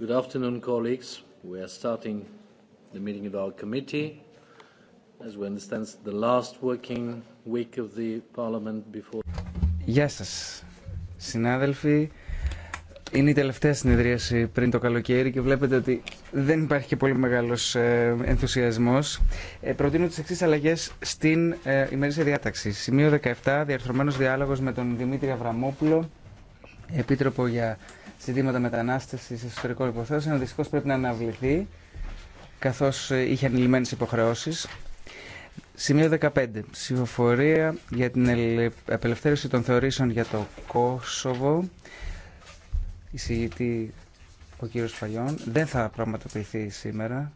Good afternoon, colleagues. We are starting the meeting of our committee. As we understand, the last working week Γεια σας, συνάδελφοι. Είναι η τελευταία συνεδρίαση πριν το καλοκαίρι και βλέπετε ότι δεν υπάρχει και πολύ μεγάλος ε, ενθουσιασμός. Ε, προτείνω τις εξής αλλαγές στην ε, ημερήσια διάταξη. Σημείο 17, διαρθρωμένος διάλογος με τον Δημήτρη Αβραμόπουλο, Επίτροπο για ζητήματα μετανάστευσης εσωτερικών υποθέσεων Δυστυχώ πρέπει να αναβληθεί καθώς είχε ανηλυμένε υποχρεώσεις. Σημείο 15. Ψηφοφορία για την απελευθέρωση των θεωρήσεων για το Κόσοβο. Εισηγητή ο κύριο Φαγιών. Δεν θα πραγματοποιηθεί σήμερα.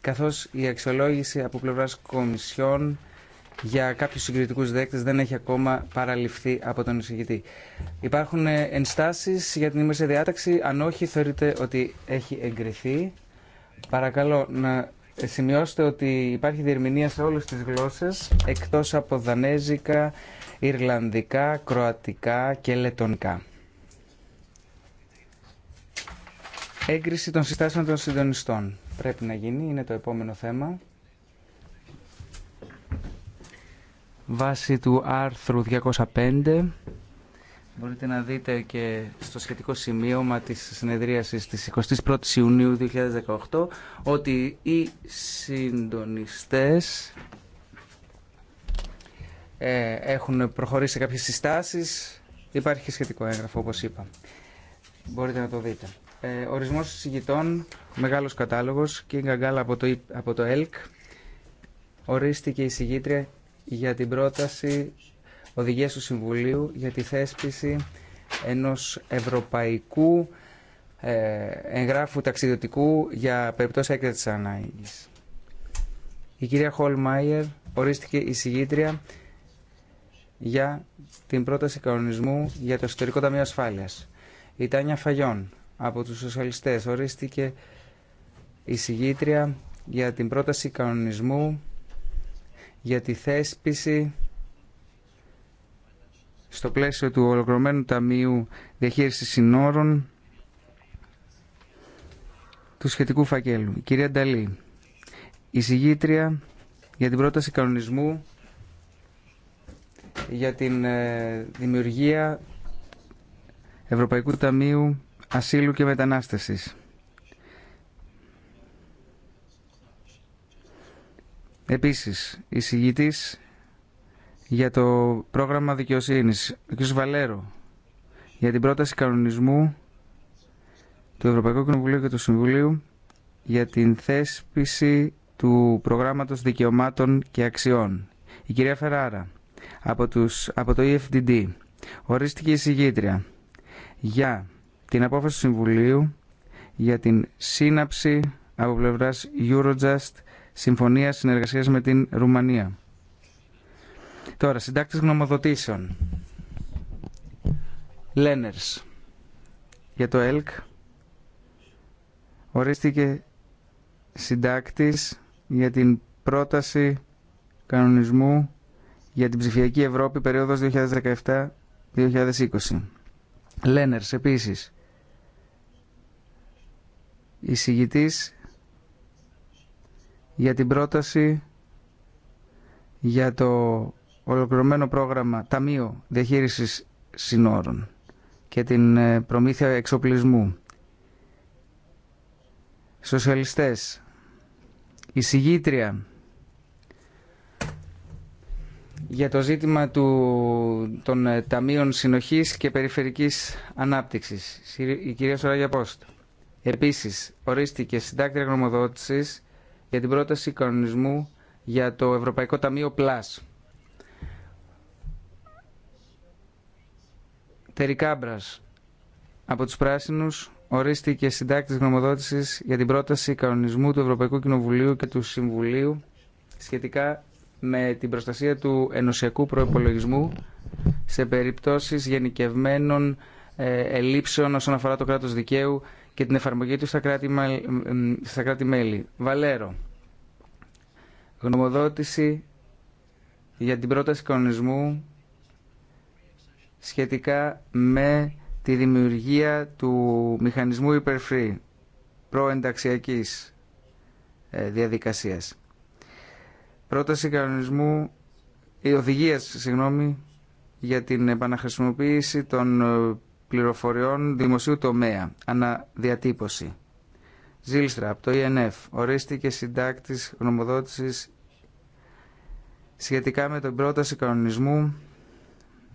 Καθώς η αξιολόγηση από πλευράς κομισιών για κάποιους συγκριτικούς δέκτε δεν έχει ακόμα παραληφθεί από τον εισηγητή. Υπάρχουν ε, ενστάσεις για την ημερήσια διάταξη. Αν όχι, θεωρείτε ότι έχει εγκριθεί. Παρακαλώ να σημειώσετε ότι υπάρχει διερμηνία σε όλες τις γλώσσες, εκτός από δανέζικα, ιρλανδικά, κροατικά και λετονικά. Έγκριση των συστάσεων των συντονιστών. Πρέπει να γίνει, είναι το επόμενο θέμα. Βάση του άρθρου 205 μπορείτε να δείτε και στο σχετικό σημείωμα της συνεδρίασης της 21ης Ιουνίου 2018 ότι οι συντονιστές ε, έχουν προχωρήσει σε κάποιες συστάσεις. Υπάρχει σχετικό έγγραφο όπως είπα. Μπορείτε να το δείτε. Ε, ορισμός συγγητών, μεγάλος κατάλογος, και καγκάλα από το, από το ΕΛΚ, ορίστηκε η συγγήτρια για την πρόταση οδηγίας του Συμβουλίου για τη θέσπιση ενός ευρωπαϊκού ε, εγγράφου ταξιδιωτικού για περιπτώσεις έκτακτης ανάγκης. Η κυρία Χολμάιερ ορίστηκε εισηγήτρια για την πρόταση κανονισμού για το Εσωτερικό Ταμείο Ασφάλειας. Η Τάνια Φαγιόν από τους Σοσιαλιστές ορίστηκε εισηγήτρια για την πρόταση κανονισμού για τη θέσπιση στο πλαίσιο του Ολοκληρωμένου Ταμείου Διαχείρισης Συνόρων του σχετικού φακέλου. Η κυρία Νταλή, εισηγήτρια για την πρόταση κανονισμού για την ε, δημιουργία Ευρωπαϊκού Ταμείου Ασύλου και Μετανάστευσης. Επίσης, εισηγητής για το πρόγραμμα δικαιοσύνης, ο κ. Βαλέρο, για την πρόταση κανονισμού του Ευρωπαϊκού Κοινοβουλίου και του Συμβουλίου για την θέσπιση του προγράμματος δικαιωμάτων και αξιών. Η κυρία Φεράρα, από, τους, από το EFDD, ορίστηκε εισηγήτρια για την απόφαση του Συμβουλίου για την σύναψη από πλευράς Eurojust Συμφωνία συνεργασίας με την Ρουμανία. Τώρα, συντάκτης γνωμοδοτήσεων. Λένερς. Για το ΕΛΚ ορίστηκε συντάκτης για την πρόταση κανονισμού για την ψηφιακή Ευρώπη περίοδος 2017-2020. Λένερς επίσης. Εισηγητής για την πρόταση για το ολοκληρωμένο πρόγραμμα Ταμείο Διαχείρισης Συνόρων και την ε, προμήθεια εξοπλισμού. Σοσιαλιστές, εισηγήτρια για το ζήτημα του, των ε, Ταμείων Συνοχής και Περιφερικής Ανάπτυξης, η κυρία Σωράγια Πόστ. Επίσης, ορίστηκε συντάκτρια γνωμοδότησης για την πρόταση κανονισμού για το Ευρωπαϊκό Ταμείο Πλάς. Τερικάμπρας από τους Πράσινους ορίστηκε συντάκτης γνωμοδότησης για την πρόταση κανονισμού του Ευρωπαϊκού Κοινοβουλίου και του Συμβουλίου σχετικά με την προστασία του ενωσιακού προϋπολογισμού σε περιπτώσεις γενικευμένων ε, ελλείψεων όσον αφορά το κράτος δικαίου και την εφαρμογή του στα κράτη-μέλη. Βαλέρο. Γνωμοδότηση για την πρόταση κανονισμού σχετικά με τη δημιουργία του μηχανισμού υπερφρή προενταξιακής ε, διαδικασίας. Πρόταση κανονισμού, η ε, οδηγία, συγγνώμη, για την επαναχρησιμοποίηση των ε, πληροφοριών δημοσίου τομέα. Αναδιατύπωση. Ζήλστρα από το ΙΕΝΕΦ e ορίστηκε συντάκτης γνωμοδότησης σχετικά με την πρόταση κανονισμού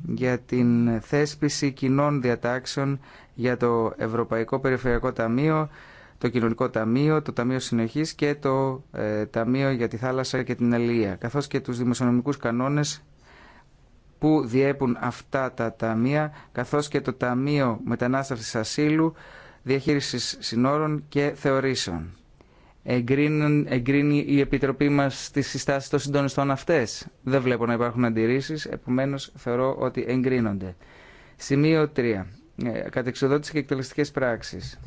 για την θέσπιση κοινών διατάξεων για το Ευρωπαϊκό Περιφερειακό Ταμείο, το Κοινωνικό Ταμείο, το Ταμείο Συνοχής και το ε, Ταμείο για τη Θάλασσα και την Αλία, καθώς και τους δημοσιονομικούς κανόνες που διέπουν αυτά τα ταμεία, καθώς και το Ταμείο Μετανάστευσης Ασύλου, Διαχείρισης Συνόρων και Θεωρήσεων. εγκρίνει η Επιτροπή μας τις συστάσεις των συντονιστών αυτές. Δεν βλέπω να υπάρχουν αντιρρήσεις, επομένως θεωρώ ότι εγκρίνονται. Σημείο 3. Ε, κατεξοδότηση και εκτελεστικές πράξεις.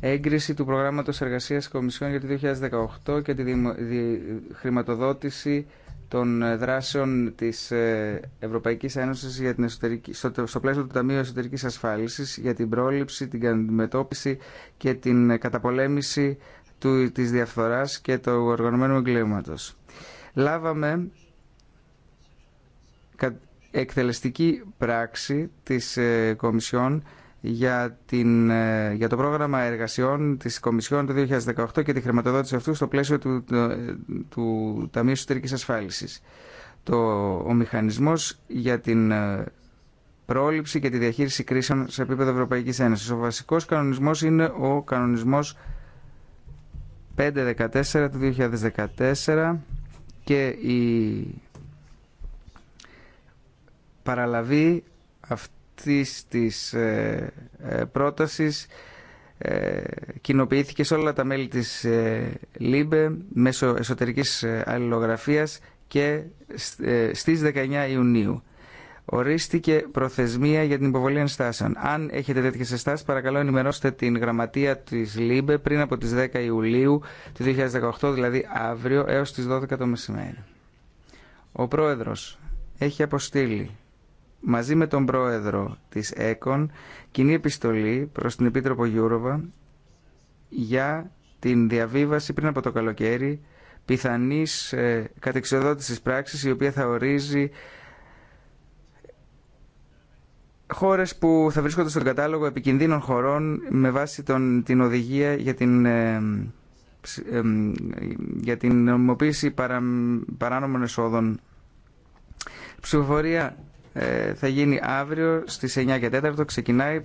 Έγκριση του προγράμματος εργασίας Κομισιών για το 2018 και τη χρηματοδότηση των ε, δράσεων της ε, Ευρωπαϊκής Ένωσης για την εσωτερική, στο, πλαίσιο του Ταμείου Εσωτερικής Ασφάλισης για την πρόληψη, την αντιμετώπιση και την ε, καταπολέμηση του, της διαφθοράς και του οργανωμένου εγκλήματος. Λάβαμε εκτελεστική πράξη της Κομισιόν για, την, ε, για το πρόγραμμα εργασιών της Κομισιόν του 2018 και τη χρηματοδότηση αυτού στο πλαίσιο του, του, ε, του Ταμείου Εσωτερικής Ασφάλισης. Το, ο μηχανισμός για την ε, πρόληψη και τη διαχείριση κρίσεων σε επίπεδο Ευρωπαϊκής Ένωσης. Ο βασικός κανονισμός είναι ο κανονισμός 514 του 2014 και η παραλαβή αυτή αυτής της ε, ε, πρότασης ε, κοινοποιήθηκε σε όλα τα μέλη της ΛΥΜΠΕ μέσω εσωτερικής αλληλογραφίας και στις 19 Ιουνίου. Ορίστηκε προθεσμία για την υποβολή ενστάσεων. Αν έχετε τέτοιε ενστάσει, παρακαλώ ενημερώστε την γραμματεία τη ΛΥΜΠΕ πριν από τι 10 Ιουλίου του 2018, δηλαδή αύριο έω τι 12 το μεσημέρι. Ο πρόεδρο έχει αποστείλει μαζί με τον πρόεδρο της ΕΚΟΝ κοινή επιστολή προς την Επίτροπο Γιούροβα για την διαβίβαση πριν από το καλοκαίρι πιθανής ε, κατεξοδότησης πράξης η οποία θα ορίζει χώρες που θα βρίσκονται στον κατάλογο επικινδύνων χωρών με βάση τον, την οδηγία για την, ε, ε, για την νομιμοποίηση παράνομων εσόδων. Ψηφοφορία ε, θα γίνει αύριο στις 9 και 4 ξεκινάει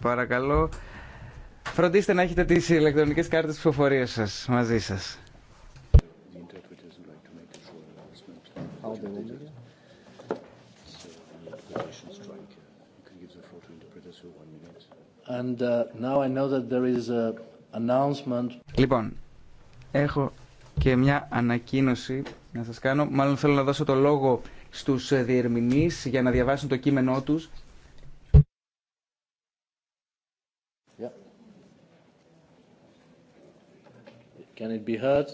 παρακαλώ φροντίστε να έχετε τις ηλεκτρονικές κάρτες ψηφοφορίας σας μαζί σας Λοιπόν, έχω και μια ανακοίνωση να σας κάνω. Μάλλον θέλω να δώσω το λόγο στους ε, διερμηνείς για να διαβάσουν το κείμενό τους. Can it be heard?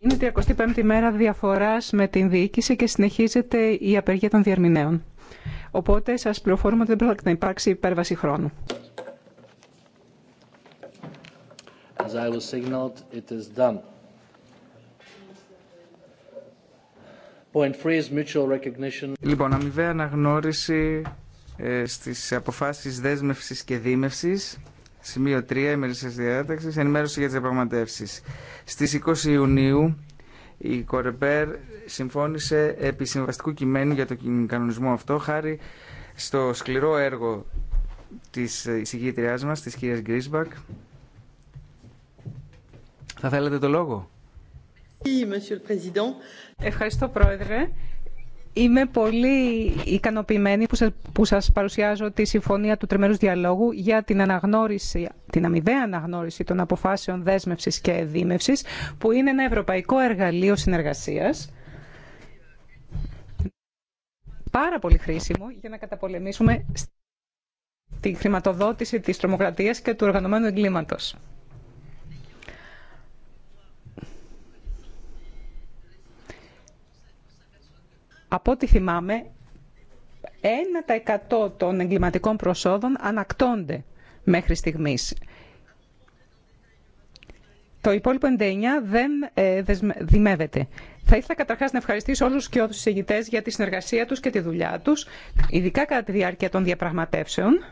Είναι η 35η μέρα διαφοράς με την διοίκηση και συνεχίζεται η απεργία των διερμηνέων. Οπότε σας πληροφορούμε ότι δεν πρέπει να υπάρξει υπέρβαση χρόνου. As I was signaled, it is done. Λοιπόν, αμοιβαία αναγνώριση ε, στις αποφάσεις δέσμευσης και δίμευσης. Σημείο 3, ημερήσια διάταξη, ενημέρωση για τις διαπραγματεύσει. Στις 20 Ιουνίου η Κορεπέρ συμφώνησε επί συμβαστικού κειμένου για τον κανονισμό αυτό χάρη στο σκληρό έργο της εισηγήτριάς μας, της κυρίας Γκρίσμπακ. Θα θέλετε το λόγο. Ευχαριστώ, Πρόεδρε. Είμαι πολύ ικανοποιημένη που σας, παρουσιάζω τη συμφωνία του τριμερούς διαλόγου για την, αναγνώριση, την αμοιβαία αναγνώριση των αποφάσεων δέσμευσης και δίμευσης, που είναι ένα ευρωπαϊκό εργαλείο συνεργασίας. Πάρα πολύ χρήσιμο για να καταπολεμήσουμε τη χρηματοδότηση της τρομοκρατίας και του οργανωμένου εγκλήματος. από ό,τι θυμάμαι, 1% των εγκληματικών προσόδων ανακτώνται μέχρι στιγμής. Το υπόλοιπο 99 δεν ε, δημεύεται. Θα ήθελα καταρχάς να ευχαριστήσω όλους και όλους τους ηγητές για τη συνεργασία τους και τη δουλειά τους, ειδικά κατά τη διάρκεια των διαπραγματεύσεων,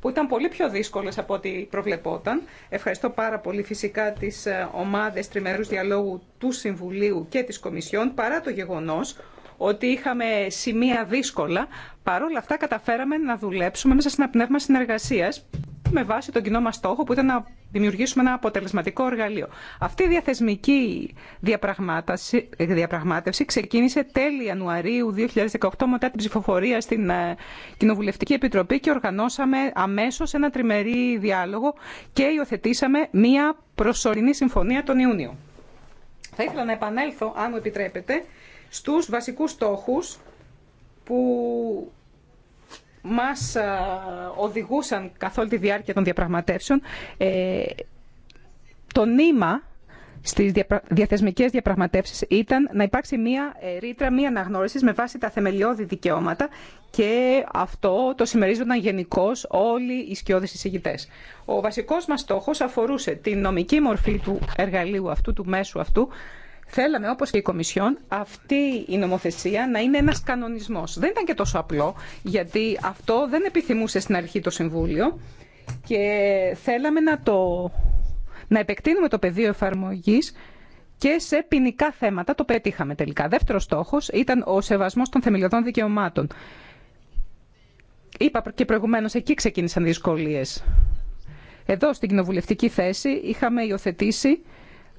που ήταν πολύ πιο δύσκολες από ό,τι προβλεπόταν. Ευχαριστώ πάρα πολύ φυσικά τις ε, ομάδες τριμερούς διαλόγου του Συμβουλίου και της Κομισιόν, παρά το γεγονός ότι είχαμε σημεία δύσκολα, παρόλα αυτά καταφέραμε να δουλέψουμε μέσα ένα πνεύμα συνεργασία με βάση τον κοινό μας στόχο που ήταν να δημιουργήσουμε ένα αποτελεσματικό εργαλείο. Αυτή η διαθεσμική διαπραγμάτευση ξεκίνησε τέλη Ιανουαρίου 2018 μετά την ψηφοφορία στην ε, Κοινοβουλευτική Επιτροπή και οργανώσαμε αμέσω ένα τριμερή διάλογο και υιοθετήσαμε μία προσωρινή συμφωνία τον Ιούνιο. Θα ήθελα να επανέλθω, αν μου επιτρέπετε, στους βασικούς στόχους που μας ε, οδηγούσαν καθ' όλη τη διάρκεια των διαπραγματεύσεων. Ε, το νήμα στις διαθεσμικές διαπραγματεύσεις ήταν να υπάρξει μία ε, ρήτρα, μία αναγνώριση με βάση τα θεμελιώδη δικαιώματα και αυτό το συμμερίζονταν γενικώ όλοι οι σκιώδεις εισηγητές. Ο βασικός μας στόχος αφορούσε την νομική μορφή του εργαλείου αυτού, του μέσου αυτού, Θέλαμε, όπως και η Κομισιόν, αυτή η νομοθεσία να είναι ένας κανονισμός. Δεν ήταν και τόσο απλό, γιατί αυτό δεν επιθυμούσε στην αρχή το Συμβούλιο και θέλαμε να, το, να επεκτείνουμε το πεδίο εφαρμογής και σε ποινικά θέματα. Το πετύχαμε τελικά. Δεύτερος στόχος ήταν ο σεβασμός των θεμελιωδών δικαιωμάτων. Είπα και προηγουμένως, εκεί ξεκίνησαν δυσκολίες. Εδώ στην κοινοβουλευτική θέση είχαμε υιοθετήσει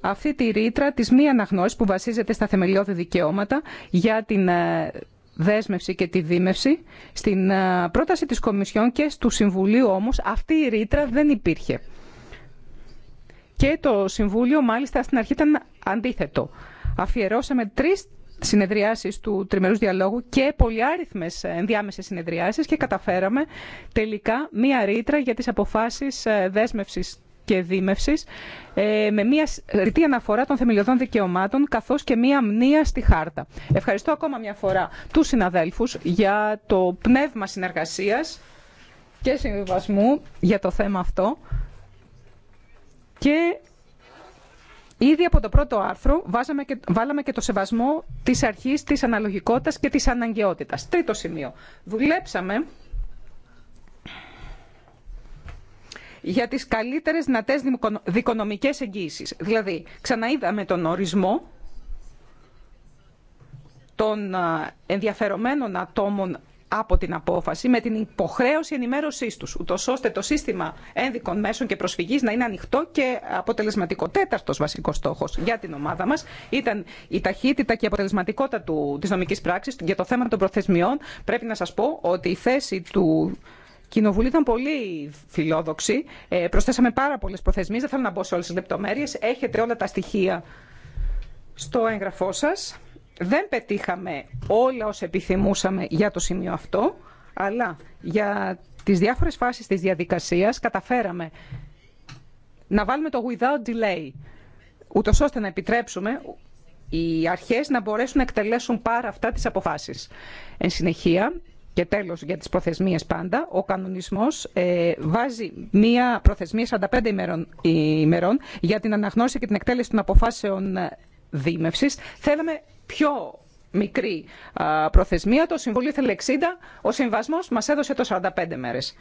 αυτή τη ρήτρα της μη αναγνώσης που βασίζεται στα θεμελιώδη δικαιώματα για την ε, δέσμευση και τη δίμευση. Στην ε, πρόταση της Κομισιόν και του Συμβουλίου όμως αυτή η ρήτρα δεν υπήρχε. Και το Συμβούλιο μάλιστα στην αρχή ήταν αντίθετο. Αφιερώσαμε τρεις συνεδριάσεις του τριμερούς διαλόγου και πολυάριθμες ενδιάμεσες συνεδριάσεις και καταφέραμε τελικά μία ρήτρα για τις αποφάσεις ε, δέσμευσης και ε, με μια ρητή αναφορά των θεμελιωδών δικαιωμάτων καθώς και μια μνήα στη χάρτα. Ευχαριστώ ακόμα μια φορά του συναδέλφους για το πνεύμα συνεργασίας και συμβιβασμού για το θέμα αυτό και Ήδη από το πρώτο άρθρο βάζαμε και, βάλαμε και το σεβασμό της αρχής της αναλογικότητας και της αναγκαιότητας. Τρίτο σημείο. Δουλέψαμε για τις καλύτερες δυνατές δικονομικές εγγύησεις. Δηλαδή, ξαναείδαμε τον ορισμό των ενδιαφερομένων ατόμων από την απόφαση με την υποχρέωση ενημέρωσή του, ούτω ώστε το σύστημα ένδικων μέσων και προσφυγής να είναι ανοιχτό και αποτελεσματικό. Τέταρτο βασικό στόχο για την ομάδα μα ήταν η ταχύτητα και η αποτελεσματικότητα τη νομική πράξη για το θέμα των προθεσμιών. Πρέπει να σα πω ότι η θέση του Κοινοβουλή ήταν πολύ φιλόδοξη. Ε, προσθέσαμε πάρα πολλέ προθεσμίε. Δεν θέλω να μπω σε όλε τι λεπτομέρειε. Έχετε όλα τα στοιχεία στο έγγραφό σα. Δεν πετύχαμε όλα όσα επιθυμούσαμε για το σημείο αυτό, αλλά για τις διάφορες φάσεις της διαδικασίας καταφέραμε να βάλουμε το without delay, ούτως ώστε να επιτρέψουμε οι αρχές να μπορέσουν να εκτελέσουν πάρα αυτά τις αποφάσεις. Εν συνεχεία, και τέλος για τις προθεσμίες πάντα, ο κανονισμός ε, βάζει μία προθεσμία 45 ημερών, για την αναγνώριση και την εκτέλεση των αποφάσεων ε, δίμευσης. Θέλαμε πιο μικρή προθεσμία, το Συμβούλιο ήθελε 60, ο Συμβασμός μας έδωσε το 45 μέρες.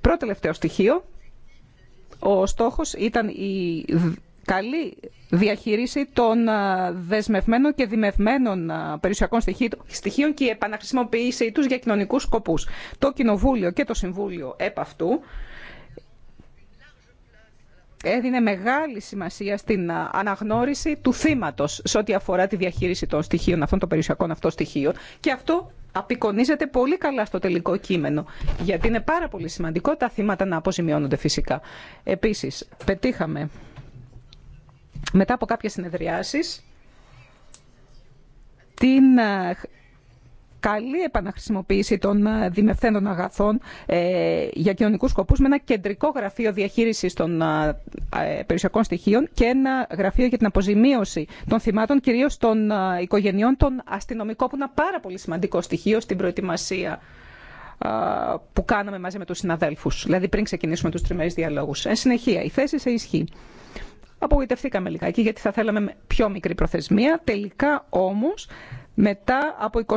Πρώτο τελευταίο στοιχείο, ο στόχος ήταν η καλή διαχείριση των ε, δεσμευμένων και δημευμένων ε, περιουσιακών στοιχείων και η επαναχρησιμοποίησή τους για κοινωνικούς σκοπούς. Το Κοινοβούλιο και το Συμβούλιο επ' αυτού έδινε μεγάλη σημασία στην ε, αναγνώριση του θύματος σε ό,τι αφορά τη διαχείριση των στοιχείων αυτών, των περιουσιακών αυτών στοιχείων και αυτό απεικονίζεται πολύ καλά στο τελικό κείμενο γιατί είναι πάρα πολύ σημαντικό τα θύματα να αποζημιώνονται φυσικά. Επίσης, πετύχαμε μετά από κάποιες συνεδριάσεις την ε, καλή επαναχρησιμοποίηση των ε, δημευθέντων αγαθών ε, για κοινωνικούς σκοπούς με ένα κεντρικό γραφείο διαχείρισης των περιουσιακών στοιχείων και ένα γραφείο για την αποζημίωση των θυμάτων, κυρίως των οικογενειών των αστυνομικών, που είναι ένα πάρα πολύ σημαντικό στοιχείο στην προετοιμασία που κάναμε μαζί με τους συναδέλφους, δηλαδή πριν ξεκινήσουμε τους τριμερείς διαλόγους. Εν συνεχεία, η θέση σε ισχύ Απογοητευτήκαμε λιγάκι γιατί θα θέλαμε πιο μικρή προθεσμία. Τελικά όμως μετά από 24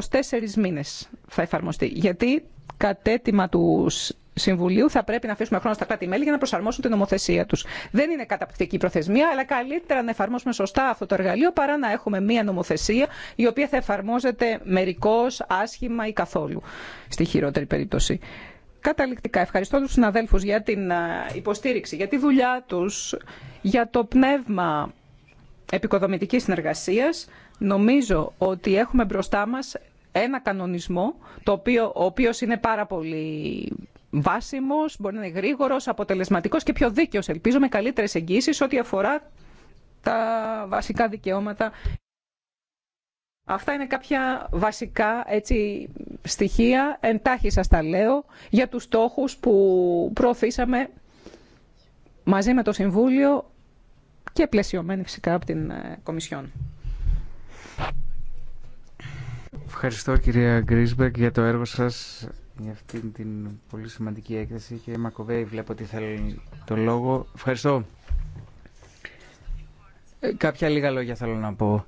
μήνες θα εφαρμοστεί. Γιατί κατέτοιμα του Συμβουλίου θα πρέπει να αφήσουμε χρόνο στα κράτη-μέλη για να προσαρμόσουν την νομοθεσία του. Δεν είναι καταπληκτική προθεσμία, αλλά καλύτερα να εφαρμόσουμε σωστά αυτό το εργαλείο παρά να έχουμε μία νομοθεσία η οποία θα εφαρμόζεται μερικώ, άσχημα ή καθόλου στη χειρότερη περίπτωση. Καταληκτικά ευχαριστώ τους συναδέλφους για την ε, υποστήριξη, για τη δουλειά τους, για το πνεύμα επικοδομητικής συνεργασίας. Νομίζω ότι έχουμε μπροστά μας ένα κανονισμό, το οποίο, οποίος είναι πάρα πολύ βάσιμος, μπορεί να είναι γρήγορος, αποτελεσματικός και πιο δίκαιος, ελπίζω, με καλύτερες εγγύσεις ό,τι αφορά τα βασικά δικαιώματα Αυτά είναι κάποια βασικά έτσι, στοιχεία, εντάχει σας τα λέω, για τους στόχους που προωθήσαμε μαζί με το Συμβούλιο και πλαισιωμένοι φυσικά από την ε, Κομισιόν. Ευχαριστώ κυρία Γκρίσμπεκ για το έργο σας, για αυτήν την πολύ σημαντική έκθεση. Κύριε Μακοβέη, βλέπω ότι θέλει το λόγο. Ευχαριστώ. Ε, κάποια λίγα λόγια θέλω να πω.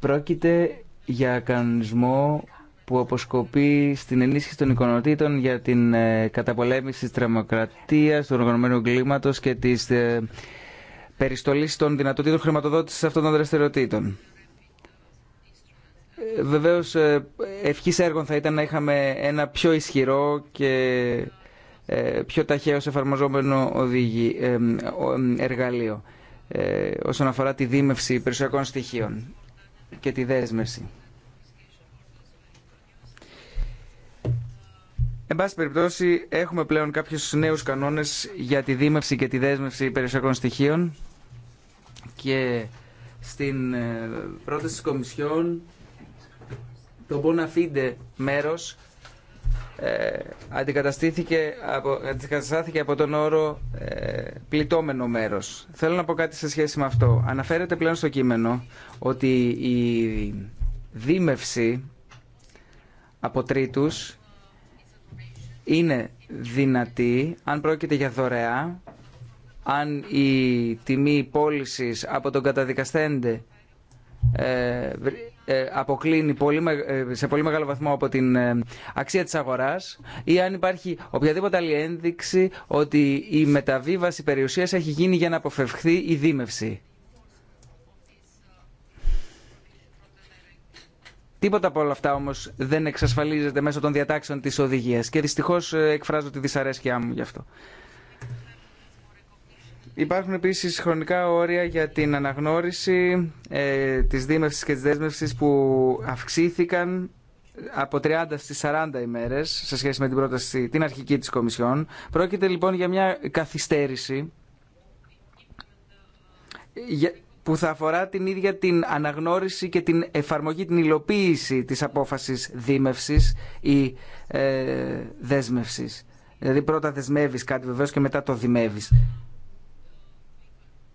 Πρόκειται για κανονισμό που αποσκοπεί στην ενίσχυση των οικονοτήτων για την ε, καταπολέμηση της τρομοκρατίας, του οργανωμένου κλίματος και της ε, περιστολής των δυνατοτήτων χρηματοδότησης αυτών των δραστηριοτήτων. Βεβαίως, ε, ευχής έργων θα ήταν να είχαμε ένα πιο ισχυρό και πιο ταχαίως εφαρμοζόμενο εργαλείο όσον αφορά τη δίμευση περισσοκών στοιχείων και τη δέσμευση. Εν πάση περιπτώσει, έχουμε πλέον κάποιους νέους κανόνες για τη δίμευση και τη δέσμευση περιουσιακών στοιχείων και στην ε, πρόταση της Κομισιόν το bona μέρος ε, αντικαταστήθηκε από, αντικαταστάθηκε από τον όρο ε, πληττόμενο μέρος. Θέλω να πω κάτι σε σχέση με αυτό. Αναφέρεται πλέον στο κείμενο ότι η δίμευση από τρίτους είναι δυνατή αν πρόκειται για δωρεά, αν η τιμή πώληση από τον καταδικαστέντε ε, ε, αποκλίνει ε, σε πολύ μεγάλο βαθμό από την ε, αξία της αγοράς ή αν υπάρχει οποιαδήποτε άλλη ένδειξη ότι η μεταβίβαση περιουσίας έχει γίνει για να αποφευχθεί η δίμευση. Τίποτα από όλα αυτά όμως δεν εξασφαλίζεται μέσω των διατάξεων της οδηγίας και δυστυχώς εκφράζω τη δυσαρέσκειά μου γι' αυτό. Υπάρχουν επίσης χρονικά όρια για την αναγνώριση ε, της δίμευσης και της δέσμευσης που αυξήθηκαν από 30 στις 40 ημέρες σε σχέση με την πρόταση την αρχική της Κομισιόν. Πρόκειται λοιπόν για μια καθυστέρηση που θα αφορά την ίδια την αναγνώριση και την εφαρμογή, την υλοποίηση της απόφασης δίμευσης ή ε, δέσμευσης. Δηλαδή πρώτα δεσμεύεις κάτι βεβαίως και μετά το δημεύεις.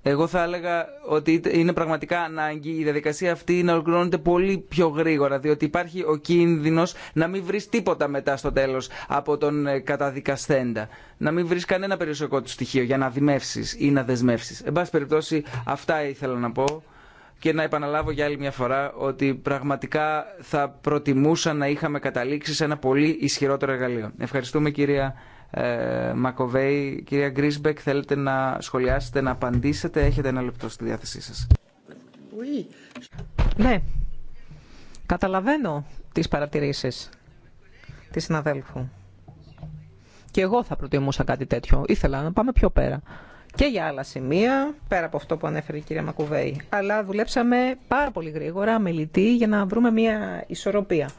Εγώ θα έλεγα ότι είναι πραγματικά ανάγκη η διαδικασία αυτή να ολοκληρώνεται πολύ πιο γρήγορα, διότι υπάρχει ο κίνδυνος να μην βρει τίποτα μετά στο τέλος από τον ε, καταδικαστέντα. Να μην βρει κανένα περιουσιακό του στοιχείο για να δημεύσει ή να δεσμεύσει. Εν πάση περιπτώσει αυτά ήθελα να πω και να επαναλάβω για άλλη μια φορά ότι πραγματικά θα προτιμούσα να είχαμε καταλήξει σε ένα πολύ ισχυρότερο εργαλείο. Ευχαριστούμε κυρία ε, Μακοβέη. Κυρία Γκρίσμπεκ, θέλετε να σχολιάσετε, να απαντήσετε. Έχετε ένα λεπτό στη διάθεσή σας. Ναι, καταλαβαίνω τις παρατηρήσεις της συναδέλφου. Και εγώ θα προτιμούσα κάτι τέτοιο. Ήθελα να πάμε πιο πέρα. Και για άλλα σημεία, πέρα από αυτό που ανέφερε η κυρία Μακουβέη. Αλλά δουλέψαμε πάρα πολύ γρήγορα, με για να βρούμε μια ισορροπία.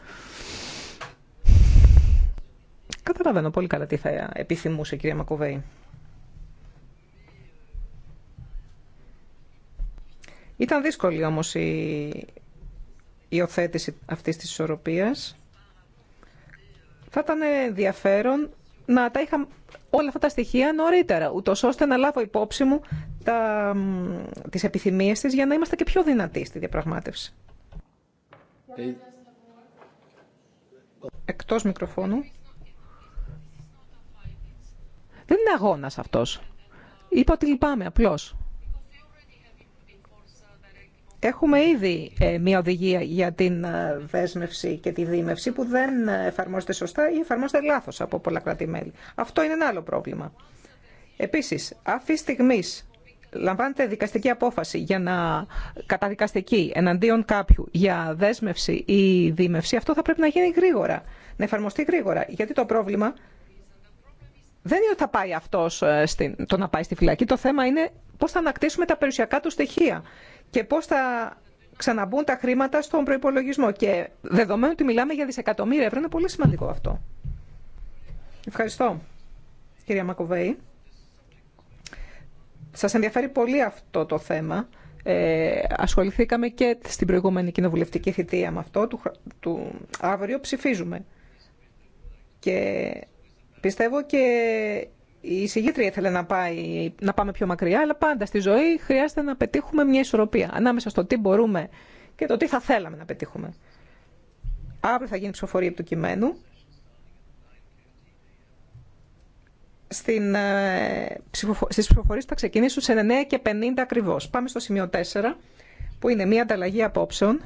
Καταλαβαίνω πολύ καλά τι θα επιθυμούσε η κυρία Μακοβέη. Ήταν δύσκολη όμως η υιοθέτηση αυτής της ισορροπίας. Θα ήταν ενδιαφέρον να τα είχα όλα αυτά τα στοιχεία νωρίτερα, ούτω ώστε να λάβω υπόψη μου τα, τις επιθυμίες της για να είμαστε και πιο δυνατοί στη διαπραγμάτευση. Ε, Εκτός μικροφώνου. Δεν είναι αγώνα αυτό. Είπα ότι λυπάμαι απλώ. Έχουμε ήδη ε, μία οδηγία για την ε, δέσμευση και τη δίμευση που δεν ε, εφαρμόζεται σωστά ή λαθο λάθος από πολλά κράτη-μέλη. Αυτό είναι ένα άλλο πρόβλημα. επιση αυτή στιγμή λαμβάνεται δικαστική απόφαση για να καταδικαστική εναντίον κάποιου για δέσμευση ή δίμευση, αυτό θα πρέπει να γίνει γρήγορα, να εφαρμοστεί γρήγορα. Γιατί το πρόβλημα δεν είναι ότι θα πάει αυτό ε, το να πάει στη φυλακή. Το θέμα είναι πώ θα ανακτήσουμε τα περιουσιακά του στοιχεία και πώ θα ξαναμπούν τα χρήματα στον προπολογισμό. Και δεδομένου ότι μιλάμε για δισεκατομμύρια ευρώ, είναι πολύ σημαντικό αυτό. Ευχαριστώ, κυρία Μακοβέη. Σας ενδιαφέρει πολύ αυτό το θέμα. Ε, ασχοληθήκαμε και στην προηγούμενη κοινοβουλευτική θητεία με αυτό. Του, του, αύριο ψηφίζουμε. Και Πιστεύω και η συγγήτρια ήθελε να, πάει, να πάμε πιο μακριά, αλλά πάντα στη ζωή χρειάζεται να πετύχουμε μια ισορροπία ανάμεσα στο τι μπορούμε και το τι θα θέλαμε να πετύχουμε. Αύριο θα γίνει ψηφοφορία του κειμένου. Στην, ε, στις ψηφοφορίες θα ξεκινήσουν σε 9 και 50 ακριβώς. Πάμε στο σημείο 4, που είναι μια ανταλλαγή απόψεων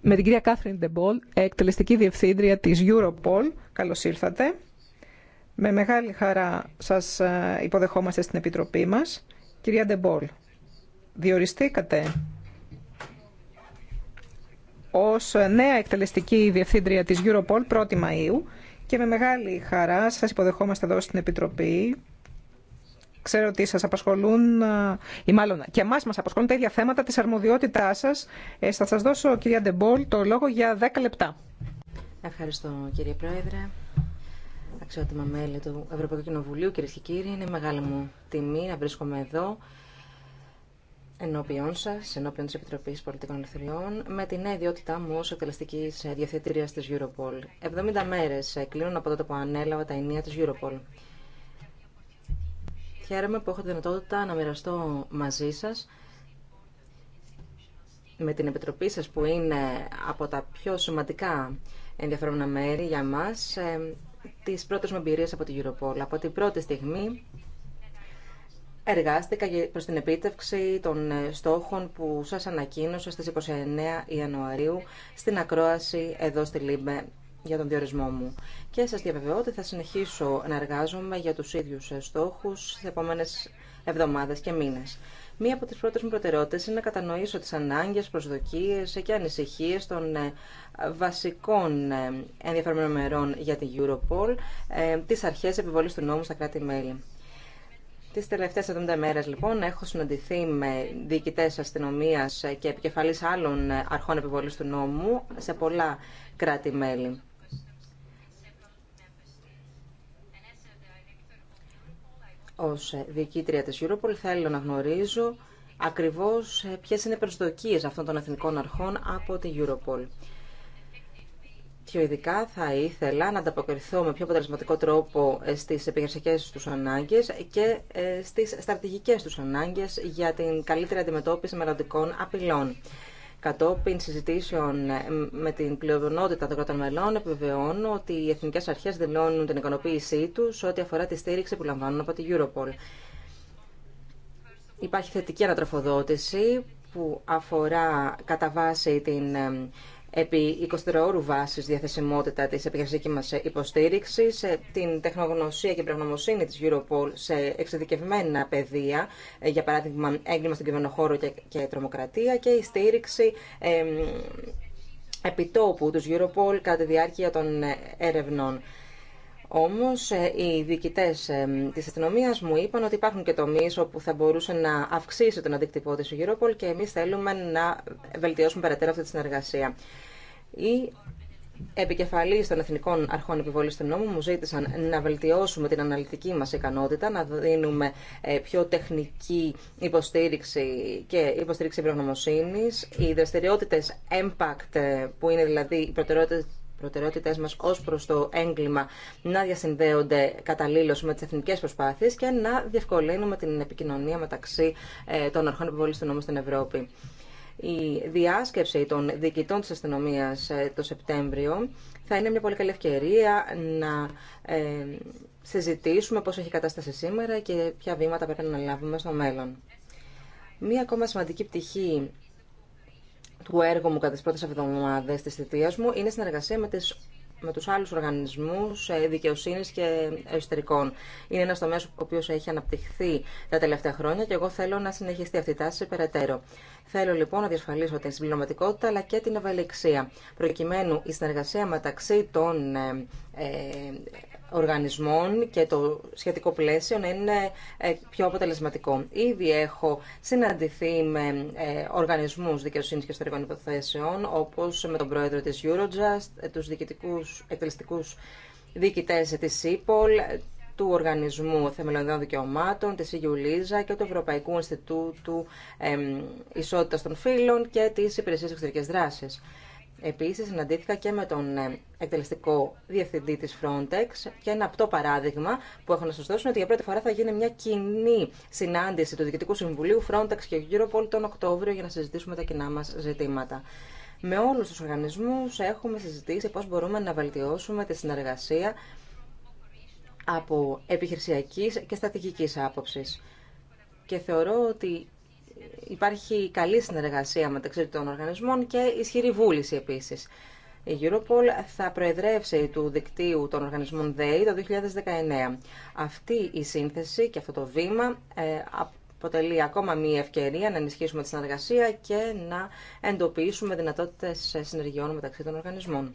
με την κυρία Κάθριν Ντεμπόλ, εκτελεστική διευθύντρια της Europol. Καλώς ήρθατε. Με μεγάλη χαρά σας ε, υποδεχόμαστε στην Επιτροπή μας. Κυρία Ντεμπόλ, διοριστήκατε ως νέα εκτελεστική διευθύντρια της Europol 1η Μαΐου και με μεγάλη χαρά σας υποδεχόμαστε εδώ στην Επιτροπή Ξέρω ότι σας απασχολούν, ε, ή μάλλον και εμάς μας απασχολούν τα ίδια θέματα της αρμοδιότητάς σας. Ε, θα σας δώσω, κυρία Ντεμπόλ, το λόγο για 10 λεπτά. Ευχαριστώ, κύριε Πρόεδρε. Αξιότιμα μέλη του Ευρωπαϊκού Κοινοβουλίου, κυρίε και κύριοι, είναι μεγάλη μου τιμή να βρίσκομαι εδώ ενώπιον σα, ενώπιον τη Επιτροπή Πολιτικών Ελευθεριών, με την νέα ιδιότητά μου ω εκτελεστική διαθετήρια τη Europol. 70 μέρε ε, κλείνουν από τότε που ανέλαβα τα ενία τη Europol. Χαίρομαι που έχω τη δυνατότητα να μοιραστώ μαζί σας με την Επιτροπή σας που είναι από τα πιο σημαντικά ενδιαφέροντα μέρη για μας ε, τις πρώτες μου εμπειρίες από την Europol. Από την πρώτη στιγμή εργάστηκα προς την επίτευξη των ε, στόχων που σας ανακοίνωσα στις 29 Ιανουαρίου στην ακρόαση εδώ στη Λίμπε για τον διορισμό μου. Και σας διαβεβαιώ ότι θα συνεχίσω να εργάζομαι για τους ίδιους στόχους στι επόμενες εβδομάδες και μήνες. Μία από τις πρώτες μου προτεραιότητες είναι να κατανοήσω τις ανάγκες, προσδοκίες και ανησυχίες των ε, βασικών ε, ενδιαφέρμενων μερών για την Europol, ε, τις αρχές επιβολής του νόμου στα κράτη-μέλη. Τι τελευταίε 70 μέρε, λοιπόν, έχω συναντηθεί με διοικητέ αστυνομία και επικεφαλής άλλων αρχών επιβολή του νόμου σε πολλά κράτη-μέλη. Ως ε, διοικήτρια της Europol θέλω να γνωρίζω ακριβώς ε, ποιες είναι οι προσδοκίες αυτών των εθνικών αρχών από την Europol. Πιο ειδικά θα ήθελα να ανταποκριθώ με πιο αποτελεσματικό τρόπο ε, στις επιχειρησιακές τους ανάγκες και στις στρατηγικές τους ανάγκες για την καλύτερη αντιμετώπιση μελλοντικών απειλών. Κατόπιν συζητήσεων ε, με την πλειονότητα των κρατών μελών, επιβεβαιώνω ότι οι εθνικέ αρχέ δηλώνουν την ικανοποίησή του ό,τι αφορά τη στήριξη που λαμβάνουν από την Europol. Υπάρχει θετική ανατροφοδότηση που αφορά κατά βάση την ε, επί 24 ώρου βάση διαθεσιμότητα τη επιχειρηματική μα υποστήριξη, ε, την τεχνογνωσία και πραγματομοσύνη της Europol σε εξειδικευμένα πεδία, ε, για παράδειγμα έγκλημα στον κυβερνοχώρο και, και τρομοκρατία και η στήριξη επιτόπου τους Europol κατά τη διάρκεια των ερευνών. Όμως ε, οι διοικητές ε, της αστυνομία μου είπαν ότι υπάρχουν και τομείς όπου θα μπορούσε να αυξήσει τον αντίκτυπό της η Europol και εμείς θέλουμε να βελτιώσουμε περαιτέρω αυτή τη συνεργασία. Οι επικεφαλείς των Εθνικών Αρχών Επιβολή του Νόμου μου ζήτησαν να βελτιώσουμε την αναλυτική μα ικανότητα, να δίνουμε ε, πιο τεχνική υποστήριξη και υποστήριξη προγνωμοσύνη. Οι δραστηριότητε impact, που είναι δηλαδή οι προτεραιότητε προτεραιότητές μα ω προ το έγκλημα να διασυνδέονται καταλήλω με τι εθνικέ προσπάθειε και να διευκολύνουμε την επικοινωνία μεταξύ ε, των αρχών επιβολή του νόμου στην Ευρώπη. Η διάσκεψη των διοικητών τη αστυνομία ε, το Σεπτέμβριο θα είναι μια πολύ καλή ευκαιρία να ε, συζητήσουμε πώς έχει κατάσταση σήμερα και ποια βήματα πρέπει να λάβουμε στο μέλλον. Μία ακόμα σημαντική πτυχή του έργου μου κατά τις πρώτες εβδομάδες της θητείας μου είναι συνεργασία με, τις, με τους άλλους οργανισμούς ε, δικαιοσύνης και εσωτερικών. Είναι ένας τομέας ο οποίος έχει αναπτυχθεί τα τελευταία χρόνια και εγώ θέλω να συνεχιστεί αυτή η τάση περαιτέρω. Θέλω λοιπόν να διασφαλίσω την συμπληρωματικότητα αλλά και την ευελιξία, προκειμένου η συνεργασία μεταξύ των ε, ε οργανισμών και το σχετικό πλαίσιο να είναι ε, πιο αποτελεσματικό. Ήδη έχω συναντηθεί με ε, οργανισμούς δικαιοσύνης και ιστορικών υποθέσεων, όπως με τον πρόεδρο της Eurojust, ε, τους διοικητικούς, εκτελεστικούς διοικητές της ΕΠΟΛ, του Οργανισμού Θεμελιωδών Δικαιωμάτων, της Λίζα και του Ευρωπαϊκού Ινστιτούτου Ισότητας των Φύλων και της Υπηρεσίας Εξωτερικές Δράσεις. Επίσης, συναντήθηκα και με τον ε, εκτελεστικό διευθυντή της Frontex και ένα απτό παράδειγμα που έχω να σας δώσω είναι ότι για πρώτη φορά θα γίνει μια κοινή συνάντηση του Διοικητικού Συμβουλίου Frontex και Europol τον Οκτώβριο για να συζητήσουμε τα κοινά μας ζητήματα. Με όλους τους οργανισμούς έχουμε συζητήσει πώς μπορούμε να βελτιώσουμε τη συνεργασία από επιχειρησιακής και στατικικής άποψης. Και θεωρώ ότι υπάρχει καλή συνεργασία μεταξύ των οργανισμών και ισχυρή βούληση επίσης. Η Europol θα προεδρεύσει του δικτύου των οργανισμών ΔΕΗ το 2019. Αυτή η σύνθεση και αυτό το βήμα ε, αποτελεί ακόμα μία ευκαιρία να ενισχύσουμε τη συνεργασία και να εντοπίσουμε δυνατότητες συνεργειών μεταξύ των οργανισμών.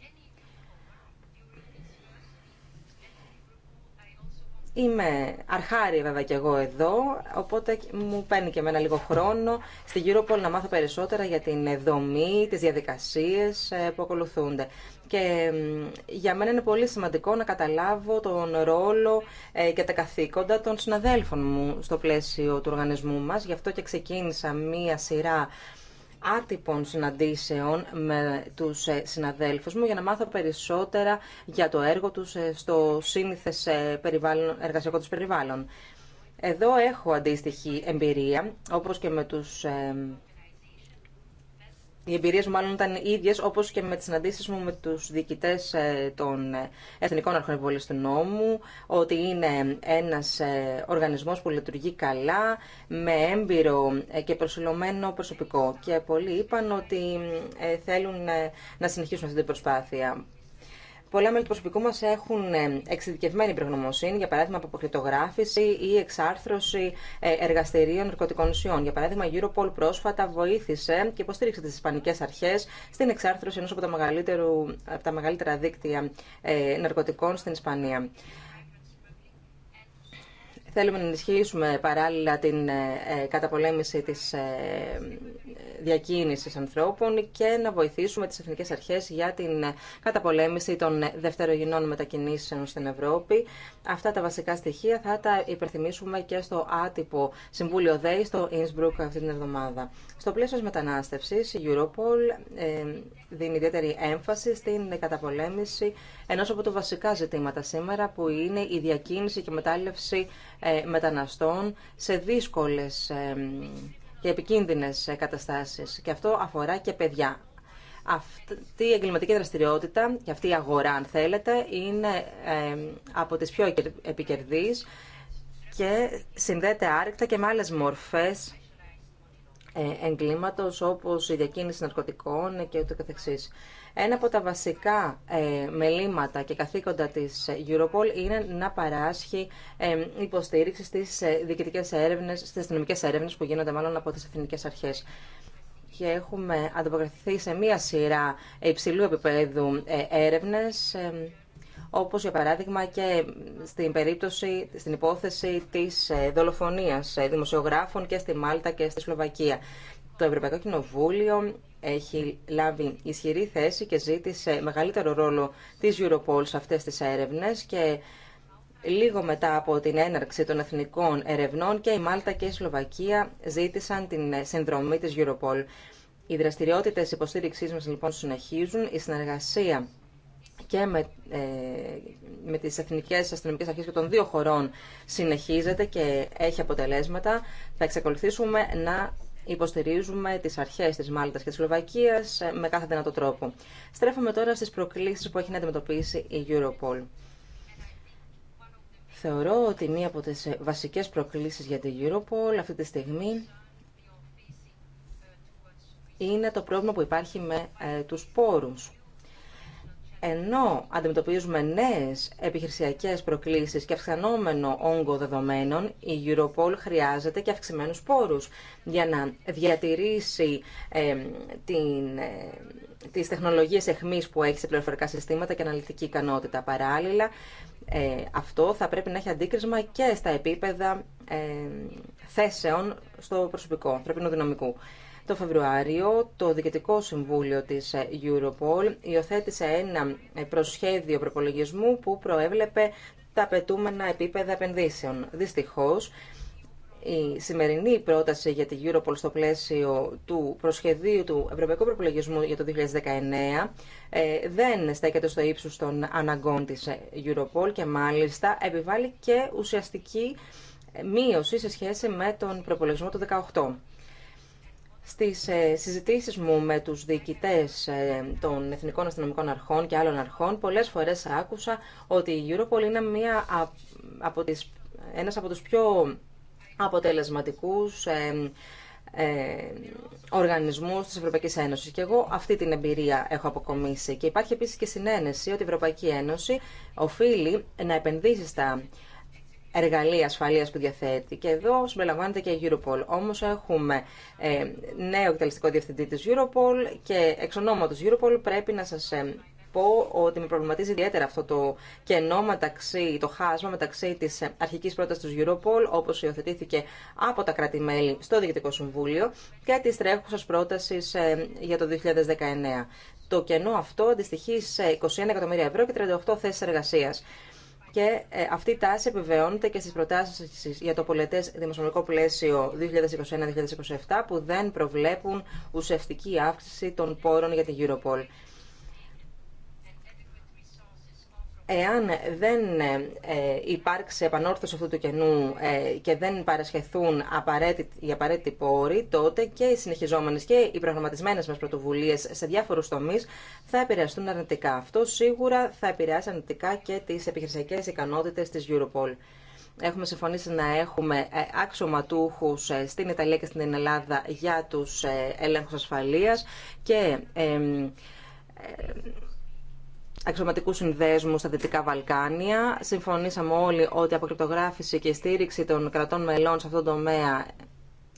Είμαι αρχάρι βέβαια και εγώ εδώ, οπότε μου παίρνει και εμένα λίγο χρόνο στη Europol να μάθω περισσότερα για την δομή, τις διαδικασίες ε, που ακολουθούνται. Και για μένα είναι πολύ σημαντικό να καταλάβω τον ρόλο ε, και τα καθήκοντα των συναδέλφων μου στο πλαίσιο του οργανισμού μας. Γι' αυτό και ξεκίνησα μία σειρά άτυπων συναντήσεων με τους ε, συναδέλφους μου για να μάθω περισσότερα για το έργο τους ε, στο σύνηθες ε, περιβάλλον, εργασιακό τους περιβάλλον. Εδώ έχω αντίστοιχη εμπειρία, όπως και με τους οι εμπειρίες μου μάλλον ήταν ίδιε ίδιες, και με τι συναντήσει μου με τους διοικητέ ε, των ε, Εθνικών Αρχών του Νόμου, ότι είναι ένας ε, οργανισμός που λειτουργεί καλά, με έμπειρο και προσιλωμένο προσωπικό. Και πολλοί είπαν ότι θέλουν να συνεχίσουν αυτή την προσπάθεια. Πολλά μέλη του προσωπικού μα έχουν ε, εξειδικευμένη προγνωμοσύνη, για παράδειγμα από αποκριτογράφηση ή εξάρθρωση ε, εργαστηρίων ναρκωτικών ουσιών. Για παράδειγμα, η Europol πρόσφατα βοήθησε και υποστήριξε τις ισπανικέ αρχές στην εξάρθρωση ενός από τα, μεγαλύτερα δίκτυα ε, ναρκωτικών στην Ισπανία. Θέλουμε να ενισχύσουμε παράλληλα την ε, ε, καταπολέμηση της ε, διακίνησης ανθρώπων και να βοηθήσουμε τις εθνικές αρχές για την καταπολέμηση των δευτερογενών μετακινήσεων στην Ευρώπη. Αυτά τα βασικά στοιχεία θα τα υπερθυμίσουμε και στο άτυπο Συμβούλιο ΔΕΗ στο Ινσμπρουκ αυτή την εβδομάδα. Στο πλαίσιο της μετανάστευσης, η Europol δίνει ιδιαίτερη έμφαση στην καταπολέμηση ενό από τα βασικά ζητήματα σήμερα που είναι η διακίνηση και μετάλλευση ε, μεταναστών σε δύσκολες και επικίνδυνες καταστάσεις. Και αυτό αφορά και παιδιά. Αυτή η εγκληματική δραστηριότητα και αυτή η αγορά, αν θέλετε, είναι από τις πιο επικερδείς και συνδέεται άρρηκτα και με άλλες μορφές ε, εγκλήματος όπως η διακίνηση ναρκωτικών και ούτω καθεξής. Ένα από τα βασικά ε, μελήματα και καθήκοντα της Europol είναι να παράσχει ε, υποστήριξη στις διοικητικές έρευνες, στις αστυνομικές έρευνες που γίνονται μάλλον από τις εθνικές αρχές. Και έχουμε ανταποκριθεί σε μία σειρά υψηλού επίπεδου έρευνες όπως για παράδειγμα και στην περίπτωση, στην υπόθεση της ε, δολοφονίας ε, δημοσιογράφων και στη Μάλτα και στη Σλοβακία. Το Ευρωπαϊκό Κοινοβούλιο έχει λάβει ισχυρή θέση και ζήτησε μεγαλύτερο ρόλο της Europol σε αυτές τις έρευνες και λίγο μετά από την έναρξη των εθνικών ερευνών και η Μάλτα και η Σλοβακία ζήτησαν την συνδρομή της Europol. Οι δραστηριότητες υποστήριξής μας λοιπόν συνεχίζουν, η συνεργασία και με, ε, με τις εθνικές αστυνομικές αρχές και των δύο χωρών συνεχίζεται και έχει αποτελέσματα. Θα εξακολουθήσουμε να υποστηρίζουμε τις αρχές της Μάλτας και της Σλοβακίας ε, με κάθε δυνατό τρόπο. Στρέφουμε τώρα στις προκλήσεις που έχει να αντιμετωπίσει η Europol. Θεωρώ ότι μία από τις βασικές προκλήσεις για την Europol αυτή τη στιγμή είναι το πρόβλημα που υπάρχει με ε, τους πόρους ενώ αντιμετωπίζουμε νέες επιχειρησιακές προκλήσεις και αυξανόμενο όγκο δεδομένων, η Europol χρειάζεται και αυξημένους πόρους για να διατηρήσει ε, την, ε, τις τεχνολογίες εχμής που έχει σε πληροφορικά συστήματα και αναλυτική ικανότητα. Παράλληλα, ε, αυτό θα πρέπει να έχει αντίκρισμα και στα επίπεδα θέσεων στο προσωπικό, ανθρωπίνου δυναμικού. Το Φεβρουάριο το Διοικητικό Συμβούλιο της Europol υιοθέτησε ένα προσχέδιο προπολογισμού που προέβλεπε τα απαιτούμενα επίπεδα επενδύσεων. Δυστυχώς, η σημερινή πρόταση για τη Europol στο πλαίσιο του προσχεδίου του Ευρωπαϊκού Προπολογισμού για το 2019 ε, δεν στέκεται στο ύψος των αναγκών της Europol και μάλιστα επιβάλλει και ουσιαστική μείωση σε σχέση με τον προπολογισμό του 2018. Στις ε, συζητήσεις μου με τους διοικητές ε, των Εθνικών Αστυνομικών Αρχών και άλλων αρχών, πολλές φορές άκουσα ότι η Europol είναι μία από τις, ένας από τους πιο αποτελεσματικούς ε, ε, οργανισμούς της Ευρωπαϊκής Ένωσης. Και εγώ αυτή την εμπειρία έχω αποκομίσει. Και υπάρχει επίσης και συνένεση ότι η Ευρωπαϊκή Ένωση οφείλει να επενδύσει στα εργαλεία ασφαλείας που διαθέτει. Και εδώ συμπεριλαμβάνεται και η Europol. Όμω έχουμε ε, νέο εκτελεστικό διευθυντή τη Europol και εξ ονόματο Europol πρέπει να σας ε, πω ότι με προβληματίζει ιδιαίτερα αυτό το κενό μεταξύ, το χάσμα μεταξύ τη ε, αρχική πρόταση του Europol, όπω υιοθετήθηκε από τα κράτη-μέλη στο Διοικητικό Συμβούλιο, και της τρέχουσας πρότασης για το 2019. Το κενό αυτό αντιστοιχεί σε 21 εκατομμύρια ευρώ και 38 θέσει εργασία. Και ε, αυτή η τάση επιβεβαιώνεται και στις προτάσεις για το πολιτε δημοσιονομικο δημοσιονομικό πλαίσιο 2021-2027 που δεν προβλέπουν ουσιαστική αύξηση των πόρων για την Europol. Εάν δεν ε, ε, υπάρξει επανόρθωση αυτού του κενού ε, και δεν παρασχεθούν οι απαραίτητοι πόροι, τότε και οι συνεχιζόμενες και οι προγραμματισμένες μας πρωτοβουλίες σε διάφορους τομείς θα επηρεαστούν αρνητικά. Αυτό σίγουρα θα επηρεάσει αρνητικά και τις επιχειρησιακές ικανότητες της Europol. Έχουμε συμφωνήσει να έχουμε αξιωματούχου στην Ιταλία και στην Ελλάδα για τους ελέγχους ασφαλείας και αξιωματικού συνδέσμου στα Δυτικά Βαλκάνια. Συμφωνήσαμε όλοι ότι η αποκρυπτογράφηση και η στήριξη των κρατών μελών σε αυτόν τον τομέα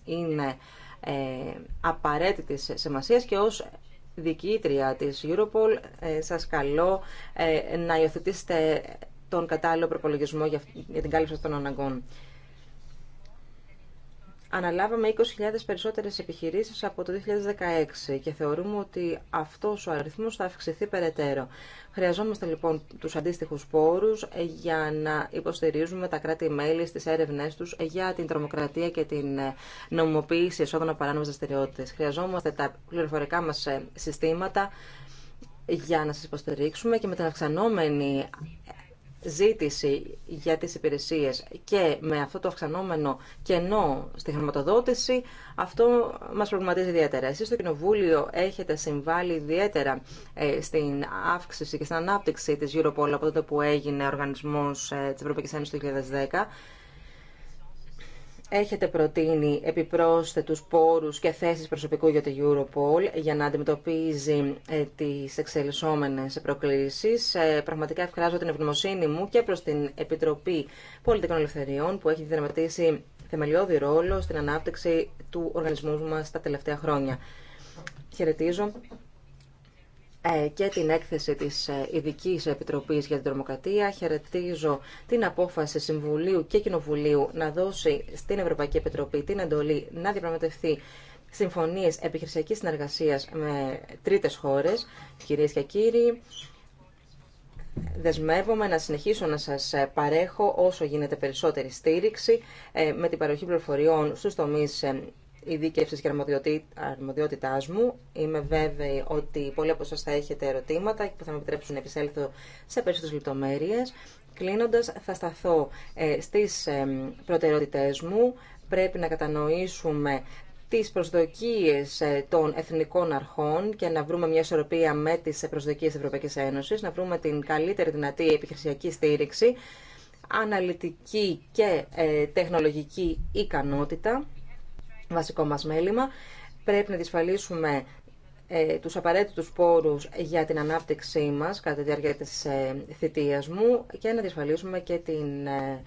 είναι ε, απαραίτητης και ω διοικήτρια της Europol ε, σας καλώ ε, να υιοθετήσετε τον κατάλληλο προπολογισμό για, για την κάλυψη των αναγκών αναλάβαμε 20.000 περισσότερες επιχειρήσεις από το 2016 και θεωρούμε ότι αυτός ο αριθμός θα αυξηθεί περαιτέρω. Χρειαζόμαστε λοιπόν τους αντίστοιχους πόρους για να υποστηρίζουμε τα κράτη-μέλη στις έρευνές τους για την τρομοκρατία και την ε, νομοποίηση εσόδων από παράνομες δραστηριότητες. Χρειαζόμαστε τα πληροφορικά μας ε, συστήματα για να σας υποστηρίξουμε και με την αυξανόμενη ζήτηση για τις υπηρεσίες και με αυτό το αυξανόμενο κενό στη χρηματοδότηση, αυτό μας προβληματίζει ιδιαίτερα. Εσείς στο Κοινοβούλιο έχετε συμβάλει ιδιαίτερα ε, στην αύξηση και στην ανάπτυξη της Europol από τότε που έγινε οργανισμός ε, της Ευρωπαϊκής Ένωσης το 2010 έχετε προτείνει επιπρόσθετους πόρους και θέσεις προσωπικού για τη Europol για να αντιμετωπίζει ε, τις εξελισσόμενες προκλήσεις. Ε, πραγματικά ευχαριστώ την ευγνωμοσύνη μου και προς την Επιτροπή Πολιτικών Ελευθεριών που έχει διδραματίσει θεμελιώδη ρόλο στην ανάπτυξη του οργανισμού μας τα τελευταία χρόνια. Χαιρετίζω ε, και την έκθεση της ε, ειδική Επιτροπής για την Τρομοκρατία. Χαιρετίζω την απόφαση Συμβουλίου και Κοινοβουλίου να δώσει στην Ευρωπαϊκή Επιτροπή την εντολή να διαπραγματευτεί συμφωνίες επιχειρησιακής συνεργασίας με τρίτες χώρες. Κυρίε και κύριοι, δεσμεύομαι να συνεχίσω να σας ε, παρέχω όσο γίνεται περισσότερη στήριξη με την παροχή πληροφοριών στους τομείς ειδίκευση και αρμοδιότητά μου. Είμαι βέβαιη ότι πολλοί από εσά θα έχετε ερωτήματα που θα με επιτρέψουν να επισέλθω σε περισσότερε λεπτομέρειε. Κλείνοντα, θα σταθώ ε, στι προτεραιότητέ μου. Πρέπει να κατανοήσουμε τις προσδοκίες ε, των εθνικών αρχών και να βρούμε μια ισορροπία με τις προσδοκίες της Ευρωπαϊκής Ένωσης, να βρούμε την καλύτερη δυνατή επιχειρησιακή στήριξη, αναλυτική και ε, τεχνολογική ικανότητα βασικό μας μέλημα. Πρέπει να διασφαλίσουμε ε, τους απαραίτητους πόρους για την ανάπτυξή μας κατά τη διάρκεια της ε, θητείας μου και να διασφαλίσουμε και την ε,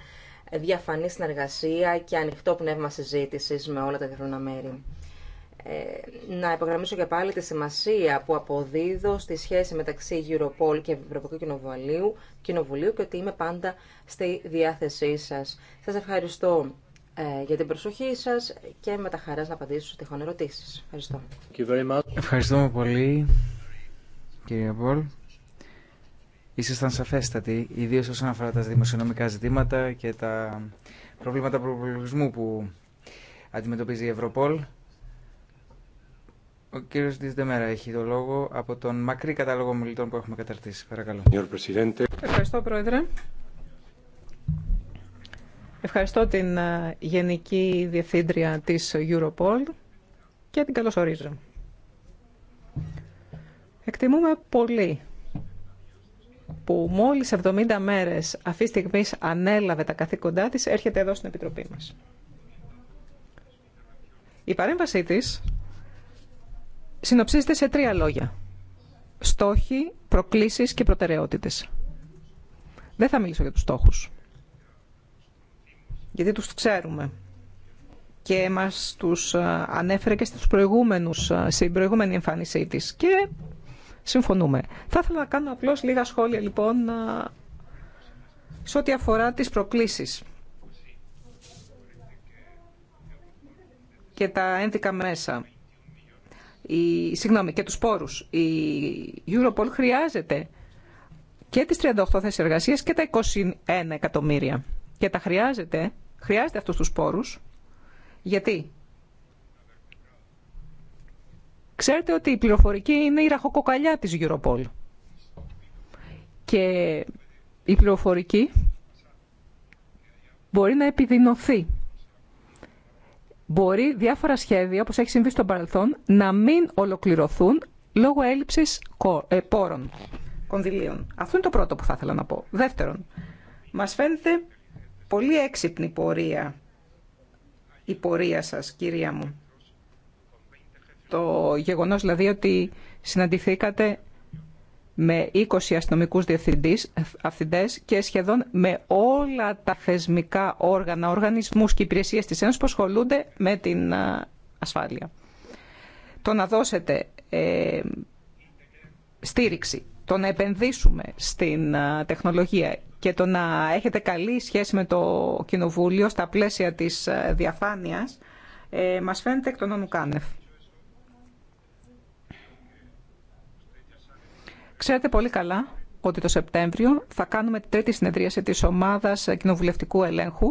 διαφανή συνεργασία και ανοιχτό πνεύμα συζήτησης με όλα τα διεθνώνα μέρη. Ε, να υπογραμμίσω και πάλι τη σημασία που αποδίδω στη σχέση μεταξύ Europol και Ευρωπαϊκού Κοινοβουλίου, Κοινοβουλίου και ότι είμαι πάντα στη διάθεσή σας. Σας ευχαριστώ ε, για την προσοχή σας και με τα χαρά να απαντήσω στις τυχόν ερωτήσεις. Ευχαριστώ. Ευχαριστούμε πολύ, κύριε Πολ. Ήσασταν σαφέστατοι, ιδίω όσον αφορά τα δημοσιονομικά ζητήματα και τα προβλήματα προπολογισμού που αντιμετωπίζει η Ευρωπόλ. Ο κύριο Διζντεμέρα έχει το λόγο από τον μακρύ κατάλογο μιλητών που έχουμε καταρτήσει. Παρακαλώ. Ευχαριστώ, Πρόεδρε. Ευχαριστώ την ε, Γενική Διευθύντρια της Europol και την καλωσορίζω. Εκτιμούμε πολύ που μόλις 70 μέρες αυτή στιγμή ανέλαβε τα καθήκοντά της, έρχεται εδώ στην Επιτροπή μας. Η παρέμβασή της συνοψίζεται σε τρία λόγια. Στόχοι, προκλήσεις και προτεραιότητες. Δεν θα μιλήσω για τους στόχους γιατί τους ξέρουμε και μας τους ε, ανέφερε και στους προηγούμενους, ε, στην προηγούμενη εμφάνισή της και συμφωνούμε. Θα ήθελα να κάνω απλώς λίγα σχόλια λοιπόν σε ό,τι αφορά τις προκλήσεις και τα ένδικα μέσα. Η, συγγνώμη, και τους πόρους. Η Europol χρειάζεται και τις 38 θέσεις εργασίας και τα 21 εκατομμύρια. Και τα χρειάζεται Χρειάζεται αυτούς τους πόρους. Γιατί? Ξέρετε ότι η πληροφορική είναι η ραχοκοκαλιά της Europol. Και η πληροφορική μπορεί να επιδεινωθεί. Μπορεί διάφορα σχέδια, όπως έχει συμβεί στο παρελθόν, να μην ολοκληρωθούν λόγω έλλειψης ε, πόρων, κονδυλίων. Αυτό είναι το πρώτο που θα ήθελα να πω. Δεύτερον, μας φαίνεται πολύ έξυπνη πορεία, η πορεία σας, κυρία μου. Το γεγονός δηλαδή ότι συναντηθήκατε με 20 αστυνομικούς διευθυντές αυθυντές, και σχεδόν με όλα τα θεσμικά όργανα, οργανισμούς και υπηρεσίες της Ένωσης που ασχολούνται με την ασφάλεια. Το να δώσετε ε, στήριξη, το να επενδύσουμε στην τεχνολογία και το να έχετε καλή σχέση με το Κοινοβούλιο στα πλαίσια της ε, διαφάνειας ε, μας φαίνεται εκ των ονουκάνευ. Ξέρετε πολύ καλά ότι το Σεπτέμβριο θα κάνουμε τρίτη συνεδρίαση της ομάδας κοινοβουλευτικού ελέγχου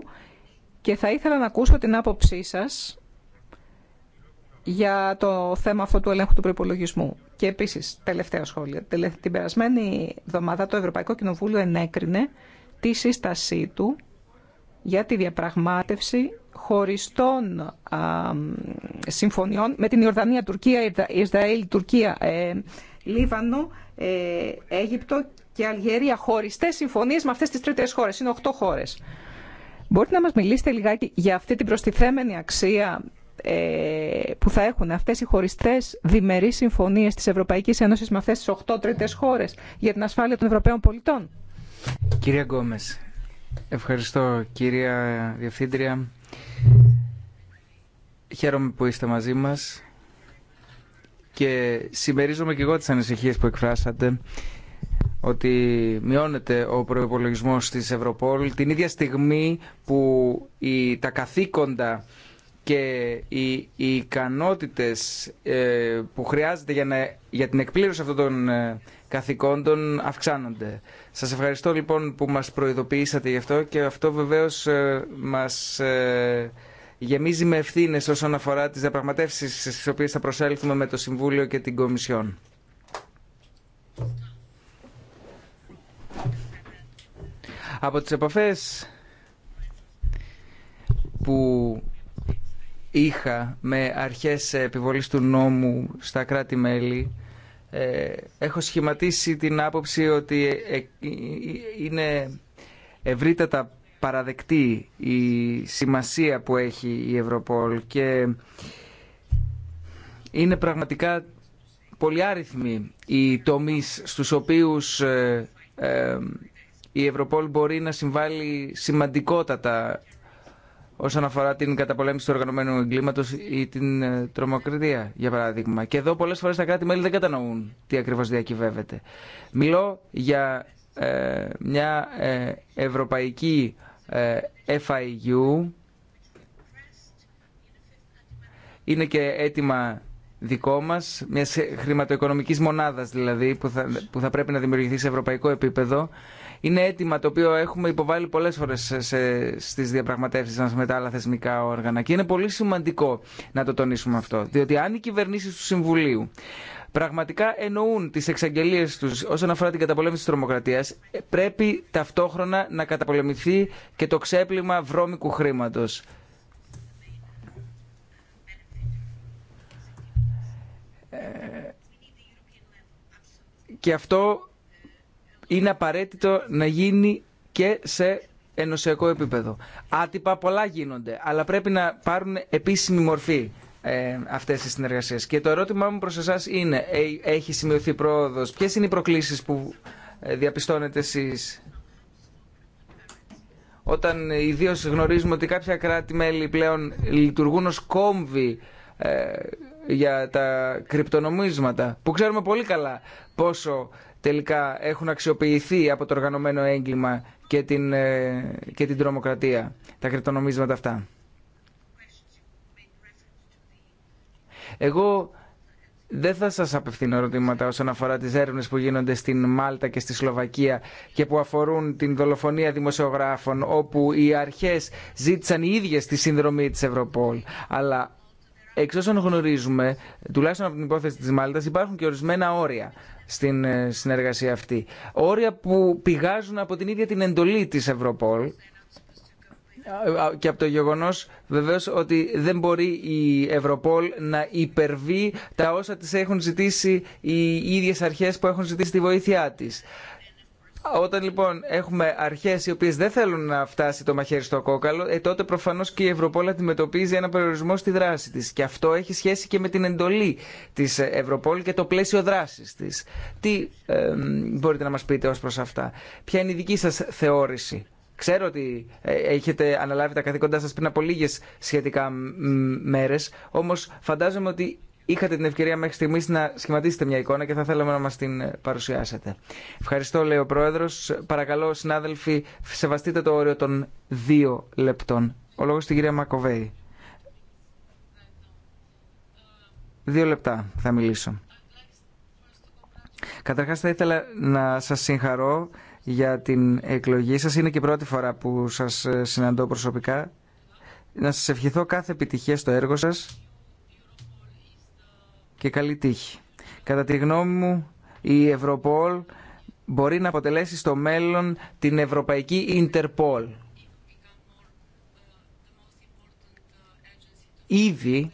και θα ήθελα να ακούσω την άποψή σας για το θέμα αυτού του ελέγχου του προϋπολογισμού. Και επίσης, τελευταία σχόλια, την περασμένη εβδομάδα το Ευρωπαϊκό Κοινοβούλιο ενέκρινε τη σύστασή του για τη διαπραγμάτευση χωριστών α, συμφωνιών με την Ιορδανία, Τουρκία, Ισραήλ, Τουρκία, ε, Λίβανο, ε, Αίγυπτο και Αλγερία. Χωριστέ συμφωνίε με αυτέ τι τρίτε χώρε. Είναι 8 χώρε. Μπορείτε να μα μιλήσετε λιγάκι για αυτή την προστιθέμενη αξία ε, που θα έχουν αυτές οι χωριστές διμερείς συμφωνίες της Ευρωπαϊκής Ένωσης με αυτές τις 8 τρίτες χώρες για την ασφάλεια των Ευρωπαίων πολιτών. Κυρία Γκόμες, ευχαριστώ κυρία Διευθύντρια. Χαίρομαι που είστε μαζί μας και συμμερίζομαι και εγώ τις ανησυχίες που εκφράσατε ότι μειώνεται ο προϋπολογισμός της Ευρωπόλ την ίδια στιγμή που τα καθήκοντα και οι, οι ικανότητες ε, που χρειάζεται για, την εκπλήρωση αυτών των ε, καθηκόντων αυξάνονται. Σας ευχαριστώ λοιπόν που μας προειδοποιήσατε γι' αυτό και αυτό βεβαίως ε, μας ε, γεμίζει με ευθύνε όσον αφορά τις διαπραγματεύσει στις οποίες θα προσέλθουμε με το Συμβούλιο και την Κομισιόν. Από τις επαφές που είχα με αρχές επιβολής του νόμου στα κράτη-μέλη ε, έχω σχηματίσει την άποψη ότι ε, ε, είναι ευρύτατα παραδεκτή η σημασία που έχει η Ευρωπόλ και είναι πραγματικά πολυάριθμοι οι τομείς στους οποίους η Ευρωπόλ μπορεί να συμβάλλει σημαντικότατα όσον αφορά την καταπολέμηση του οργανωμένου εγκλήματο ή την ε, τρομοκρατία, για παράδειγμα. Και εδώ πολλέ φορέ τα κράτη-μέλη δεν κατανοούν τι ακριβώ διακυβεύεται. Μιλώ για ε, μια ε, ευρωπαϊκή FIU. Είναι και έτοιμα δικό μας, μιας χρηματοοικονομικής μονάδας δηλαδή, που θα, που θα πρέπει να δημιουργηθεί σε ευρωπαϊκό επίπεδο είναι αίτημα το οποίο έχουμε υποβάλει πολλέ φορέ στι διαπραγματεύσει μα με τα άλλα θεσμικά όργανα. Και είναι πολύ σημαντικό να το τονίσουμε αυτό. Διότι αν οι κυβερνήσει του Συμβουλίου πραγματικά εννοούν τι εξαγγελίε του όσον αφορά την καταπολέμηση τη τρομοκρατία, πρέπει ταυτόχρονα να καταπολεμηθεί και το ξέπλυμα βρώμικου χρήματο. Ε, και αυτό είναι απαραίτητο να γίνει και σε ενωσιακό επίπεδο. Άτυπα πολλά γίνονται, αλλά πρέπει να πάρουν επίσημη μορφή ε, αυτές οι συνεργασίες. Και το ερώτημά μου προς εσάς είναι, ε, έχει σημειωθεί πρόοδος, ποιες είναι οι προκλήσεις που ε, διαπιστώνετε εσείς όταν ε, ιδίω γνωρίζουμε ότι κάποια κράτη-μέλη πλέον λειτουργούν ως κόμβοι για τα κρυπτονομίσματα, που ξέρουμε πολύ καλά πόσο τελικά έχουν αξιοποιηθεί από το οργανωμένο έγκλημα και την, ε, και την τρομοκρατία, τα κρυπτονομίσματα αυτά. Εγώ δεν θα σας απευθύνω ερωτήματα όσον αφορά τις έρευνες που γίνονται στην Μάλτα και στη Σλοβακία και που αφορούν την δολοφονία δημοσιογράφων όπου οι αρχές ζήτησαν οι ίδιες τη σύνδρομη της Ευρωπόλ. Αλλά Εξ όσων γνωρίζουμε, τουλάχιστον από την υπόθεση της Μάλτας, υπάρχουν και ορισμένα όρια στην ε, συνεργασία αυτή. Όρια που πηγάζουν από την ίδια την εντολή της Ευρωπόλ ε, ε, και από το γεγονός βεβαίως ότι δεν μπορεί η Ευρωπόλ να υπερβεί τα όσα της έχουν ζητήσει οι ίδιες αρχές που έχουν ζητήσει τη βοήθειά της. Όταν λοιπόν έχουμε αρχέ οι οποίε δεν θέλουν να φτάσει το μαχαίρι στο κόκαλο, ε, τότε προφανώ και η Ευρωπόλα αντιμετωπίζει ένα περιορισμό στη δράση τη. Και αυτό έχει σχέση και με την εντολή τη Ευρωπόλη και το πλαίσιο δράση τη. Τι μπορείτε να μα πείτε ω προ αυτά, Ποια είναι η δική σα θεώρηση. Ξέρω ότι ε, έχετε αναλάβει τα καθήκοντά σας πριν από λίγες σχετικά μέρες, όμως φαντάζομαι ότι είχατε την ευκαιρία μέχρι στιγμή να σχηματίσετε μια εικόνα και θα θέλαμε να μα την παρουσιάσετε. Ευχαριστώ, λέει ο Πρόεδρο. Παρακαλώ, συνάδελφοι, σεβαστείτε το όριο των δύο λεπτών. Ο λόγο στην κυρία Μακοβέη. Δύο λεπτά θα μιλήσω. Καταρχάς θα ήθελα να σας συγχαρώ για την εκλογή σας. Είναι και η πρώτη φορά που σας συναντώ προσωπικά. Να σας ευχηθώ κάθε επιτυχία στο έργο σας και καλή τύχη. Κατά τη γνώμη μου, η Ευρωπόλ μπορεί να αποτελέσει στο μέλλον την Ευρωπαϊκή Ιντερπόλ. Ήδη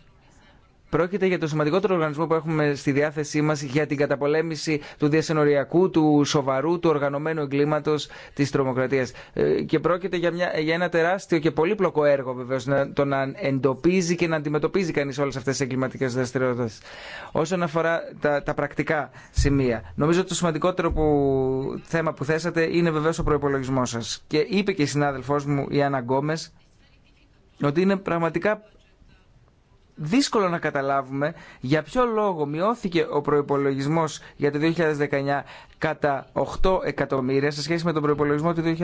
Πρόκειται για το σημαντικότερο οργανισμό που έχουμε στη διάθεσή μα για την καταπολέμηση του διασυνοριακού, του σοβαρού, του οργανωμένου εγκλήματο τη τρομοκρατία. Ε, και πρόκειται για, μια, για ένα τεράστιο και πολύπλοκο έργο βεβαίω το να εντοπίζει και να αντιμετωπίζει κανεί όλε αυτέ τι εγκληματικέ δραστηριότητε. Όσον αφορά τα, τα πρακτικά σημεία, νομίζω ότι το σημαντικότερο που, θέμα που θέσατε είναι βεβαίω ο προπολογισμό σα. Και είπε και η συνάδελφό μου, η Άννα Γκόμε, ότι είναι πραγματικά δύσκολο να καταλάβουμε για ποιο λόγο μειώθηκε ο προπολογισμό για το 2019 κατά 8 εκατομμύρια σε σχέση με τον προπολογισμό του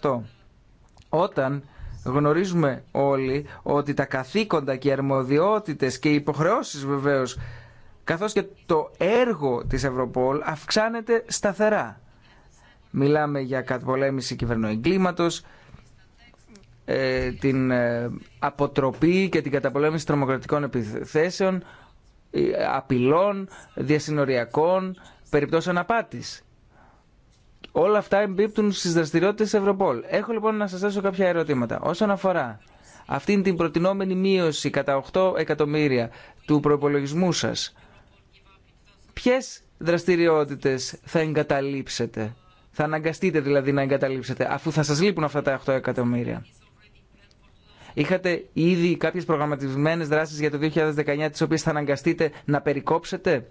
2018. Όταν γνωρίζουμε όλοι ότι τα καθήκοντα και οι αρμοδιότητες και οι υποχρεώσεις βεβαίως καθώς και το έργο της Ευρωπόλ αυξάνεται σταθερά. Μιλάμε για καταπολέμηση κυβερνοεγκλήματος, ε, την ε, αποτροπή και την καταπολέμηση τρομοκρατικών επιθέσεων, ε, απειλών, διασυνοριακών, περιπτώσεων απάτης. Όλα αυτά εμπίπτουν στις δραστηριότητες Ευρωπόλ. Έχω λοιπόν να σας δώσω κάποια ερωτήματα. Όσον αφορά αυτήν την προτινόμενη μείωση κατά 8 εκατομμύρια του προπολογισμού σας, ποιες δραστηριότητες θα εγκαταλείψετε, θα αναγκαστείτε δηλαδή να εγκαταλείψετε, αφού θα σας λείπουν αυτά τα 8 εκατομμύρια. Είχατε ήδη κάποιες προγραμματισμένες δράσεις για το 2019 τις οποίες θα αναγκαστείτε να περικόψετε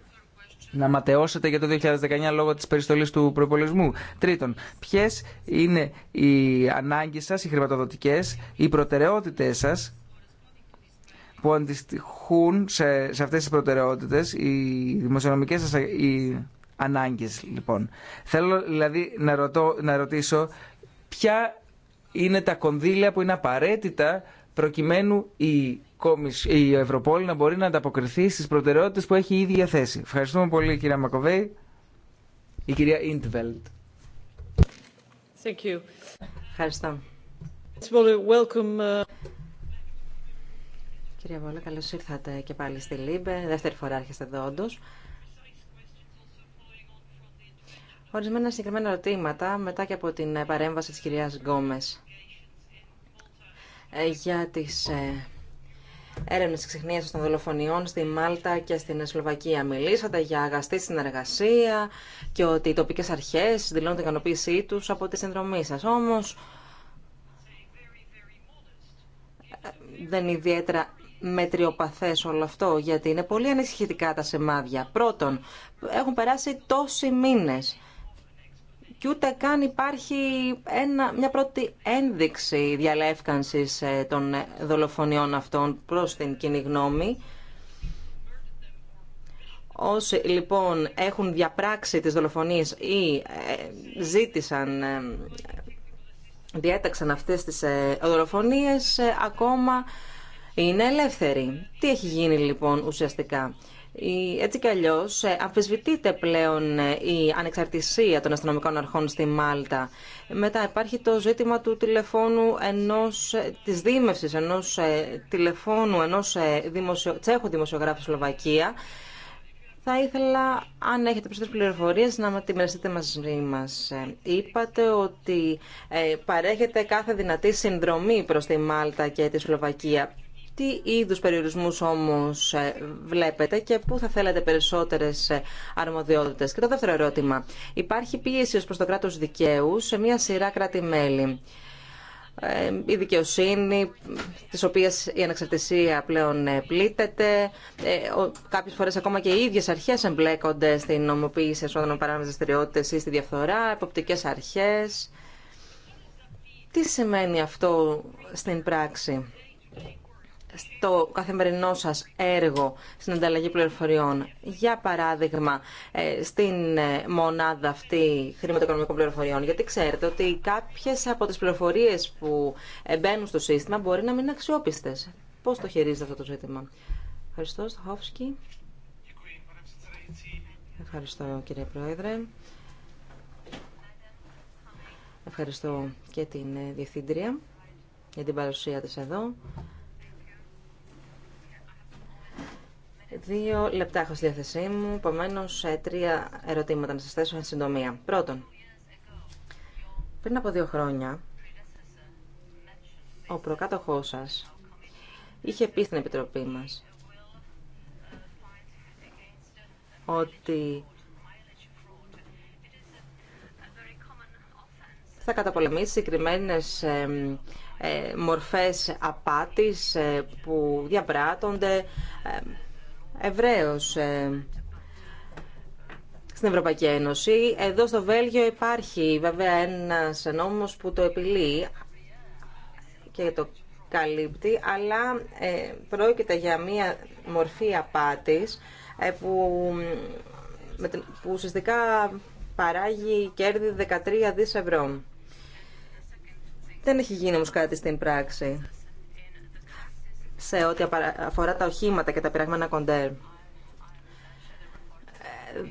να ματαιώσετε για το 2019 λόγω της περιστολής του προπολογισμού. Τρίτον, ποιες είναι οι ανάγκες σας, οι χρηματοδοτικές, οι προτεραιότητες σας που αντιστοιχούν σε, σε αυτές τις προτεραιότητες, οι δημοσιονομικές σας οι ανάγκες λοιπόν. Θέλω δηλαδή να, ρωτώ, να ρωτήσω ποια είναι τα κονδύλια που είναι απαραίτητα προκειμένου η, η Ευρωπόλη να μπορεί να ανταποκριθεί στις προτεραιότητες που έχει η ίδια θέση. Ευχαριστούμε πολύ κυρία Μακοβέη. Η κυρία Ιντβελτ. Ευχαριστώ. Uh, κυρία Βόλα, καλώ ήρθατε και πάλι στη Λίμπε. Δεύτερη φορά έρχεστε εδώ όντω. Ορισμένα συγκεκριμένα ερωτήματα μετά και από την παρέμβαση τη κυρία Γκόμες. Ε, για τις ε, έρευνες εξυχνίας των δολοφονιών στη Μάλτα και στην Σλοβακία. Μιλήσατε για αγαστή συνεργασία και ότι οι τοπικές αρχές δηλώνουν την ικανοποίησή τους από τη συνδρομή σας. Όμως, ε, δεν είναι ιδιαίτερα μετριοπαθές όλο αυτό, γιατί είναι πολύ ανησυχητικά τα σημάδια. Πρώτον, έχουν περάσει τόσοι μήνες και ούτε καν υπάρχει ένα, μια πρώτη ένδειξη διαλεύκανσης ε, των δολοφονιών αυτών προς την κοινή γνώμη. Όσοι λοιπόν έχουν διαπράξει τις δολοφονίες ή ε, ζήτησαν, ε, διέταξαν αυτές τις δολοφονίες, ακόμα είναι ελεύθεροι. Τι έχει γίνει λοιπόν ουσιαστικά. Έτσι κι αλλιώ ε, αμφισβητείται πλέον ε, η ανεξαρτησία των αστυνομικών αρχών στη Μάλτα. Μετά υπάρχει το ζήτημα του τηλεφώνου ενός, ε, της δήμευσης ενός τηλεφώνου ενός δημοσιο, τσέχου δημοσιογράφου Σλοβακία. Θα ήθελα, αν έχετε περισσότερες πληροφορίες, να τη μοιραστείτε μαζί μας. Είπατε ότι παρέχετε κάθε δυνατή συνδρομή προς τη Μάλτα και τη Σλοβακία. Τι είδους περιορισμούς όμως ε, βλέπετε και πού θα θέλατε περισσότερες ε, αρμοδιότητες. Και το δεύτερο ερώτημα. Υπάρχει πίεση ως προς το κράτος δικαίου σε μια σειρά κράτη-μέλη. Ε, η δικαιοσύνη, της οποίας η ανεξαρτησία πλέον πλήττεται. Κάποιες φορές ακόμα και οι ίδιες αρχές εμπλέκονται στην νομοποίηση εσόδων παράνομες δραστηριότητε ή στη διαφθορά, εποπτικές αρχές. Τι σημαίνει αυτό στην πράξη στο καθημερινό σας έργο στην ανταλλαγή πληροφοριών. Για παράδειγμα, ε, στην ε, μονάδα αυτή χρηματοοικονομικών πληροφοριών, γιατί ξέρετε ότι κάποιες από τις πληροφορίες που ε, μπαίνουν στο σύστημα μπορεί να μην είναι αξιόπιστες. Πώς το χειρίζετε αυτό το ζήτημα. Ευχαριστώ, Στοχόφσκι. Ευχαριστώ, κύριε Πρόεδρε. Ευχαριστώ και την Διευθύντρια για την παρουσία της εδώ. Δύο λεπτά έχω στη διάθεσή μου, επομένω ε, τρία ερωτήματα να σα θέσω εν συντομία. Πρώτον, πριν από δύο χρόνια, ο προκάτοχό σα είχε πει στην Επιτροπή μα ότι θα καταπολεμήσει συγκεκριμένε ε, μορφές απάτης ε, που διαπράττονται ευρέως ε, στην Ευρωπαϊκή Ένωση. Εδώ στο Βέλγιο υπάρχει βέβαια ένας νόμος που το επιλύει και το καλύπτει, αλλά ε, πρόκειται για μία μορφή απάτης ε, που, που ουσιαστικά παράγει κέρδη 13 δις ευρώ. Δεν έχει γίνει όμως κάτι στην πράξη σε ό,τι αφορά τα οχήματα και τα πειραγμένα κοντέρ.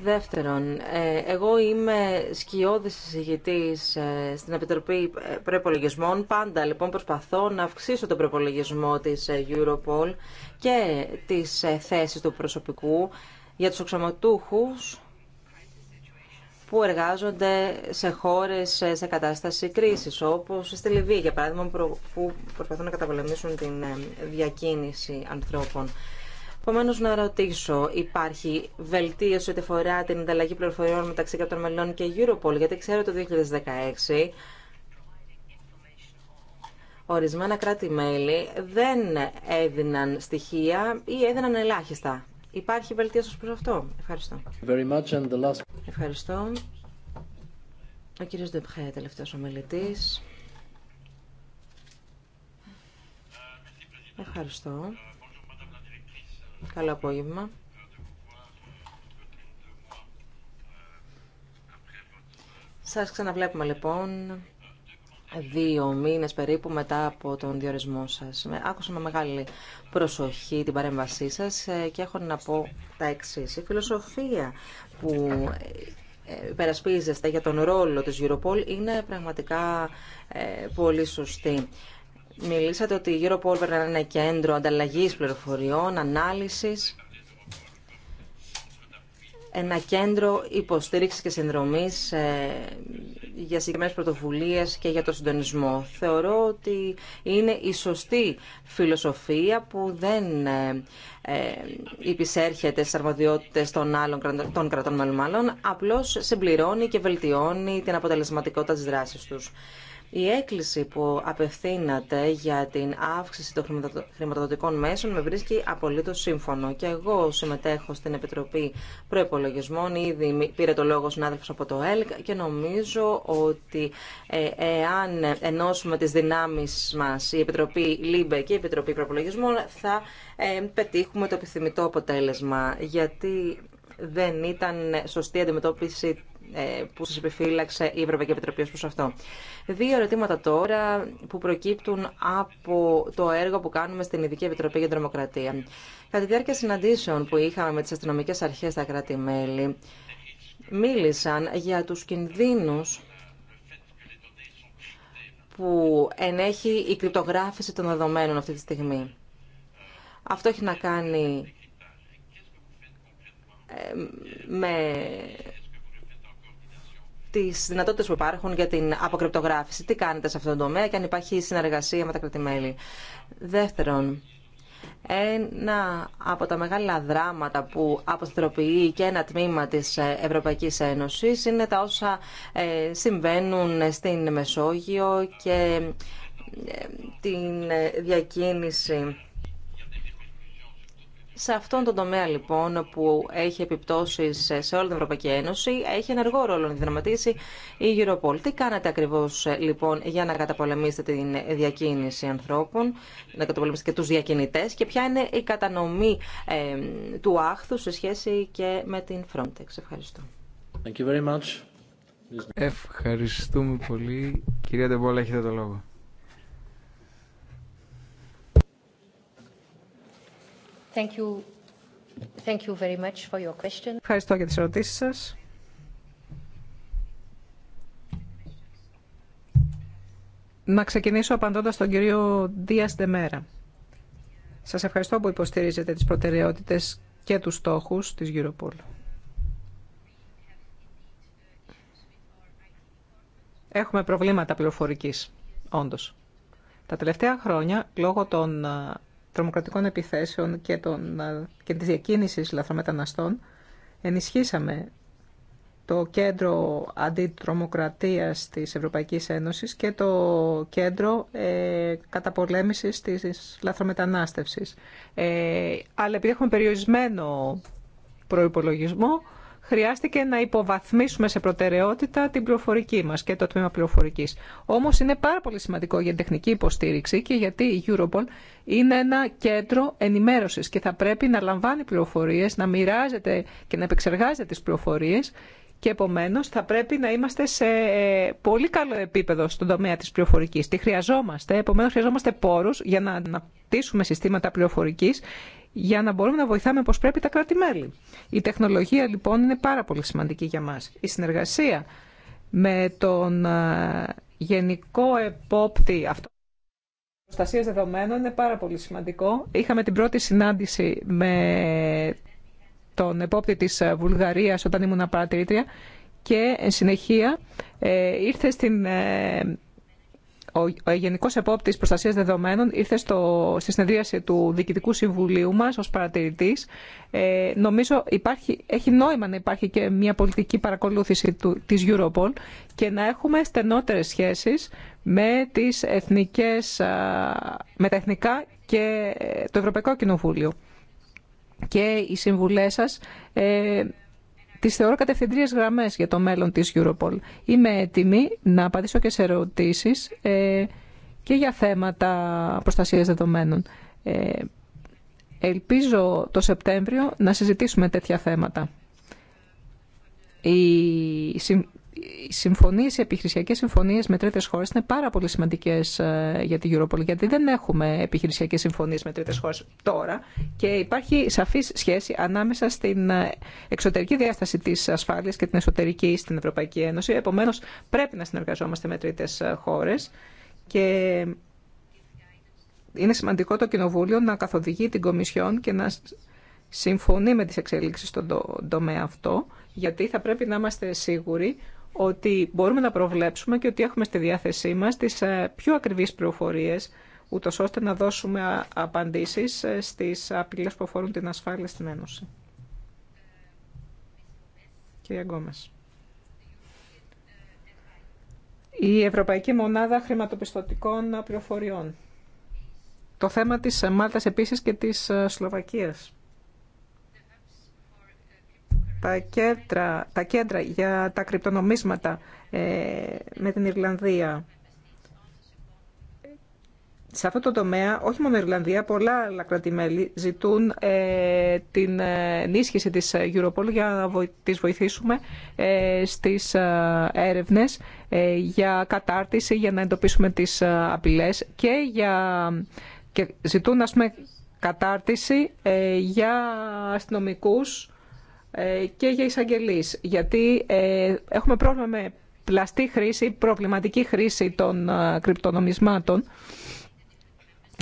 Δεύτερον, ε, εγώ είμαι σκιώδης συζητητής ε, στην Επιτροπή ε, Προπολογισμών. Πάντα λοιπόν προσπαθώ να αυξήσω τον προπολογισμό της Europol και τις θέσεις του προσωπικού για τους οξαματούχους που εργάζονται σε χώρες σε κατάσταση κρίσης, όπως στη Λιβύη, για παράδειγμα, που προσπαθούν να καταπολεμήσουν την ε, διακίνηση ανθρώπων. Επομένω, να ρωτήσω, υπάρχει βελτίωση ό,τι αφορά την ανταλλαγή πληροφοριών μεταξύ κρατών μελών και Europol, γιατί ξέρω το 2016 ορισμένα κράτη-μέλη δεν έδιναν στοιχεία ή έδιναν ελάχιστα Υπάρχει βελτίωση προ αυτό. Ευχαριστώ. Very much and the last... Ευχαριστώ. Ο κύριος Ντεμπχέ, τελευταίος ομιλητής. Ευχαριστώ. Καλό απόγευμα. Σας ξαναβλέπουμε λοιπόν δύο μήνες περίπου μετά από τον διορισμό σας. Άκουσα με μεγάλη προσοχή την παρέμβασή σας ε, και έχω να πω τα εξή. Η φιλοσοφία που ε, ε, υπερασπίζεστε για τον ρόλο της Europol είναι πραγματικά πολύ σωστή. Μιλήσατε ότι η Europol πρέπει να είναι κέντρο ανταλλαγής πληροφοριών, ανάλυσης ένα κέντρο υποστήριξης και συνδρομής ε, για συγκεκριμένες πρωτοβουλίες και για το συντονισμό. Θεωρώ ότι είναι η σωστή φιλοσοφία που δεν ε, ε, υπησέρχεται στις αρμοδιότητες των, άλλων, των κρατών μάλλον, απλώς συμπληρώνει και βελτιώνει την αποτελεσματικότητα της δράσης τους. Η έκκληση που απευθύνατε για την αύξηση των χρηματοδοτικών μέσων με βρίσκει απολύτω σύμφωνο. Και εγώ συμμετέχω στην Επιτροπή Προπολογισμών. Ήδη πήρε το λόγο ο συνάδελφο από το ΕΛΚ και νομίζω ότι ε, εάν ενώσουμε τι δυνάμει μα, η Επιτροπή ΛΥΜΠΕ και η Επιτροπή Προπολογισμών, θα ε, πετύχουμε το επιθυμητό αποτέλεσμα. Γιατί δεν ήταν σωστή αντιμετώπιση ε, που σας επιφύλαξε η Ευρωπαϊκή Επιτροπή ως προς αυτό. Δύο ερωτήματα τώρα που προκύπτουν από το έργο που κάνουμε στην Ειδική Επιτροπή για Τρομοκρατία. Δημοκρατία. Κατά τη διάρκεια συναντήσεων που είχαμε με τις αστυνομικές αρχές στα κράτη-μέλη, μίλησαν για τους κινδύνους που ενέχει η κρυπτογράφηση των δεδομένων αυτή τη στιγμή. Αυτό έχει να κάνει ε, με τι δυνατότητε που υπάρχουν για την αποκρυπτογράφηση. Τι κάνετε σε αυτόν τον τομέα και αν υπάρχει συνεργασία με τα κρατημέλη. Δεύτερον, ένα από τα μεγάλα δράματα που αποστροποιεί και ένα τμήμα της Ευρωπαϊκής Ένωσης είναι τα όσα ε, συμβαίνουν στην Μεσόγειο και ε, την ε, διακίνηση σε αυτόν τον τομέα λοιπόν που έχει επιπτώσεις σε όλη την Ευρωπαϊκή Ένωση έχει ενεργό ρόλο να δυναματίσει η Europol. Τι κάνατε ακριβώς ε, λοιπόν για να καταπολεμήσετε την διακίνηση ανθρώπων, να καταπολεμήσετε και τους διακινητές και ποια είναι η κατανομή ε, του άχθου σε σχέση και με την Frontex. Ευχαριστώ. Thank you very much. Ευχαριστούμε πολύ. Κυρία Ντεμπόλα, έχετε το λόγο. Ευχαριστώ για τις ερωτήσεις σας. Να ξεκινήσω απαντώντας τον κύριο Δίας Δεμέρα. Σας ευχαριστώ που υποστηρίζετε τις προτεραιότητες και τους στόχους της Europol. Έχουμε προβλήματα πληροφορικής, όντως. Τα τελευταία χρόνια, λόγω των τρομοκρατικών επιθέσεων και, των, και της διακίνησης λαθρομεταναστών, ενισχύσαμε το Κέντρο Αντιτρομοκρατίας της Ευρωπαϊκής Ένωσης και το Κέντρο ε, Καταπολέμησης της Λαθρομετανάστευσης. Ε, αλλά επειδή έχουμε περιορισμένο προϋπολογισμό, χρειάστηκε να υποβαθμίσουμε σε προτεραιότητα την πληροφορική μας και το τμήμα πληροφορικής. Όμως είναι πάρα πολύ σημαντικό για την τεχνική υποστήριξη και γιατί η Europol είναι ένα κέντρο ενημέρωσης και θα πρέπει να λαμβάνει πληροφορίες, να μοιράζεται και να επεξεργάζεται τις πληροφορίες και επομένως θα πρέπει να είμαστε σε πολύ καλό επίπεδο στον τομέα της πληροφορικής. Τι χρειαζόμαστε, επομένως χρειαζόμαστε πόρους για να αναπτύσσουμε συστήματα πληροφορική για να μπορούμε να βοηθάμε όπως πρέπει τα κράτη-μέλη. Η τεχνολογία λοιπόν είναι πάρα πολύ σημαντική για μας. Η συνεργασία με τον ε, γενικό επόπτη αυτό προστασία δεδομένων είναι πάρα πολύ σημαντικό. Είχαμε την πρώτη συνάντηση με τον επόπτη της Βουλγαρίας όταν ήμουν παρατηρήτρια και εν συνεχεία ε, ήρθε στην ε, ο Γενικός Επόπτης Προστασίας Δεδομένων ήρθε στο, στη συνεδρίαση του Διοικητικού Συμβουλίου μας ως παρατηρητής. Ε, νομίζω υπάρχει, έχει νόημα να υπάρχει και μια πολιτική παρακολούθηση του, της Europol και να έχουμε στενότερες σχέσεις με, τις εθνικές, με τα εθνικά και ε, το Ευρωπαϊκό Κοινοβούλιο. Και οι συμβουλές σας ε, τις θεωρώ κατευθυντρίες γραμμές για το μέλλον της Europol. Είμαι έτοιμη να απαντήσω και σε ερωτήσεις ε, και για θέματα προστασίας δεδομένων. Ε, ελπίζω το Σεπτέμβριο να συζητήσουμε τέτοια θέματα οι συμφωνίε οι επιχειρησιακέ συμφωνίες με τρίτε χώρε είναι πάρα πολύ σημαντικέ ε, για την Europol, γιατί δεν έχουμε επιχειρησιακέ συμφωνίε με τρίτε χώρε τώρα και υπάρχει σαφή σχέση ανάμεσα στην ε, εξωτερική διάσταση τη ασφάλεια και την εσωτερική στην Ευρωπαϊκή Ένωση. Επομένω πρέπει να συνεργαζόμαστε με τρίτε χώρε. και είναι σημαντικό το Κοινοβούλιο να καθοδηγεί την Κομισιόν και να συμφωνεί με τις εξέλιξεις στον τομέα αυτό, γιατί θα πρέπει να είμαστε σίγουροι ότι μπορούμε να προβλέψουμε και ότι έχουμε στη διάθεσή μας τις ε, πιο ακριβείς πληροφορίες, ούτω ώστε να δώσουμε απαντήσεις ε, στις απειλές που αφορούν την ασφάλεια στην Ένωση. Κυρία Η Ευρωπαϊκή Μονάδα Χρηματοπιστωτικών Πληροφοριών. Το θέμα της Μάλτας επίσης και της ε, Σλοβακίας τα κέντρα, για τα κρυπτονομίσματα ε, με την Ιρλανδία. Σε αυτό το τομέα, όχι μόνο η Ιρλανδία, πολλά άλλα κρατημέλη ζητούν ε, την ε, ενίσχυση της Europol για να τις βοηθήσουμε στις έρευνες για κατάρτιση, για να εντοπίσουμε τις απειλές και, για, και ζητούν, ας πούμε, κατάρτιση για αστυνομικούς ε, και για εισαγγελεί. γιατί ε, έχουμε πρόβλημα με πλαστή χρήση, προβληματική χρήση των ε, κρυπτονομισμάτων.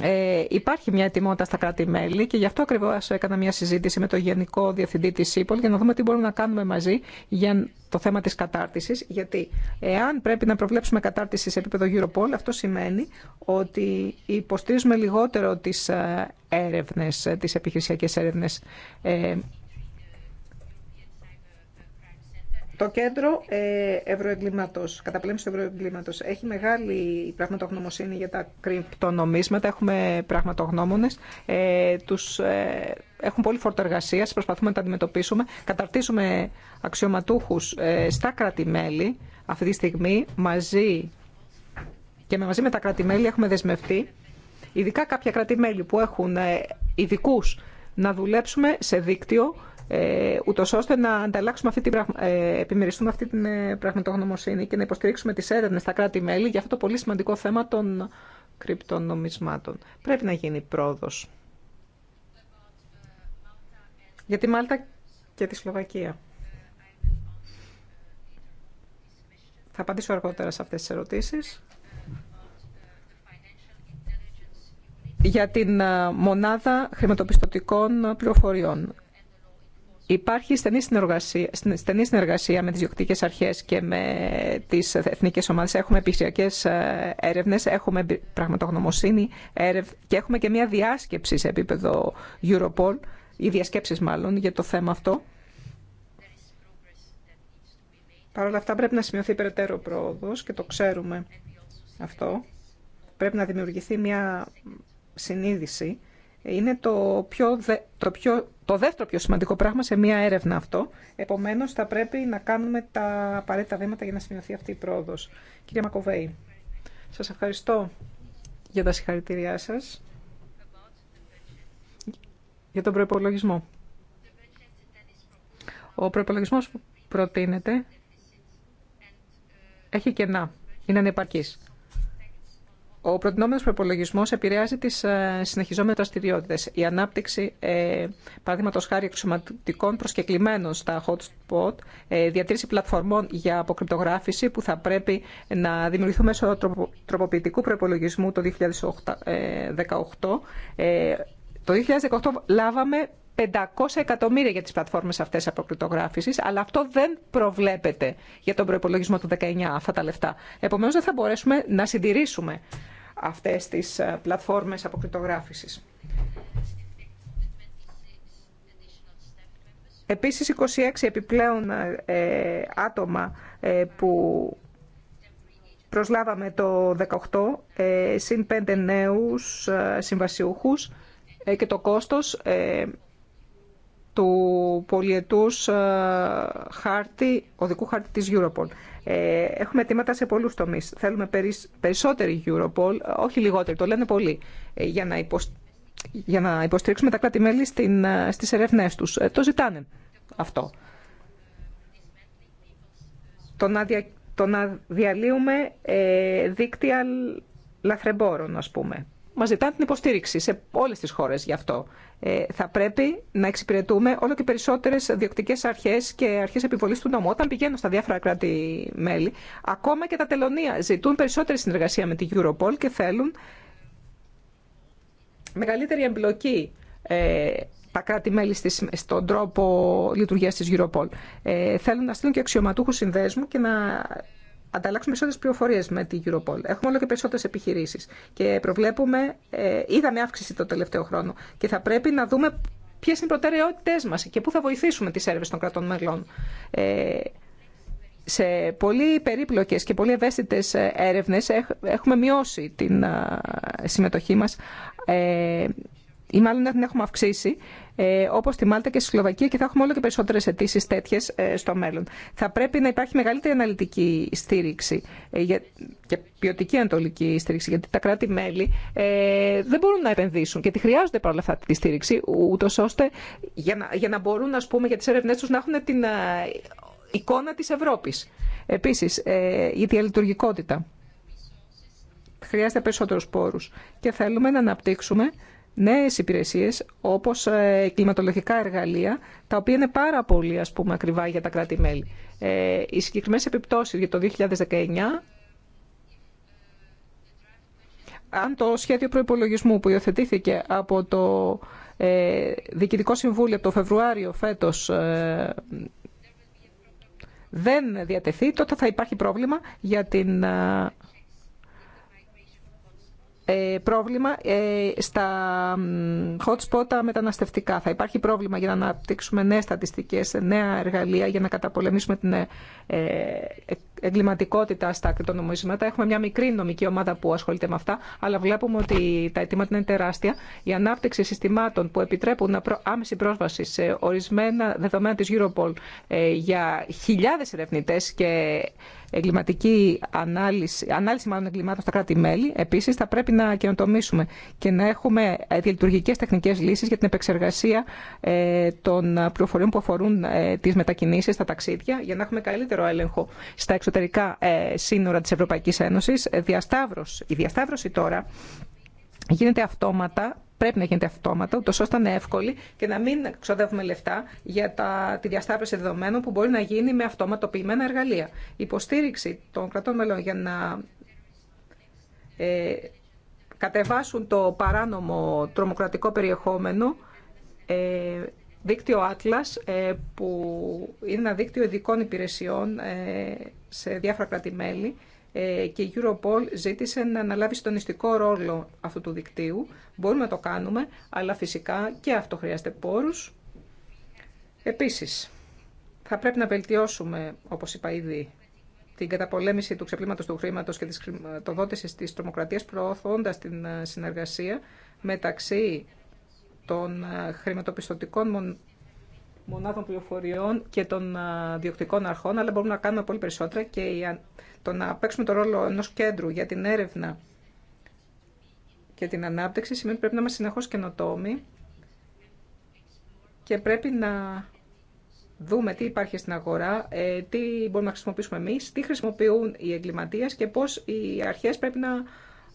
Ε, υπάρχει μια ετοιμότητα στα κράτη-μέλη και γι' αυτό ακριβώ έκανα μια συζήτηση με το Γενικό Διευθυντή τη ΣΥΠΟΛ για να δούμε τι μπορούμε να κάνουμε μαζί για το θέμα τη κατάρτιση. Γιατί εάν πρέπει να προβλέψουμε κατάρτιση σε επίπεδο Europol, αυτό σημαίνει ότι υποστηρίζουμε λιγότερο τι έρευνε, τι επιχειρησιακέ έρευνε. Ε, Το κέντρο ε, ευρωεγκλήματος, του ευρωεγκλήματος, έχει μεγάλη πραγματογνωμοσύνη για τα κρυπτονομίσματα, έχουμε πραγματογνώμονες, ε, τους, ε, έχουν πολύ φόρτο εργασία, προσπαθούμε να τα αντιμετωπίσουμε, καταρτίζουμε αξιωματούχους ε, στα κράτη-μέλη αυτή τη στιγμή, μαζί και μαζί με τα κράτη-μέλη έχουμε δεσμευτεί, ειδικά κάποια κράτη-μέλη που έχουν ε, ειδικού να δουλέψουμε σε δίκτυο ε, ούτως ώστε να ανταλλάξουμε αυτή την, ε, επιμεριστούμε αυτή την ε, πραγματογνωμοσύνη και να υποστηρίξουμε τις έρευνες στα κράτη-μέλη για αυτό το πολύ σημαντικό θέμα των κρυπτονομισμάτων. Πρέπει να γίνει πρόοδος. Για τη Μάλτα και τη Σλοβακία. Θα απαντήσω αργότερα σε αυτές τις ερωτήσεις. Για την ε, μονάδα χρηματοπιστωτικών πληροφοριών. Υπάρχει στενή συνεργασία, στενή συνεργασία με τις διοκτικές αρχές και με τις εθνικές ομάδες. Έχουμε επιχειριακές ε, έρευνες, έχουμε πραγματογνωμοσύνη και έχουμε και μια διάσκεψη σε επίπεδο Europol, ή διασκέψεις μάλλον, για το θέμα αυτό. Παρ' όλα αυτά πρέπει να σημειωθεί περαιτέρω πρόοδος και το ξέρουμε αυτό. Πρέπει να δημιουργηθεί μια συνείδηση είναι το, πιο, το, πιο, το δεύτερο πιο σημαντικό πράγμα σε μία έρευνα αυτό. Επομένως, θα πρέπει να κάνουμε τα απαραίτητα βήματα για να σημειωθεί αυτή η πρόοδος. Κύριε Μακοβέη, σας ευχαριστώ για τα συγχαρητήριά σας για τον προϋπολογισμό. Ο προϋπολογισμός που προτείνεται έχει κενά, είναι ανεπαρκής. Ο προτινόμενο προπολογισμό επηρεάζει τι ε, συνεχιζόμενε δραστηριότητε. Η ανάπτυξη, ε, παραδείγματο χάρη εξωματικών προσκεκλημένων στα hotspot, ε, διατήρηση πλατφορμών για αποκρυπτογράφηση που θα πρέπει να δημιουργηθούν μέσω τροποποιητικού προπολογισμού το 2018. Ε, ε, το 2018 λάβαμε 500 εκατομμύρια για τις πλατφόρμες αυτές αποκρυπτογράφησης, αλλά αυτό δεν προβλέπεται για τον προϋπολογισμό του 19 αυτά τα λεφτά. Επομένως δεν θα μπορέσουμε να συντηρήσουμε αυτές τις ε, πλατφόρμες αποκρυπτογράφησης. Επίσης, 26 επιπλέον ε, ε, άτομα που προσλάβαμε το 18, ε, συν 5 νέους συμβασιούχους και το κόστος του πολιετούς ε, χάρτη, οδικού χάρτη της Europol. Ε, έχουμε αιτήματα σε πολλούς τομείς. Θέλουμε περισσότερη Europol, ε, όχι λιγότερη, το λένε πολλοί, για να, για να υποστηρίξουμε τα κράτη-μέλη στις ερευνές τους. Το ζητάνε αυτό. Το να, δια, το να διαλύουμε δίκτυα λαθρεμπόρων, ας πούμε μας ζητάνε την υποστήριξη σε όλες τις χώρες γι' αυτό. Ε, θα πρέπει να εξυπηρετούμε όλο και περισσότερες διοκτικές αρχές και αρχές επιβολής του νόμου. Όταν πηγαίνω στα διάφορα κράτη-μέλη, ακόμα και τα τελωνία ζητούν περισσότερη συνεργασία με την Europol και θέλουν μεγαλύτερη εμπλοκή ε, τα κράτη-μέλη στον τρόπο λειτουργίας της Europol. Ε, θέλουν να στείλουν και αξιωματούχους συνδέσμου και να ανταλλάξουμε περισσότερε πληροφορίε με την Europol. Έχουμε όλο και περισσότερε επιχειρήσει. Και προβλέπουμε, ε, είδαμε αύξηση το τελευταίο χρόνο. Και θα πρέπει να δούμε ποιε είναι οι προτεραιότητέ μα και πού θα βοηθήσουμε τι έρευνε των κρατών μελών. Ε, σε πολύ περίπλοκες και πολύ ευαίσθητες ε, έρευνες έχουμε μειώσει την ε, συμμετοχή μας ή μάλλον την έχουμε αυξήσει ε, όπω στη Μάλτα και στη Σλοβακία και θα έχουμε όλο και περισσότερε αιτήσει τέτοιε ε, στο μέλλον. Θα πρέπει να υπάρχει μεγαλύτερη αναλυτική στήριξη ε, και ποιοτική ανατολική στήριξη, γιατί τα κράτη-μέλη ε, δεν μπορούν να επενδύσουν και τη χρειάζονται παρόλα αυτά τη στήριξη, ούτω ώστε για να, για να μπορούν ας πούμε, για τι έρευνέ του να έχουν την εικόνα της Ευρώπης. Επίσης, η διαλειτουργικότητα. Χρειάζεται περισσότερου πόρου. και θέλουμε να αναπτύξουμε νέες υπηρεσίες όπως ε, κλιματολογικά εργαλεία, τα οποία είναι πάρα πολύ ας πούμε, ακριβά για τα κράτη-μέλη. Ε, οι συγκεκριμένε επιπτώσει για το 2019 αν το σχέδιο προϋπολογισμού που υιοθετήθηκε από το ε, Διοικητικό Συμβούλιο το Φεβρουάριο φέτος ε, δεν διατεθεί, τότε θα υπάρχει πρόβλημα για την ε, πρόβλημα ε, στα hot spot τα μεταναστευτικά. Θα υπάρχει πρόβλημα για να αναπτύξουμε νέε στατιστικές, νέα εργαλεία για να καταπολεμήσουμε την ε, εγκληματικότητα στα κρυπτονομίσματα. Έχουμε μια μικρή νομική ομάδα που ασχολείται με αυτά, αλλά βλέπουμε ότι τα αιτήματα είναι τεράστια. Η ανάπτυξη συστημάτων που επιτρέπουν άμεση πρόσβαση σε ορισμένα δεδομένα τη Europol για χιλιάδε ερευνητέ. και εγκληματική ανάλυση, ανάλυση μάλλον εγκλημάτων στα κράτη-μέλη. Επίση, θα πρέπει να καινοτομήσουμε και να έχουμε ε, διελειτουργικέ τεχνικέ λύσει για την επεξεργασία ε, των πληροφοριών που αφορούν ε, τι μετακινήσει, τα ταξίδια, για να έχουμε καλύτερο έλεγχο στα εξωτερικά σύνορα τη Ευρωπαϊκή Ένωση. Η διασταύρωση τώρα γίνεται αυτόματα πρέπει να γίνεται αυτόματα, ούτω ώστε να είναι εύκολη και να μην ξοδεύουμε λεφτά για τα, τη διασταύρωση δεδομένων που μπορεί να γίνει με αυτοματοποιημένα εργαλεία. Η υποστήριξη των κρατών μελών για να ε, κατεβάσουν το παράνομο τρομοκρατικό περιεχόμενο ε, δίκτυο Atlas ε, που είναι ένα δίκτυο ειδικών υπηρεσιών ε, σε διάφορα κράτη-μέλη ε, και η Europol ζήτησε να αναλάβει στον ιστικό ρόλο αυτού του δικτύου. Μπορούμε να το κάνουμε, αλλά φυσικά και αυτό χρειάζεται πόρους. Επίσης, θα πρέπει να βελτιώσουμε, όπως είπα ήδη, την καταπολέμηση του ξεπλήματος του χρήματος και της χρηματοδότησης της τρομοκρατίας, προωθώντας την ε, συνεργασία μεταξύ των ε, χρηματοπιστωτικών μονάδων πληροφοριών και των διοκτικών αρχών, αλλά μπορούμε να κάνουμε πολύ περισσότερα και η το να παίξουμε το ρόλο ενός κέντρου για την έρευνα και την ανάπτυξη σημαίνει ότι πρέπει να είμαστε συνεχώς καινοτόμοι και πρέπει να δούμε τι υπάρχει στην αγορά, ε, τι μπορούμε να χρησιμοποιήσουμε εμείς, τι χρησιμοποιούν οι εγκληματίες και πώς οι αρχές πρέπει να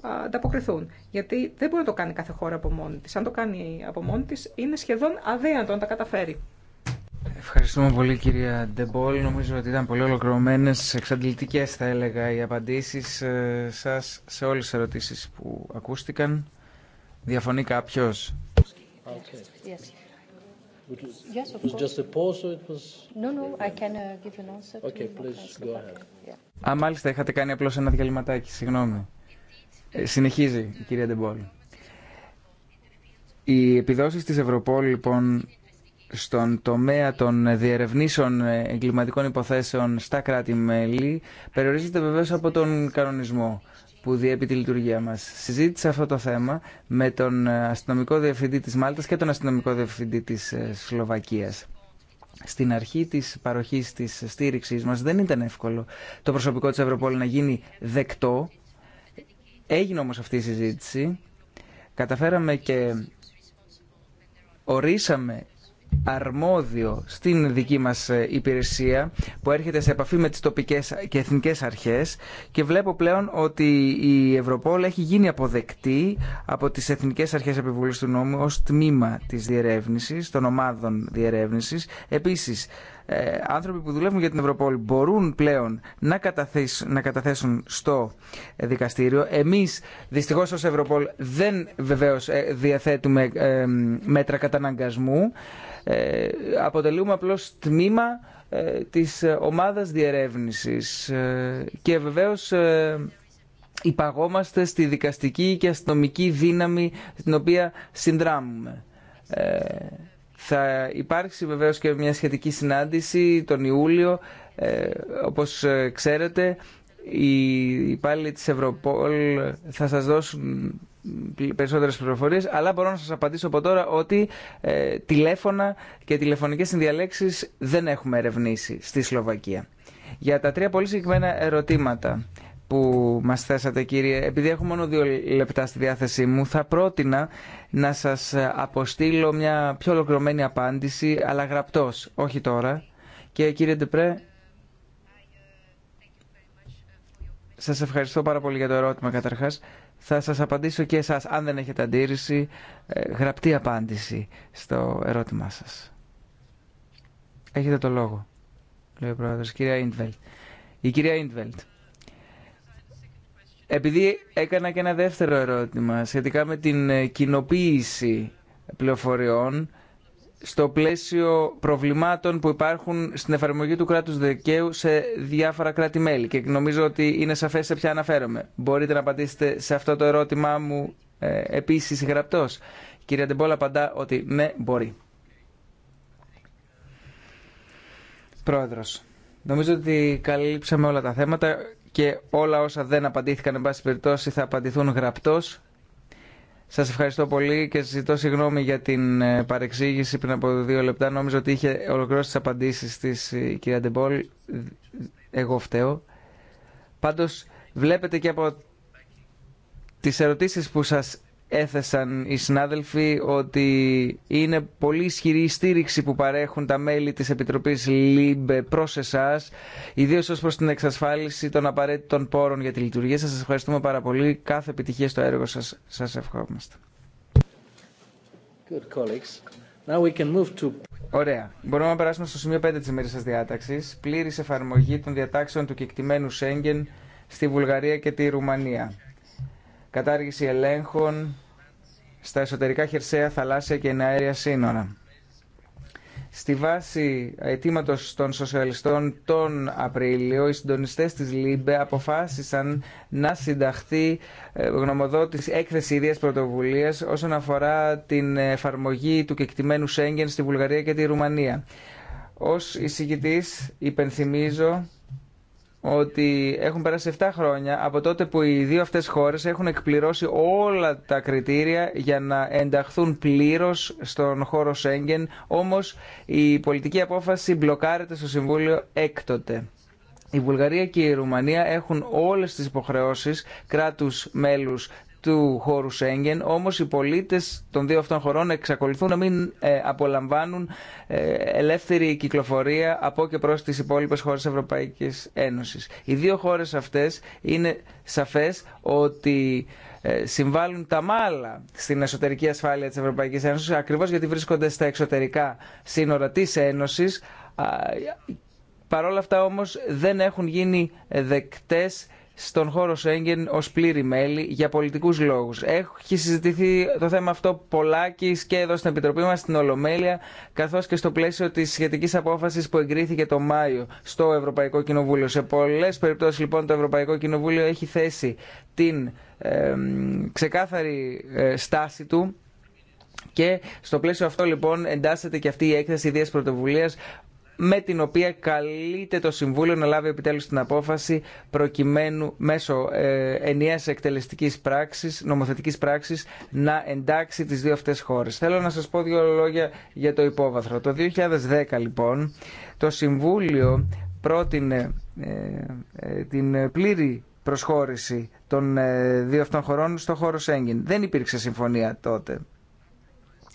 ανταποκριθούν. Γιατί δεν μπορεί να το κάνει κάθε χώρα από μόνη της. Αν το κάνει από μόνη της, είναι σχεδόν αδύνατο να τα καταφέρει. Ευχαριστούμε πολύ κυρία Ντεμπόλ. Νομίζω ότι ήταν πολύ ολοκληρωμένε, εξαντλητικέ θα έλεγα οι απαντήσει ε, σας σε όλες τις ερωτήσεις που ακούστηκαν. Διαφωνεί κάποιο. Α, μάλιστα, είχατε κάνει απλώς ένα διαλυματάκι, συγγνώμη. Ε, συνεχίζει η κυρία Ντεμπόλ. Οι επιδόσεις της Ευρωπόλ, λοιπόν, στον τομέα των διερευνήσεων εγκληματικών υποθέσεων στα κράτη-μέλη περιορίζεται βεβαίω από τον κανονισμό που διέπει τη λειτουργία μας. Συζήτησα αυτό το θέμα με τον αστυνομικό διευθυντή της Μάλτας και τον αστυνομικό διευθυντή της ε, Σλοβακίας. Στην αρχή της παροχή της στήριξή μας δεν ήταν εύκολο το προσωπικό τη Ευρωπόλη να γίνει δεκτό. Έγινε όμω αυτή η συζήτηση. Καταφέραμε και ορίσαμε αρμόδιο στην δική μας ε, υπηρεσία που έρχεται σε επαφή με τις τοπικές και εθνικές αρχές και βλέπω πλέον ότι η Ευρωπόλ έχει γίνει αποδεκτή από τις εθνικές αρχές επιβολής του νόμου ως τμήμα της διερεύνησης, των ομάδων διερεύνησης. Επίσης, ε, άνθρωποι που δουλεύουν για την Ευρωπόλ μπορούν πλέον να καταθέσουν, να καταθέσουν στο δικαστήριο. Εμείς δυστυχώ, ω Ευρωπόλ δεν βεβαίως ε, διαθέτουμε ε, μέτρα καταναγκασμού. Αποτελούμε απλώς τμήμα της ομάδας διερεύνησης και βεβαίως υπαγόμαστε στη δικαστική και αστυνομική δύναμη την οποία συνδράμουμε. Θα υπάρξει βεβαίως και μια σχετική συνάντηση τον Ιούλιο. Ε, όπως ε, ξέρετε, οι υπάλληλοι της Ευρωπόλ θα σας δώσουν περισσότερες πληροφορίες, αλλά μπορώ να σας απαντήσω από τώρα ότι ε, τηλέφωνα και τηλεφωνικές συνδιαλέξεις δεν έχουμε ερευνήσει στη Σλοβακία. Για τα τρία πολύ συγκεκριμένα ερωτήματα που μας θέσατε κύριε, επειδή έχω μόνο δύο λεπτά στη διάθεσή μου, θα πρότεινα να σας αποστείλω μια πιο ολοκληρωμένη απάντηση, αλλά γραπτός, όχι τώρα. Και κύριε Ντεπρέ, σας ευχαριστώ πάρα πολύ για το ερώτημα καταρχάς. Θα σας απαντήσω και εσάς, αν δεν έχετε αντίρρηση, ε, γραπτή απάντηση στο ερώτημά σας. Έχετε το λόγο, λέει ο Πρόεδρος, κυρία Η κυρία Ιντβελτ. Επειδή έκανα και ένα δεύτερο ερώτημα σχετικά με την ε, κοινοποίηση πληροφοριών στο πλαίσιο προβλημάτων που υπάρχουν στην εφαρμογή του κράτους δικαίου σε διάφορα κράτη-μέλη και νομίζω ότι είναι σαφές σε ποια αναφέρομαι. Μπορείτε να απαντήσετε σε αυτό το ερώτημά μου ε, επίσης γραπτός. Κυρία Ντεμπόλα απαντά ότι ναι, μπορεί. Πρόεδρος, νομίζω ότι καλύψαμε όλα τα θέματα και όλα όσα δεν απαντήθηκαν, εν πάση περιπτώσει, θα απαντηθούν γραπτός. Σας ευχαριστώ πολύ και ζητώ συγγνώμη για την ε, παρεξήγηση πριν από δύο λεπτά. Νόμιζα ότι είχε ολοκληρώσει τις απαντήσεις της ε, κυρία Ντεμπόλ. Εγώ φταίω. Πάντως, βλέπετε και από τις ερωτήσεις που σας έθεσαν οι συνάδελφοι ότι είναι πολύ ισχυρή η στήριξη που παρέχουν τα μέλη της Επιτροπής ΛΥΜΠΕ προς εσάς, ιδίως ως προς την εξασφάλιση των απαραίτητων πόρων για τη λειτουργία σας. Σας ευχαριστούμε πάρα πολύ. Κάθε επιτυχία στο έργο σας. Σας ευχόμαστε. Now we can move to... Ωραία. Μπορούμε να περάσουμε στο σημείο 5 της ημέρης σας διάταξης. Πλήρης εφαρμογή των διατάξεων του κεκτημένου Σέγγεν στη Βουλγαρία και τη Ρουμανία κατάργηση ελέγχων στα εσωτερικά χερσαία, θαλάσσια και εναέρια σύνορα. Στη βάση αιτήματο των σοσιαλιστών τον Απρίλιο, οι συντονιστέ τη ΛΥΜΠΕ αποφάσισαν να συνταχθεί ε, γνωμοδότηση έκθεση ίδια πρωτοβουλία όσον αφορά την εφαρμογή του κεκτημένου Σέγγεν στη Βουλγαρία και τη Ρουμανία. Ως εισηγητή, υπενθυμίζω ότι έχουν περάσει 7 χρόνια από τότε που οι δύο αυτές χώρες έχουν εκπληρώσει όλα τα κριτήρια για να ενταχθούν πλήρως στον χώρο Σέγγεν, όμως η πολιτική απόφαση μπλοκάρεται στο Συμβούλιο έκτοτε. Η Βουλγαρία και η Ρουμανία έχουν όλες τις υποχρεώσεις κράτους μέλους του χώρου Σέγγεν, όμως οι πολίτες των δύο αυτών χωρών εξακολουθούν να μην ε, απολαμβάνουν ε, ελεύθερη κυκλοφορία από και προς τις υπόλοιπες χώρες Ευρωπαϊκής Ένωσης. Οι δύο χώρες αυτές είναι σαφές ότι ε, συμβάλλουν τα μάλα στην εσωτερική ασφάλεια της Ευρωπαϊκής Ένωσης ακριβώς γιατί βρίσκονται στα εξωτερικά σύνορα της Ένωσης Παρ' αυτά όμως δεν έχουν γίνει δεκτές στον χώρο Σέγγεν ως πλήρη μέλη για πολιτικούς λόγους. Έχει συζητηθεί το θέμα αυτό πολλά και εδώ στην Επιτροπή μας στην Ολομέλεια καθώς και στο πλαίσιο της σχετικής απόφασης που εγκρίθηκε το Μάιο στο Ευρωπαϊκό Κοινοβούλιο. Σε πολλές περιπτώσεις λοιπόν το Ευρωπαϊκό Κοινοβούλιο έχει θέσει την ξεκάθαρη ε, στάση του και στο πλαίσιο αυτό λοιπόν εντάσσεται και αυτή η έκθεση ιδίας πρωτοβουλίας με την οποία καλείται το Συμβούλιο να λάβει επιτέλους την απόφαση προκειμένου μέσω ε, ενιαίας εκτελεστικής πράξης, νομοθετικής πράξης να εντάξει τις δύο αυτές χώρες. Θέλω να σας πω δύο λόγια για το υπόβαθρο. Το 2010 λοιπόν το Συμβούλιο πρότεινε ε, ε, την πλήρη προσχώρηση των ε, δύο αυτών χωρών στο χώρο Σέγγιν. Δεν υπήρξε συμφωνία τότε.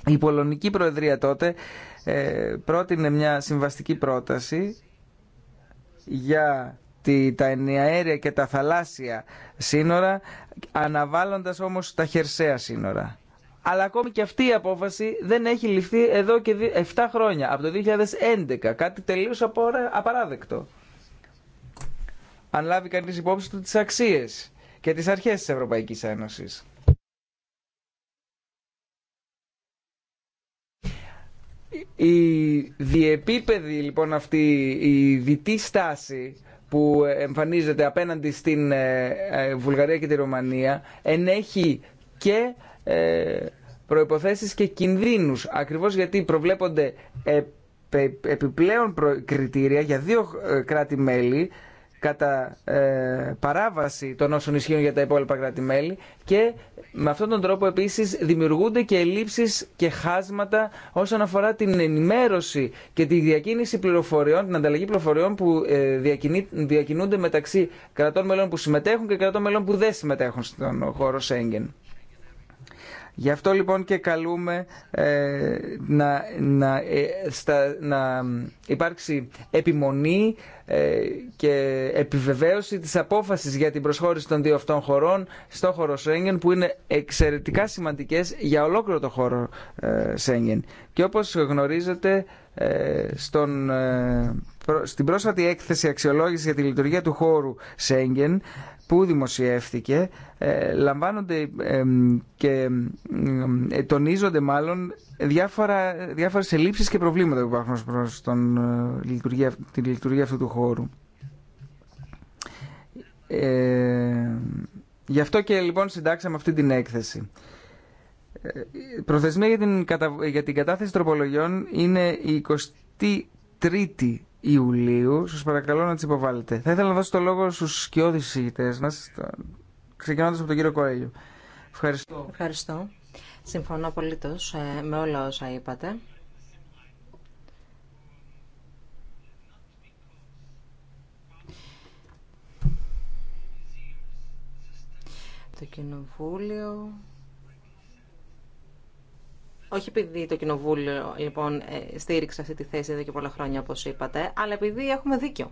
Η Πολωνική Προεδρία τότε ε, πρότεινε μια συμβαστική πρόταση για τα ενιαέρια και τα θαλάσσια σύνορα, αναβάλλοντας όμως τα χερσαία σύνορα. Αλλά ακόμη και αυτή η απόφαση δεν έχει ληφθεί εδώ και 7 χρόνια, από το 2011, κάτι τελείως απαράδεκτο. Αν λάβει κανείς υπόψη του τις αξίες και τις αρχές της Ευρωπαϊκής Ένωσης. Η διεπίπεδη λοιπόν αυτή η διτή στάση που εμφανίζεται απέναντι στην ε, ε, Βουλγαρία και τη Ρωμανία ενέχει και ε, προϋποθέσεις και κινδύνους ακριβώς γιατί προβλέπονται επιπλέον κριτήρια για δύο κράτη-μέλη κατά ε, παράβαση των όσων ισχύουν για τα υπόλοιπα κράτη-μέλη και με αυτόν τον τρόπο επίσης δημιουργούνται και ελλείψεις και χάσματα όσον αφορά την ενημέρωση και τη διακίνηση πληροφοριών, την ανταλλαγή πληροφοριών που ε, διακινούνται μεταξύ κρατών μελών που συμμετέχουν και κρατών μελών που δεν συμμετέχουν στον χώρο Σέγγεν. Γι' αυτό λοιπόν και καλούμε ε, να, ε, να, υπάρξει επιμονή ε, και επιβεβαίωση της απόφασης για την προσχώρηση των δύο αυτών χωρών στο χώρο Σέγγεν που είναι εξαιρετικά σημαντικές για ολόκληρο το χώρο Σέγγεν. Και όπως γνωρίζετε στον στην πρόσφατη έκθεση αξιολόγηση για τη λειτουργία του χώρου Σέγγεν που δημοσιεύθηκε, ε, λαμβάνονται και ε, τονίζονται μάλλον διάφορα, διάφορες ελλείψεις και προβλήματα που υπάρχουν προς τον, ε, λειτουργία, τη λειτουργία αυτού του χώρου. Ε, γι' αυτό και λοιπόν συντάξαμε αυτή την έκθεση. Προθεσμία για την, κατα... για την κατάθεση τροπολογιών είναι η 23η Ιουλίου. Σας παρακαλώ να τι υποβάλλετε. Θα ήθελα να δώσω το λόγο στου σκιώδει ηγητέ. μα. ξεκινώντας από τον κύριο Κοέλιο. Ευχαριστώ. Ευχαριστώ. Συμφωνώ απολύτως ε, με όλα όσα είπατε. Το Κοινοβούλιο όχι επειδή το Κοινοβούλιο λοιπόν ε, στήριξε αυτή τη θέση εδώ και πολλά χρόνια όπως είπατε, αλλά επειδή έχουμε δίκιο.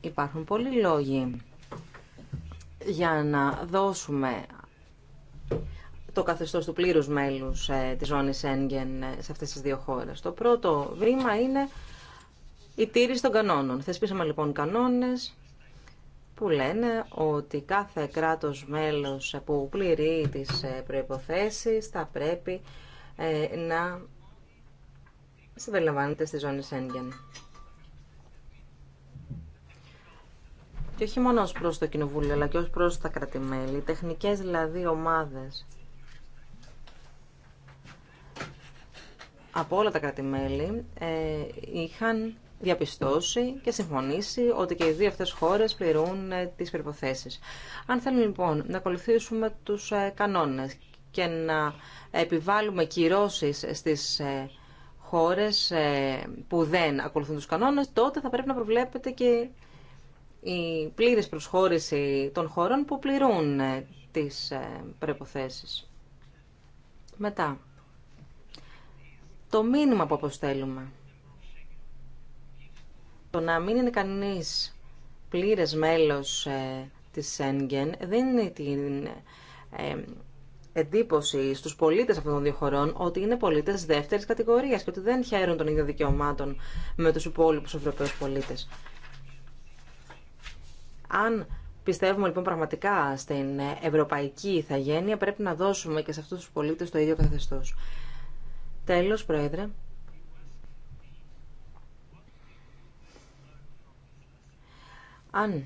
Υπάρχουν πολλοί λόγοι για να δώσουμε το καθεστώς του πλήρους μέλους ε, της ζώνης Ένγεν ε, σε αυτές τις δύο χώρες. Το πρώτο βήμα είναι η τήρηση των κανόνων. Θεσπίσαμε λοιπόν κανόνες που λένε ότι κάθε κράτος μέλος που πληρεί τις ε, προϋποθέσεις θα πρέπει ε, να συμπεριλαμβάνεται στη ζώνη Σένγκεν. Και όχι μόνο ως προς το Κοινοβούλιο, αλλά και ως προς τα κρατημέλη, τεχνικές δηλαδή ομάδες. Από όλα τα κρατημέλη ε, είχαν διαπιστώσει και συμφωνήσει ότι και οι δύο αυτές χώρες πληρούν ε, τις περιποθέσεις. Αν θέλουμε λοιπόν να ακολουθήσουμε τους ε, κανόνες και να επιβάλλουμε κυρώσεις στις ε, χώρες που δεν ακολουθούν τους κανόνες, τότε θα πρέπει να προβλέπεται και η πλήρης προσχώρηση των χώρων που πληρούν τις προϋποθέσεις. Μετά, το μήνυμα που αποστέλουμε το να μην είναι κανείς πλήρες μέλος ε, της δεν δίνει την ε, εντύπωση στους πολίτες αυτών των δύο χωρών ότι είναι πολίτες δεύτερης κατηγορίας και ότι δεν χαίρουν των ίδιων δικαιωμάτων με τους υπόλοιπους Ευρωπαίους πολίτες. Αν πιστεύουμε λοιπόν πραγματικά στην ευρωπαϊκή ηθαγένεια πρέπει να δώσουμε και σε αυτούς τους πολίτες το ίδιο καθεστώς. Τέλος, Πρόεδρε. Αν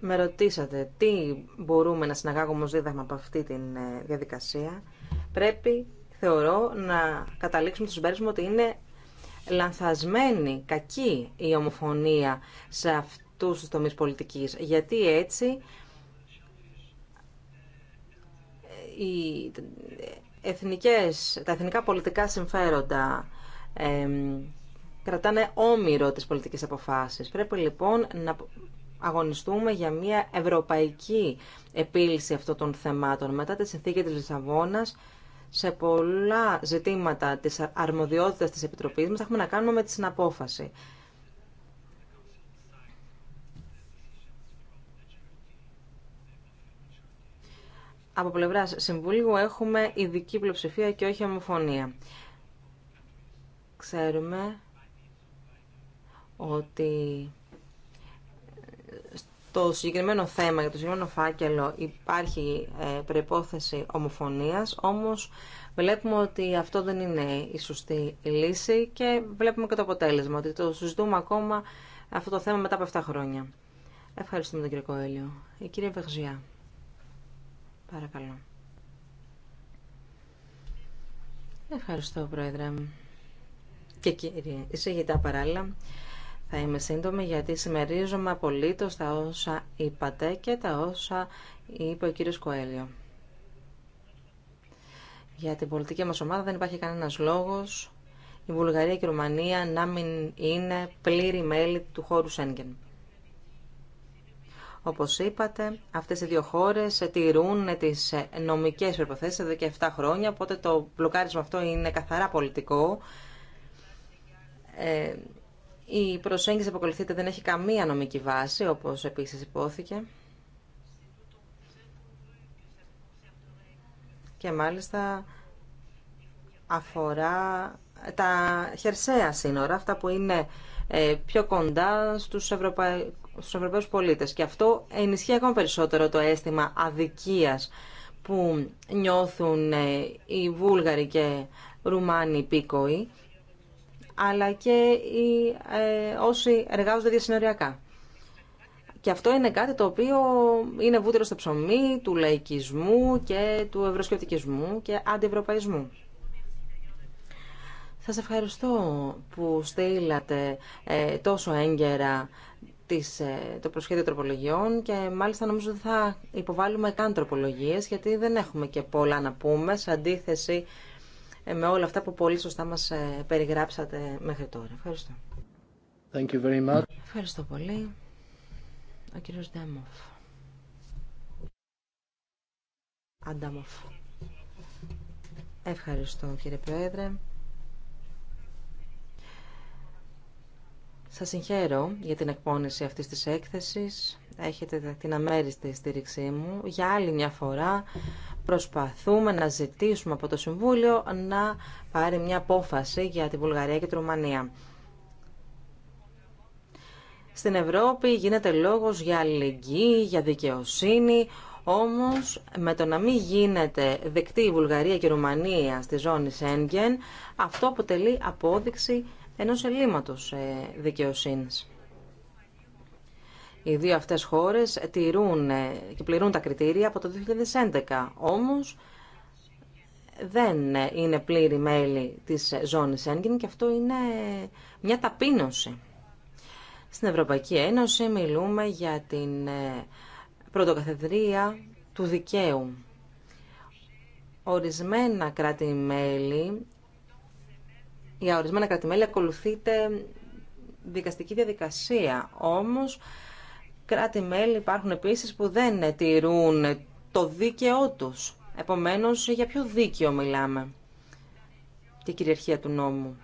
με ρωτήσατε τι μπορούμε να συναγάγουμε ως δίδαγμα από αυτή τη ε, διαδικασία, πρέπει, θεωρώ, να καταλήξουμε στο συμπέρασμα ότι είναι λανθασμένη, κακή η ομοφωνία σε αυτούς τους τομείς πολιτικής, γιατί έτσι ε, οι εθνικές, τα εθνικά πολιτικά συμφέροντα κρατάνε όμοιρο τις πολιτικές αποφάσεις. Πρέπει λοιπόν να αγωνιστούμε για μια ευρωπαϊκή επίλυση αυτών των θεμάτων. Μετά τη συνθήκη της Λισαβόνας, σε πολλά ζητήματα της αρμοδιότητας της Επιτροπής μας έχουμε να κάνουμε με τη συναπόφαση. Από πλευρά Συμβουλίου έχουμε ειδική πλειοψηφία και όχι ομοφωνία. Ξέρουμε ότι στο συγκεκριμένο θέμα, για το συγκεκριμένο φάκελο υπάρχει ε, προϋπόθεση ομοφωνίας, όμως βλέπουμε ότι αυτό δεν είναι η σωστή λύση και βλέπουμε και το αποτέλεσμα, ότι το συζητούμε ακόμα αυτό το θέμα μετά από 7 χρόνια. Ευχαριστούμε τον κύριο Κοέλιο. Η κυρία Βεχζιά. Παρακαλώ. Ευχαριστώ, Πρόεδρε. Και κύριε εισηγητά παράλληλα. Θα είμαι σύντομη γιατί συμμερίζομαι απολύτως τα όσα είπατε και τα όσα είπε ο κύριος Κοέλιο. Για την πολιτική μας ομάδα δεν υπάρχει κανένας λόγος η Βουλγαρία και η Ρουμανία να μην είναι πλήρη μέλη του χώρου Σέγγεν. Όπως είπατε, αυτές οι δύο χώρες τηρούν τις νομικές προϋποθέσεις εδώ και 7 χρόνια, οπότε το μπλοκάρισμα αυτό είναι καθαρά πολιτικό. Ε, η προσέγγιση που δεν έχει καμία νομική βάση, όπως επίσης υπόθηκε. Και μάλιστα αφορά τα χερσαία σύνορα, αυτά που είναι ε, πιο κοντά στους, Ευρωπαίου στους Ευρωπαίους πολίτες. Και αυτό ενισχύει ακόμα περισσότερο το αίσθημα αδικίας που νιώθουν ε, οι Βούλγαροι και Ρουμάνοι υπήκοοι αλλά και οι, ε, όσοι εργάζονται διασυνοριακά. Και αυτό είναι κάτι το οποίο είναι βούτυρο στο ψωμί του λαϊκισμού και του ευρωσκεπτικισμού και αντιευρωπαϊσμού. Σας ευχαριστώ που στείλατε ε, τόσο έγκαιρα της, ε, το προσχέδιο τροπολογιών και μάλιστα νομίζω ότι θα υποβάλουμε καν τροπολογίες γιατί δεν έχουμε και πολλά να πούμε σε αντίθεση ε, με όλα αυτά που πολύ σωστά μας ε, περιγράψατε μέχρι τώρα. Ευχαριστώ. Ευχαριστώ πολύ. Ο κύριος Ντάμοφ. Αντάμοφ. Ευχαριστώ κύριε Πρόεδρε. Σα συγχαίρω για την εκπόνηση αυτή τη έκθεση. Έχετε την αμέριστη στήριξή μου. Για άλλη μια φορά προσπαθούμε να ζητήσουμε από το Συμβούλιο να πάρει μια απόφαση για τη Βουλγαρία και τη Ρουμανία. Στην Ευρώπη γίνεται λόγος για αλληλεγγύη, για δικαιοσύνη, όμως με το να μην γίνεται δεκτή η Βουλγαρία και η Ρουμανία στη ζώνη Σέγγεν, αυτό αποτελεί απόδειξη ενός ελλείμματος ε, δικαιοσύνης. Οι δύο αυτές χώρες τηρούν ε, και πληρούν τα κριτήρια από το 2011. Όμως δεν ε, είναι πλήρη μέλη της ζώνης έγκυνη και αυτό είναι μια ταπείνωση. Στην Ευρωπαϊκή Ένωση μιλούμε για την ε, πρωτοκαθεδρία του δικαίου. Ορισμένα κράτη-μέλη, για ορισμένα κράτη-μέλη ακολουθείται δικαστική διαδικασία, όμως κράτη-μέλη υπάρχουν επίσης που δεν τηρούν το δίκαιό τους. Επομένως, για ποιο δίκαιο μιλάμε Τη κυριαρχία του νόμου.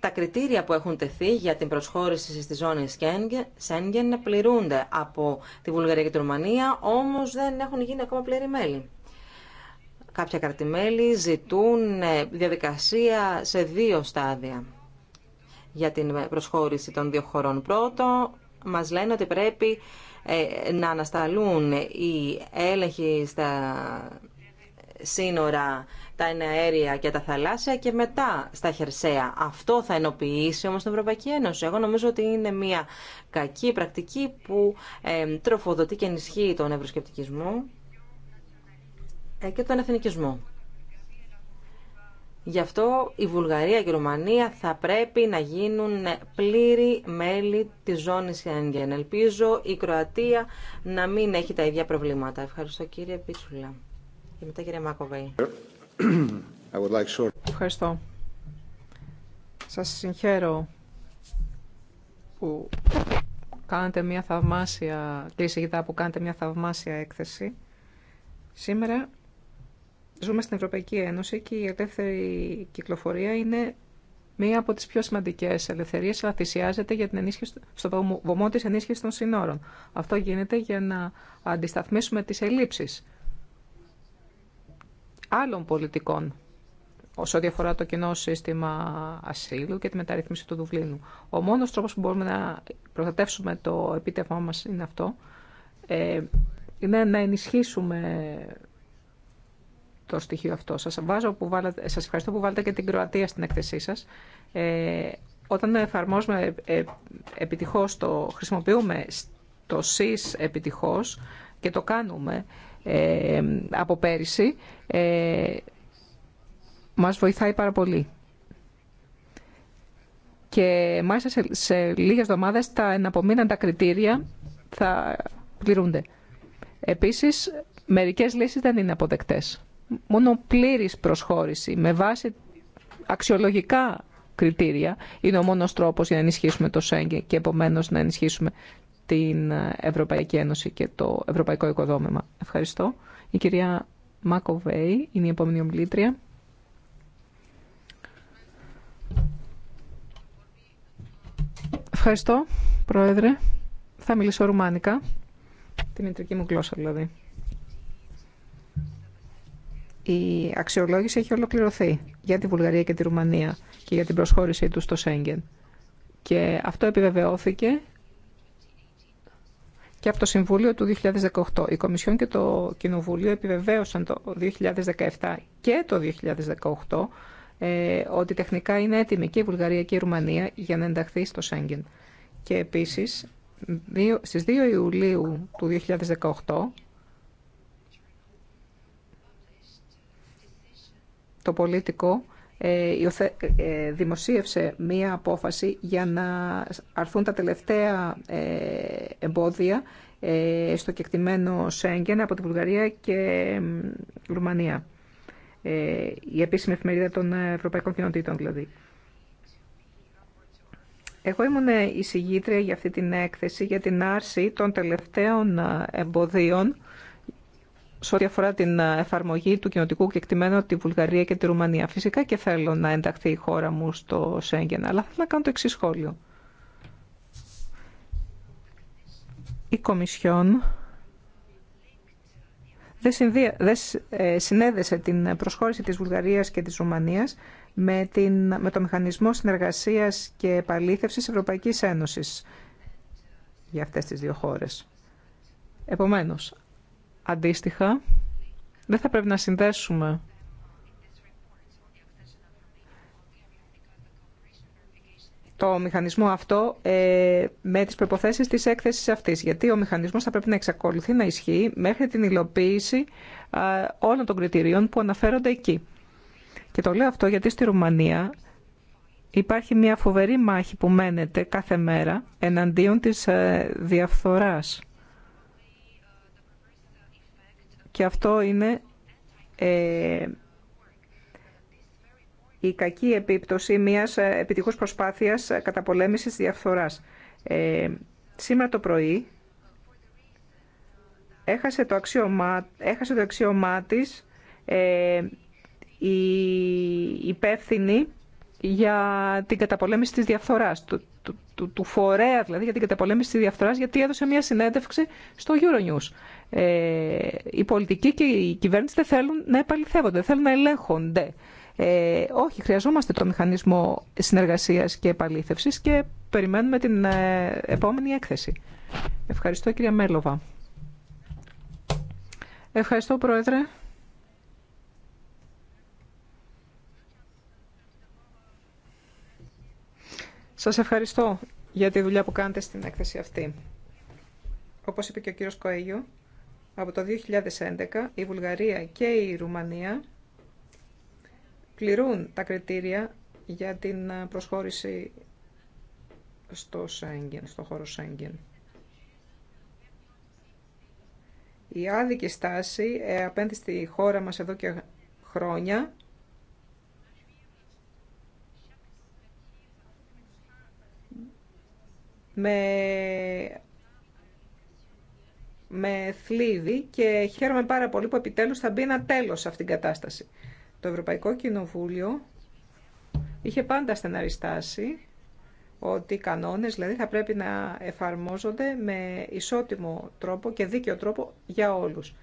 Τα κριτήρια που έχουν τεθεί για την προσχώρηση στη ζώνη Σέγγεν πληρούνται από τη Βουλγαρία και τη Ρουμανία, όμως δεν έχουν γίνει ακόμα πλήρη μέλη. Κάποια κρατημέλη ζητούν ε, διαδικασία σε δύο στάδια για την προσχώρηση των δύο χωρών. Πρώτο, μας λένε ότι πρέπει ε, να ανασταλούν οι έλεγχοι στα σύνορα, τα εναέρια και τα θαλάσσια και μετά στα χερσαία. Αυτό θα ενοποιήσει όμως την Ευρωπαϊκή Ένωση. Εγώ νομίζω ότι είναι μια κακή πρακτική που ε, τροφοδοτεί και ενισχύει τον ευρωσκεπτικισμό ε, και τον εθνικισμό. Γι' αυτό η Βουλγαρία και η Ρουμανία θα πρέπει να γίνουν πλήρη μέλη της ζώνης Σιάνγκεν. Ελπίζω η Κροατία να μην έχει τα ίδια προβλήματα. Ευχαριστώ κύριε Πίτσουλα. Και μετά κύριε Μάκοβεϊ. Ευχαριστώ. Σας συγχαίρω που κάνετε μια θαυμάσια, που κάνετε μια θαυμάσια έκθεση. Σήμερα ζούμε στην Ευρωπαϊκή Ένωση και η ελεύθερη κυκλοφορία είναι μία από τις πιο σημαντικές ελευθερίες, αλλά θυσιάζεται για την ενίσχυση, στο βωμό της ενίσχυσης των συνόρων. Αυτό γίνεται για να αντισταθμίσουμε τις ελλείψεις άλλων πολιτικών όσο διαφορά το κοινό σύστημα ασύλου και τη μεταρρύθμιση του Δουβλίνου. Ο μόνος τρόπος που μπορούμε να προστατεύσουμε το επίτευγμα μας είναι αυτό, ε, είναι να ενισχύσουμε το στοιχείο αυτό. Σας, βάζω που βάλατε, σας ευχαριστώ που βάλετε και την Κροατία στην έκθεσή σας. Ε, όταν εφαρμόζουμε ε, επιτυχώς το, χρησιμοποιούμε το ΣΥΣ επιτυχώς και το κάνουμε ε, από πέρυσι, ε, μας βοηθάει πάρα πολύ. Και μάλιστα σε, σε λίγες εβδομάδες τα εναπομείναντα κριτήρια θα πληρούνται. Επίσης, μερικές λύσεις δεν είναι αποδεκτές μόνο πλήρης προσχώρηση με βάση αξιολογικά κριτήρια είναι ο μόνος τρόπος για να ενισχύσουμε το Σέγγεν και επομένως να ενισχύσουμε την Ευρωπαϊκή Ένωση και το Ευρωπαϊκό Οικοδόμημα. Ευχαριστώ. Η κυρία Μακοβέη είναι η επόμενη ομιλήτρια. Ευχαριστώ, Πρόεδρε. Θα μιλήσω ρουμάνικα, την μητρική μου γλώσσα δηλαδή η αξιολόγηση έχει ολοκληρωθεί για τη Βουλγαρία και τη Ρουμανία και για την προσχώρησή τους στο Σέγγεν. Και αυτό επιβεβαιώθηκε και από το Συμβούλιο του 2018. Η Κομισιόν και το Κοινοβούλιο επιβεβαίωσαν το 2017 και το 2018 ε, ότι τεχνικά είναι έτοιμη και η Βουλγαρία και η Ρουμανία για να ενταχθεί στο Σέγγεν. Και επίσης στις 2 Ιουλίου του 2018 το πολιτικό ε, ε, δημοσίευσε μία απόφαση για να αρθούν τα τελευταία ε, εμπόδια στο κεκτημένο Σέγγεν από την Βουλγαρία και Ρουμανία. Η επίσημη εφημερίδα των Ευρωπαϊκών Κοινοτήτων δηλαδή. Εγώ ήμουν εισηγήτρια για αυτή την έκθεση για την άρση των τελευταίων εμποδίων σε ό,τι αφορά την ε, εφαρμογή του κοινοτικού κεκτημένου τη Βουλγαρία και τη Ρουμανία. Φυσικά και θέλω να ενταχθεί η χώρα μου στο Σέγγεν, αλλά θέλω να κάνω το εξή σχόλιο. Η Κομισιόν δεν, ε, συνέδεσε την προσχώρηση της Βουλγαρίας και της Ρουμανίας με, την, με το Μηχανισμό Συνεργασίας και Επαλήθευσης Ευρωπαϊκής Ένωσης για αυτές τις δύο χώρες. Επομένως, Αντίστοιχα, δεν θα πρέπει να συνδέσουμε το μηχανισμό αυτό ε, με τις προϋποθέσεις της έκθεσης αυτής. Γιατί ο μηχανισμός θα πρέπει να εξακολουθεί να ισχύει μέχρι την υλοποίηση όλων των κριτηρίων που αναφέρονται εκεί. Και το λέω αυτό γιατί στη Ρουμανία υπάρχει μια φοβερή μάχη που μένεται κάθε μέρα εναντίον της ε, διαφθοράς. Και αυτό είναι ε, η κακή επίπτωση μιας ε, επιτυχούς προσπάθειας ε, καταπολέμησης διαφθοράς. Ε, σήμερα το πρωί έχασε το αξιωμά, έχασε το της ε, η υπεύθυνη για την καταπολέμηση της διαφθοράς, του, του φορέα δηλαδή για την καταπολέμηση της διαφθοράς, γιατί έδωσε μια συνέντευξη στο Euronews. Ε, οι πολιτικοί και η κυβέρνηση δεν θέλουν να επαληθεύονται, δεν θέλουν να ελέγχονται. Ε, όχι, χρειαζόμαστε το μηχανισμό συνεργασίας και επαλήθευσης και περιμένουμε την ε, επόμενη έκθεση. Ευχαριστώ κυρία Μέλοβα. Ευχαριστώ Πρόεδρε. Σας ευχαριστώ για τη δουλειά που κάνετε στην έκθεση αυτή. Όπως είπε και ο κύριος Κοέγιο, από το 2011 η Βουλγαρία και η Ρουμανία πληρούν τα κριτήρια για την ε, προσχώρηση στο, Σέγγεν, στο χώρο Σέγγεν. Η άδικη στάση ε, απέντη στη χώρα μας εδώ και χρόνια με με θλίβει και χαίρομαι πάρα πολύ που επιτέλους θα μπει ένα τέλος σε αυτήν την κατάσταση. Το Ευρωπαϊκό Κοινοβούλιο είχε πάντα στεναριστάσει ότι οι κανόνες δηλαδή θα πρέπει να εφαρμόζονται με ισότιμο τρόπο και δίκαιο τρόπο για όλους.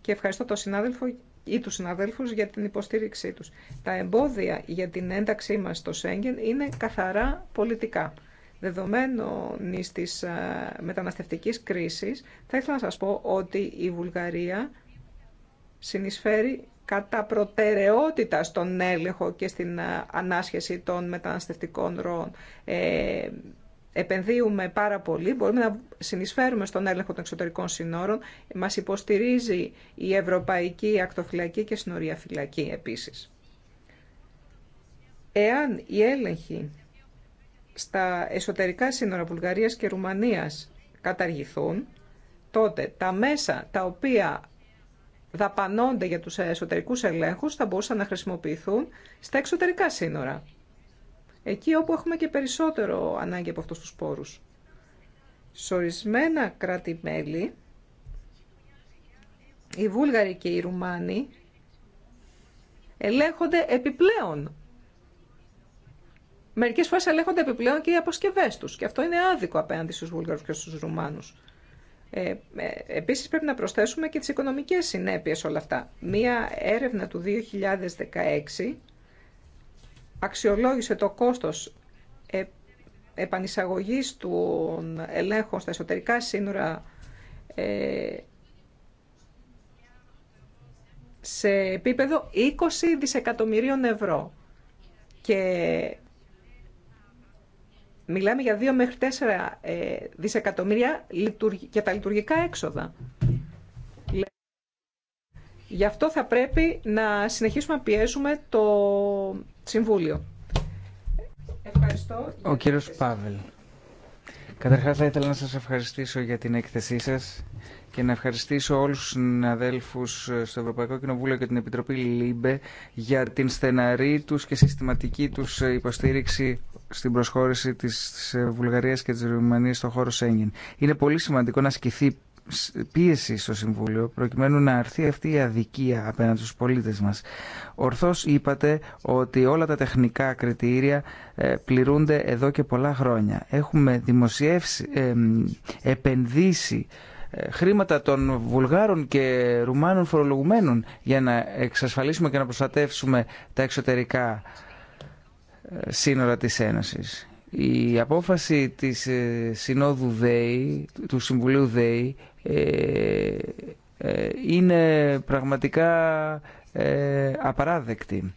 Και ευχαριστώ τον συνάδελφο ή τους συναδέλφους για την υποστήριξή τους. Τα εμπόδια για την ένταξή μας στο Σέγγεν είναι καθαρά πολιτικά. Δεδομένων της ε, μεταναστευτικής κρίσης, θα ήθελα να σας πω ότι η Βουλγαρία συνεισφέρει κατά προτεραιότητα στον έλεγχο και στην ε, ανάσχεση των μεταναστευτικών ροών. Ε, επενδύουμε πάρα πολύ, μπορούμε να συνεισφέρουμε στον έλεγχο των εξωτερικών συνόρων. Μας υποστηρίζει η Ευρωπαϊκή Ακτοφυλακή και Συνοριαφυλακή επίσης. Εάν η έλεγχη στα εσωτερικά σύνορα Βουλγαρίας και Ρουμανίας καταργηθούν, τότε τα μέσα τα οποία δαπανώνται για τους εσωτερικούς ελέγχους θα μπορούσαν να χρησιμοποιηθούν στα εξωτερικά σύνορα. Εκεί όπου έχουμε και περισσότερο ανάγκη από αυτούς τους πόρους. σορισμενα κρατη κράτη-μέλη, οι Βούλγαροι και οι Ρουμάνοι ελέγχονται επιπλέον Μερικέ φορέ ελέγχονται επιπλέον και οι αποσκευέ του. Και αυτό είναι άδικο απέναντι στου Βούλγαρου και στου Ρουμάνου. Ε, ε Επίση, πρέπει να προσθέσουμε και τι οικονομικέ συνέπειε όλα αυτά. Μία έρευνα του 2016 αξιολόγησε το κόστος ε, επανεισαγωγή των ελέγχων στα εσωτερικά σύνορα ε, σε επίπεδο 20 δισεκατομμυρίων ευρώ. Και Μιλάμε για 2 μέχρι 4 ε, δισεκατομμύρια για τα λειτουργικά έξοδα. Γι' αυτό θα πρέπει να συνεχίσουμε να πιέζουμε το Συμβούλιο. Ευχαριστώ. Ο κύριος Πάβελ. Καταρχά θα ήθελα να σας ευχαριστήσω για την έκθεσή σας και να ευχαριστήσω όλους τους συναδέλφου στο Ευρωπαϊκό Κοινοβούλιο και την Επιτροπή ΛΥΜΠΕ για την στεναρή τους και συστηματική τους υποστήριξη στην προσχώρηση της Βουλγαρίας και της Ρουμανίας στον χώρο Σέγγεν. Είναι πολύ σημαντικό να ασκηθεί πίεση στο Συμβούλιο προκειμένου να αρθεί αυτή η αδικία απέναντι στους πολίτες μας. Ορθώς είπατε ότι όλα τα τεχνικά κριτήρια ε, πληρούνται εδώ και πολλά χρόνια. Έχουμε δημοσιεύσει, ε, επενδύσει ε, χρήματα των Βουλγάρων και Ρουμάνων φορολογουμένων για να εξασφαλίσουμε και να προστατεύσουμε τα εξωτερικά σύνορα της Ένωσης. Η απόφαση της Συνόδου ΔΕΗ, του Συμβουλίου ΔΕΗ ε, ε, είναι πραγματικά ε, απαράδεκτη.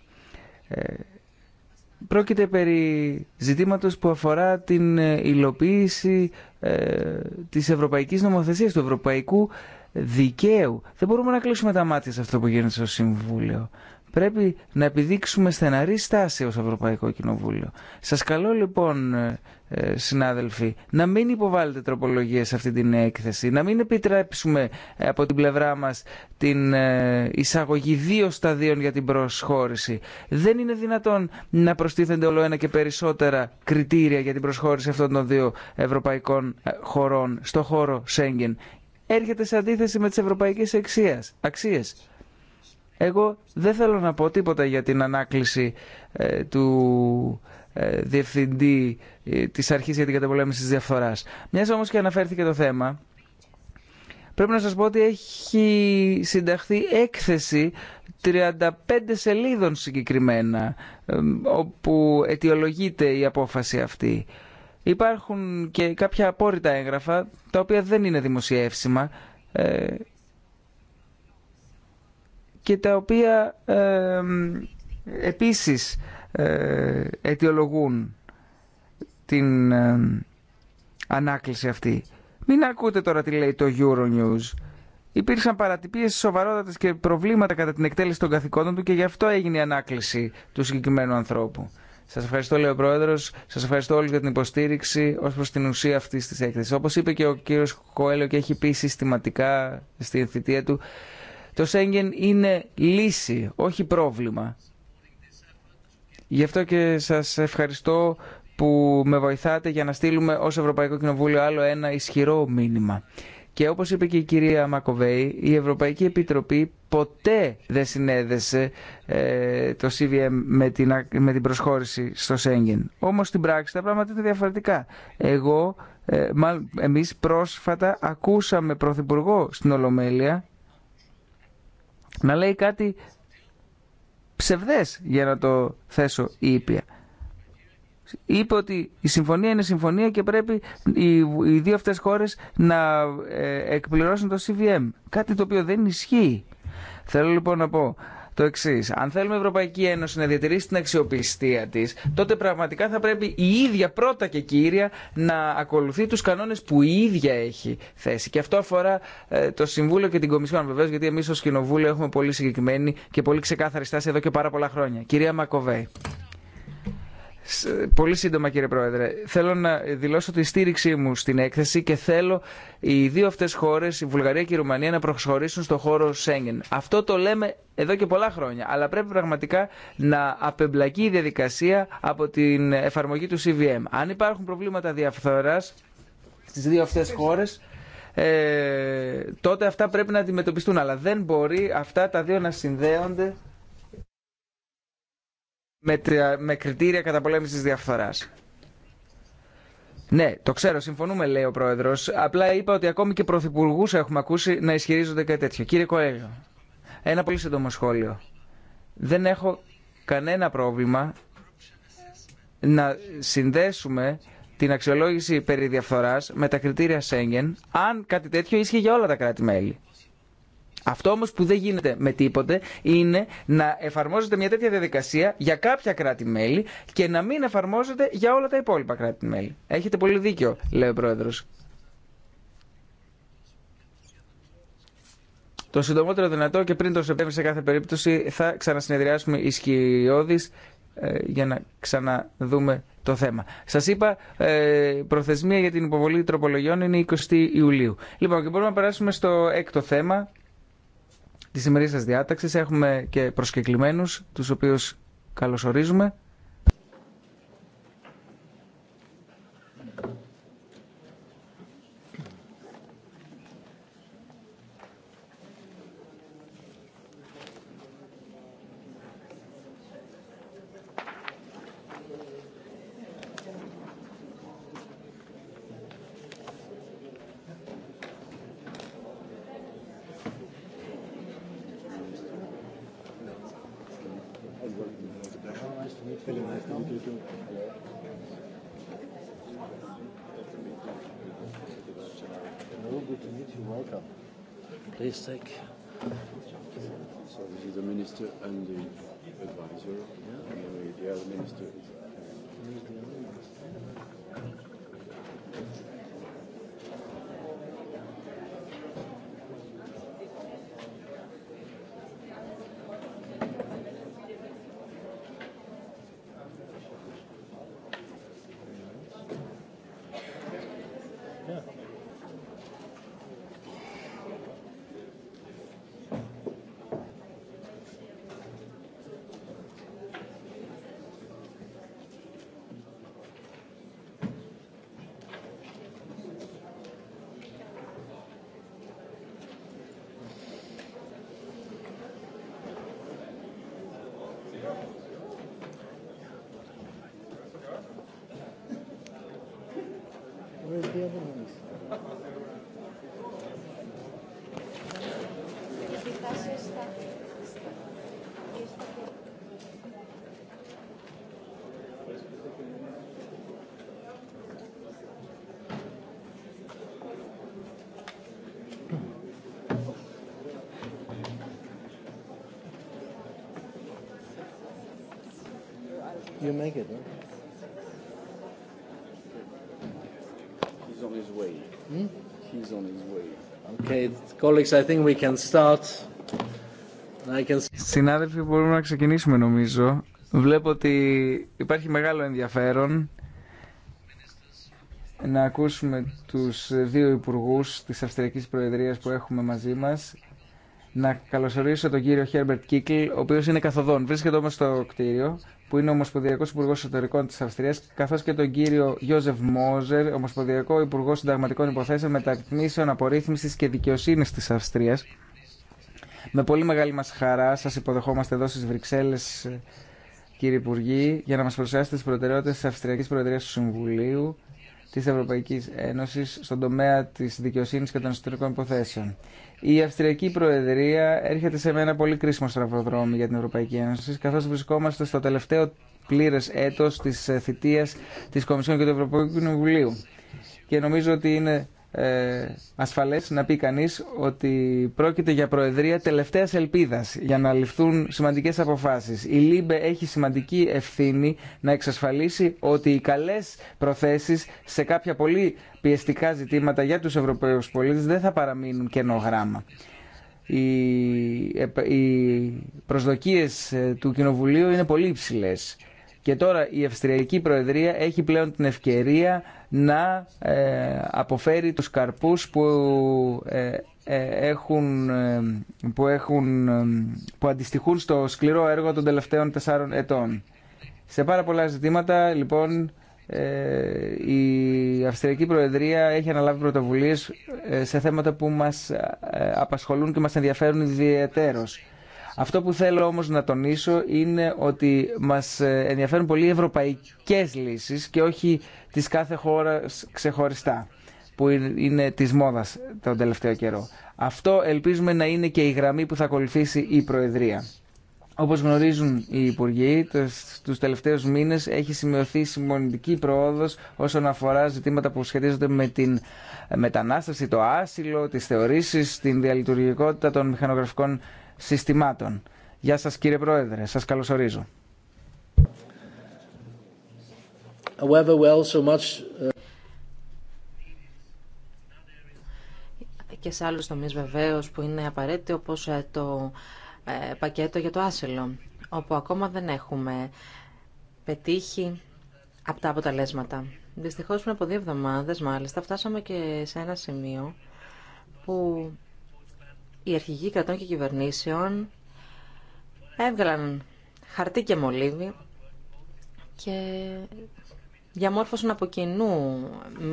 Πρόκειται περί ζητήματος που αφορά την υλοποίηση της ευρωπαϊκής νομοθεσίας, του ευρωπαϊκού δικαίου. Δεν μπορούμε να κλείσουμε τα μάτια σε αυτό που γίνεται στο Συμβούλιο πρέπει να επιδείξουμε στεναρή στάση ως Ευρωπαϊκό Κοινοβούλιο. Σας καλώ λοιπόν ε, ε, συνάδελφοι να μην υποβάλλετε τροπολογίες σε αυτή την έκθεση, να μην επιτρέψουμε ε, από την πλευρά μας την εισαγωγή δύο σταδίων για την προσχώρηση. Δεν είναι δυνατόν να προστίθενται όλο ένα και περισσότερα κριτήρια για την προσχώρηση αυτών των δύο ευρωπαϊκών χωρών στο χώρο Σέγγεν. Έρχεται σε αντίθεση με τις ευρωπαϊκές αξίες. Εγώ δεν θέλω να πω τίποτα για την ανάκληση ε, του ε, διευθυντή ε, της Αρχής για την Καταπολέμηση της Διαφθοράς. Μιας όμως και αναφέρθηκε το θέμα, πρέπει να σας πω ότι έχει συνταχθεί έκθεση 35 σελίδων συγκεκριμένα, ε, όπου αιτιολογείται η απόφαση αυτή. Υπάρχουν και κάποια απόρριτα έγγραφα, τα οποία δεν είναι δημοσιεύσιμα, και τα οποία ε, επίσης ε, αιτιολογούν την ε, ανάκληση αυτή. Μην ακούτε τώρα τι λέει το Euronews. Υπήρξαν παρατυπίες σοβαρότατες και προβλήματα κατά την εκτέλεση των καθηκόντων του και γι' αυτό έγινε η ανάκληση του συγκεκριμένου ανθρώπου. Σας ευχαριστώ, λέει ο Πρόεδρος. Σας ευχαριστώ όλους για την υποστήριξη ως προς την ουσία αυτής της έκθεσης. Όπως είπε και ο κύριος Κοέλιο και έχει πει συστηματικά στην θητεία του, το Σέγγεν είναι λύση, όχι πρόβλημα. Γι' αυτό και σας ευχαριστώ που με βοηθάτε για να στείλουμε ως Ευρωπαϊκό Κοινοβούλιο άλλο ένα ισχυρό μήνυμα. Και όπως είπε και η κυρία Μακοβέη, η Ευρωπαϊκή Επιτροπή ποτέ δεν συνέδεσε ε, το CVM με την, με την προσχώρηση στο Σέγγεν. Όμως στην πράξη τα πράγματα είναι διαφορετικά. Εγώ, ε, μάλλον εμείς πρόσφατα ακούσαμε πρωθυπουργό στην Ολομέλεια να λέει κάτι ψευδές για να το θέσω ήπια. Είπε ότι η συμφωνία είναι συμφωνία και πρέπει οι δύο αυτές χώρες να ε, εκπληρώσουν το CVM. Κάτι το οποίο δεν ισχύει. Θέλω λοιπόν να πω το εξή. Αν θέλουμε η Ευρωπαϊκή Ένωση να διατηρήσει την αξιοπιστία τη, τότε πραγματικά θα πρέπει η ίδια πρώτα και κύρια να ακολουθεί του κανόνε που η ίδια έχει θέσει. Και αυτό αφορά ε, το Συμβούλιο και την Κομισιόν, βεβαίω, γιατί εμεί ω Κοινοβούλιο έχουμε πολύ συγκεκριμένη και πολύ ξεκάθαρη στάση εδώ και πάρα πολλά χρόνια. Κυρία Μακοβέη. Πολύ σύντομα κύριε Πρόεδρε. Θέλω να δηλώσω τη στήριξή μου στην έκθεση και θέλω οι δύο αυτές χώρες, η Βουλγαρία και η Ρουμανία, να προχωρήσουν στο χώρο Σέγγεν. Αυτό το λέμε εδώ και πολλά χρόνια, αλλά πρέπει πραγματικά να απεμπλακεί η διαδικασία από την εφαρμογή του CVM. Αν υπάρχουν προβλήματα διαφθοράς στις δύο αυτές χώρες, ε, τότε αυτά πρέπει να αντιμετωπιστούν. Αλλά δεν μπορεί αυτά τα δύο να συνδέονται με, με κριτήρια καταπολέμησης διαφθοράς. Ναι, το ξέρω, συμφωνούμε, λέει ο πρόεδρο. Απλά είπα ότι ακόμη και πρωθυπουργού έχουμε ακούσει να ισχυρίζονται κάτι τέτοιο. Κύριε Κοέλιο, ένα πολύ σύντομο σχόλιο. Δεν έχω κανένα πρόβλημα να συνδέσουμε την αξιολόγηση περί διαφθοράς με τα κριτήρια Σέγγεν, αν κάτι τέτοιο ίσχυε για όλα τα κράτη-μέλη. Αυτό όμως που δεν γίνεται με τίποτε είναι να εφαρμόζεται μια τέτοια διαδικασία για κάποια κράτη-μέλη και να μην εφαρμόζεται για όλα τα υπόλοιπα κράτη-μέλη. Έχετε πολύ δίκιο, λέει ο Πρόεδρος. Το συντομότερο δυνατό και πριν το Σεπτέμβριο σε κάθε περίπτωση θα ξανασυνεδριάσουμε ισχυριώδης ε, για να ξαναδούμε το θέμα. Σας είπα, ε, προθεσμία για την υποβολή τροπολογιών είναι 20 Ιουλίου. Λοιπόν, και μπορούμε να περάσουμε στο έκτο θέμα, σημερινή σα διάταξη Έχουμε και προσκεκλημένου, τους οποίους καλωσορίζουμε. Συνάδελφοι, μπορούμε να ξεκινήσουμε νομίζω. Βλέπω ότι υπάρχει μεγάλο ενδιαφέρον να ακούσουμε τους δύο υπουργούς της Αυστριακής Προεδρίας που έχουμε μαζί μας. Να καλωσορίσω τον κύριο Χέρμπερτ Κίκλ, ο οποίος είναι καθοδόν. Βρίσκεται όμως στο κτίριο που είναι Ομοσπονδιακό Υπουργό Εσωτερικών τη Αυστρία, καθώ και τον κύριο Γιώζεφ Μόζερ, Ομοσπονδιακό Υπουργό Συνταγματικών Υποθέσεων, Μετακτήσεων, Απορρίθμιση και Δικαιοσύνη τη Αυστρία. Με πολύ μεγάλη μα χαρά σα υποδεχόμαστε εδώ στι Βρυξέλλε, κύριε Υπουργή, για να μα παρουσιάσετε τι προτεραιότητε τη Αυστριακή Προεδρία του Συμβουλίου της Ευρωπαϊκής Ένωσης στον τομέα της δικαιοσύνης και των εσωτερικών υποθέσεων. Η Αυστριακή Προεδρία έρχεται σε ένα πολύ κρίσιμο στραβοδρόμι για την Ευρωπαϊκή Ένωση, καθώς βρισκόμαστε στο τελευταίο πλήρες έτος της ε, θητείας της Κομισιόν και του Ευρωπαϊκού Κοινοβουλίου. Και νομίζω ότι είναι ε, ασφαλές να πει κανείς ότι πρόκειται για προεδρία τελευταίας ελπίδας για να ληφθούν σημαντικές αποφάσεις. Η ΛΥΜΠΕ έχει σημαντική ευθύνη να εξασφαλίσει ότι οι καλές προθέσεις σε κάποια πολύ πιεστικά ζητήματα για τους Ευρωπαίους πολίτες δεν θα παραμείνουν κενό γράμμα. Οι ε, προσδοκίες ε, του Κοινοβουλίου είναι πολύ υψηλές και τώρα η Αυστριακή Προεδρία έχει πλέον την ευκαιρία να ε, αποφέρει τους καρπούς που ε, ε, έχουν, που, έχουν, που αντιστοιχούν στο σκληρό έργο των τελευταίων τεσσάρων ετών. Σε πάρα πολλά ζητήματα, λοιπόν, η Αυστριακή Προεδρία έχει αναλάβει πρωτοβουλίες σε θέματα που μας απασχολούν και μας ενδιαφέρουν ιδιαίτερως. Αυτό που θέλω όμως να τονίσω είναι ότι μας ενδιαφέρουν πολύ οι ευρωπαϊκές λύσεις και όχι τις κάθε χώρας ξεχωριστά που είναι της μόδας τον τελευταίο καιρό. Αυτό ελπίζουμε να είναι και η γραμμή που θα ακολουθήσει η Προεδρία. Όπως γνωρίζουν οι Υπουργοί, τους τελευταίους μήνες έχει σημειωθεί συμμονητική προόδος όσον αφορά ζητήματα που σχετίζονται με την μετανάστευση, το άσυλο, τις θεωρήσεις, την διαλειτουργικότητα των μηχανογραφικών συστημάτων. Γεια σας κύριε Πρόεδρε, σας καλωσορίζω. Uh, και σε άλλους τομείς βεβαίως που είναι απαραίτητο όπως ε, το ε, πακέτο για το άσυλο όπου ακόμα δεν έχουμε πετύχει από τα αποτελέσματα. Δυστυχώς πριν από δύο εβδομάδες μάλιστα φτάσαμε και σε ένα σημείο που οι αρχηγοί κρατών και κυβερνήσεων έβγαλαν χαρτί και μολύβι και διαμόρφωσαν από κοινού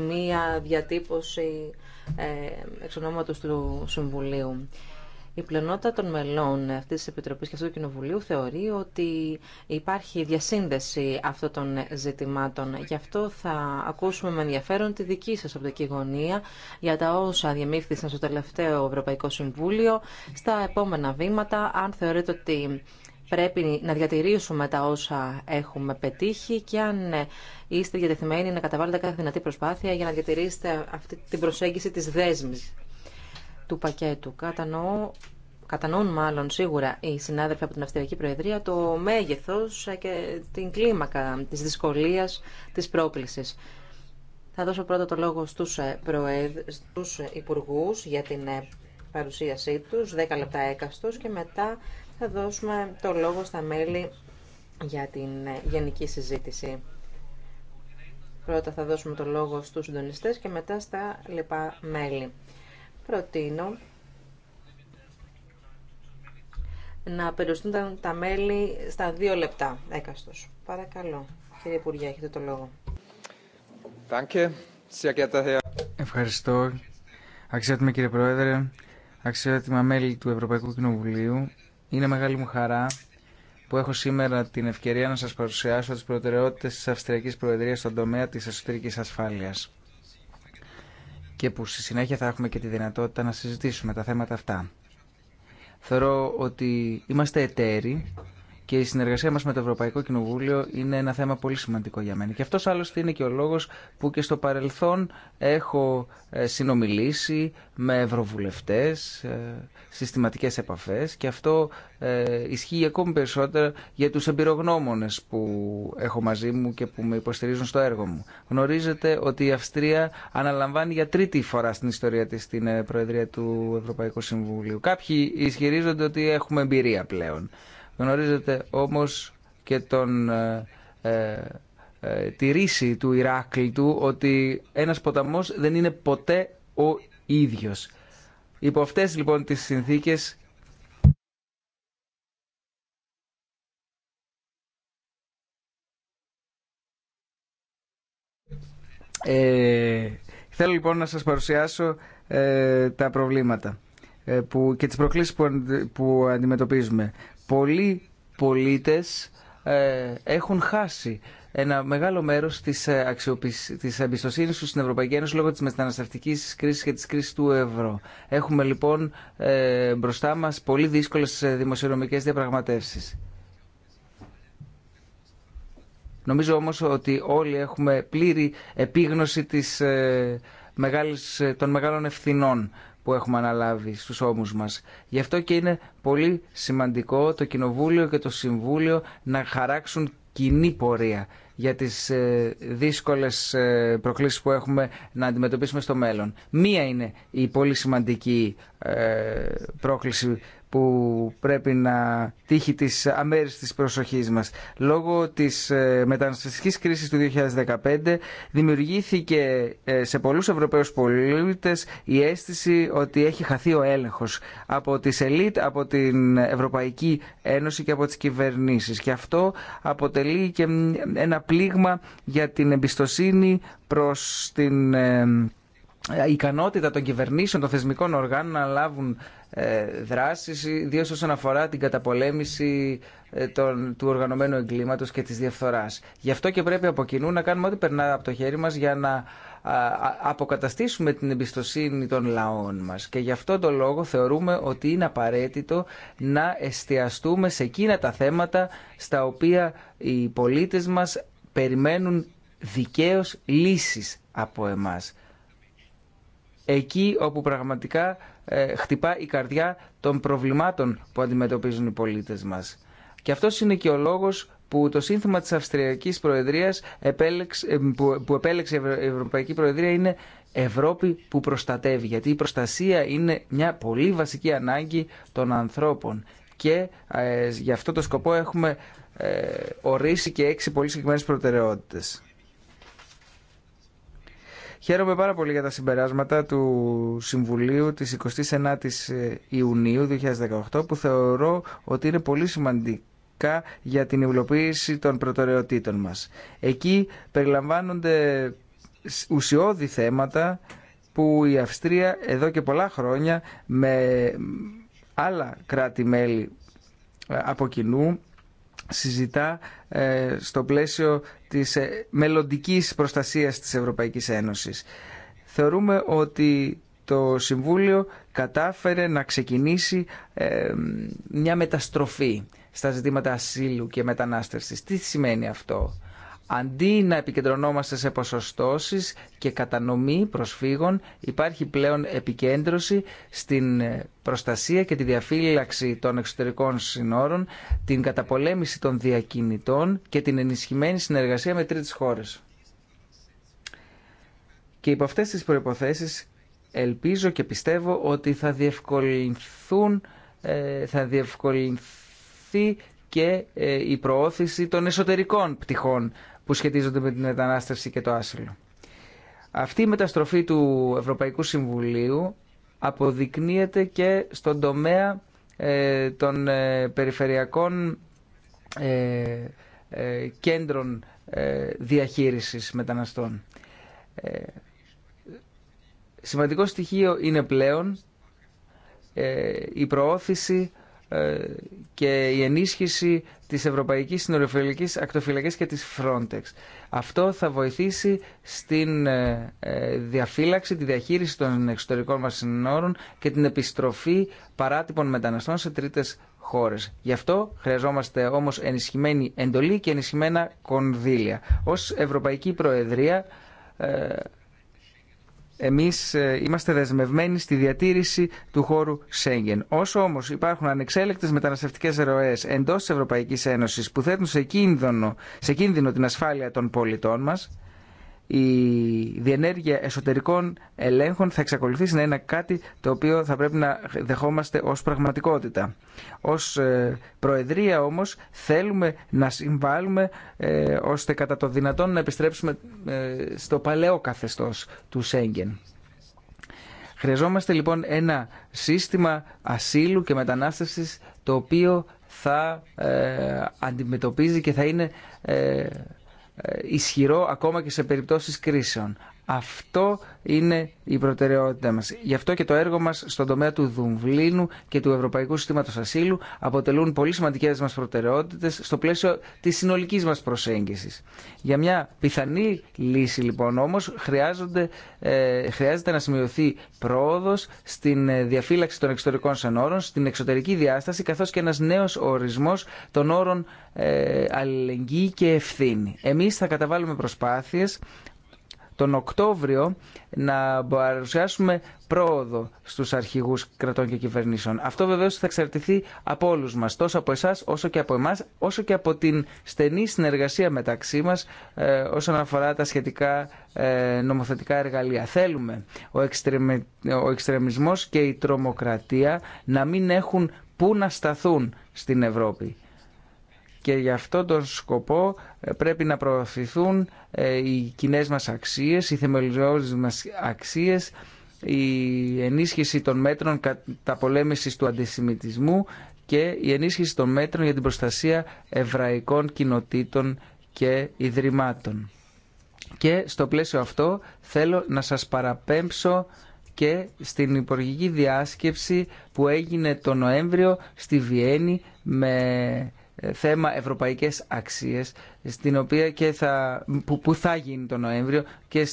μία διατύπωση ε, εξ ονόματος του Συμβουλίου. Η πλειονότητα των μελών αυτή τη Επιτροπή και αυτού του Κοινοβουλίου θεωρεί ότι υπάρχει διασύνδεση αυτών των ζητημάτων. Γι' αυτό θα ακούσουμε με ενδιαφέρον τη δική σα οπτική γωνία για τα όσα διαμήφθησαν στο τελευταίο Ευρωπαϊκό Συμβούλιο, στα επόμενα βήματα, αν θεωρείτε ότι πρέπει να διατηρήσουμε τα όσα έχουμε πετύχει και αν είστε διατεθειμένοι να καταβάλλετε κάθε δυνατή προσπάθεια για να διατηρήσετε αυτή την προσέγγιση της δέσμη του πακέτου. Κατανοώ, κατανοούν μάλλον σίγουρα οι συνάδελφοι από την Αυστριακή Προεδρία το μέγεθος και την κλίμακα της δυσκολίας της πρόκλησης. Θα δώσω πρώτα το λόγο στους, ε, προεδ, στους υπουργούς για την ε, παρουσίασή τους, 10 λεπτά έκαστος και μετά θα δώσουμε το λόγο στα μέλη για την ε, γενική συζήτηση. Πρώτα θα δώσουμε το λόγο στους συντονιστές και μετά στα λοιπά μέλη προτείνω να περιοριστούν τα, μέλη στα δύο λεπτά έκαστος. Παρακαλώ, κύριε Υπουργέ, έχετε το λόγο. Ευχαριστώ, αξιότιμη κύριε Πρόεδρε, αξιότιμα μέλη του Ευρωπαϊκού Κοινοβουλίου. Είναι μεγάλη μου χαρά που έχω σήμερα την ευκαιρία να σας παρουσιάσω τις προτεραιότητες της Αυστριακής Προεδρίας στον τομέα της αυστρικής ασφάλειας και που στη συνέχεια θα έχουμε και τη δυνατότητα να συζητήσουμε τα θέματα αυτά. Θεωρώ ότι είμαστε εταίροι και η συνεργασία μα με το Ευρωπαϊκό Κοινοβούλιο είναι ένα θέμα πολύ σημαντικό για μένα. Και αυτό άλλωστε είναι και ο λόγο που και στο παρελθόν έχω ε, συνομιλήσει με ευρωβουλευτέ, ε, συστηματικέ επαφέ, και αυτό ε, ισχύει ακόμη περισσότερο για του εμπειρογνώμονε που έχω μαζί μου και που με υποστηρίζουν στο έργο μου. Γνωρίζετε ότι η Αυστρία αναλαμβάνει για τρίτη φορά στην ιστορία τη την Προεδρία του Ευρωπαϊκού Συμβουλίου. Κάποιοι ισχυρίζονται ότι έχουμε εμπειρία πλέον. Γνωρίζετε όμως και τον, ε, ε, ε τη ρίση του Ηράκλειτου ότι ένας ποταμός δεν είναι ποτέ ο ίδιος. Υπό αυτές λοιπόν τις συνθήκες Ε, θέλω λοιπόν να σας παρουσιάσω ε, τα προβλήματα που, και τις προκλήσεις που αντιμετωπίζουμε πολλοί πολίτες ε, έχουν χάσει ένα μεγάλο μέρο τη της ε, εμπιστοσύνη του στην Ευρωπαϊκή Ένωση λόγω τη μεταναστευτική κρίση και τη κρίση του ευρώ. Έχουμε λοιπόν ε, μπροστά μα πολύ δύσκολε δημοσιονομικέ διαπραγματεύσει. Νομίζω όμως ότι όλοι έχουμε πλήρη επίγνωση της, μεγάλης, των μεγάλων ευθυνών που έχουμε αναλάβει στους ώμους μας. Γι' αυτό και είναι πολύ σημαντικό το Κοινοβούλιο και το Συμβούλιο να χαράξουν κοινή πορεία για τις ε, δύσκολες ε, προκλήσεις που έχουμε να αντιμετωπίσουμε στο μέλλον. Μία είναι η πολύ σημαντική ε, πρόκληση που πρέπει να τύχει της αμέριστη προσοχή μας. Λόγω της ε, μεταναστευτική κρίση του 2015 δημιουργήθηκε ε, σε πολλούς Ευρωπαίους πολίτες η αίσθηση ότι έχει χαθεί ο έλεγχος από τις ελίτ, από την Ευρωπαϊκή Ένωση και από τις κυβερνήσεις. Και αυτό αποτελεί και ένα πλήγμα για την εμπιστοσύνη προς την ε, ικανότητα των κυβερνήσεων, των θεσμικών οργάνων να λάβουν ε, δράσεις, ιδίω όσον αφορά την καταπολέμηση ε, τον, του οργανωμένου εγκλήματος και της διαφθοράς. Γι' αυτό και πρέπει από κοινού να κάνουμε ό,τι περνά από το χέρι μας για να αποκαταστήσουμε την εμπιστοσύνη των λαών μας. Και γι' αυτό το λόγο θεωρούμε ότι είναι απαραίτητο να εστιαστούμε σε εκείνα τα θέματα στα οποία οι πολίτες μας περιμένουν δικαίως λύσεις από εμάς. Εκεί όπου πραγματικά ε, χτυπά η καρδιά των προβλημάτων που αντιμετωπίζουν οι πολίτες μας. Και αυτό είναι και ο λόγος που το σύνθημα της Αυστριακής Προεδρίας ε, που επέλεξε η Ευρωπαϊκή Προεδρία είναι Ευρώπη που προστατεύει, γιατί η προστασία είναι μια πολύ βασική ανάγκη των ανθρώπων και ε, γι' αυτό το σκοπό έχουμε ε, ορίσει και έξι πολύ συγκεκριμένες προτεραιότητες. Χαίρομαι πάρα πολύ για τα συμπεράσματα του Συμβουλίου της 29ης ε, Ιουνίου 2018 που θεωρώ ότι είναι πολύ σημαντικά για την υλοποίηση των προτεραιοτήτων μας. Εκεί περιλαμβάνονται ουσιώδη θέματα που η Αυστρία εδώ και πολλά χρόνια με άλλα κράτη-μέλη ε, από κοινού συζητά ε, στο πλαίσιο της ε, μελλοντικής προστασίας της Ευρωπαϊκής Ένωσης. Θεωρούμε ότι το Συμβούλιο κατάφερε να ξεκινήσει ε, μια μεταστροφή στα ζητήματα ασύλου και μετανάστευσης. Τι σημαίνει αυτό. Αντί να επικεντρωνόμαστε σε ποσοστώσεις και κατανομή προσφύγων, υπάρχει πλέον επικέντρωση στην προστασία και τη διαφύλαξη των εξωτερικών συνόρων, την καταπολέμηση των διακινητών και την ενισχυμένη συνεργασία με τρίτες χώρες. Και υπό αυτές τις προϋποθέσεις ελπίζω και πιστεύω ότι θα διευκολυνθούν, ε, θα διευκολυνθεί και ε, η προώθηση των εσωτερικών πτυχών που σχετίζονται με την μετανάστευση και το άσυλο. Αυτή η μεταστροφή του Ευρωπαϊκού Συμβουλίου αποδεικνύεται και στον τομέα ε, των ε, περιφερειακών ε, κέντρων διαχείρισης μεταναστών. Σημαντικό στοιχείο είναι πλέον η προώθηση ε, και η ενίσχυση της Ευρωπαϊκής Συνοριοφυλακής Ακτοφυλακής και της Frontex. Αυτό θα βοηθήσει στην ε, ε, διαφύλαξη, τη διαχείριση των εξωτερικών μας συνόρων και την επιστροφή παράτυπων μεταναστών σε τρίτες χώρες. Γι' αυτό χρειαζόμαστε όμως ενισχυμένη εντολή και ενισχυμένα κονδύλια. Ως Ευρωπαϊκή Προεδρία εμείς ε, είμαστε δεσμευμένοι στη διατήρηση του χώρου Σέγγεν. Όσο όμως υπάρχουν ανεξέλεκτες μεταναστευτικές ροές εντός της Ευρωπαϊκής Ένωσης που θέτουν σε κίνδυνο, σε κίνδυνο την ασφάλεια των πολιτών μας, η διενέργεια εσωτερικών ελέγχων θα εξακολουθήσει να είναι κάτι το οποίο θα πρέπει να δεχόμαστε ως πραγματικότητα. Ως ε, Προεδρία όμως θέλουμε να συμβάλλουμε ε, ώστε κατά το δυνατόν να επιστρέψουμε ε, στο παλαιό καθεστώς του Σέγγεν. Χρειαζόμαστε λοιπόν ένα σύστημα ασύλου και μετανάστευσης το οποίο θα αντιμετωπίζει και θα είναι ε, ισχυρό ακόμα και σε περιπτώσεις κρίσεων. Αυτό είναι η προτεραιότητά μας. Γι' αυτό και το έργο μας στον τομέα του Δουμβλίνου και του Ευρωπαϊκού Συστήματος Ασύλου αποτελούν πολύ σημαντικές μας προτεραιότητες στο πλαίσιο της συνολικής μας προσέγγισης. Για μια πιθανή λύση λοιπόν όμως ε, χρειάζεται να σημειωθεί πρόοδος στην ε, διαφύλαξη των εξωτερικών σανόρων, στην εξωτερική διάσταση καθώς και ένας νέος ορισμός των όρων ε, αλληλεγγύη και ευθύνη. Εμείς θα καταβάλουμε προσπάθειες τον Οκτώβριο να παρουσιάσουμε πρόοδο στους αρχηγούς κρατών και κυβερνήσεων. Αυτό βεβαίως θα εξαρτηθεί από όλους μας, τόσο από εσάς όσο και από εμάς, όσο και από την στενή συνεργασία μεταξύ μας ε, όσον αφορά τα σχετικά ε, νομοθετικά εργαλεία. Θέλουμε ο, εξτρεμι, ο εξτρεμισμός και η τρομοκρατία να μην έχουν πού να σταθούν στην Ευρώπη και γι' αυτόν τον σκοπό ε, πρέπει να προωθηθούν ε, οι κοινέ μας αξίες, οι θεμελιώδεις μας αξίες, η ενίσχυση των μέτρων κατά πολέμηση του αντισημιτισμού και η ενίσχυση των μέτρων για την προστασία εβραϊκών κοινοτήτων και ιδρυμάτων. Και στο πλαίσιο αυτό θέλω να σας παραπέμψω και στην υπουργική διάσκεψη που έγινε το Νοέμβριο στη Βιέννη με ε, θέμα ευρωπαϊκές αξίες στην οποία και θα, που, που θα γίνει το Νοέμβριο και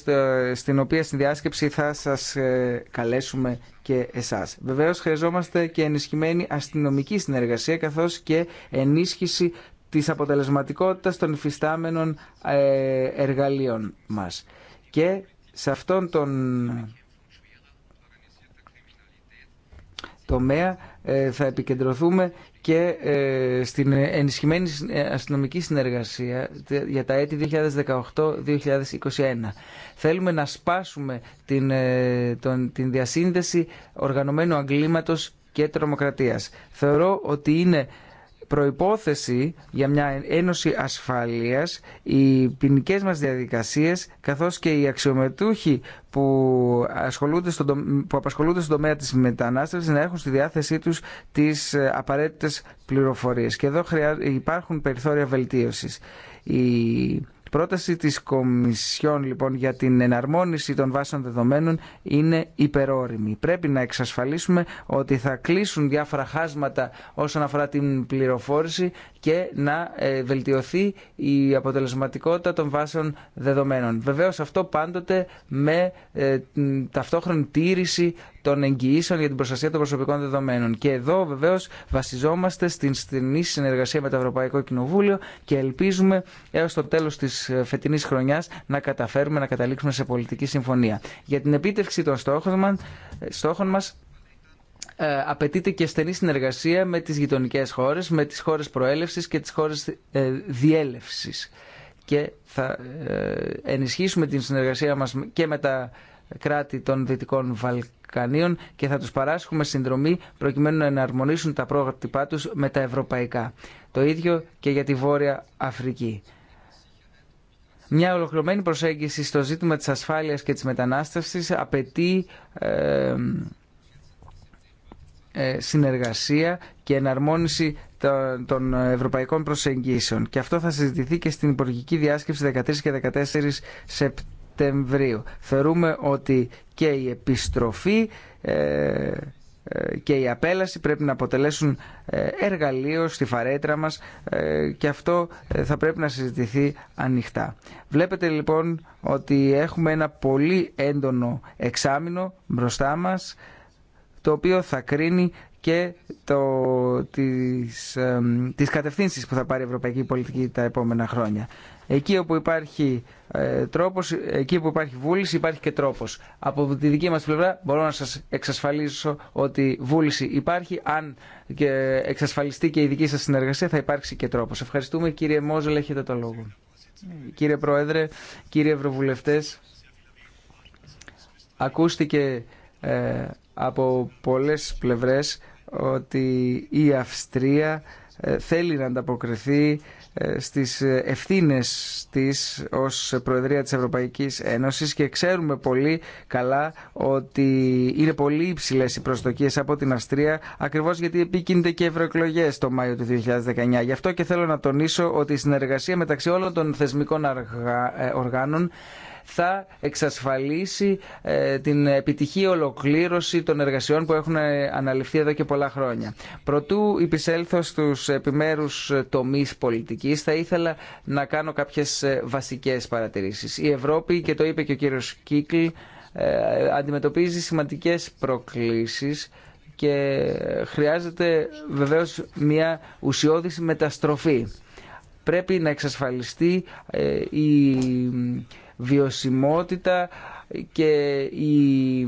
στην οποία στη διάσκεψη θα σας ε, καλέσουμε και εσάς. Βεβαίως χρειαζόμαστε και ενισχυμένη αστυνομική συνεργασία καθώς και ενίσχυση της αποτελεσματικότητας των υφιστάμενων ε, εργαλείων μας. Και σε αυτόν τον τομέα ε, θα επικεντρωθούμε και ε, στην ενισχυμένη ε, αστυνομική συνεργασία για τα έτη 2018-2021. Θέλουμε να σπάσουμε την, τον, την διασύνδεση οργανωμένου αγκλήματος και τρομοκρατίας. Θεωρώ ότι είναι προϋπόθεση για μια ένωση ασφαλείας οι ποινικέ μας διαδικασίες καθώς και οι αξιωμετούχοι που, ασχολούνται που απασχολούνται στον τομέα της μετανάστευσης να έχουν στη διάθεσή τους τις απαραίτητες πληροφορίες και εδώ υπάρχουν περιθώρια βελτίωσης πρόταση της Κομισιόν λοιπόν για την εναρμόνιση των βάσεων δεδομένων είναι υπερόρημη. Πρέπει να εξασφαλίσουμε ότι θα κλείσουν διάφορα χάσματα όσον αφορά την πληροφόρηση και να ε, βελτιωθεί η αποτελεσματικότητα των βάσεων δεδομένων. Βεβαίως αυτό πάντοτε με ε, ταυτόχρονη τήρηση των εγγυήσεων για την προστασία των προσωπικών δεδομένων. Και εδώ βεβαίω βασιζόμαστε στην στενή συνεργασία με το Ευρωπαϊκό Κοινοβούλιο και ελπίζουμε έω το τέλο τη ε, φετινή χρονιά να καταφέρουμε να καταλήξουμε σε πολιτική συμφωνία. Για την επίτευξη των στόχων μα, ε, ε, απαιτείται και στενή συνεργασία με τις γειτονικές χώρες, με τις χώρες προέλευσης και τις χώρες διέλευσης. Και θα ενισχύσουμε την συνεργασία μας και με τα κράτη των Δυτικών Βαλκανίων και θα τους παράσχουμε συνδρομή προκειμένου να εναρμονίσουν τα πρότυπά τους με τα ευρωπαϊκά. Το ίδιο και για τη Βόρεια Αφρική. Μια ολοκληρωμένη προσέγγιση στο ζήτημα της ασφάλειας και της μετανάστευσης απαιτεί ε, συνεργασία και εναρμόνιση των ευρωπαϊκών προσεγγίσεων. Και αυτό θα συζητηθεί και στην υπουργική διάσκεψη 13 και 14 Σεπτεμβρίου. Θεωρούμε ότι και η επιστροφή ε, ε, και η απέλαση πρέπει να αποτελέσουν ε, εργαλείο στη φαρέτρα μας και αυτό θα πρέπει να συζητηθεί ανοιχτά. Βλέπετε λοιπόν ότι έχουμε ένα πολύ έντονο εξάμεινο μπροστά μας το οποίο θα κρίνει και το, τις, τις κατευθύνσεις που θα πάρει η ευρωπαϊκή πολιτική τα επόμενα χρόνια. Εκεί όπου υπάρχει ε, τρόπος, εκεί που υπάρχει βούληση υπάρχει και τρόπος. Από τη δική μας πλευρά μπορώ να σας εξασφαλίσω ότι βούληση υπάρχει. Αν και εξασφαλιστεί και η δική σας συνεργασία θα υπάρξει και τρόπος. Ευχαριστούμε κύριε Μόζελ, έχετε το λόγο. Κύριε Πρόεδρε, κύριε Ευρωβουλευτές, ακούστηκε ε, από πολλές πλευρές ότι η Αυστρία ε, θέλει να ανταποκριθεί ε, στις ευθύνες της ως Προεδρία της Ευρωπαϊκής Ένωσης και ξέρουμε πολύ καλά ότι είναι πολύ υψηλέ οι προσδοκίες από την Αυστρία ακριβώς γιατί επίκυνται και ευρωεκλογέ το Μάιο του 2019. Γι' αυτό και θέλω να τονίσω ότι η συνεργασία μεταξύ όλων των θεσμικών ε, οργάνων θα εξασφαλίσει ε, την επιτυχή ολοκλήρωση των εργασιών που έχουν ε, αναλυφθεί εδώ και πολλά χρόνια. Προτού υπησέλθω στους επιμέρους ε, τομείς πολιτικής, θα ήθελα να κάνω κάποιες βασικές παρατηρήσεις. Η Ευρώπη, και το είπε και ο κύριος Κίκλ, αντιμετωπίζει σημαντικές προκλήσεις και χρειάζεται βεβαίως μια ουσιώδηση μεταστροφή. Πρέπει να εξασφαλιστεί η βιωσιμότητα και η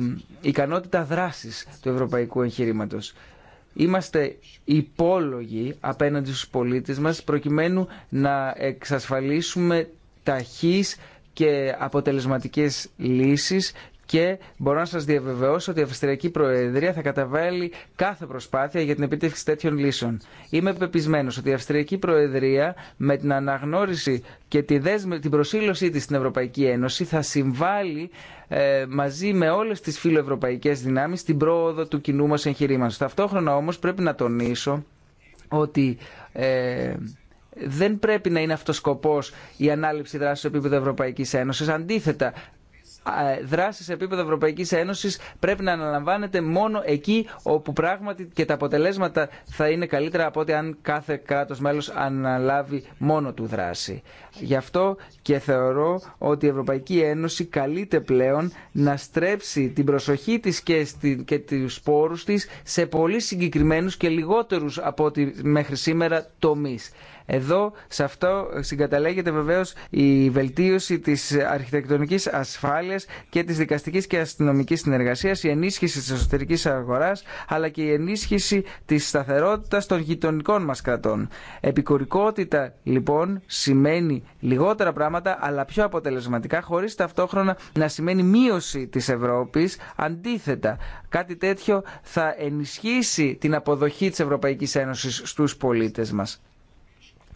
ικανότητα δράσης του ευρωπαϊκού εγχειρήματο. Είμαστε υπόλογοι απέναντι στους πολίτες μας προκειμένου να εξασφαλίσουμε ταχύς και αποτελεσματικές λύσεις και μπορώ να σα διαβεβαιώσω ότι η Αυστριακή Προεδρία θα καταβάλει κάθε προσπάθεια για την επιτεύξη τέτοιων λύσεων. Είμαι πεπισμένο ότι η Αυστριακή Προεδρία με την αναγνώριση και τη την προσήλωσή της στην Ευρωπαϊκή Ένωση θα συμβάλλει ε, μαζί με όλες τις φιλοευρωπαϊκές δυνάμεις στην πρόοδο του κοινού μας εγχειρήματος. Ταυτόχρονα όμως πρέπει να τονίσω ότι... Ε, δεν πρέπει να είναι αυτό σκοπό η ανάληψη δράση στο επίπεδο Ευρωπαϊκή Ένωση. Αντίθετα, ε, δράση σε επίπεδο Ευρωπαϊκής Ένωσης πρέπει να αναλαμβάνεται μόνο εκεί όπου πράγματι και τα αποτελέσματα θα είναι καλύτερα από ότι αν κάθε κράτο μέλο αναλάβει μόνο του δράση. Γι' αυτό και θεωρώ ότι η Ευρωπαϊκή Ένωση καλείται πλέον να στρέψει την προσοχή της και, του και τους σπόρους της σε πολύ συγκεκριμένου και λιγότερου από ό,τι μέχρι σήμερα τομεί. Εδώ σε αυτό συγκαταλέγεται βεβαίω η βελτίωση της αρχιτεκτονική ασφάλεια και τη δικαστική και αστυνομική συνεργασία, η ενίσχυση τη εσωτερική αγορά, αλλά και η ενίσχυση της σταθερότητα των γειτονικών μας κρατών. Επικορικότητα λοιπόν σημαίνει λιγότερα πράγματα, αλλά πιο αποτελεσματικά, χωρί ταυτόχρονα να σημαίνει μείωση της Ευρώπη. Αντίθετα, κάτι τέτοιο θα ενισχύσει την αποδοχή τη Ευρωπαϊκή Ένωσης στου πολίτε μα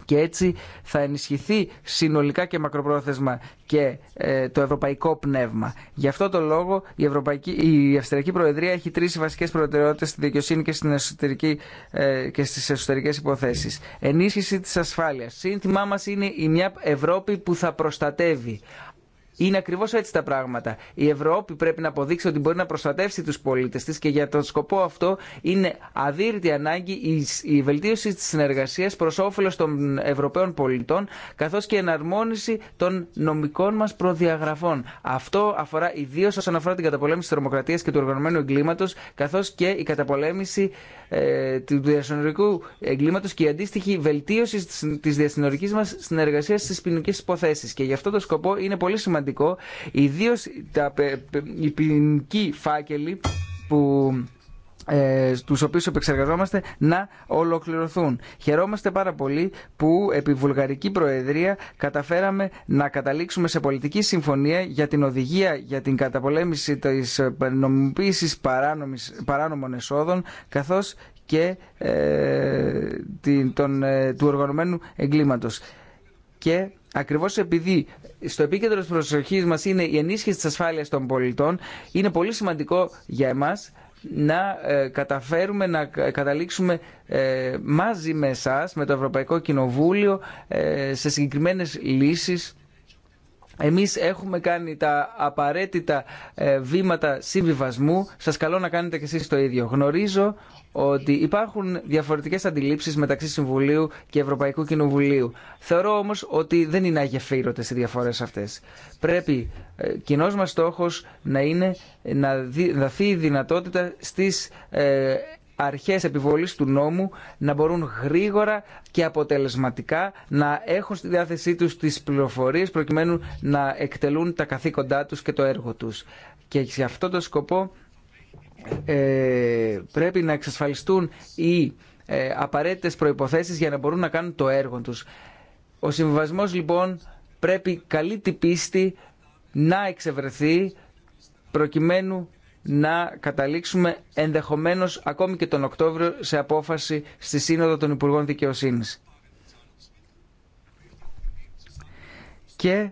και έτσι θα ενισχυθεί συνολικά και μακροπρόθεσμα και ε, το ευρωπαϊκό πνεύμα. Γι' αυτό το λόγο η, ευρωπαϊκή, η Αυστριακή Προεδρία έχει τρεις βασικές προτεραιότητες στη δικαιοσύνη και, στην εσωτερική, ε, και στις εσωτερικές υποθέσεις. Ενίσχυση της ασφάλειας. Σύνθημά μας είναι η μια Ευρώπη που θα προστατεύει. Είναι ακριβώ έτσι τα πράγματα. Η Ευρώπη πρέπει να αποδείξει ότι μπορεί να προστατεύσει του πολίτε τη και για τον σκοπό αυτό είναι αδύρυτη ανάγκη η βελτίωση τη συνεργασία προ όφελο των Ευρωπαίων πολιτών καθώ και η εναρμόνιση των νομικών μα προδιαγραφών. Αυτό αφορά ιδίω όσον αφορά την καταπολέμηση τη τρομοκρατία και του οργανωμένου εγκλήματο καθώ και η καταπολέμηση ε, του διασυνορικού εγκλήματο και η αντίστοιχη βελτίωση τη διασυνορική μα συνεργασία στι ποινικέ υποθέσει. Και γι' αυτό το σκοπό είναι πολύ σημαντικό σημαντικό, ιδίω οι ποινικοί φάκελοι που ε, τους οποίους επεξεργαζόμαστε να ολοκληρωθούν. Χαιρόμαστε πάρα πολύ που επί Βουλγαρική Προεδρία καταφέραμε να καταλήξουμε σε πολιτική συμφωνία για την οδηγία για την καταπολέμηση τη ε, νομιμοποίηση παράνομων εσόδων καθώς και ε, την, τον, του οργανωμένου εγκλήματος και ακριβώς επειδή στο επίκεντρο της προσοχής μας είναι η ενίσχυση της ασφάλειας των πολιτών, είναι πολύ σημαντικό για εμάς να ε, καταφέρουμε να ε, καταλήξουμε ε, μαζί με εσά, με το Ευρωπαϊκό Κοινοβούλιο, σε συγκεκριμένες λύσεις εμείς έχουμε κάνει τα απαραίτητα ε, βήματα συμβιβασμού. Σας καλώ να κάνετε και εσείς το ίδιο. Γνωρίζω ότι υπάρχουν διαφορετικές αντιλήψεις μεταξύ Συμβουλίου και Ευρωπαϊκού Κοινοβουλίου. Θεωρώ όμως ότι δεν είναι αγεφύρωτες οι διαφορές αυτές. Πρέπει ε, κοινό μας στόχος να είναι να δαθεί η δυνατότητα στις ε, αρχές επιβολής του νόμου να μπορούν γρήγορα και αποτελεσματικά να έχουν στη διάθεσή τους τις πληροφορίες προκειμένου να εκτελούν τα καθήκοντά τους και το έργο τους. Και σε αυτό το σκοπό ε, πρέπει να εξασφαλιστούν οι ε, απαραίτητες προϋποθέσεις για να μπορούν να κάνουν το έργο τους. Ο συμβασμός, λοιπόν πρέπει καλή την πίστη να εξευρεθεί προκειμένου να καταλήξουμε ενδεχομένως ακόμη και τον Οκτώβριο σε απόφαση στη Σύνοδο των Υπουργών Δικαιοσύνης. Και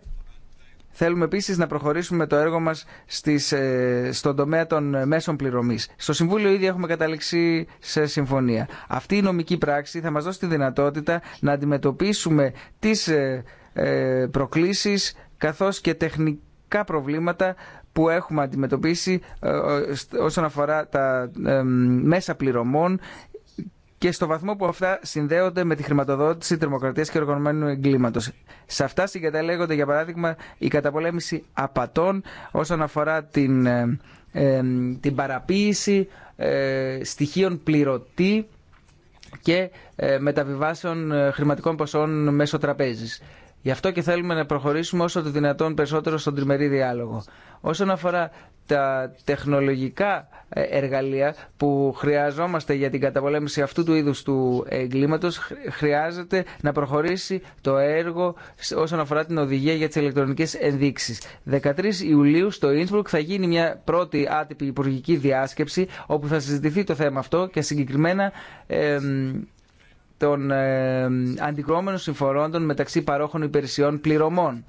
θέλουμε επίσης να προχωρήσουμε το έργο μας στις, ε, στον τομέα των μέσων πληρωμής. Στο Συμβούλιο ήδη έχουμε καταληξεί σε συμφωνία. Αυτή η νομική πράξη θα μας δώσει τη δυνατότητα να αντιμετωπίσουμε τις ε, ε, προκλήσεις καθώς και τεχνικά προβλήματα που έχουμε αντιμετωπίσει ε, όσον αφορά τα μέσα πληρωμών και στο βαθμό που αυτά συνδέονται με τη χρηματοδότηση τρομοκρατία και οργανωμένου εγκλήματο. Σε αυτά συγκαταλέγονται, για παράδειγμα, η καταπολέμηση απατών όσον αφορά την, την παραποίηση ε, στοιχείων πληρωτή και ε, μεταβιβάσεων χρηματικών ποσών μέσω τραπέζης. Γι' αυτό και θέλουμε να προχωρήσουμε όσο το δυνατόν περισσότερο στον τριμερή διάλογο. Όσον αφορά τα τεχνολογικά ε, εργαλεία που χρειαζόμαστε για την καταπολέμηση αυτού του είδους του εγκλήματος χρειάζεται να προχωρήσει το έργο όσον αφορά την οδηγία για τις ηλεκτρονικές ενδείξεις. 13 Ιουλίου στο Ίνσμπουργκ θα γίνει μια πρώτη άτυπη υπουργική διάσκεψη όπου θα συζητηθεί το θέμα αυτό και συγκεκριμένα των ε, αντικρώμενων συμφορώντων μεταξύ παρόχων υπηρεσιών πληρωμών.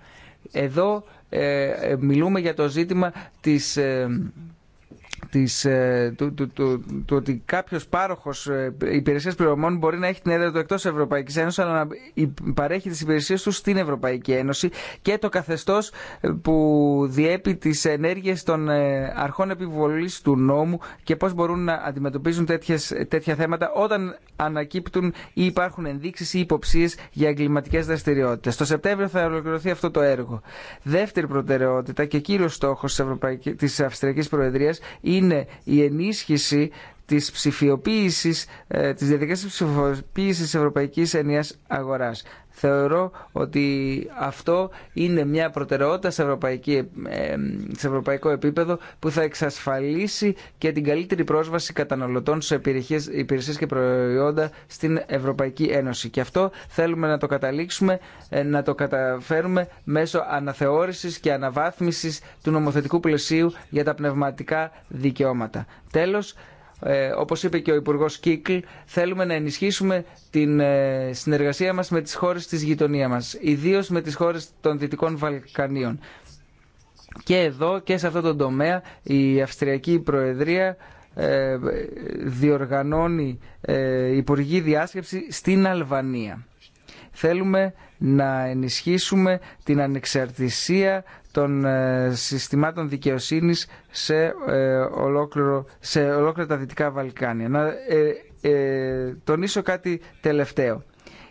Εδώ ε, ε, μιλούμε για το ζήτημα της ε, της, ε, του, του, του, ότι κάποιο πάροχος ε, υπηρεσία πληρωμών μπορεί να έχει την έδρα του εκτό Ευρωπαϊκή Ένωση, αλλά να παρέχει τι υπηρεσίε του στην Ευρωπαϊκή Ένωση και το καθεστώς ε, που διέπει τι ενέργειες των αρχών επιβολή του νόμου και πώ μπορούν να αντιμετωπίζουν τέτοιες, τέτοια θέματα όταν ανακύπτουν ή υπάρχουν ενδείξει ή υποψίε για εγκληματικέ δραστηριότητε. Το Σεπτέμβριο θα ολοκληρωθεί αυτό το έργο. Δεύτερη προτεραιότητα και κύριο στόχο τη Αυστριακή Προεδρία είναι η ενίσχυση της ψηφιοποίησης, ε, της διαδικασίας ψηφιοποίησης της Ευρωπαϊκής Ενιαίας Αγοράς. Θεωρώ ότι αυτό είναι μια προτεραιότητα ε, σε, ευρωπαϊκό επίπεδο που θα εξασφαλίσει και την καλύτερη πρόσβαση καταναλωτών σε υπηρεσίες και προϊόντα στην Ευρωπαϊκή Ένωση. Και αυτό θέλουμε να το καταλήξουμε, ε, να το καταφέρουμε μέσω αναθεώρησης και αναβάθμισης του νομοθετικού πλαισίου για τα πνευματικά δικαιώματα. Τέλος, ε, όπως είπε και ο Υπουργός Κίκλ, θέλουμε να ενισχύσουμε την ε, συνεργασία μας με τις χώρες της γειτονία μας, ιδίως με τις χώρες των Δυτικών Βαλκανίων. Και εδώ και σε αυτό το τομέα η Αυστριακή Προεδρία ε, διοργανώνει ε, υπουργή διάσκεψη στην Αλβανία. Θέλουμε να ενισχύσουμε την ανεξαρτησία των ε, συστημάτων δικαιοσύνης σε, ε, ολόκληρο, σε ολόκληρα τα Δυτικά Βαλκάνια. Να ε, τονίσω κάτι τελευταίο.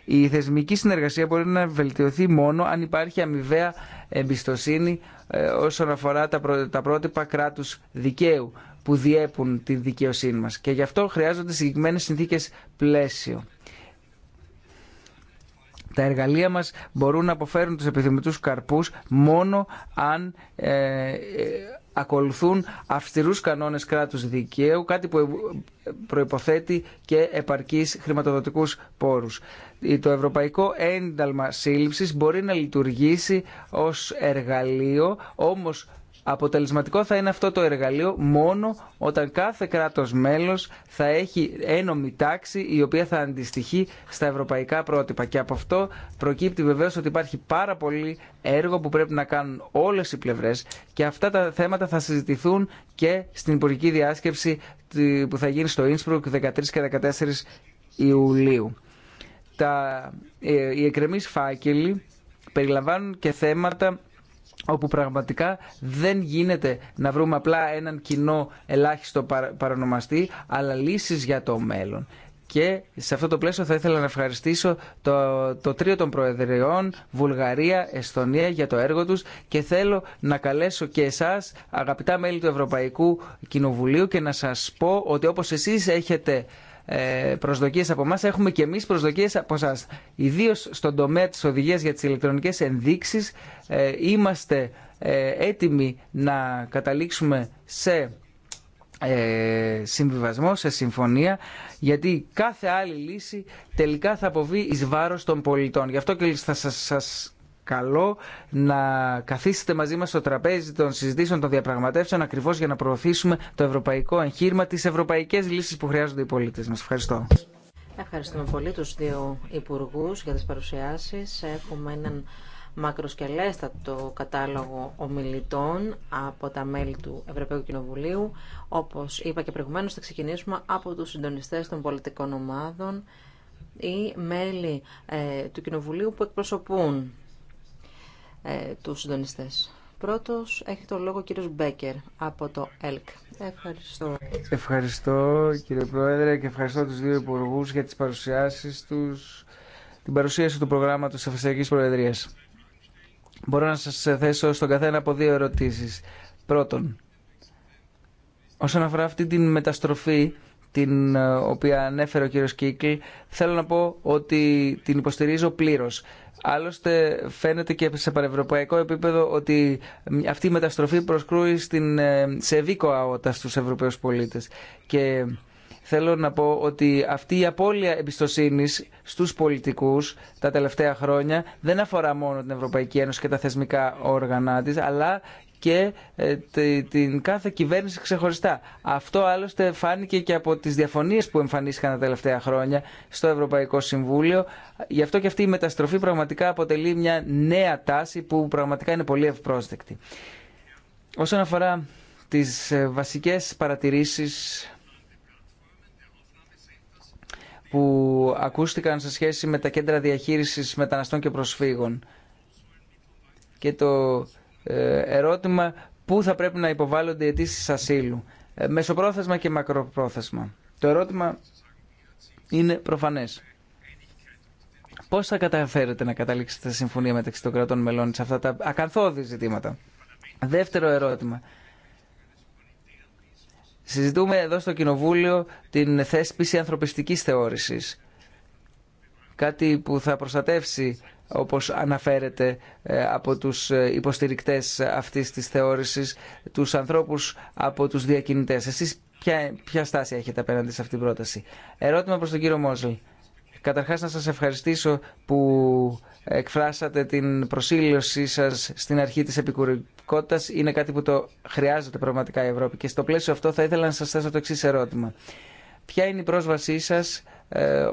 Η θεσμική συνεργασία μπορεί να βελτιωθεί μόνο αν υπάρχει αμοιβαία εμπιστοσύνη όσον αφορά τα πρότυπα κράτους δικαίου που διέπουν τη δικαιοσύνη μας. Και γι' αυτό χρειάζονται συγκεκριμένες συνθήκες πλαίσιο. Τα εργαλεία μας μπορούν να αποφέρουν τους επιθυμητούς καρπούς μόνο αν ε, ε, ακολουθούν αυστηρούς κανόνες κράτους δικαίου, κάτι που προϋποθέτει και επαρκείς χρηματοδοτικούς πόρους. Το Ευρωπαϊκό Ένταλμα Σύλληψης μπορεί να λειτουργήσει ως εργαλείο, όμως αποτελεσματικό θα είναι αυτό το εργαλείο μόνο όταν κάθε κράτος μέλος θα έχει ένομη τάξη η οποία θα αντιστοιχεί στα ευρωπαϊκά πρότυπα. Και από αυτό προκύπτει βεβαίως ότι υπάρχει πάρα πολύ έργο που πρέπει να κάνουν όλες οι πλευρές και αυτά τα θέματα θα συζητηθούν και στην υπουργική διάσκεψη που θα γίνει στο Ίνσπρουκ 13 και 14 Ιουλίου. Τα, ε, οι εκκρεμείς φάκελοι περιλαμβάνουν και θέματα όπου πραγματικά δεν γίνεται να βρούμε απλά έναν κοινό ελάχιστο παρονομαστή, αλλά λύσεις για το μέλλον. Και σε αυτό το πλαίσιο θα ήθελα να ευχαριστήσω το, το τρίο των Προεδριών, Βουλγαρία, Εστονία για το έργο τους και θέλω να καλέσω και εσάς αγαπητά μέλη του Ευρωπαϊκού Κοινοβουλίου και να σας πω ότι όπως εσείς έχετε ε, προσδοκίε από εμά, έχουμε και εμεί προσδοκίε από εσά. Ιδίω στον τομέα τη οδηγία για τι ηλεκτρονικέ ενδείξει, ε, είμαστε ε, έτοιμοι να καταλήξουμε σε συμβιβασμό, σε συμφωνία γιατί κάθε άλλη λύση τελικά θα αποβεί ει βάρο των πολιτών. Γι' αυτό και θα σας καλό να καθίσετε μαζί μας στο τραπέζι των συζητήσεων των διαπραγματεύσεων ακριβώς για να προωθήσουμε το ευρωπαϊκό εγχείρημα, τις ευρωπαϊκές λύσεις που χρειάζονται οι πολίτες μας. Ευχαριστώ. Ευχαριστούμε πολύ τους δύο υπουργούς για τις παρουσιάσεις. Έχουμε έναν μακροσκελέστατο κατάλογο ομιλητών από τα μέλη του Ευρωπαϊκού Κοινοβουλίου. Όπως είπα και προηγουμένως, θα ξεκινήσουμε από τους συντονιστές των πολιτικών ομάδων ή μέλη ε, του Κοινοβουλίου που εκπροσωπούν ε, τους συντονιστές. Πρώτος έχει το λόγο ο κύριο Μπέκερ από το ΕΛΚ. Ευχαριστώ. Ευχαριστώ κύριε Πρόεδρε και ευχαριστώ τους δύο υπουργού για τις παρουσιάσεις τους, την παρουσίαση του προγράμματος της Προεδρία. Μπορώ να σας θέσω στον καθένα από δύο ερωτήσεις. Πρώτον, όσον αφορά αυτή την μεταστροφή την ε, οποία ανέφερε ο κύριος Κίκλ, θέλω να πω ότι την υποστηρίζω πλήρως. Άλλωστε φαίνεται και σε παρευρωπαϊκό επίπεδο ότι αυτή η μεταστροφή προσκρούει στην, ε, σε δίκο αότα στους Ευρωπαίους πολίτες. Και θέλω να πω ότι αυτή η απώλεια εμπιστοσύνης στους πολιτικούς τα τελευταία χρόνια δεν αφορά μόνο την Ευρωπαϊκή Ένωση και τα θεσμικά όργανα της, αλλά και ε, την κάθε κυβέρνηση ξεχωριστά. Αυτό άλλωστε φάνηκε και από τις διαφωνίες που εμφανίστηκαν τα τελευταία χρόνια στο Ευρωπαϊκό Συμβούλιο. Γι' αυτό και αυτή η μεταστροφή πραγματικά αποτελεί μια νέα τάση που πραγματικά είναι πολύ ευπρόσδεκτη. Όσον αφορά τις ε, βασικές παρατηρήσεις που ακούστηκαν σε σχέση με τα κέντρα διαχείρισης μεταναστών και προσφύγων και το ε, ερώτημα πού θα πρέπει να υποβάλλονται οι αιτήσει ασύλου, ε, μεσοπρόθεσμα και μακροπρόθεσμα. Το ερώτημα είναι προφανές. Πώς θα καταφέρετε να καταλήξετε συμφωνία μεταξύ των κρατών μελών σε αυτά τα ακαθόδη ζητήματα. Δεύτερο ερώτημα. Συζητούμε εδώ στο Κοινοβούλιο την θέσπιση ανθρωπιστικής θεώρησης. Κάτι που θα προστατεύσει όπως αναφέρεται ε, από τους ε, υποστηρικτές αυτής της θεώρησης, τους ανθρώπους από τους διακινητές. Εσείς ποια, ποια στάση έχετε απέναντι σε αυτή την πρόταση. Ερώτημα προς τον κύριο Μόζελ. Καταρχάς να σας ευχαριστήσω που εκφράσατε την προσήλωσή σας στην αρχή της επικουρικότητας. Είναι κάτι που το χρειάζεται πραγματικά η Ευρώπη. Και στο πλαίσιο αυτό θα ήθελα να σας θέσω το εξή ερώτημα. Ποια είναι η πρόσβασή σας ε,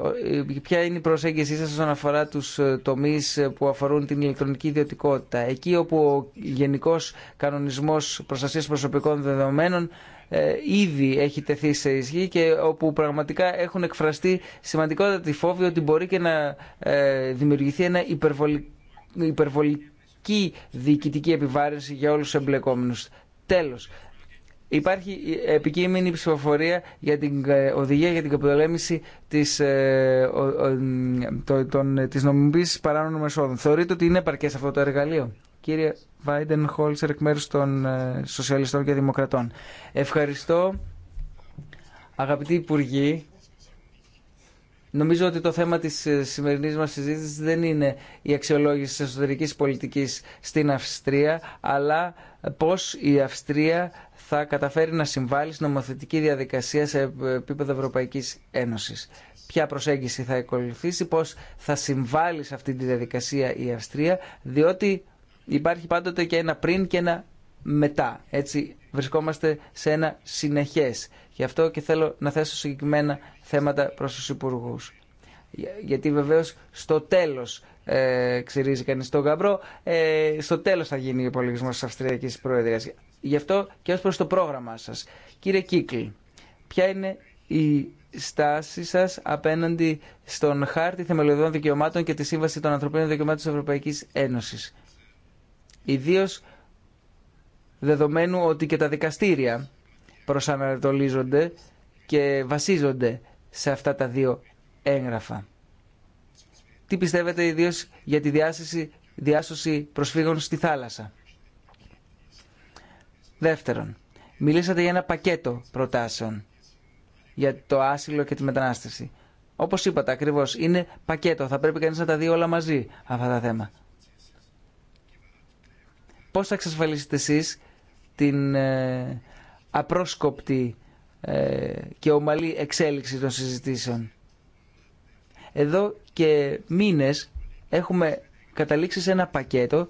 ποια είναι η προσέγγιση σας όσον αφορά τους ε, τομείς ε, που αφορούν την ηλεκτρονική ιδιωτικότητα. Εκεί όπου ο Γενικός Κανονισμός Προστασίας Προσωπικών Δεδομένων ήδη έχει τεθεί σε ισχύ και όπου πραγματικά έχουν εκφραστεί σημαντικότατη φόβη ότι μπορεί και να δημιουργηθεί ένα υπερβολική διοικητική επιβάρυνση για όλους τους εμπλεκόμενους. Τέλος, Υπάρχει επικείμενη ψηφοφορία για την ε, οδηγία για την καπιτολέμηση της, ε, ε, της νομιμοποίησης παράνομων μεσόδων. Θεωρείτε ότι είναι επαρκές αυτό το εργαλείο. Κύριε Βάιντεν Χόλσερ εκ μέρους των Σοσιαλιστών και Δημοκρατών. Ευχαριστώ αγαπητοί Υπουργοί Νομίζω ότι το θέμα της ε, σημερινής μας συζήτησης δεν είναι η αξιολόγηση της εσωτερικής πολιτικής στην Αυστρία, αλλά πώς η Αυστρία θα καταφέρει να συμβάλλει στην νομοθετική διαδικασία σε ε, επίπεδο Ευρωπαϊκής Ένωσης. Ποια προσέγγιση θα ακολουθήσει, πώς θα συμβάλλει σε αυτή τη διαδικασία η Αυστρία, διότι υπάρχει πάντοτε και ένα πριν και ένα μετά. Έτσι βρισκόμαστε σε ένα συνεχές. Γι' αυτό και θέλω να θέσω συγκεκριμένα θέματα προς τους υπουργού. Γιατί βεβαίως στο τέλος ε, ξυρίζει κανείς τον γαμπρό, ε, στο τέλος θα γίνει ο υπολογισμό της Αυστριακής Προεδρίας. Γι' αυτό και ως προς το πρόγραμμά σας. Κύριε Κίκλη, ποια είναι η στάση σας απέναντι στον χάρτη θεμελιωδών δικαιωμάτων και τη Σύμβαση των Ανθρωπίνων Δικαιωμάτων της Ευρωπαϊκής Ένωσης δεδομένου ότι και τα δικαστήρια προσανατολίζονται και βασίζονται σε αυτά τα δύο έγγραφα. Τι πιστεύετε ιδίω για τη διάσωση, διάσωση προσφύγων στη θάλασσα. Δεύτερον, μιλήσατε για ένα πακέτο προτάσεων για το άσυλο και τη μετανάστευση. Όπως είπατε ακριβώς, είναι πακέτο, θα πρέπει κανείς να τα δει όλα μαζί αυτά τα θέματα. Πώς θα εξασφαλίσετε εσεί την ε, απρόσκοπτη ε, και ομαλή εξέλιξη των συζητήσεων. Εδώ και μήνες έχουμε καταλήξει σε ένα πακέτο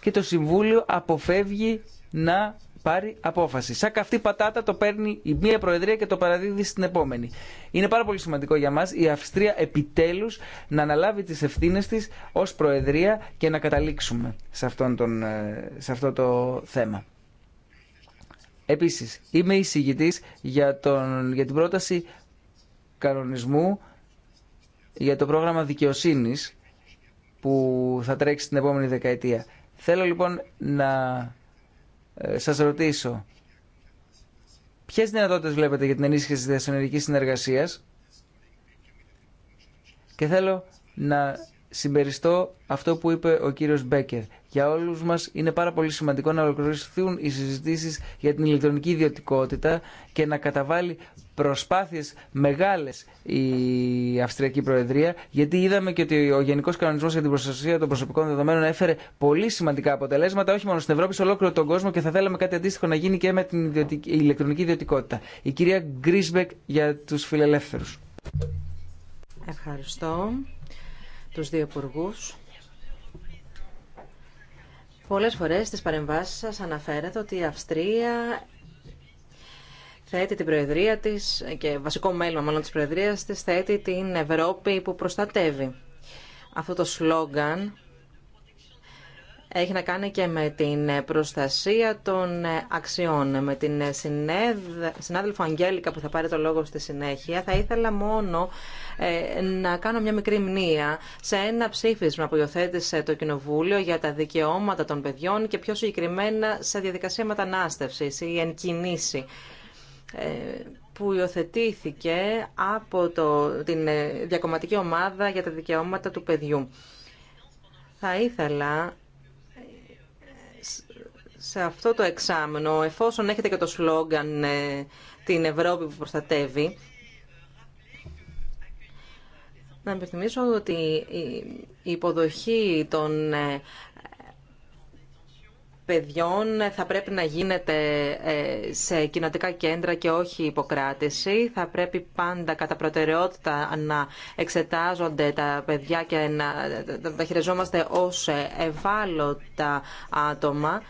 και το Συμβούλιο αποφεύγει να πάρει απόφαση. Σαν καυτή πατάτα το παίρνει η μία Προεδρία και το παραδίδει στην επόμενη. Είναι πάρα πολύ σημαντικό για μα η Αυστρία επιτέλου να αναλάβει τι ευθύνε τη ω Προεδρία και να καταλήξουμε σε, αυτόν τον, ε, σε αυτό το θέμα. Επίσης, είμαι εισηγητής για, τον, για την πρόταση κανονισμού για το πρόγραμμα δικαιοσύνης που θα τρέξει την επόμενη δεκαετία. Θέλω λοιπόν να ε, σας ρωτήσω, ποιες δυνατότητες βλέπετε για την ενίσχυση της διασυνορικής συνεργασίας και θέλω να συμπεριστώ αυτό που είπε ο κύριος Μπέκερ. Για όλους μας είναι πάρα πολύ σημαντικό να ολοκληρωθούν οι συζητήσεις για την ηλεκτρονική ιδιωτικότητα και να καταβάλει προσπάθειες μεγάλες η Αυστριακή Προεδρία γιατί είδαμε και ότι ο Γενικός Κανονισμός για την Προστασία των Προσωπικών Δεδομένων έφερε πολύ σημαντικά αποτελέσματα όχι μόνο στην Ευρώπη, σε ολόκληρο τον κόσμο και θα θέλαμε κάτι αντίστοιχο να γίνει και με την ηλεκτρονική ιδιωτικότητα. Η κυρία Γκρίσμπεκ για τους φιλελεύθερου. Ευχαριστώ τους δύο υπουργού. Πολλές φορές στις παρεμβάσεις σας αναφέρεται ότι η Αυστρία θέτει την Προεδρία της και βασικό μέλημα μάλλον της Προεδρίας της θέτει την Ευρώπη που προστατεύει. Αυτό το σλόγγαν έχει να κάνει και με την προστασία των αξιών. Με την συνάδελφο Αγγέλικα που θα πάρει το λόγο στη συνέχεια, θα ήθελα μόνο ε, να κάνω μια μικρή μνήα σε ένα ψήφισμα που υιοθέτησε το Κοινοβούλιο για τα δικαιώματα των παιδιών και πιο συγκεκριμένα σε διαδικασία μετανάστευση ή Ε, που υιοθετήθηκε από το, την ε, διακομματική ομάδα για τα δικαιώματα του παιδιού. Θα ήθελα σε αυτό το εξάμεινο, εφόσον έχετε και το σλόγγαν ε, «Την Ευρώπη που προστατεύει», να υπενθυμίσω ότι η υποδοχή των ε, παιδιών θα πρέπει να γίνεται ε, σε κοινοτικά κέντρα και όχι υποκράτηση. Θα πρέπει πάντα κατά προτεραιότητα να εξετάζονται τα παιδιά και να τα χειριζόμαστε ως ευάλωτα άτομα.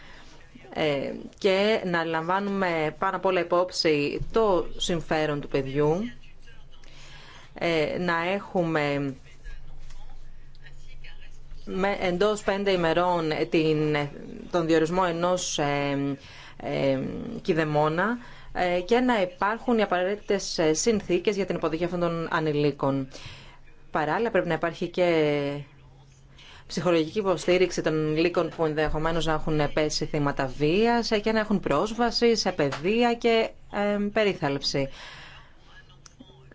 Ε, και να λαμβάνουμε πάνω απ' όλα υπόψη το συμφέρον του παιδιού, ε, να έχουμε με, εντός πέντε ημερών την, τον διορισμό ενός ε, ε κηδεμόνα και να υπάρχουν οι απαραίτητες συνθήκες για την υποδοχή αυτών των ανηλίκων. Παράλληλα πρέπει να υπάρχει και ψυχολογική υποστήριξη των λύκων που ενδεχομένω να έχουν πέσει θύματα βία και να έχουν πρόσβαση σε παιδεία και περίθαλψη.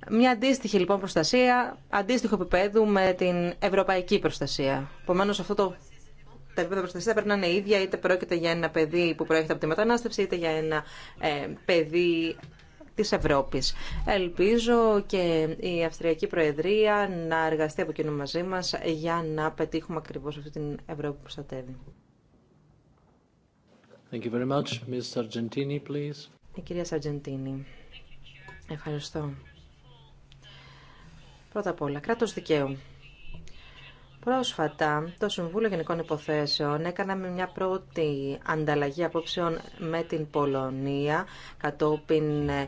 Μια αντίστοιχη λοιπόν προστασία, αντίστοιχο επίπεδο με την ευρωπαϊκή προστασία. Επομένω, αυτό το τα επίπεδα προστασία πρέπει να είναι ίδια, είτε πρόκειται για ένα παιδί που προέρχεται από τη μετανάστευση, είτε για ένα ε, παιδί της Ευρώπης. Ελπίζω και η Αυστριακή Προεδρία να εργαστεί από κοινού μαζί μας για να πετύχουμε ακριβώς αυτή την Ευρώπη που προστατεύει. Thank you very much. Mr. Argentini, please. Η κυρία Σαρτζεντίνη. Ευχαριστώ. Πρώτα απ' όλα, κράτος δικαίου. Πρόσφατα, το Συμβούλιο Γενικών Υποθέσεων έκαναμε μια πρώτη ανταλλαγή απόψεων με την Πολωνία κατόπιν ε,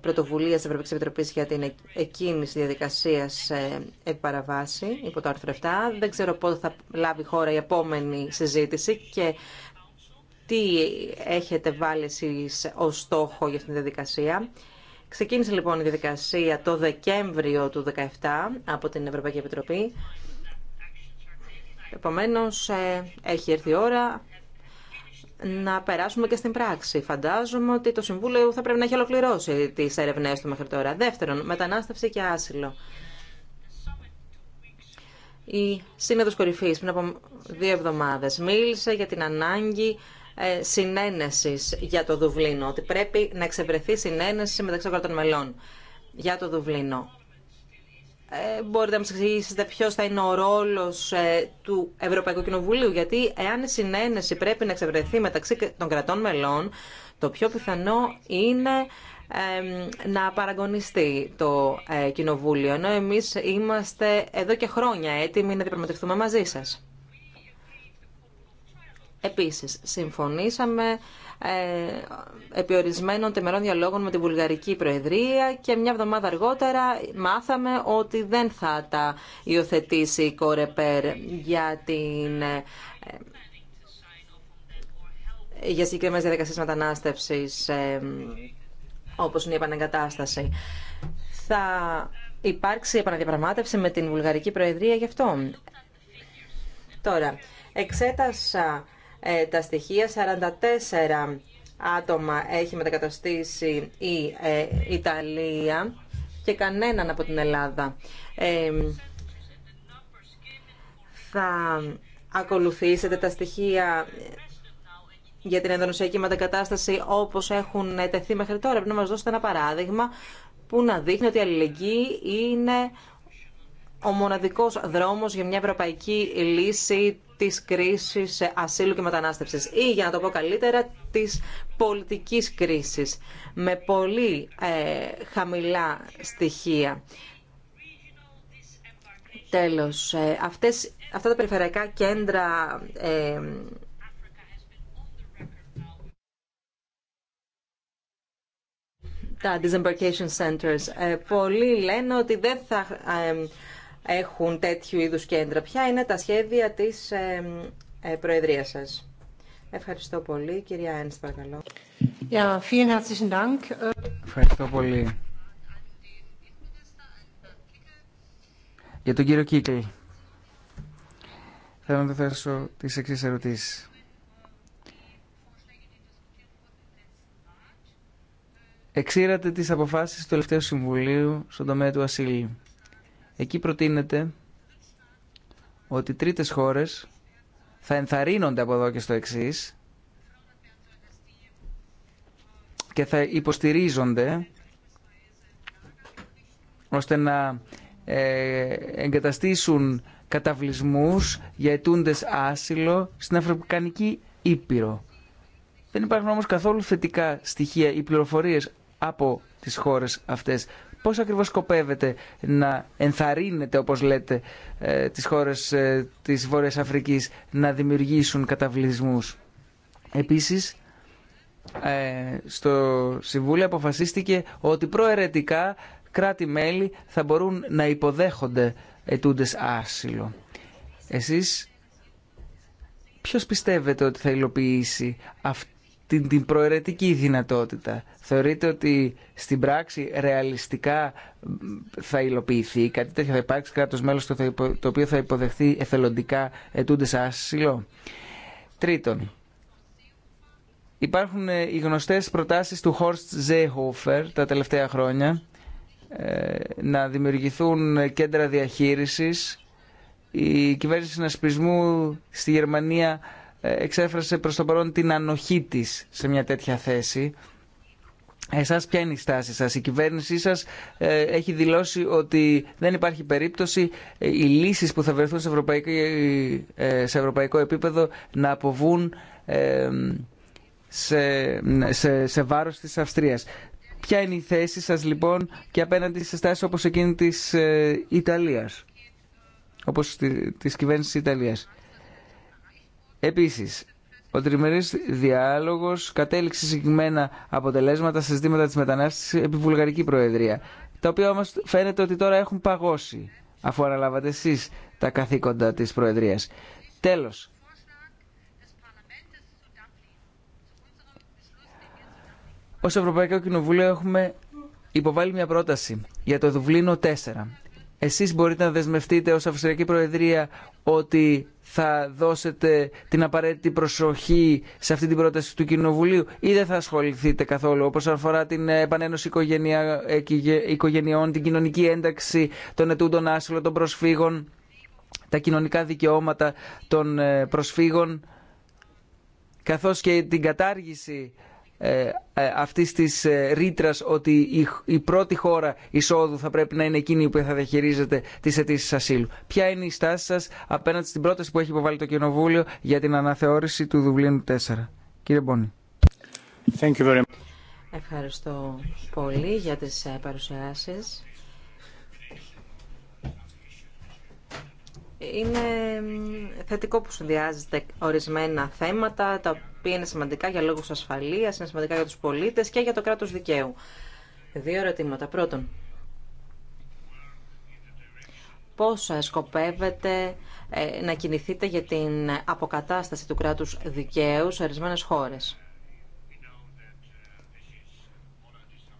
πρωτοβουλίας της Ευρωπαϊκής Επιτροπής για την εκκίνηση διαδικασίας ε, παραβάση υπό το άρθρο 7. Δεν ξέρω πότε θα λάβει η χώρα η επόμενη συζήτηση και τι έχετε βάλει εσείς ως στόχο για αυτήν την διαδικασία. Ξεκίνησε λοιπόν η διαδικασία το Δεκέμβριο του 2017 από την Ευρωπαϊκή Επιτροπή Επομένως, ε, έχει έρθει η ώρα να περάσουμε και στην πράξη. Φαντάζομαι ότι το Συμβούλιο θα πρέπει να έχει ολοκληρώσει τις ερευνές του μέχρι τώρα. Δεύτερον, μετανάστευση και άσυλο. Η Σύνοδος Κορυφής πριν από δύο εβδομάδες μίλησε για την ανάγκη ε, συνένεσης για το Δουβλίνο, ότι πρέπει να εξευρεθεί συνένεση μεταξύ των κρατών μελών για το Δουβλίνο. Ε, μπορείτε να μας εξηγήσετε ποιος θα είναι ο ρόλος ε, του Ευρωπαϊκού Κοινοβουλίου, γιατί εάν η συνένεση πρέπει να εξευρεθεί μεταξύ των κρατών μελών, το πιο πιθανό είναι να παραγωνιστεί το ε, Κοινοβούλιο, ενώ εμείς είμαστε εδώ και χρόνια έτοιμοι να διαπραγματευτούμε μαζί σας. Επίσης, συμφωνήσαμε ε, επιορισμένων τεμερών διαλόγων με την Βουλγαρική Προεδρία και μια εβδομάδα αργότερα μάθαμε ότι δεν θα τα υιοθετήσει η Κορεπέρ για την ε, ε, για συγκεκριμένες διαδικασίες μετανάστευσης όπως είναι η επαναγκατάσταση. Θα υπάρξει επαναδιαπραγμάτευση με την Βουλγαρική Προεδρία γι' αυτό. Τώρα, εξέτασα ε, τα στοιχεία. 44 άτομα έχει μετακαταστήσει η ε, Ιταλία και κανέναν από την Ελλάδα. Ε, θα ακολουθήσετε τα στοιχεία για την ενδονοσιακή μετακατάσταση όπως έχουν τεθεί μέχρι τώρα. Πρέπει να μας δώσετε ένα παράδειγμα που να δείχνει ότι η αλληλεγγύη είναι ο μοναδικός δρόμος για μια ευρωπαϊκή λύση της κρίσης ασύλου και μετανάστευσης ή για να το πω καλύτερα της πολιτικής κρίσης με πολύ ε, χαμηλά στοιχεία. Τέλος, ε, αυτές, αυτά τα περιφερειακά κέντρα ε, τα disembarkation centers. πολλοί λένε ότι δεν θα έχουν τέτοιου είδους κέντρα. Ποια είναι τα σχέδια της ε, ε, Προεδρίας σας. Ευχαριστώ πολύ. Κυρία Ένστ, παρακαλώ. vielen herzlichen Dank. Ευχαριστώ πολύ. Για τον κύριο Κίκλ, θέλω να θέσω τις εξής ερωτήσεις. Εξήρατε τις αποφάσεις του τελευταίου συμβουλίου στον τομέα του ασύλου. Εκεί προτείνεται ότι τρίτες χώρες θα ενθαρρύνονται από εδώ και στο εξή και θα υποστηρίζονται ώστε να ε, εγκαταστήσουν καταβλισμούς για ετούντες άσυλο στην Αφρικανική Ήπειρο. Δεν υπάρχουν όμως καθόλου θετικά στοιχεία ή πληροφορίες από τις χώρες αυτές Πώς ακριβώς σκοπεύετε να ενθαρρύνετε, όπως λέτε, ε, τις χώρες ε, της Βόρειας Αφρικής να δημιουργήσουν καταβλισμούς. Επίσης, ε, στο Συμβούλιο αποφασίστηκε ότι προαιρετικά κράτη-μέλη θα μπορούν να υποδέχονται ετούντες άσυλο. Εσείς ποιος πιστεύετε ότι θα υλοποιήσει αυτό την, την προαιρετική δυνατότητα. Θεωρείτε ότι στην πράξη ρεαλιστικά θα υλοποιηθεί κάτι τέτοιο, θα υπάρξει κράτος μέλο το, οποίο θα υποδεχθεί εθελοντικά ετούντε άσυλο. Τρίτον, υπάρχουν ε, οι γνωστέ προτάσει του Horst Seehofer τα τελευταία χρόνια ε, να δημιουργηθούν ε, κέντρα διαχείρισης η κυβέρνηση συνασπισμού στη Γερμανία εξέφρασε προς το παρόν την ανοχή της σε μια τέτοια θέση. Εσάς ποια είναι η στάση σας. Η κυβέρνησή σας ε, έχει δηλώσει ότι δεν υπάρχει περίπτωση ε, οι λύσεις που θα βρεθούν σε ε, ευρωπαϊκό, επίπεδο να αποβούν σε, σε, σε βάρος της Αυστρίας. Ποια είναι η θέση σας λοιπόν και απέναντι σε στάσεις όπως εκείνη της Ιταλίας, όπως της κυβέρνησης της Ιταλίας. Επίσης, ο τριμερής διάλογος κατέληξε συγκεκριμένα αποτελέσματα σε ζητήματα της μετανάστευσης επί βουλγαρική προεδρία, τα οποία όμως φαίνεται ότι τώρα έχουν παγώσει, αφού αναλάβατε εσείς τα καθήκοντα της προεδρίας. Τέλος, ως Ευρωπαϊκό Κοινοβούλιο έχουμε υποβάλει μια πρόταση για το Δουβλίνο 4 εσείς μπορείτε να δεσμευτείτε ως Αυστριακή Προεδρία ότι θα δώσετε την απαραίτητη προσοχή σε αυτή την πρόταση του Κοινοβουλίου ή δεν θα ασχοληθείτε καθόλου όπως αφορά την ε, επανένωση οικογενειών, την κοινωνική ένταξη των ετούντων άσυλων, των προσφύγων, τα κοινωνικά δικαιώματα των ε, προσφύγων καθώς και την κατάργηση ε, ε, αυτής της ε, ρήτρα ότι η πρώτη χώρα εισόδου θα πρέπει να είναι εκείνη που θα διαχειρίζεται τις αιτήσει ασύλου. Ποια είναι η στάση σας απέναντι στην πρόταση που έχει υποβάλει το Κοινοβούλιο για την αναθεώρηση του Δουβλίνου 4. Κύριε Μπόνη. Ευχαριστώ πολύ για τις παρουσιάσεις. Είναι θετικό που συνδυάζεται ορισμένα θέματα, τα οποία είναι σημαντικά για λόγους ασφαλείας, είναι σημαντικά για τους πολίτες και για το κράτος δικαίου. Δύο ερωτήματα. Πρώτον, πώς ε, σκοπεύετε ε, να κινηθείτε για την αποκατάσταση του κράτους δικαίου σε ορισμένες χώρες.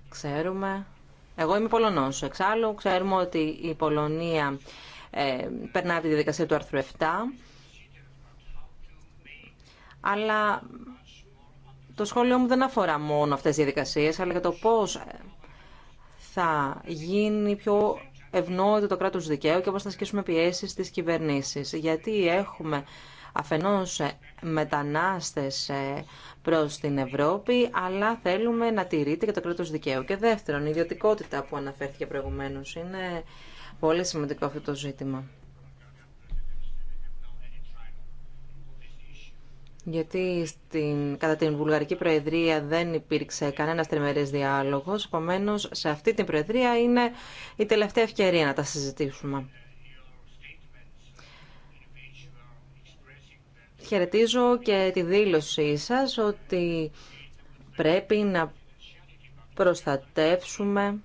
Ξέρουμε. Εγώ είμαι Πολωνός. Εξάλλου, ξέρουμε ότι η Πολωνία ε, περνάει τη διαδικασία του άρθρου 7 αλλά το σχόλιο μου δεν αφορά μόνο αυτές τις διαδικασίες, αλλά για το πώς θα γίνει πιο ευνόητο το κράτος δικαίου και πώς θα ασκήσουμε πιέσεις στις κυβερνήσεις. Γιατί έχουμε αφενός μετανάστες ε, προς την Ευρώπη, αλλά θέλουμε να τηρείται και το κράτος δικαίου. Και δεύτερον, η ιδιωτικότητα που αναφέρθηκε προηγουμένως είναι Πολύ σημαντικό αυτό το ζήτημα. Γιατί στην, κατά την Βουλγαρική Προεδρία δεν υπήρξε κανένα τριμερή διάλογο. Επομένω, σε αυτή την Προεδρία είναι η τελευταία ευκαιρία να τα συζητήσουμε. Χαιρετίζω και τη δήλωσή σας ότι πρέπει να προστατεύσουμε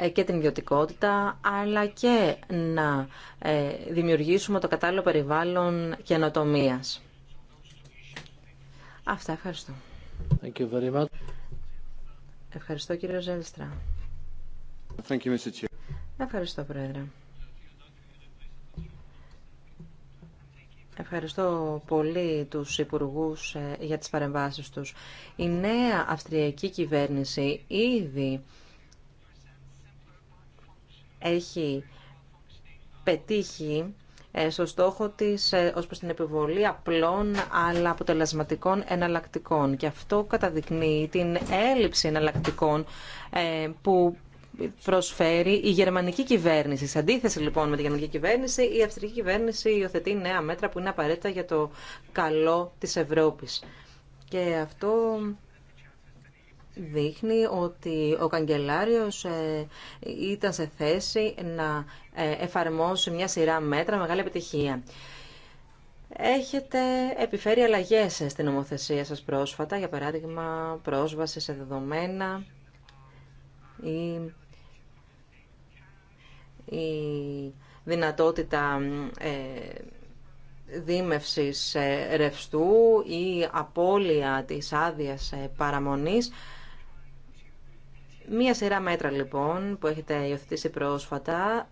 ε, και την ιδιωτικότητα, αλλά και να ε, δημιουργήσουμε το κατάλληλο περιβάλλον καινοτομία. Αυτά, ευχαριστώ. Ευχαριστώ κύριε Ζέλστρα. Ευχαριστώ Πρόεδρε. Ευχαριστώ πολύ τους υπουργούς ε, για τις παρεμβάσεις τους. Η νέα αυστριακή κυβέρνηση ήδη έχει πετύχει ε, στο στόχο της ε, ως προς την επιβολή απλών αλλά αποτελεσματικών εναλλακτικών. Και αυτό καταδεικνύει την έλλειψη εναλλακτικών ε, που προσφέρει η γερμανική κυβέρνηση. Σε αντίθεση λοιπόν με τη γερμανική κυβέρνηση, η αυστρική κυβέρνηση υιοθετεί νέα μέτρα που είναι απαραίτητα για το καλό της Ευρώπης. Και αυτό δείχνει ότι ο καγκελάριος ε, ήταν σε θέση να ε, εφαρμόσει μια σειρά μέτρα μεγάλη επιτυχία. Έχετε επιφέρει αλλαγές στην νομοθεσία σας πρόσφατα, για παράδειγμα πρόσβαση σε δεδομένα ή η δυνατότητα ε, δίμευσης ρευστού ή απώλεια της άδειας παραμονής. Μία σειρά μέτρα λοιπόν που έχετε υιοθετήσει πρόσφατα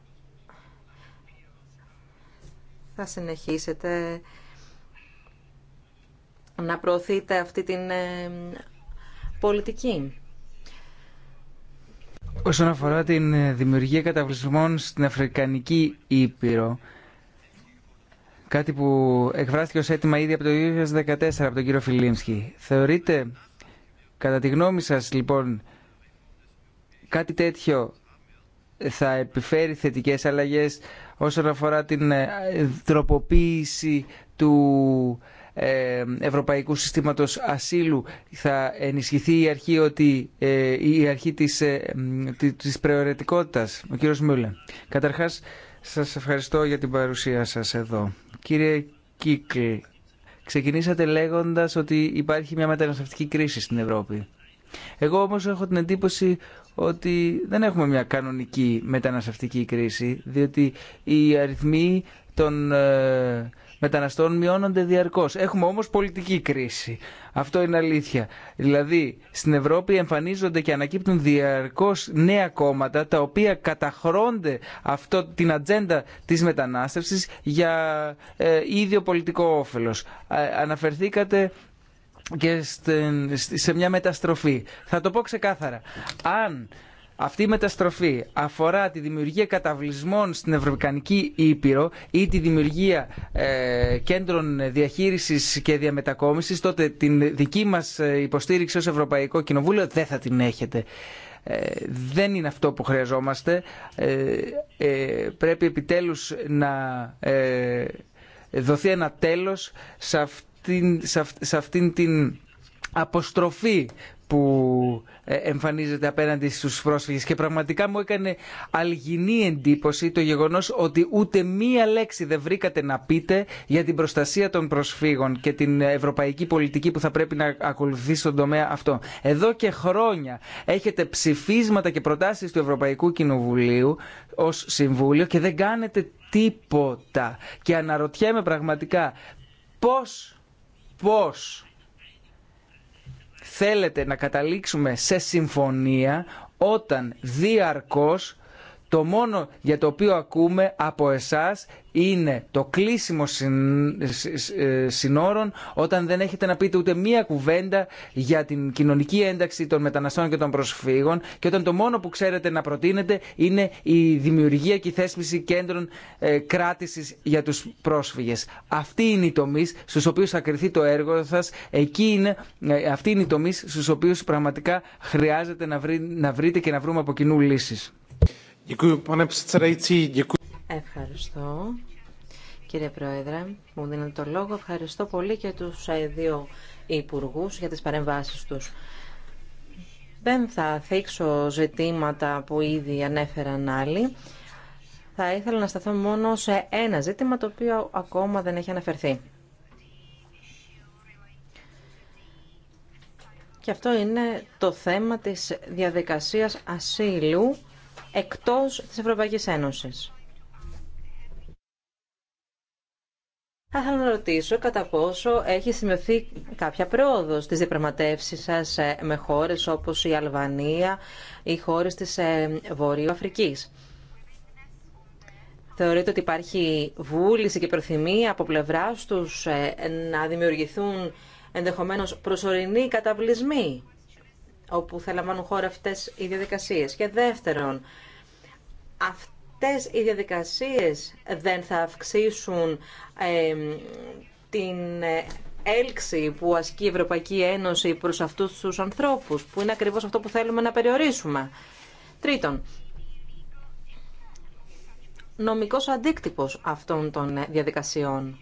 θα συνεχίσετε να προωθείτε αυτή την ε, πολιτική. Όσον αφορά την ε, δημιουργία καταβλησμών στην Αφρικανική Ήπειρο, κάτι που εκφράστηκε ως αίτημα ήδη από το 2014 από τον κύριο Φιλίμσκι, θεωρείτε κατά τη γνώμη σας λοιπόν κάτι τέτοιο θα επιφέρει θετικές αλλαγές όσον αφορά την ε, τροποποίηση του ε, Ευρωπαϊκού Συστήματος Ασύλου. Θα ενισχυθεί η αρχή, ότι, ε, η αρχή της, της προαιρετικότητας. Ο κύριος Μιούλε. Καταρχάς, σας ευχαριστώ για την παρουσία σας εδώ. Κύριε Κίκλ, ξεκινήσατε λέγοντας ότι υπάρχει μια μεταναστευτική κρίση στην Ευρώπη. Εγώ όμως έχω την εντύπωση ότι δεν έχουμε μια κανονική μεταναστευτική κρίση, διότι οι αριθμοί των ε, μεταναστών μειώνονται διαρκώς. Έχουμε όμως πολιτική κρίση. Αυτό είναι αλήθεια. Δηλαδή, στην Ευρώπη εμφανίζονται και ανακύπτουν διαρκώς νέα κόμματα τα οποία καταχρώνται αυτό, την ατζέντα της μετανάστευσης για ε, ίδιο πολιτικό όφελος. Ε, αναφερθήκατε και σε μια μεταστροφή. Θα το πω ξεκάθαρα. Αν αυτή η μεταστροφή αφορά τη δημιουργία καταβλισμών στην Ευρωπαϊκή Ήπειρο ή τη δημιουργία ε, κέντρων διαχείρισης και διαμετακόμισης, τότε την δική μας ε, υποστήριξη ως Ευρωπαϊκό Κοινοβούλιο δεν θα την έχετε. Ε, δεν είναι αυτό που χρειαζόμαστε. πρέπει επιτέλους να δοθεί ένα τέλος σε σε αυτήν την αποστροφή που ε, εμφανίζεται απέναντι στους πρόσφυγες και πραγματικά μου έκανε αλγινή εντύπωση το γεγονός ότι ούτε μία λέξη δεν βρήκατε να πείτε για την προστασία των προσφύγων και την ευρωπαϊκή πολιτική που θα πρέπει να ακολουθεί στον τομέα αυτό. Εδώ και χρόνια έχετε ψηφίσματα και προτάσεις του Ευρωπαϊκού Κοινοβουλίου ως Συμβούλιο και δεν κάνετε τίποτα. Και αναρωτιέμαι πραγματικά πώς πώς θέλετε να καταλήξουμε σε συμφωνία όταν διαρκώς το μόνο για το οποίο ακούμε από εσάς είναι το κλείσιμο ε, συνόρων όταν δεν έχετε να πείτε ούτε μία κουβέντα για την κοινωνική ένταξη των μεταναστών και των προσφύγων και όταν το μόνο που ξέρετε να προτείνετε είναι η δημιουργία και η θέσπιση κέντρων ε, κράτησης για τους πρόσφυγες. Αυτή είναι η τομή στους οποίους θα κρυθεί το έργο σας. Εκεί είναι, ε, αυτή είναι η τομή στους οποίους πραγματικά χρειάζεται να, βρείτε και να βρούμε από κοινού λύσεις. Ευχαριστώ. Κύριε Πρόεδρε, μου δίνετε το λόγο. Ευχαριστώ πολύ και τους ε, δύο υπουργού για τις παρεμβάσεις τους. Δεν θα θίξω ζητήματα που ήδη ανέφεραν άλλοι. Θα ήθελα να σταθώ μόνο σε ένα ζήτημα το οποίο ακόμα δεν έχει αναφερθεί. Και αυτό είναι το θέμα της διαδικασίας ασύλου εκτός της Ευρωπαϊκής Ένωσης. Θα ήθελα να ρωτήσω κατά πόσο έχει σημειωθεί κάποια πρόοδος στις διαπραγματεύσεις σας ε, με χώρες όπως η Αλβανία ή χώρες της ε, Βορείου Αφρικής. Θεωρείτε ότι υπάρχει βούληση και προθυμία από πλευρά τους ε, να δημιουργηθούν ενδεχομένως προσωρινοί καταβλισμοί όπου θα λαμβάνουν χώρα αυτές οι διαδικασίες. Και δεύτερον, αυτές οι διαδικασίες δεν θα αυξήσουν την ε, έλξη που ασκεί η Ευρωπαϊκή Ένωση προς αυτούς τους ανθρώπους, που είναι ακριβώς αυτό που θέλουμε να περιορίσουμε. Τρίτον, νομικός αντίκτυπος αυτών των ε, διαδικασιών.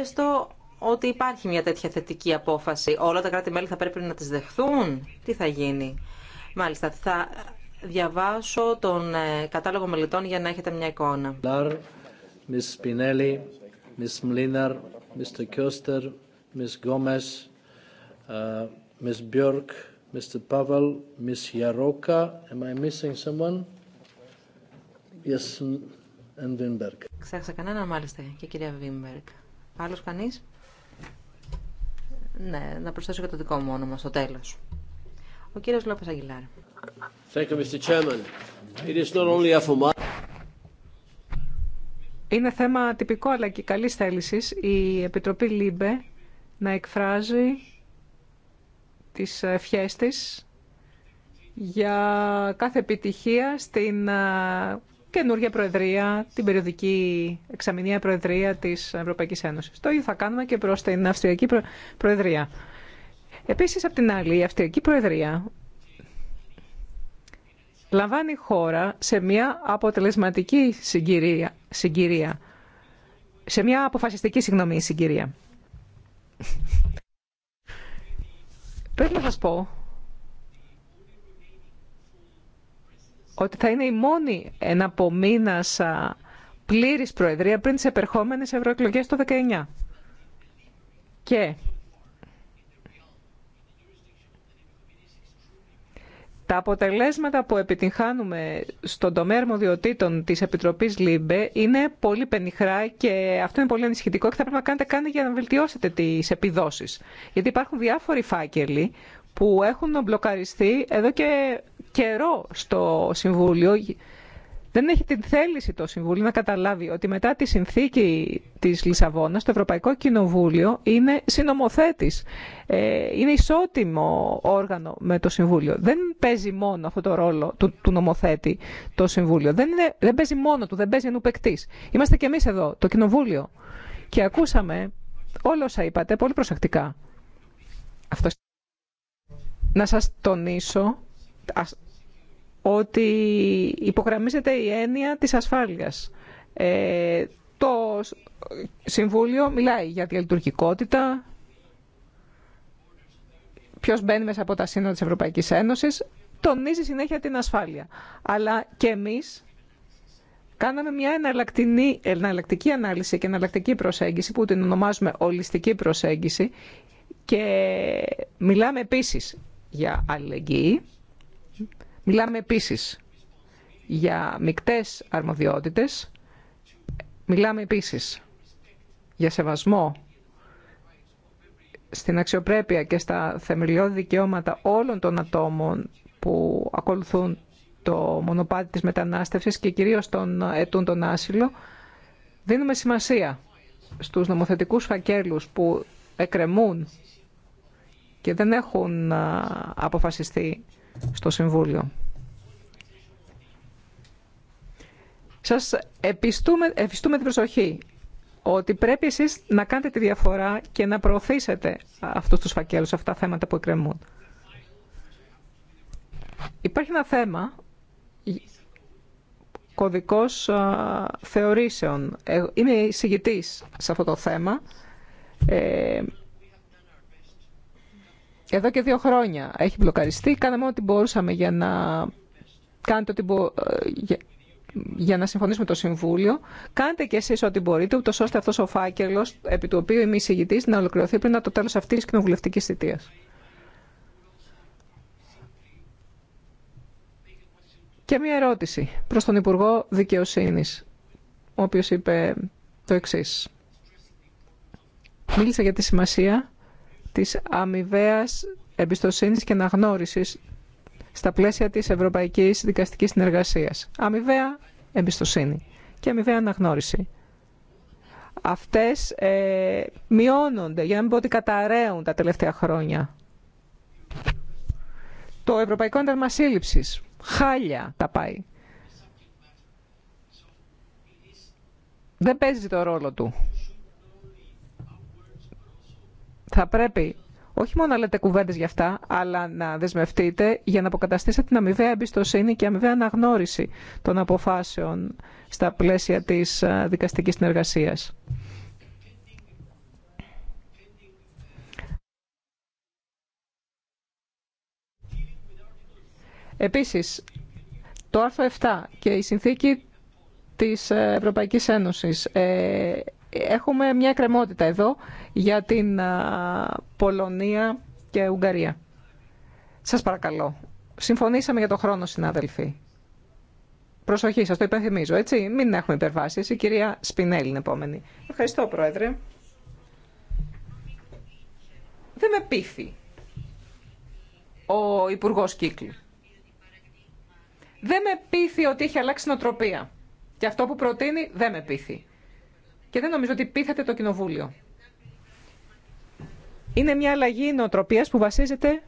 Έστω ότι υπάρχει μια τέτοια θετική απόφαση. Όλα τα κράτη-μέλη θα πρέπει να τις δεχθούν. Τι θα γίνει. Μάλιστα, θα διαβάσω τον ε, κατάλογο μελετών για να έχετε μια εικόνα. Miss Spinelli, Miss Mlinar, Mr. Koester, Miss Gomez, Miss Björk, Mr. Pavel, Miss Yaroka. Am I missing someone? Yes, and Wimberg. Ξέχασα κανένα, μάλιστα, και κυρία Βίμπερκ. Άλλος κανείς? Ναι, να προσθέσω και το δικό μου όνομα στο τέλος. Ο κύριος Λόπες Αγγιλάρη. Είναι θέμα τυπικό αλλά και καλή θέληση η Επιτροπή ΛΥΜΠΕ να εκφράζει τι ευχέ τη. για κάθε επιτυχία στην καινούργια Προεδρία, την περιοδική εξαμηνία Προεδρία τη Ευρωπαϊκή Ένωση. Το ίδιο θα κάνουμε και προ την Αυστριακή Προεδρία. Επίση από την άλλη, η Αυστριακή Προεδρία λαμβάνει χώρα σε μια αποτελεσματική συγκυρία, συγκυρία σε μια αποφασιστική συγγνώμη συγκυρία. Πρέπει να σας πω ότι θα είναι η μόνη εναπομείνας πλήρης προεδρία πριν τις επερχόμενες ευρωεκλογές το 19. Και Τα αποτελέσματα που επιτυγχάνουμε στον τομέα αρμοδιοτήτων της Επιτροπής ΛΥΜΠΕ είναι πολύ πενιχρά και αυτό είναι πολύ ανησυχητικό και θα πρέπει να κάνετε κάνει για να βελτιώσετε τις επιδόσεις. Γιατί υπάρχουν διάφοροι φάκελοι που έχουν μπλοκαριστεί εδώ και καιρό στο Συμβούλιο δεν έχει την θέληση το Συμβούλιο να καταλάβει ότι μετά τη συνθήκη της Λισαβόνας το Ευρωπαϊκό Κοινοβούλιο είναι συνομοθέτης. Ε, είναι ισότιμο όργανο με το Συμβούλιο. Δεν παίζει μόνο αυτό το ρόλο του, του νομοθέτη το Συμβούλιο. Δεν, δεν παίζει μόνο του, δεν παίζει ενού παικτής. Είμαστε κι εμείς εδώ, το Κοινοβούλιο. Και ακούσαμε όλα όσα είπατε πολύ προσεκτικά. Να σας τονίσω ότι υπογραμμίζεται η έννοια της ασφάλειας. Ε, το Συμβούλιο μιλάει για διαλειτουργικότητα, ποιος μπαίνει μέσα από τα σύνορα της Ευρωπαϊκής Ένωσης, τονίζει συνέχεια την ασφάλεια. Αλλά και εμείς κάναμε μια εναλλακτική ανάλυση και εναλλακτική προσέγγιση που την ονομάζουμε ολιστική προσέγγιση και μιλάμε επίσης για αλληλεγγύη Μιλάμε επίσης για μικτές αρμοδιότητες. Μιλάμε επίσης για σεβασμό στην αξιοπρέπεια και στα θεμελιώδη δικαιώματα όλων των ατόμων που ακολουθούν το μονοπάτι της μετανάστευσης και κυρίως των ετούν τον άσυλο, δίνουμε σημασία στους νομοθετικούς φακέλους που εκρεμούν και δεν έχουν αποφασιστεί στο Συμβούλιο. Σας επιστούμε, επιστούμε την προσοχή ότι πρέπει εσείς να κάνετε τη διαφορά και να προωθήσετε αυτούς τους φακέλους, αυτά τα θέματα που εκκρεμούν. Υπάρχει ένα θέμα, κωδικός θεωρήσεων. Ε, είμαι εισηγητής σε αυτό το θέμα. Ε, εδώ και δύο χρόνια έχει μπλοκαριστεί. Κάναμε ό,τι μπορούσαμε για να, κάνετε ό,τι μπο... για... να συμφωνήσουμε το Συμβούλιο. Κάντε και εσείς ό,τι μπορείτε, ούτως ώστε αυτός ο φάκελος, επί του οποίου είμαι εισηγητής, να ολοκληρωθεί πριν από το τέλος αυτής της κοινοβουλευτικής θητείας. Και μία ερώτηση προς τον Υπουργό Δικαιοσύνης, ο οποίος είπε το εξής. Μίλησα για τη σημασία της αμοιβαίας εμπιστοσύνης και αναγνώρισης στα πλαίσια της Ευρωπαϊκής Δικαστικής Συνεργασίας. Αμοιβαία εμπιστοσύνη και αμοιβαία αναγνώριση. Αυτές ε, μειώνονται, για να μην πω ότι καταραίουν τα τελευταία χρόνια. Το Ευρωπαϊκό Εντάγμα Σύλληψης, χάλια τα πάει. Δεν παίζει το ρόλο του θα πρέπει όχι μόνο να λέτε κουβέντε για αυτά, αλλά να δεσμευτείτε για να αποκαταστήσετε την αμοιβαία εμπιστοσύνη και αμοιβαία αναγνώριση των αποφάσεων στα πλαίσια τη ε, δικαστική συνεργασία. Επίσης, το άρθρο 7 και η συνθήκη της ε, Ευρωπαϊκής Ένωσης ε, έχουμε μια εκκρεμότητα εδώ για την Πολωνία και Ουγγαρία. Σας παρακαλώ. Συμφωνήσαμε για το χρόνο, συνάδελφοι. Προσοχή, σας το υπενθυμίζω, έτσι. Μην έχουμε υπερβάσεις. Η κυρία Σπινέλη είναι επόμενη. Ευχαριστώ, Πρόεδρε. Δεν με πείθει ο Υπουργός Κύκλου. Δεν με πείθει ότι έχει αλλάξει νοτροπία. Και αυτό που προτείνει δεν με πείθει και δεν νομίζω ότι πείθεται το Κοινοβούλιο. Είναι μια αλλαγή νοοτροπίας που βασίζεται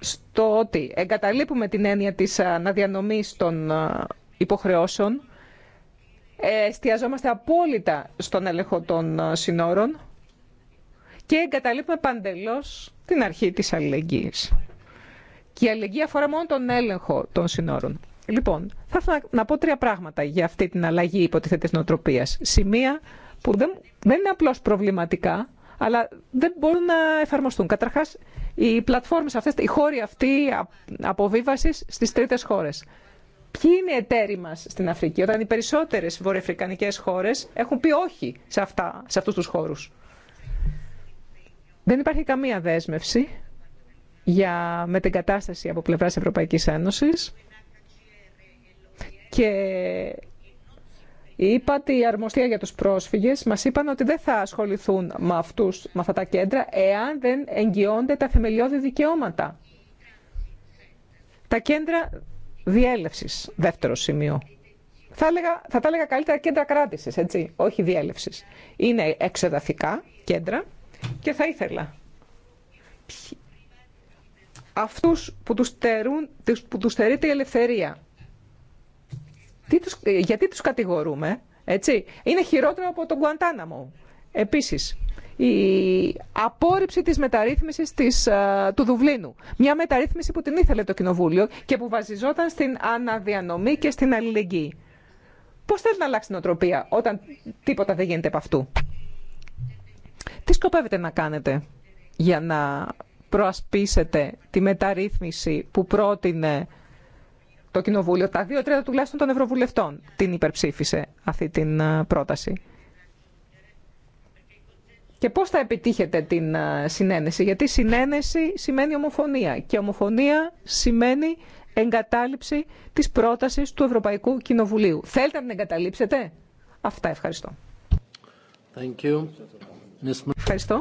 στο ότι εγκαταλείπουμε την έννοια της αναδιανομής των ε, υποχρεώσεων, ε, εστιαζόμαστε απόλυτα στον έλεγχο των ε, συνόρων και εγκαταλείπουμε παντελώς την αρχή της αλληλεγγύης. Και η αλληλεγγύη αφορά μόνο τον έλεγχο των συνόρων. Λοιπόν, θα ήθελα να πω τρία πράγματα για αυτή την αλλαγή υποτιθέτης νοοτροπία. Σημεία που δεν, δεν είναι απλώ προβληματικά, αλλά δεν μπορούν να εφαρμοστούν. Καταρχά, οι πλατφόρμες αυτές, οι χώροι αυτοί αποβίβασης στις τρίτες χώρες. Ποιοι είναι οι εταίροι μα στην Αφρική, όταν οι περισσότερε βορειοαφρικανικέ χώρε έχουν πει όχι σε, αυτά, σε αυτού του χώρου. Δεν υπάρχει καμία δέσμευση για μετεγκατάσταση από πλευρά Ευρωπαϊκή Ένωση. Και είπα η αρμοστία για τους πρόσφυγες μας είπαν ότι δεν θα ασχοληθούν με, αυτούς, με αυτά τα κέντρα εάν δεν εγγυώνται τα θεμελιώδη δικαιώματα. Τα κέντρα διέλευσης, δεύτερο σημείο. Θα, έλεγα, θα τα έλεγα καλύτερα κέντρα κράτησης, έτσι, όχι διέλευσης. Είναι εξεδαφικά κέντρα και θα ήθελα αυτούς που τους, στερούν, που τους η ελευθερία ε, γιατί τους κατηγορούμε, έτσι. Είναι χειρότερο από τον Κουαντάναμο. Επίσης, η απόρριψη της μεταρρύθμισης της, ε, του Δουβλίνου. Μια μεταρρύθμιση που την ήθελε το Κοινοβούλιο και που βασιζόταν στην αναδιανομή και στην αλληλεγγύη. Πώς θέλει να αλλάξει την οτροπία όταν τίποτα δεν γίνεται από αυτού. Τι σκοπεύετε να κάνετε για να προασπίσετε τη μεταρρύθμιση που πρότεινε το Κοινοβούλιο, τα δύο τρίτα τουλάχιστον των Ευρωβουλευτών την υπερψήφισε αυτή την ε, πρόταση. Και πώς θα επιτύχετε την ε, συνένεση, γιατί συνένεση σημαίνει ομοφωνία και ομοφωνία σημαίνει εγκατάλειψη της πρότασης του Ευρωπαϊκού Κοινοβουλίου. Θέλετε να την εγκαταλείψετε. Αυτά ευχαριστώ. Thank you. Ευχαριστώ.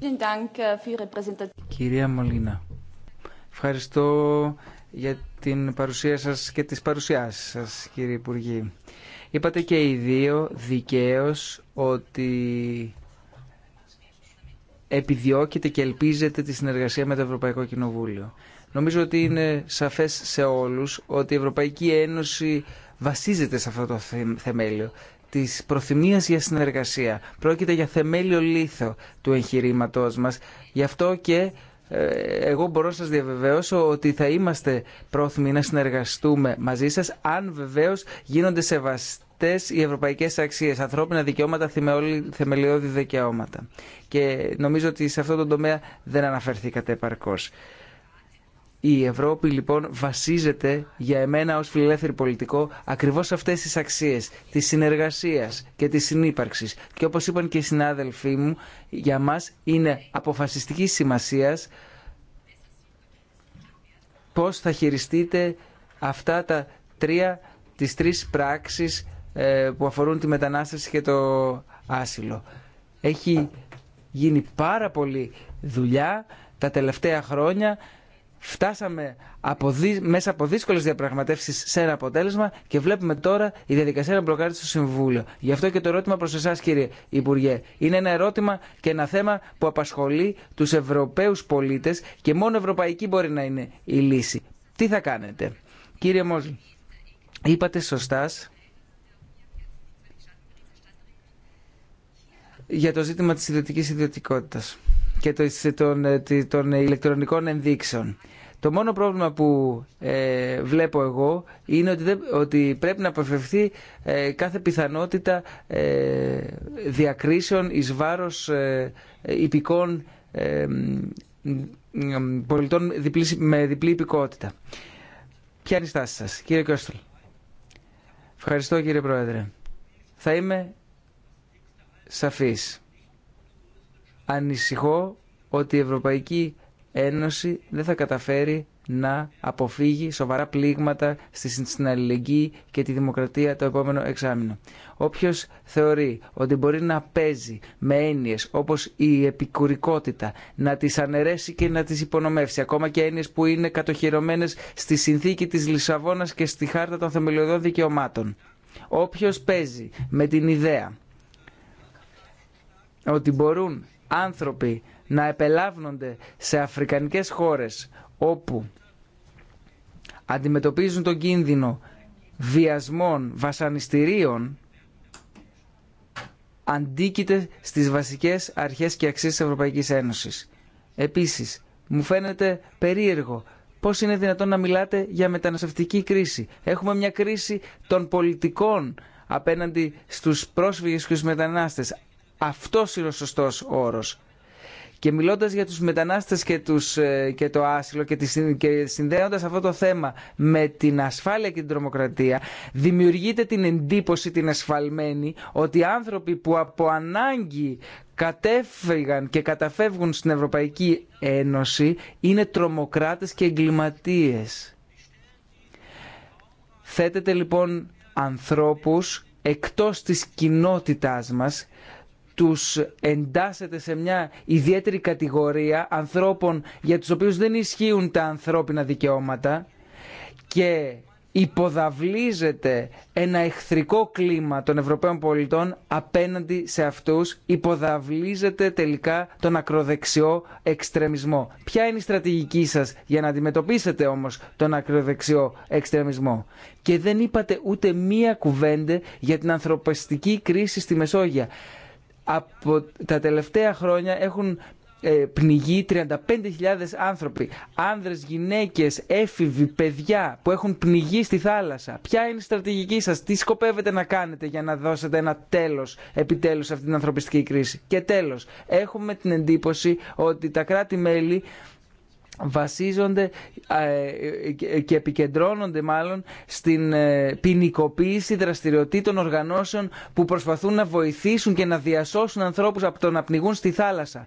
Äh, Κυρία Μολίνα, ευχαριστώ για την παρουσία σας και τις παρουσιάσεις σας, κύριε Υπουργή. Είπατε και οι δύο δικαίως ότι επιδιώκετε και ελπίζετε τη συνεργασία με το Ευρωπαϊκό Κοινοβούλιο. Νομίζω ότι είναι σαφές σε όλους ότι η Ευρωπαϊκή Ένωση βασίζεται σε αυτό το θεμέλιο της προθυμίας για συνεργασία. Πρόκειται για θεμέλιο λίθο του εγχειρήματό μας. Γι' αυτό και ε, εγώ μπορώ να σας διαβεβαιώσω ότι θα είμαστε πρόθυμοι να συνεργαστούμε μαζί σας αν βεβαίως γίνονται σεβαστές οι ευρωπαϊκές αξίες, ανθρώπινα δικαιώματα, θεμελιώδη δικαιώματα. Και νομίζω ότι σε αυτό το τομέα δεν αναφερθήκατε επαρκώς. Η Ευρώπη λοιπόν βασίζεται για εμένα ως φιλελεύθερη πολιτικό ακριβώς σε αυτές τις αξίες της συνεργασίας και της συνύπαρξης. Και όπως είπαν και οι συνάδελφοί μου, για μας είναι αποφασιστική σημασίας πώς θα χειριστείτε αυτά τα τρία, τις τρεις πράξεις ε, που αφορούν τη μετανάστευση και το άσυλο. Έχει γίνει πάρα πολύ δουλειά τα τελευταία χρόνια Φτάσαμε από μέσα από δύσκολε διαπραγματεύσει σε ένα αποτέλεσμα και βλέπουμε τώρα η διαδικασία να μπλοκάρει στο Συμβούλιο. Γι' αυτό και το ερώτημα προ εσά, κύριε Υπουργέ. Είναι ένα ερώτημα και ένα θέμα που απασχολεί του Ευρωπαίου πολίτε και μόνο ευρωπαϊκή μπορεί να είναι η λύση. Τι θα κάνετε, κύριε Μόζη. Είπατε σωστά για το ζήτημα της ιδιωτικής ιδιωτικότητας και ε, ε, των ηλεκτρονικών ενδείξεων. Το μόνο πρόβλημα που ε, βλέπω εγώ είναι ότι, πρέπει να αποφευθεί ε, κάθε πιθανότητα ε, διακρίσεων εις βάρος ε, υπηκών ε, πολιτών διπλή, με διπλή υπηκότητα. Ποια είναι η στάση σας, κύριε Κιώστολ. Ευχαριστώ κύριε Πρόεδρε. Θα είμαι σαφής. Ανησυχώ ότι η Ευρωπαϊκή Ένωση δεν θα καταφέρει να αποφύγει σοβαρά πλήγματα στην αλληλεγγύη και τη δημοκρατία το επόμενο εξάμεινο. Όποιο θεωρεί ότι μπορεί να παίζει με έννοιε όπως η επικουρικότητα, να τι αναιρέσει και να τι υπονομεύσει, ακόμα και έννοιε που είναι κατοχυρωμένε στη συνθήκη τη Λισαβόνα και στη Χάρτα των Θεμελιωδών Δικαιωμάτων. Όποιο παίζει με την ιδέα ότι μπορούν άνθρωποι να επελάβνονται σε αφρικανικές χώρες όπου αντιμετωπίζουν τον κίνδυνο βιασμών, βασανιστήριων αντίκειται στις βασικές αρχές και αξίες της Ευρωπαϊκής Ένωσης. Επίσης, μου φαίνεται περίεργο πώς είναι δυνατόν να μιλάτε για μεταναστευτική κρίση. Έχουμε μια κρίση των πολιτικών απέναντι στους πρόσφυγες και στους μετανάστες. Αυτός είναι ο σωστός όρος. Και μιλώντας για τους μετανάστες και, τους, ε, και το άσυλο και, τη, και συνδέοντας αυτό το θέμα με την ασφάλεια και την τρομοκρατία, δημιουργείται την εντύπωση την ασφαλμένη ότι άνθρωποι που από ανάγκη κατέφυγαν και καταφεύγουν στην Ευρωπαϊκή Ένωση είναι τρομοκράτες και εγκληματίες. Θέτεται λοιπόν ανθρώπους εκτός της κοινότητάς μας τους εντάσσεται σε μια ιδιαίτερη κατηγορία ανθρώπων για τους οποίους δεν ισχύουν τα ανθρώπινα δικαιώματα και υποδαβλίζεται ένα εχθρικό κλίμα των Ευρωπαίων πολιτών απέναντι σε αυτούς, υποδαβλίζεται τελικά τον ακροδεξιό εξτρεμισμό. Ποια είναι η στρατηγική σας για να αντιμετωπίσετε όμως τον ακροδεξιό εξτρεμισμό. Και δεν είπατε ούτε μία κουβέντε για την ανθρωπιστική κρίση στη Μεσόγεια. Από τα τελευταία χρόνια έχουν ε, πνιγεί 35.000 άνθρωποι. Άνδρες, γυναίκες, έφηβοι, παιδιά που έχουν πνιγεί στη θάλασσα. Ποια είναι η στρατηγική σας, τι σκοπεύετε να κάνετε για να δώσετε ένα τέλος επιτέλους σε αυτή την ανθρωπιστική κρίση. Και τέλος, έχουμε την εντύπωση ότι τα κράτη-μέλη βασίζονται ε, ε, και επικεντρώνονται μάλλον στην ε, ποινικοποίηση δραστηριοτήτων οργανώσεων που προσπαθούν να βοηθήσουν και να διασώσουν ανθρώπους από το να πνιγούν στη θάλασσα.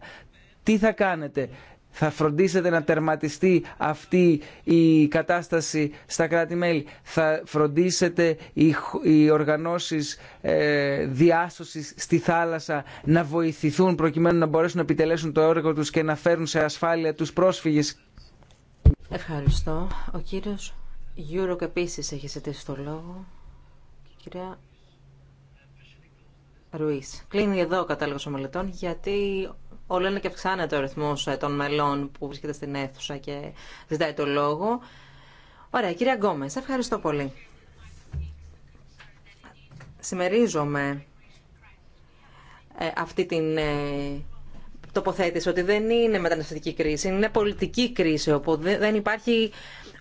Τι θα κάνετε θα φροντίσετε να τερματιστεί αυτή η κατάσταση στα κράτη-μέλη. Θα φροντίσετε οι οργανώσεις ε, διάσωσης στη θάλασσα να βοηθηθούν προκειμένου να μπορέσουν να επιτελέσουν το έργο τους και να φέρουν σε ασφάλεια τους πρόσφυγες. Ευχαριστώ. Ο κύριος Γιούροκ επίσης έχει ζητήσει το λόγο. κυρία Ρουίς. Κλείνει εδώ ο κατάλογος ομιλητών γιατί όλο είναι και αυξάνεται ο αριθμό των μελών που βρίσκεται στην αίθουσα και ζητάει το λόγο. Ωραία, κυρία Γκόμες, ευχαριστώ πολύ. Συμμερίζομαι ε, αυτή την ε, τοποθέτηση ότι δεν είναι μεταναστευτική κρίση, είναι πολιτική κρίση όπου δεν υπάρχει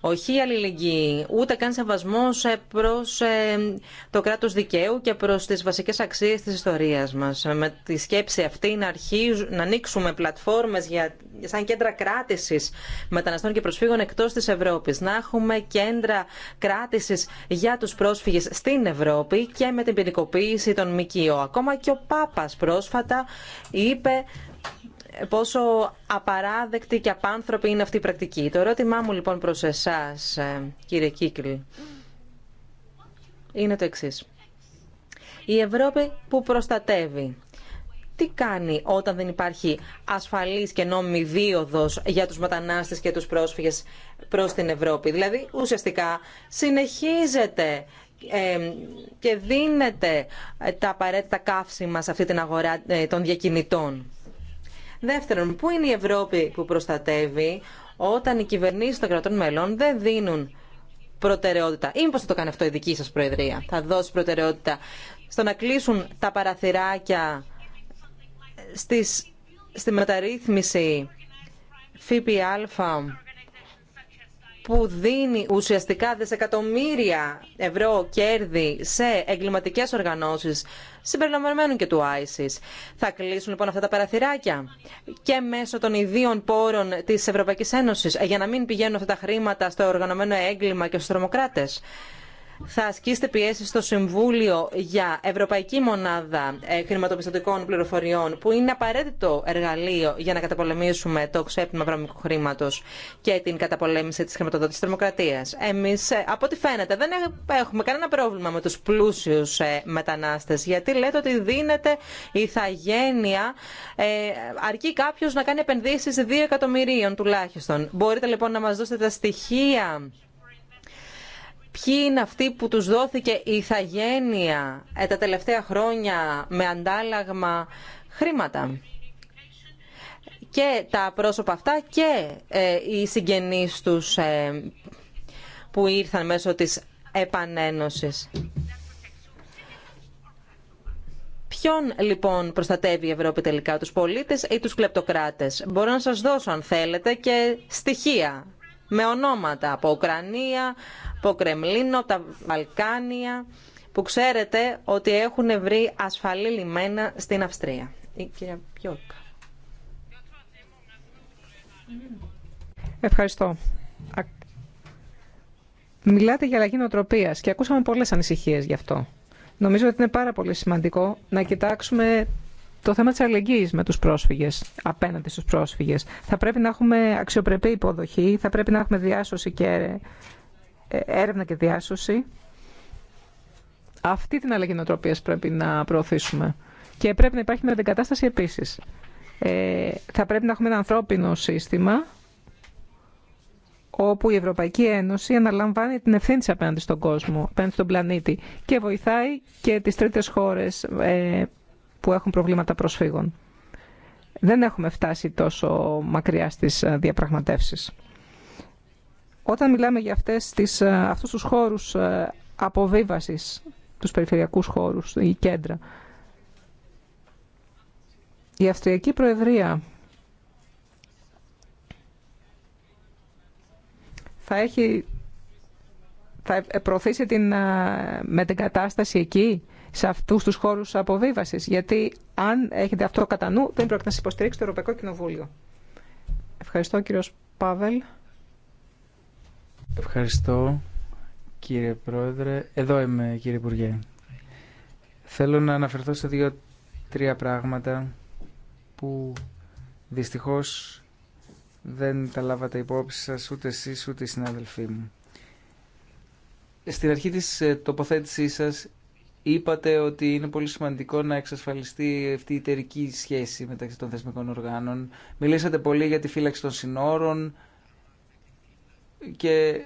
όχι αλληλεγγύη, ούτε καν σεβασμός ε, προς ε, το κράτος δικαίου και προς τις βασικές αξίε της ιστορίας μας. Με τη σκέψη αυτή να, να ανοίξουμε πλατφόρμες σαν κέντρα κράτηση μεταναστών και προσφύγων εκτό της Ευρώπης, να έχουμε κέντρα κράτηση για τους πρόσφυγες στην Ευρώπη και με την ποινικοποίηση των ΜΚΙΟ. Ακόμα και ο Πάπας πρόσφατα είπε πόσο απαράδεκτη και απάνθρωπη είναι αυτή η πρακτική. Το ερώτημά μου λοιπόν προς εσάς, ε, κύριε Κίκλ, είναι το εξή. Η Ευρώπη που προστατεύει, τι κάνει όταν δεν υπάρχει ασφαλής και νόμιμη δίωδος για τους μετανάστες και τους πρόσφυγες προς την Ευρώπη. Δηλαδή, ουσιαστικά, συνεχίζεται ε, και δίνεται τα απαραίτητα καύσιμα σε αυτή την αγορά ε, των διακινητών. Δεύτερον, πού είναι η Ευρώπη που προστατεύει όταν οι κυβερνήσει των κρατών μελών δεν δίνουν προτεραιότητα. Ή μήπως θα το κάνει αυτό η δική σας Προεδρία. Θα δώσει προτεραιότητα στο να κλείσουν τα παραθυράκια στις, στη μεταρρύθμιση ΦΠΑ που δίνει ουσιαστικά δισεκατομμύρια ευρώ κέρδη σε εγκληματικές οργανώσεις συμπεριλαμβανομένου και του ISIS. Θα κλείσουν λοιπόν αυτά τα παραθυράκια και μέσω των ιδίων πόρων της Ευρωπαϊκής Ένωσης για να μην πηγαίνουν αυτά τα χρήματα στο οργανωμένο έγκλημα και στους τρομοκράτες θα ασκήσετε πιέσει στο Συμβούλιο για Ευρωπαϊκή Μονάδα ε, Χρηματοπιστωτικών Πληροφοριών, που είναι απαραίτητο εργαλείο για να καταπολεμήσουμε το ξέπνιμα βρωμικού χρήματο και την καταπολέμηση τη χρηματοδότηση τρομοκρατία. Εμεί, ε, από ό,τι φαίνεται, δεν έχουμε κανένα πρόβλημα με του πλούσιου ε, μετανάστε, γιατί λέτε ότι δίνεται ηθαγένεια αρκεί κάποιο να κάνει επενδύσει 2 εκατομμυρίων τουλάχιστον. Μπορείτε λοιπόν να μα δώσετε τα στοιχεία ποιοι είναι αυτοί που τους δόθηκε η ηθαγένεια ε, τα τελευταία χρόνια με αντάλλαγμα χρήματα. Και τα πρόσωπα αυτά και ε, οι συγγενείς τους ε, που ήρθαν μέσω της επανένωσης. Ποιον λοιπόν προστατεύει η Ευρώπη τελικά, τους πολίτες ή τους κλεπτοκράτες. Μπορώ να σας δώσω αν θέλετε και στοιχεία με ονόματα από Ουκρανία, από Κρεμλίνο, από τα Βαλκάνια, που ξέρετε ότι έχουν βρει ασφαλή λιμένα στην Αυστρία. Η κυρία Πιόρκα. Ευχαριστώ. Μιλάτε για αλλαγή νοοτροπία και ακούσαμε πολλέ ανησυχίε γι' αυτό. Νομίζω ότι είναι πάρα πολύ σημαντικό να κοιτάξουμε το θέμα της αλληλεγγύης με τους πρόσφυγες, απέναντι στους πρόσφυγες. Θα πρέπει να έχουμε αξιοπρεπή υποδοχή, θα πρέπει να έχουμε διάσωση και ε, έρευνα και διάσωση. Αυτή την αλλαγή πρέπει να προωθήσουμε. Και πρέπει να υπάρχει κατάσταση επίσης. Ε, θα πρέπει να έχουμε ένα ανθρώπινο σύστημα όπου η Ευρωπαϊκή Ένωση αναλαμβάνει την ευθύνη της απέναντι στον κόσμο, απέναντι στον πλανήτη και βοηθάει και τις τρίτες χώρες ε, που έχουν προβλήματα προσφύγων. Δεν έχουμε φτάσει τόσο μακριά στις ε, διαπραγματεύσεις. Όταν μιλάμε για αυτές τις, ε, αυτούς τους χώρους ε, αποβίβασης, τους περιφερειακούς χώρους, η κέντρα, η Αυστριακή Προεδρία θα έχει θα προωθήσει την μετεγκατάσταση εκεί σε αυτού του χώρου αποβίβαση. Γιατί αν έχετε αυτό κατά νου, δεν πρόκειται να σα υποστηρίξει το Ευρωπαϊκό Κοινοβούλιο. Ευχαριστώ κύριο Πάβελ. Ευχαριστώ κύριε Πρόεδρε. Εδώ είμαι κύριε Υπουργέ. Θέλω να αναφερθώ σε δύο-τρία πράγματα που δυστυχώς δεν τα λάβατε υπόψη σας ούτε εσείς ούτε οι συνάδελφοί μου. Στην αρχή της ε, τοποθέτησής σας Είπατε ότι είναι πολύ σημαντικό να εξασφαλιστεί αυτή η εταιρική σχέση μεταξύ των θεσμικών οργάνων. Μιλήσατε πολύ για τη φύλαξη των συνόρων και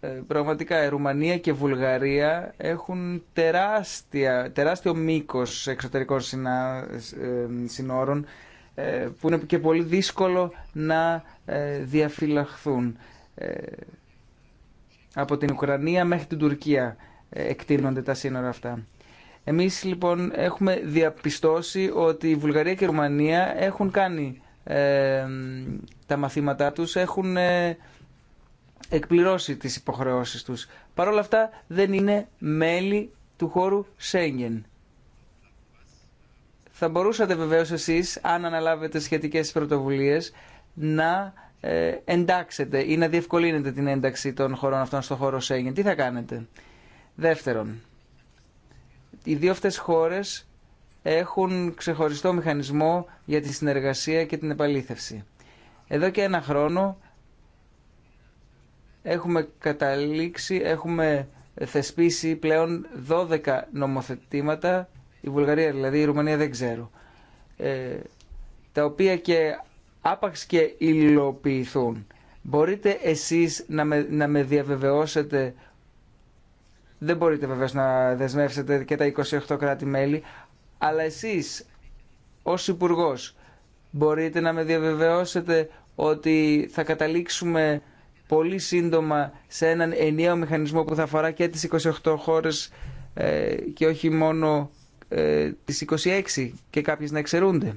ε, πραγματικά η Ρουμανία και η Βουλγαρία έχουν τεράστια, τεράστιο μήκος εξωτερικών ε, συνόρων ε, που είναι και πολύ δύσκολο να διαφυλαχθούν από την Ουκρανία μέχρι την Τουρκία εκτείνονται τα σύνορα αυτά. Εμείς λοιπόν έχουμε διαπιστώσει ότι η Βουλγαρία και η Ρουμανία έχουν κάνει ε, τα μαθήματά τους, έχουν ε, εκπληρώσει τις υποχρεώσεις τους. Παρ' όλα αυτά δεν είναι μέλη του χώρου Σέγγεν. Θα μπορούσατε βεβαίως εσείς, αν αναλάβετε σχετικές πρωτοβουλίες, να ε, εντάξετε ή να διευκολύνετε την ένταξη των χωρών αυτών στο χώρο Σέγγεν. Τι θα κάνετε. Δεύτερον, οι δύο αυτές χώρες έχουν ξεχωριστό μηχανισμό για τη συνεργασία και την επαλήθευση. Εδώ και ένα χρόνο έχουμε καταλήξει, έχουμε θεσπίσει πλέον 12 νομοθετήματα, η Βουλγαρία δηλαδή, η Ρουμανία δεν ξέρω, ε, τα οποία και άπαξ και υλοποιηθούν. Μπορείτε εσείς να με, να με διαβεβαιώσετε δεν μπορείτε βεβαίως να δεσμεύσετε και τα 28 κράτη-μέλη, αλλά εσείς ως υπουργό μπορείτε να με διαβεβαιώσετε ότι θα καταλήξουμε πολύ σύντομα σε έναν ενιαίο μηχανισμό που θα αφορά και τις 28 χώρες ε, και όχι μόνο ε, τις 26 και κάποιες να εξαιρούνται.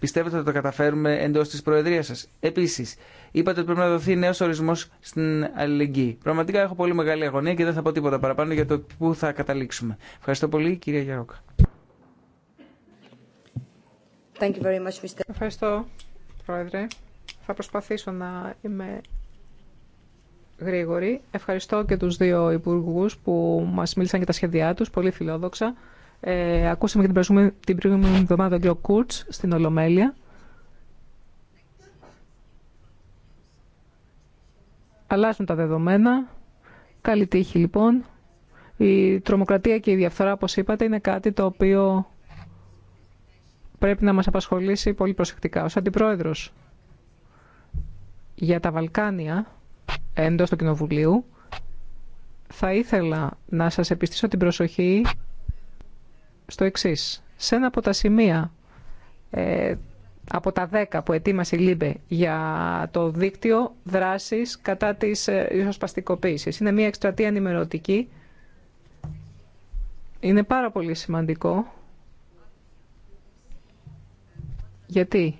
Πιστεύετε ότι θα το καταφέρουμε εντό τη Προεδρία σα. Επίση, είπατε ότι πρέπει να δοθεί νέο ορισμό στην αλληλεγγύη. Πραγματικά έχω πολύ μεγάλη αγωνία και δεν θα πω τίποτα παραπάνω για το πού θα καταλήξουμε. Ευχαριστώ πολύ, κυρία Γιαρόκα. Ευχαριστώ, Πρόεδρε. Θα προσπαθήσω να είμαι γρήγορη. Ευχαριστώ και τους δύο υπουργούς που μας μίλησαν για τα σχέδιά τους, πολύ φιλόδοξα. Ε, ακούσαμε και την προηγούμενη, την εβδομάδα τον κύριο στην Ολομέλεια. Αλλάζουν τα δεδομένα. Καλή τύχη λοιπόν. Η τρομοκρατία και η διαφθορά, όπως είπατε, είναι κάτι το οποίο πρέπει να μας απασχολήσει πολύ προσεκτικά. Ως Αντιπρόεδρος για τα Βαλκάνια εντός του Κοινοβουλίου θα ήθελα να σας επιστήσω την προσοχή στο εξή. Σε ένα από τα σημεία ε, από τα 10 που ετοίμασε η ΛΥΜΠΕ για το δίκτυο δράσης κατά της ε, ισοσπαστικοποίησης. Είναι μια εκστρατεία ενημερωτική. Είναι πάρα πολύ σημαντικό. Γιατί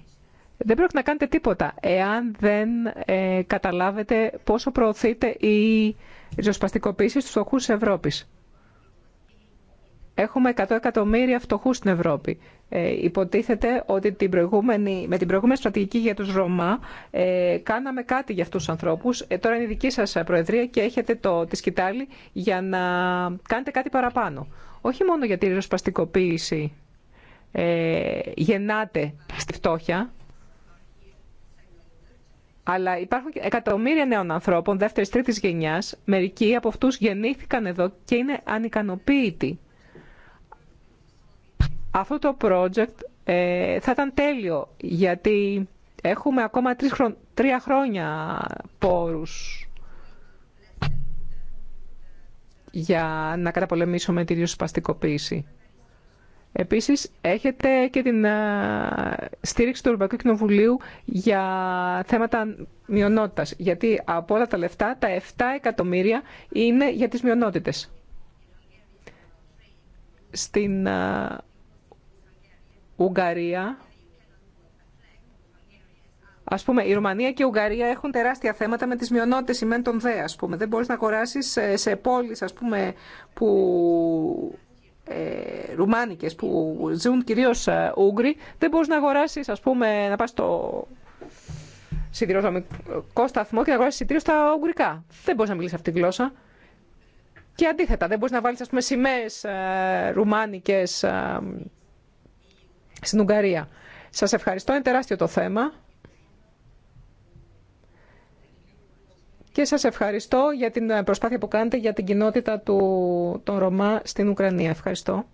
δεν πρέπει να κάνετε τίποτα εάν δεν ε, καταλάβετε πόσο προωθείται η ριζοσπαστικοποίηση στους στοχούς της Ευρώπης. Έχουμε 100 εκατομμύρια φτωχού στην Ευρώπη. Ε, υποτίθεται ότι την προηγούμενη, με την προηγούμενη στρατηγική για τους Ρωμά ε, κάναμε κάτι για αυτούς τους ανθρώπους. Ε, τώρα είναι η δική σας Προεδρία και έχετε το, τη σκητάλη για να κάνετε κάτι παραπάνω. Όχι μόνο για τη ριζοσπαστικοποίηση ε, γεννάτε στη φτώχεια, αλλά υπάρχουν εκατομμύρια νέων ανθρώπων δεύτερης-τρίτης γενιάς, μερικοί από αυτούς γεννήθηκαν εδώ και είναι ανικανοποίητοι αυτό το project ε, θα ήταν τέλειο γιατί έχουμε ακόμα τρεις τρία χρόνια πόρους για να καταπολεμήσουμε τη ριοσπαστικοποίηση. Επίσης, έχετε και την ε, στήριξη του Ευρωπαϊκού Κοινοβουλίου για θέματα μειονότητας, γιατί από όλα τα λεφτά τα 7 εκατομμύρια είναι για τις μειονότητες. Στην ε, Ουγγαρία. Ας πούμε, η Ρουμανία και η Ουγγαρία έχουν τεράστια θέματα με τις μειονότητες ημέν των ΔΕ, ας πούμε. Δεν μπορείς να αγοράσεις σε πόλεις, ας πούμε, που ε, ρουμάνικες που ζουν κυρίως ε, Ούγγροι, δεν μπορείς να αγοράσεις, ας πούμε, να πας στο σιδηροδρομικό σταθμό και να αγοράσεις σιτήριο στα Ουγγρικά. Δεν μπορείς να μιλήσεις αυτή τη γλώσσα. Και αντίθετα, δεν μπορείς να βάλεις, ας πούμε, σημαίες ε, ρουμάνικες ε, στην Ουγγαρία. Σας ευχαριστώ, είναι τεράστιο το θέμα. Και σας ευχαριστώ για την ε, προσπάθεια που κάνετε για την κοινότητα του, των Ρωμά στην Ουκρανία. Ευχαριστώ.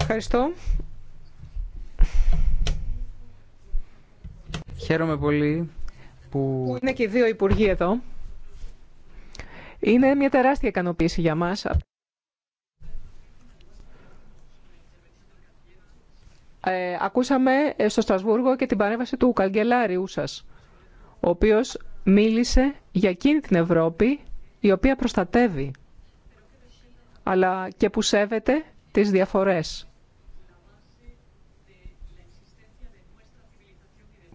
Ευχαριστώ. Χαίρομαι πολύ που... Είναι και οι δύο υπουργοί εδώ. Είναι μια τεράστια ικανοποίηση για μας. Ε, ακούσαμε στο Στρασβούργο και την παρέμβαση του καγκελάριου σας, ο οποίος μίλησε για εκείνη την Ευρώπη η οποία προστατεύει, αλλά και που σέβεται τις διαφορές.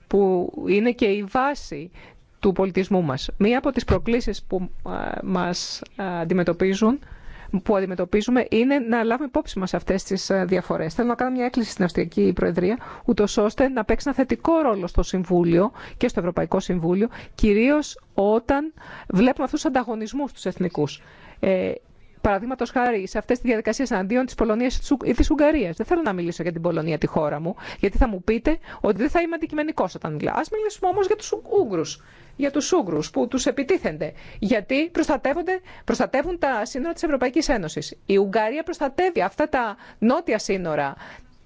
που είναι και η βάση του πολιτισμού μας. Μία από τις προκλήσεις που ε, μας ε, αντιμετωπίζουν που αντιμετωπίζουμε είναι να λάβουμε υπόψη μα αυτέ τι ε, διαφορέ. Θέλω να κάνω μια έκκληση στην Αυστριακή Προεδρία, ούτω ώστε να παίξει ένα θετικό ρόλο στο Συμβούλιο και στο Ευρωπαϊκό Συμβούλιο, κυρίω όταν βλέπουμε αυτού του ανταγωνισμού του εθνικού. Ε, Παραδείγματο χάρη σε αυτέ τι διαδικασίε εναντίον τη Πολωνία ή τη Ουγγαρία. Δεν θέλω να μιλήσω για την Πολωνία, τη χώρα μου, γιατί θα μου πείτε ότι δεν θα είμαι αντικειμενικό όταν μιλάω. Α μιλήσουμε όμω για του Ούγγρου. Για του Ούγγρου που του επιτίθενται. Γιατί προστατεύονται, προστατεύουν τα σύνορα τη Ευρωπαϊκή Ένωση. Η Ουγγαρία προστατεύει αυτά τα νότια σύνορα,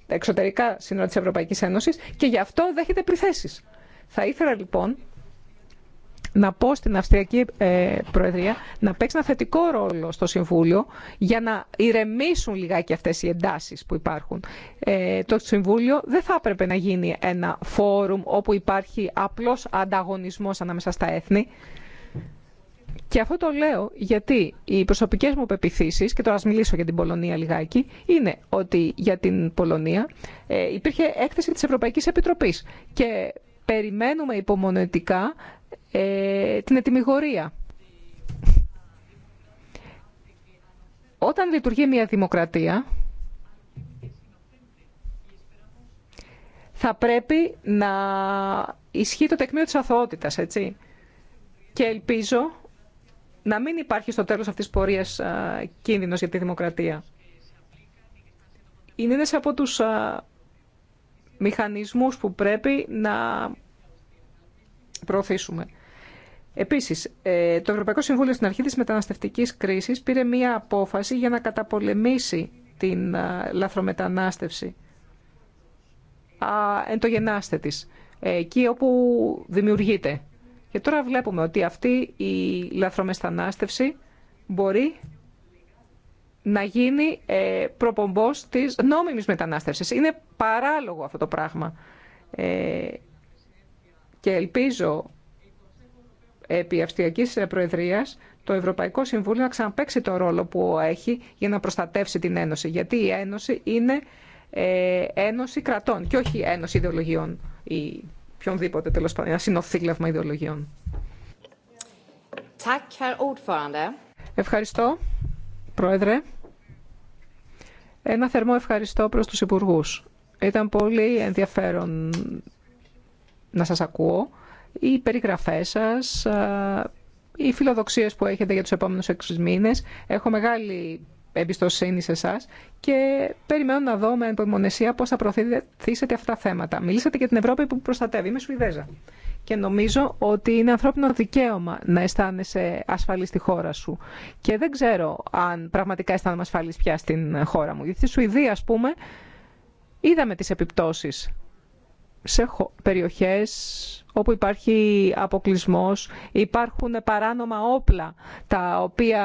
τα εξωτερικά σύνορα τη Ευρωπαϊκή Ένωση και γι' αυτό δέχεται επιθέσει. Θα ήθελα λοιπόν να πω στην Αυστριακή ε, Προεδρία να παίξει ένα θετικό ρόλο στο Συμβούλιο για να ηρεμήσουν λιγάκι αυτές οι εντάσεις που υπάρχουν. Ε, το Συμβούλιο δεν θα έπρεπε να γίνει ένα φόρουμ όπου υπάρχει απλώς ανταγωνισμός ανάμεσα στα έθνη. Και αυτό το λέω γιατί οι προσωπικέ μου πεπιθήσει, και τώρα α μιλήσω για την Πολωνία λιγάκι, είναι ότι για την Πολωνία ε, υπήρχε έκθεση τη Ευρωπαϊκή Επιτροπή. Και περιμένουμε υπομονετικά ε, την ετοιμιγορία. Όταν λειτουργεί μια δημοκρατία, θα πρέπει να ισχύει το τεκμήριο της αθωότητας, έτσι. Και ελπίζω να μην υπάρχει στο τέλος αυτής της πορείας α, κίνδυνος για τη δημοκρατία. Είναι ένας από τους α, μηχανισμούς που πρέπει να προωθήσουμε. Επίσης, ε, το Ευρωπαϊκό Συμβούλιο στην αρχή της μεταναστευτικής κρίσης πήρε μία απόφαση για να καταπολεμήσει την ε, λαθρομετανάστευση εν το γενάστε της, ε, εκεί όπου δημιουργείται. Και τώρα βλέπουμε ότι αυτή η λαθρομετανάστευση μπορεί να γίνει προπομπός της νόμιμης μετανάστευσης. Είναι παράλογο αυτό το πράγμα και ελπίζω επί Αυστριακής Προεδρίας το Ευρωπαϊκό Συμβούλιο να ξαναπαίξει το ρόλο που έχει για να προστατεύσει την Ένωση. Γιατί η Ένωση είναι ε, Ένωση κρατών και όχι Ένωση ιδεολογιών ή ποιονδήποτε τέλος πάντων, ένα συνοθήλευμα ιδεολογιών. Ευχαριστώ, Πρόεδρε. Ένα θερμό ευχαριστώ προς τους Υπουργούς. Ήταν πολύ ενδιαφέρον να σας ακούω, οι περιγραφές σας, οι φιλοδοξίες που έχετε για τους επόμενους έξι μήνες. Έχω μεγάλη εμπιστοσύνη σε εσά και περιμένω να δω με υπομονεσία πώ θα προωθήσετε αυτά τα θέματα. Μιλήσατε για την Ευρώπη που προστατεύει. Είμαι Σουηδέζα. Και νομίζω ότι είναι ανθρώπινο δικαίωμα να αισθάνεσαι ασφαλή στη χώρα σου. Και δεν ξέρω αν πραγματικά αισθάνομαι ασφαλή πια στην χώρα μου. Γιατί στη Σουηδία, α πούμε, είδαμε τι επιπτώσει σε περιοχές όπου υπάρχει αποκλισμός, υπάρχουν παράνομα όπλα τα οποία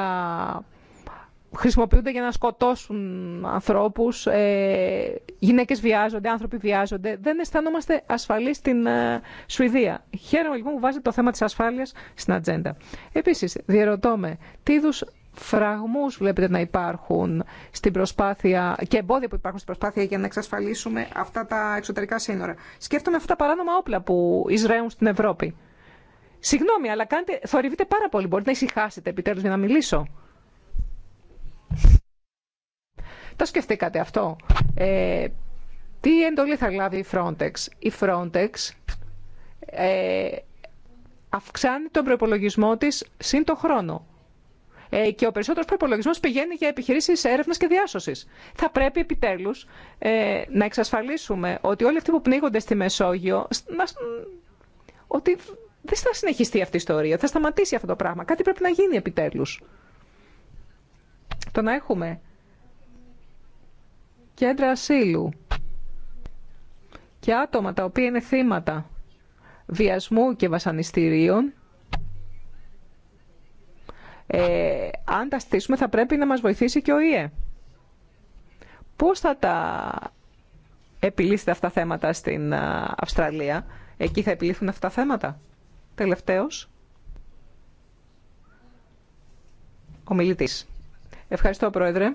χρησιμοποιούνται για να σκοτώσουν ανθρώπους, ε, γυναίκες βιάζονται, άνθρωποι βιάζονται. Δεν αισθανόμαστε ασφαλείς στην ε, Σουηδία. Χαίρομαι λοιπόν που βάζετε το θέμα της ασφάλειας στην ατζέντα. Επίσης, διαρωτώ με, τι είδους φραγμούς βλέπετε να υπάρχουν στην προσπάθεια και εμπόδια που υπάρχουν στην προσπάθεια για να εξασφαλίσουμε αυτά τα εξωτερικά σύνορα. Σκέφτομαι αυτά τα παράνομα όπλα που εισραίουν στην Ευρώπη. Συγγνώμη, αλλά κάντε, θορυβείτε πάρα πολύ. Μπορείτε να ησυχάσετε επιτέλους για να μιλήσω. Το σκεφτήκατε αυτό. Ε, τι εντολή θα λάβει η Frontex. Η Frontex ε, αυξάνει τον προπολογισμό της σύντο χρόνο. Ε, και ο περισσότερο προπολογισμό πηγαίνει για επιχειρήσει έρευνα και διάσωση. Θα πρέπει επιτέλου ε, να εξασφαλίσουμε ότι όλοι αυτοί που πνίγονται στη Μεσόγειο. ότι δεν θα συνεχιστεί αυτή η ιστορία, θα σταματήσει αυτό το πράγμα. Κάτι πρέπει να γίνει επιτέλου. Το να έχουμε κέντρα ασύλου και άτομα τα οποία είναι θύματα βιασμού και βασανιστήριων ε, αν τα στήσουμε θα πρέπει να μας βοηθήσει και ο ΙΕ. Πώς θα τα επιλύσετε αυτά τα θέματα στην Αυστραλία. Εκεί θα επιλύθουν αυτά τα θέματα. Τελευταίος. Ο μιλητής. Ευχαριστώ, Πρόεδρε.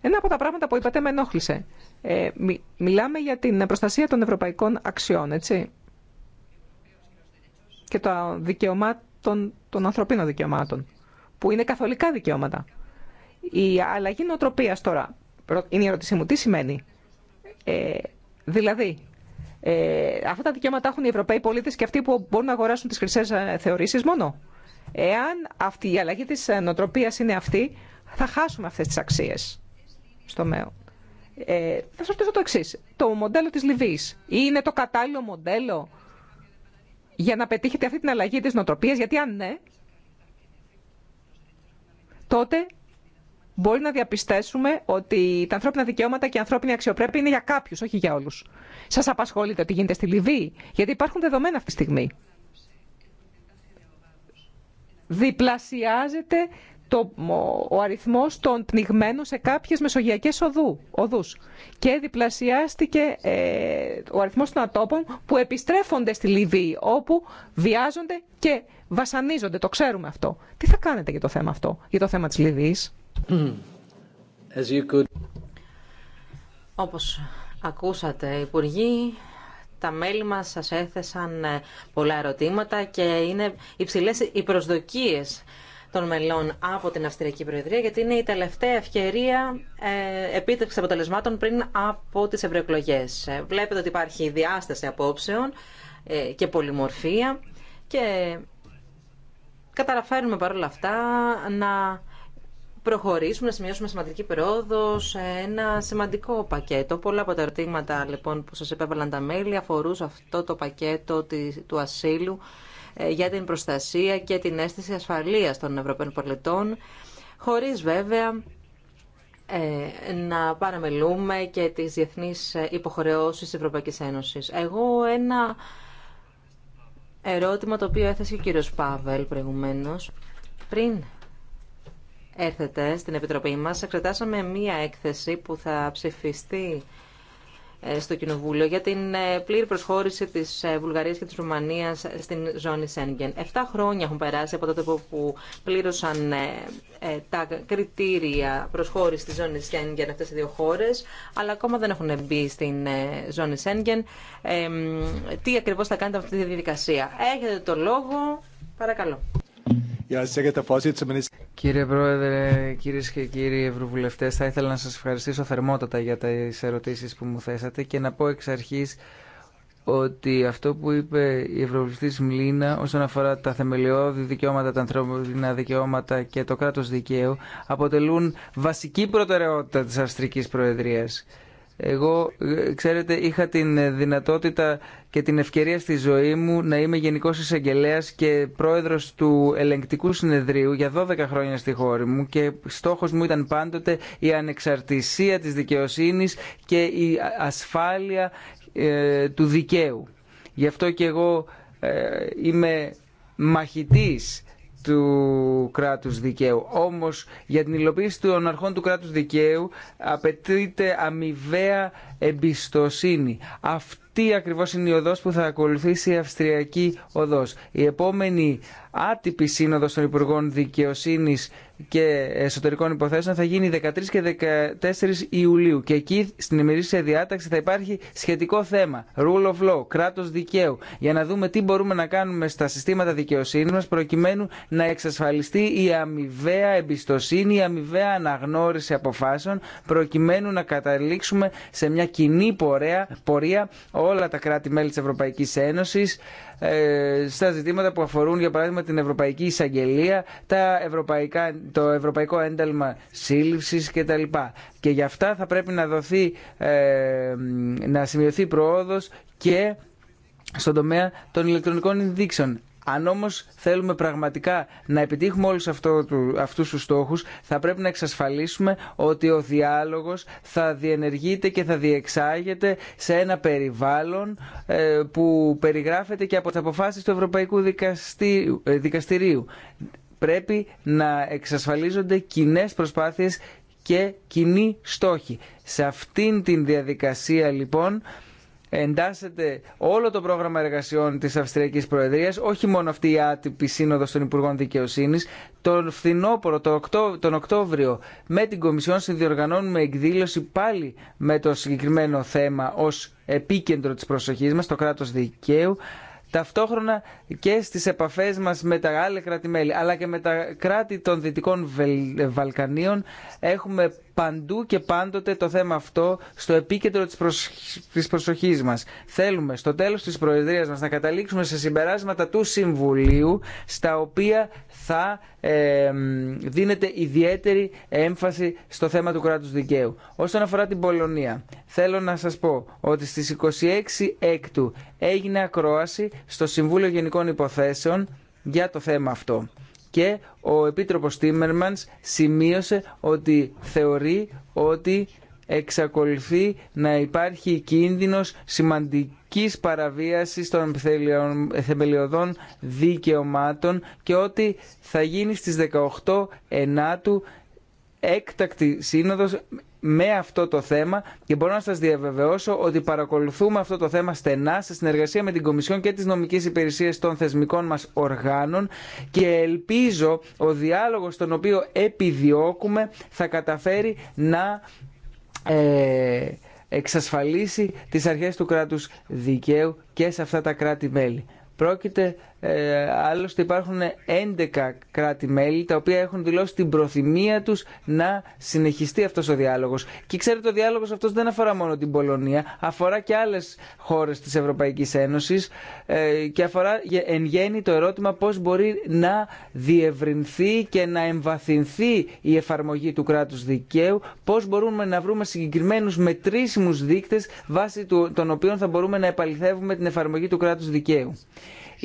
Ένα από τα πράγματα που είπατε με ενόχλησε. Ε, μιλάμε για την προστασία των ευρωπαϊκών αξιών, έτσι και το δικαιωμάτων των, ανθρωπίνων δικαιωμάτων, που είναι καθολικά δικαιώματα. Η αλλαγή νοοτροπίας τώρα, είναι η ερώτησή μου, τι σημαίνει. Ε, δηλαδή, ε, αυτά τα δικαιώματα έχουν οι Ευρωπαίοι πολίτες και αυτοί που μπορούν να αγοράσουν τις χρυσές ε, θεωρήσεις μόνο. Εάν αυτή η αλλαγή της ε, νοοτροπίας είναι αυτή, θα χάσουμε αυτές τις αξίες στο μέλλον. Ε, θα σας ρωτήσω το εξή. Το μοντέλο της Λιβύης είναι το κατάλληλο μοντέλο για να πετύχετε αυτή την αλλαγή της νοοτροπίας, γιατί αν ναι, τότε μπορεί να διαπιστέσουμε ότι τα ανθρώπινα δικαιώματα και η ανθρώπινη αξιοπρέπεια είναι για κάποιους, όχι για όλους. Σας απασχολείτε ότι γίνεται στη Λιβύη, γιατί υπάρχουν δεδομένα αυτή τη στιγμή. Διπλασιάζεται το, ο αριθμός των πνιγμένων σε κάποιες μεσογειακές οδού, οδούς και διπλασιάστηκε ε, ο αριθμός των ατόπων που επιστρέφονται στη Λιβύη όπου βιάζονται και βασανίζονται, το ξέρουμε αυτό. Τι θα κάνετε για το θέμα αυτό, για το θέμα της Λιβύης. Mm. Όπως ακούσατε, Υπουργοί, τα μέλη μας σας έθεσαν ε, πολλά ερωτήματα και είναι υψηλές οι προσδοκίες των μελών από την Αυστριακή Προεδρία, γιατί είναι η τελευταία ευκαιρία ε, επίτευξη αποτελεσμάτων πριν από τις ευρωεκλογέ. Ε, βλέπετε ότι υπάρχει διάσταση απόψεων ε, και πολυμορφία και καταφέρνουμε παρόλα αυτά να προχωρήσουμε, να σημειώσουμε σημαντική πρόοδο σε ένα σημαντικό πακέτο. Πολλά από τα ερωτήματα λοιπόν, που σας επέβαλαν τα μέλη αφορούν αυτό το πακέτο του ασύλου ε, για την προστασία και την αίσθηση ασφαλείας των Ευρωπαίων πολιτών, χωρίς βέβαια ε, να παραμελούμε και τις διεθνείς ε, υποχρεώσεις της Ευρωπαϊκής Ένωσης. Εγώ ένα ερώτημα το οποίο έθεσε ο κύριος Πάβελ προηγουμένως. Πριν έρθετε στην Επιτροπή μας, εξετάσαμε μία έκθεση που θα ψηφιστεί ε, στο Κοινοβούλιο για την ε, πλήρη προσχώρηση της ε, Βουλγαρίας και της Ρουμανίας στην ζώνη Σένγκεν. Εφτά χρόνια έχουν περάσει από τότε που πλήρωσαν τα κριτήρια προσχώρηση τη ζώνη Σένγκεν αυτές οι δύο χώρες, αλλά ακόμα δεν έχουν μπει στην ζώνη Σένγκεν. τι ακριβώς θα κάνετε με αυτή τη διαδικασία. Έχετε το λόγο. Παρακαλώ. Κύριε Πρόεδρε, κυρίε και κύριοι Ευρωβουλευτέ, θα ήθελα να σα ευχαριστήσω θερμότατα για τι ερωτήσει που μου θέσατε και να πω εξ αρχή ότι αυτό που είπε η Ευρωβουλευτή Μλίνα όσον αφορά τα θεμελιώδη δικαιώματα, τα ανθρώπινα δικαιώματα και το κράτο δικαίου αποτελούν βασική προτεραιότητα τη Αυστρική Προεδρία. Εγώ, ε, ξέρετε, είχα την δυνατότητα και την ευκαιρία στη ζωή μου να είμαι Γενικό Εισαγγελέα και πρόεδρο του Ελεγκτικού Συνεδρίου για 12 χρόνια στη χώρα μου και στόχο μου ήταν πάντοτε η ανεξαρτησία τη δικαιοσύνη και η ασφάλεια ε, του δικαίου. Γι' αυτό και εγώ ε, είμαι μαχητής του κράτους δικαίου. Όμως για την υλοποίηση των αρχών του κράτους δικαίου απαιτείται αμοιβαία εμπιστοσύνη. Αυτό τι ακριβώς είναι η οδός που θα ακολουθήσει η Αυστριακή οδός. Η επόμενη άτυπη σύνοδος των Υπουργών Δικαιοσύνης και Εσωτερικών Υποθέσεων θα γίνει 13 και 14 Ιουλίου και εκεί στην ημερήσια διάταξη θα υπάρχει σχετικό θέμα, rule of law, κράτος δικαίου, για να δούμε τι μπορούμε να κάνουμε στα συστήματα δικαιοσύνης μας προκειμένου να εξασφαλιστεί η αμοιβαία εμπιστοσύνη, η αμοιβαία αναγνώριση αποφάσεων προκειμένου να καταλήξουμε σε μια κοινή πορεία, πορεία όλα τα κράτη-μέλη της Ευρωπαϊκής Ένωση ε, στα ζητήματα που αφορούν για παράδειγμα την Ευρωπαϊκή Εισαγγελία, τα ευρωπαϊκά, το Ευρωπαϊκό Ένταλμα Σύλληψης κτλ. Και γι' αυτά θα πρέπει να, δοθεί, ε, να σημειωθεί προόδος και στον τομέα των ηλεκτρονικών ενδείξεων. Αν όμω θέλουμε πραγματικά να επιτύχουμε όλου αυτό, αυτούς τους στόχους, θα πρέπει να εξασφαλίσουμε ότι ο διάλογος θα διενεργείται και θα διεξάγεται σε ένα περιβάλλον ε, που περιγράφεται και από τι αποφάσει του Ευρωπαϊκού ε, Δικαστηρίου. Πρέπει να εξασφαλίζονται κοινέ προσπάθειες και κοινή στόχοι. Σε αυτήν την διαδικασία λοιπόν εντάσσεται όλο το πρόγραμμα εργασιών της Αυστριακή Προεδρία, όχι μόνο αυτή η άτυπη σύνοδο των Υπουργών δικαιοσύνη. Τον φθινόπωρο, τον Οκτώβριο, με την Κομισιόν συνδιοργανώνουμε εκδήλωση πάλι με το συγκεκριμένο θέμα ως επίκεντρο της προσοχή μας, το κράτος δικαίου, ταυτόχρονα και στις επαφές μας με τα άλλα κράτη-μέλη αλλά και με τα κράτη των Δυτικών Βαλκανίων έχουμε παντού και πάντοτε το θέμα αυτό στο επίκεντρο της, προσοχή της προσοχής μας. Θέλουμε στο τέλος της Προεδρίας μας να καταλήξουμε σε συμπεράσματα του Συμβουλίου στα οποία θα δίνεται ιδιαίτερη έμφαση στο θέμα του κράτους δικαίου. Όσον αφορά την Πολωνία, θέλω να σας πω ότι στις 26 έκτου έγινε ακρόαση στο Συμβούλιο Γενικών Υποθέσεων για το θέμα αυτό και ο Επίτροπος Τίμερμανς σημείωσε ότι θεωρεί ότι εξακολουθεί να υπάρχει κίνδυνος σημαντικής παραβίασης των θεμελιωδών δικαιωμάτων και ότι θα γίνει στις 18 Ενάτου έκτακτη σύνοδος με αυτό το θέμα και μπορώ να σας διαβεβαιώσω ότι παρακολουθούμε αυτό το θέμα στενά σε συνεργασία με την Κομισιόν και τις νομικές υπηρεσίες των θεσμικών μας οργάνων και ελπίζω ο διάλογος τον οποίο επιδιώκουμε θα καταφέρει να ε, εξασφαλίσει τις αρχές του κράτους δικαίου και σε αυτά τα κράτη-μέλη. Πρόκειται ε, άλλωστε υπάρχουν 11 κράτη-μέλη τα οποία έχουν δηλώσει την προθυμία τους να συνεχιστεί αυτός ο διάλογος. Και ξέρετε ο διάλογος αυτός δεν αφορά μόνο την Πολωνία, αφορά και άλλες χώρες της Ευρωπαϊκής Ένωσης ε, και αφορά εν γέννη το ερώτημα πώς μπορεί να διευρυνθεί και να εμβαθυνθεί η εφαρμογή του κράτους δικαίου, πώς μπορούμε να βρούμε συγκεκριμένους μετρήσιμους δείκτες βάσει των οποίων θα μπορούμε να επαληθεύουμε την εφαρμογή του κράτους δικαίου.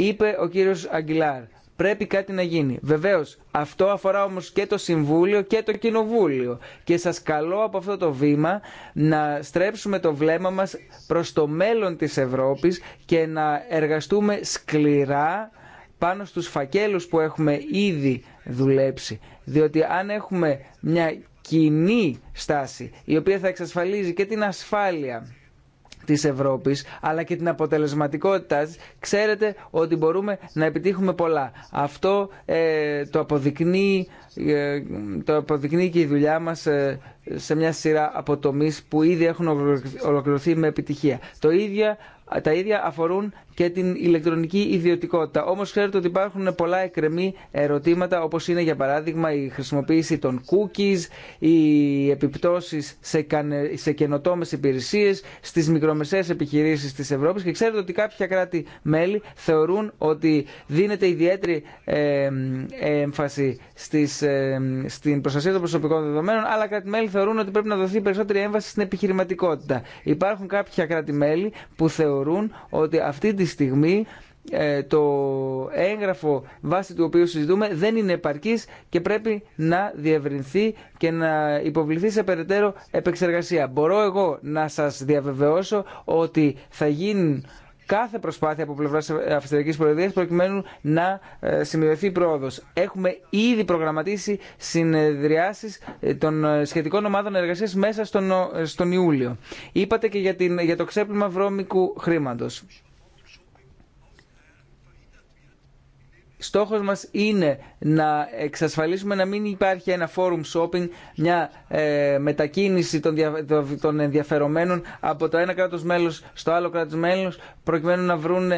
Είπε ο κύριος Αγγιλάρ, πρέπει κάτι να γίνει. Βεβαίως, αυτό αφορά όμως και το Συμβούλιο και το Κοινοβούλιο. Και σα καλώ από αυτό το βήμα να στρέψουμε το βλέμμα μας προς το μέλλον της Ευρώπης και να εργαστούμε σκληρά πάνω στους φακέλους που έχουμε ήδη δουλέψει. Διότι αν έχουμε μια κοινή στάση η οποία θα εξασφαλίζει και την ασφάλεια της Ευρώπης αλλά και την αποτελεσματικότητά ξέρετε ότι μπορούμε να επιτύχουμε πολλά. Αυτό ε, το, αποδεικνύει, ε, το αποδεικνύει και η δουλειά μας ε, σε μια σειρά από που ήδη έχουν ολοκληρωθεί με επιτυχία. Το ίδιο τα ίδια αφορούν και την ηλεκτρονική ιδιωτικότητα. Όμω ξέρετε ότι υπάρχουν πολλά εκκρεμή ερωτήματα, όπω είναι για παράδειγμα η χρησιμοποίηση των cookies, οι επιπτώσει σε, κανε... σε καινοτόμε υπηρεσίε, στι μικρομεσαίε επιχειρήσει τη Ευρώπη. Και ξέρετε ότι κάποια κράτη-μέλη θεωρούν ότι δίνεται ιδιαίτερη έμφαση στις, στην προστασία των προσωπικών δεδομένων, αλλά κράτη-μέλη θεωρούν ότι πρέπει να δοθεί περισσότερη έμφαση στην επιχειρηματικότητα. Υπάρχουν κάποια κράτη-μέλη που θεωρούν ότι αυτή τη στιγμή ε, το έγγραφο βάσει του οποίου συζητούμε δεν είναι επαρκής και πρέπει να διευρυνθεί και να υποβληθεί σε περαιτέρω επεξεργασία. Μπορώ εγώ να σας διαβεβαιώσω ότι θα γίνουν κάθε προσπάθεια από πλευρά Αυστριακή Προεδρία προκειμένου να ε, σημειωθεί πρόοδο. Έχουμε ήδη προγραμματίσει συνεδριάσει ε, των ε, σχετικών ομάδων εργασία μέσα στον, Ιούλιο. Είπατε και για, για το ξέπλυμα βρώμικου χρήματο. Στόχος μας είναι να εξασφαλίσουμε να μην υπάρχει ένα forum shopping, μια ε, μετακίνηση των, δια, ενδιαφερομένων από το ένα κράτος μέλος στο άλλο κράτος μέλος, προκειμένου να βρουν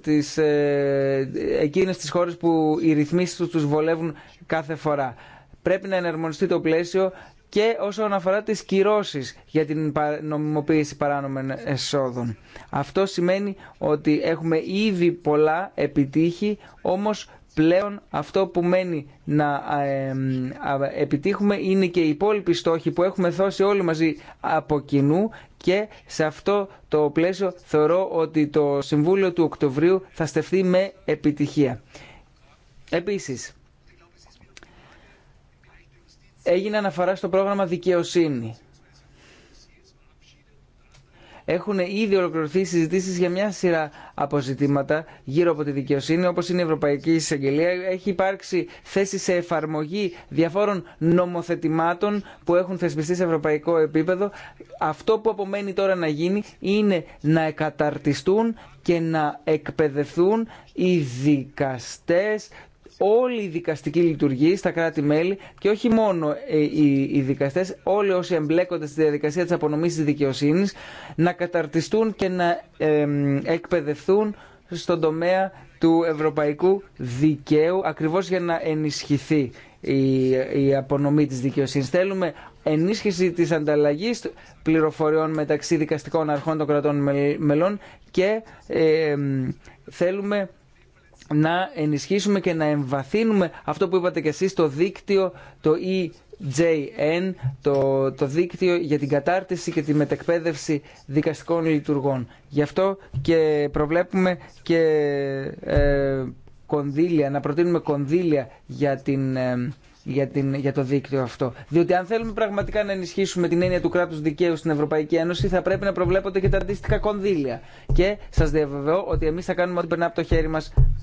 τις, ε, εκείνες τις χώρες που οι ρυθμίσεις τους τους βολεύουν κάθε φορά. Πρέπει να εναρμονιστεί το πλαίσιο και όσον αφορά τις κυρώσεις για την νομιμοποίηση παράνομων εσόδων. Αυτό σημαίνει ότι έχουμε ήδη πολλά επιτύχει, όμως πλέον αυτό που μένει να επιτύχουμε είναι και οι υπόλοιποι στόχοι που έχουμε δώσει όλοι μαζί από κοινού και σε αυτό το πλαίσιο θεωρώ ότι το Συμβούλιο του Οκτωβρίου θα στεφθεί με επιτυχία. Επίσης, έγινε αναφορά στο πρόγραμμα δικαιοσύνη. Έχουν ήδη ολοκληρωθεί συζητήσει για μια σειρά αποζητήματα γύρω από τη δικαιοσύνη, όπω είναι η Ευρωπαϊκή Εισαγγελία. Έχει υπάρξει θέση σε εφαρμογή διαφόρων νομοθετημάτων που έχουν θεσπιστεί σε ευρωπαϊκό επίπεδο. Αυτό που απομένει τώρα να γίνει είναι να εκαταρτιστούν και να εκπαιδευτούν οι δικαστές όλη η δικαστική λειτουργία στα κράτη-μέλη και όχι μόνο ε, οι δικαστές, όλοι όσοι εμπλέκονται στη διαδικασία της απονομής τη δικαιοσύνης να καταρτιστούν και να εκπαιδευτούν στον τομέα του ευρωπαϊκού δικαίου ακριβώς για να ενισχυθεί η απονομή της δικαιοσύνης. Θέλουμε ενίσχυση της ανταλλαγής πληροφοριών μεταξύ δικαστικών αρχών των κρατών μελών και ε, θέλουμε να ενισχύσουμε και να εμβαθύνουμε αυτό που είπατε και εσείς, το δίκτυο, το EJN, το, το δίκτυο για την κατάρτιση και τη μετεκπαίδευση δικαστικών λειτουργών. Γι' αυτό και προβλέπουμε και ε, κονδύλια, να προτείνουμε κονδύλια για την... Ε, για, την, για το δίκτυο αυτό. Διότι αν θέλουμε πραγματικά να ενισχύσουμε την έννοια του κράτου δικαίου στην Ευρωπαϊκή Ένωση θα πρέπει να προβλέπονται και τα αντίστοιχα κονδύλια. Και σα διαβεβαιώ ότι εμεί θα κάνουμε ό,τι περνά από το χέρι μα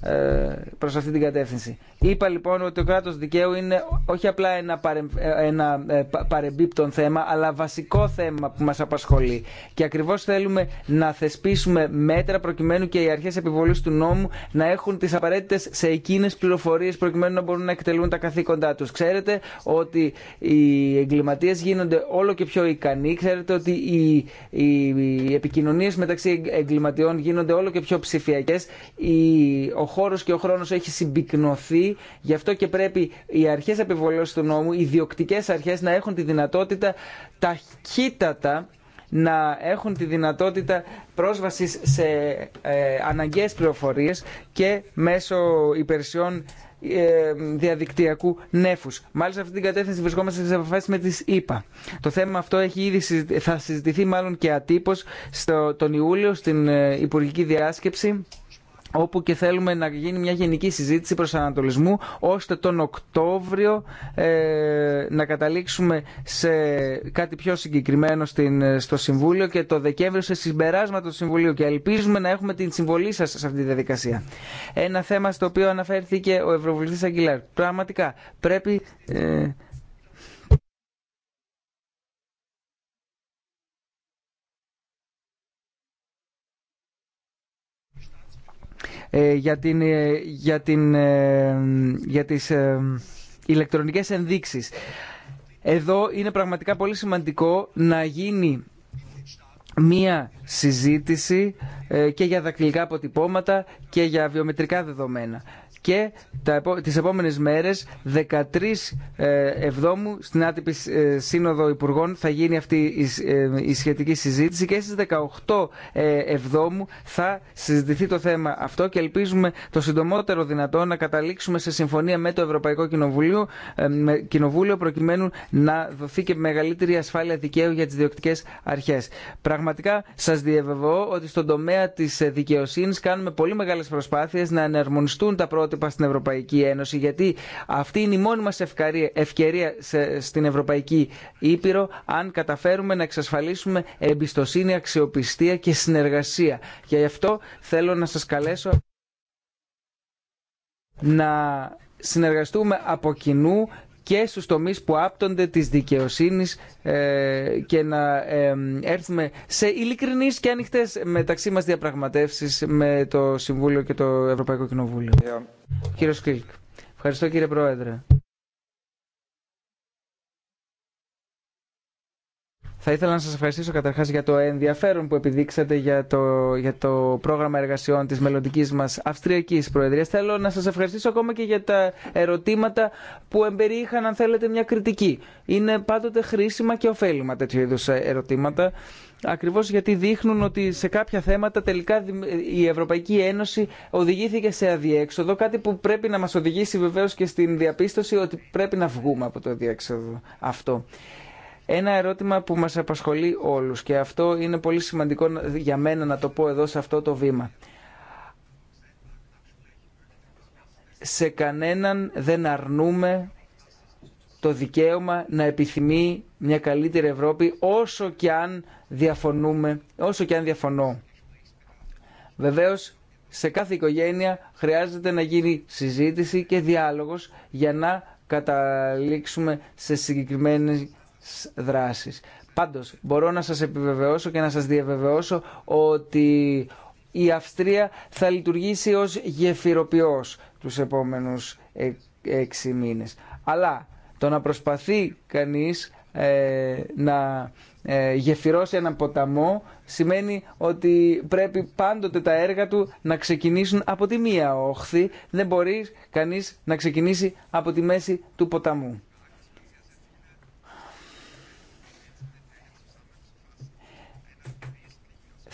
ε, προς αυτή την κατεύθυνση. Είπα λοιπόν ότι ο κράτο δικαίου είναι όχι απλά ένα, ε, ένα ε, παρεμπίπτον θέμα αλλά βασικό θέμα που μα απασχολεί. Και ακριβώ θέλουμε να θεσπίσουμε μέτρα προκειμένου και οι αρχέ επιβολή του νόμου να έχουν τι απαραίτητε σε εκείνε πληροφορίε προκειμένου να μπορούν να εκτελούν τα καθήκοντά του ξέρετε ότι οι εγκληματίες γίνονται όλο και πιο ικανοί. Ξέρετε ότι οι, οι, επικοινωνίες μεταξύ εγκληματιών γίνονται όλο και πιο ψηφιακές. ο χώρος και ο χρόνος έχει συμπυκνωθεί. Γι' αυτό και πρέπει οι αρχές επιβολής του νόμου, οι διοκτικές αρχές να έχουν τη δυνατότητα ταχύτατα να έχουν τη δυνατότητα πρόσβασης σε ε, αναγκαίες πληροφορίες και μέσω υπηρεσιών ε, διαδικτυακού νέφους. Μάλιστα αυτή την κατεύθυνση βρισκόμαστε στις επαφές με τις ΗΠΑ. Το θέμα αυτό έχει ήδη θα συζητηθεί μάλλον και ατύπως στο, τον Ιούλιο στην ε, Υπουργική Διάσκεψη όπου και θέλουμε να γίνει μια γενική συζήτηση προς ανατολισμού, ώστε τον Οκτώβριο ε, να καταλήξουμε σε κάτι πιο συγκεκριμένο στην, ε, στο Συμβούλιο και το Δεκέμβριο σε συμπεράσματα του Συμβουλίου και ελπίζουμε να έχουμε την συμβολή σας σε αυτή τη διαδικασία. Ένα θέμα στο οποίο αναφέρθηκε ο Ευρωβουλευτής Αγγιλάρ. Πραγματικά πρέπει... Ε, Ε, για, την, ε, για, την, ε, για τις ηλεκτρονικές ενδείξεις. Εδώ είναι πραγματικά πολύ σημαντικό να γίνει μία συζήτηση και για δακτυλικά αποτυπώματα και για βιομετρικά δεδομένα και τις επόμενες μέρες 13 ε, Εβδόμου στην άτυπη ε, Σύνοδο Υπουργών θα γίνει αυτή η ε, σχετική συζήτηση και στις 18 Εβδόμου θα συζητηθεί το θέμα αυτό και ελπίζουμε το συντομότερο δυνατό να καταλήξουμε σε συμφωνία με το Ευρωπαϊκό Κοινοβούλιο, προκειμένου να δοθεί και μεγαλύτερη ασφάλεια δικαίου για τις διοκτικές αρχές. Πραγματικά σας διαβεβαιώ ότι στον τομέα της δικαιοσύνης κάνουμε πολύ μεγάλες προσπάθειε να εναρμονιστούν τα πρώτα πρότυπα στην Ευρωπαϊκή Ένωση γιατί αυτή είναι η μόνη μα ευκαιρία στην Ευρωπαϊκή Ήπειρο αν καταφέρουμε να εξασφαλίσουμε εμπιστοσύνη, αξιοπιστία και συνεργασία. Και γι' αυτό θέλω να σα καλέσω να συνεργαστούμε από κοινού και στους τομείς που άπτονται της δικαιοσύνης ε, και να ε, έρθουμε σε ειλικρινείς και ανοιχτές μεταξύ μας διαπραγματεύσεις με το Συμβούλιο και το Ευρωπαϊκό Κοινοβούλιο. Ε, Κύριο Κλίκ. Ευχαριστώ κύριε Πρόεδρε. Θα ήθελα να σας ευχαριστήσω καταρχάς για το ενδιαφέρον που επιδείξατε για το, για το πρόγραμμα εργασιών της μελλοντική μας Αυστριακής Προεδρίας. Θέλω να σας ευχαριστήσω ακόμα και για τα ερωτήματα που εμπεριείχαν, αν θέλετε, μια κριτική. Είναι πάντοτε χρήσιμα και ωφέλιμα τέτοιου είδου ερωτήματα. ακριβώ γιατί δείχνουν ότι σε κάποια θέματα τελικά η Ευρωπαϊκή Ένωση οδηγήθηκε σε αδιέξοδο, κάτι που πρέπει να μα οδηγήσει βεβαίω και στην διαπίστωση ότι πρέπει να βγούμε από το αδιέξοδο αυτό. Ένα ερώτημα που μας απασχολεί όλους και αυτό είναι πολύ σημαντικό για μένα να το πω εδώ σε αυτό το βήμα. Σε κανέναν δεν αρνούμε το δικαίωμα να επιθυμεί μια καλύτερη Ευρώπη όσο και αν διαφωνούμε, όσο και αν διαφωνώ. Βεβαίως σε κάθε οικογένεια χρειάζεται να γίνει συζήτηση και διάλογος για να καταλήξουμε σε συγκεκριμένη δράσεις. Πάντως, μπορώ να σας επιβεβαιώσω και να σας διαβεβαιώσω ότι η Αυστρία θα λειτουργήσει ως γεφυροποιός τους επόμενους ε, έξι μήνες. Αλλά το να προσπαθεί κανείς ε, να ε, γεφυρώσει ένα ποταμό σημαίνει ότι πρέπει πάντοτε τα έργα του να ξεκινήσουν από τη μία όχθη. Δεν μπορεί κανείς να ξεκινήσει από τη μέση του ποταμού.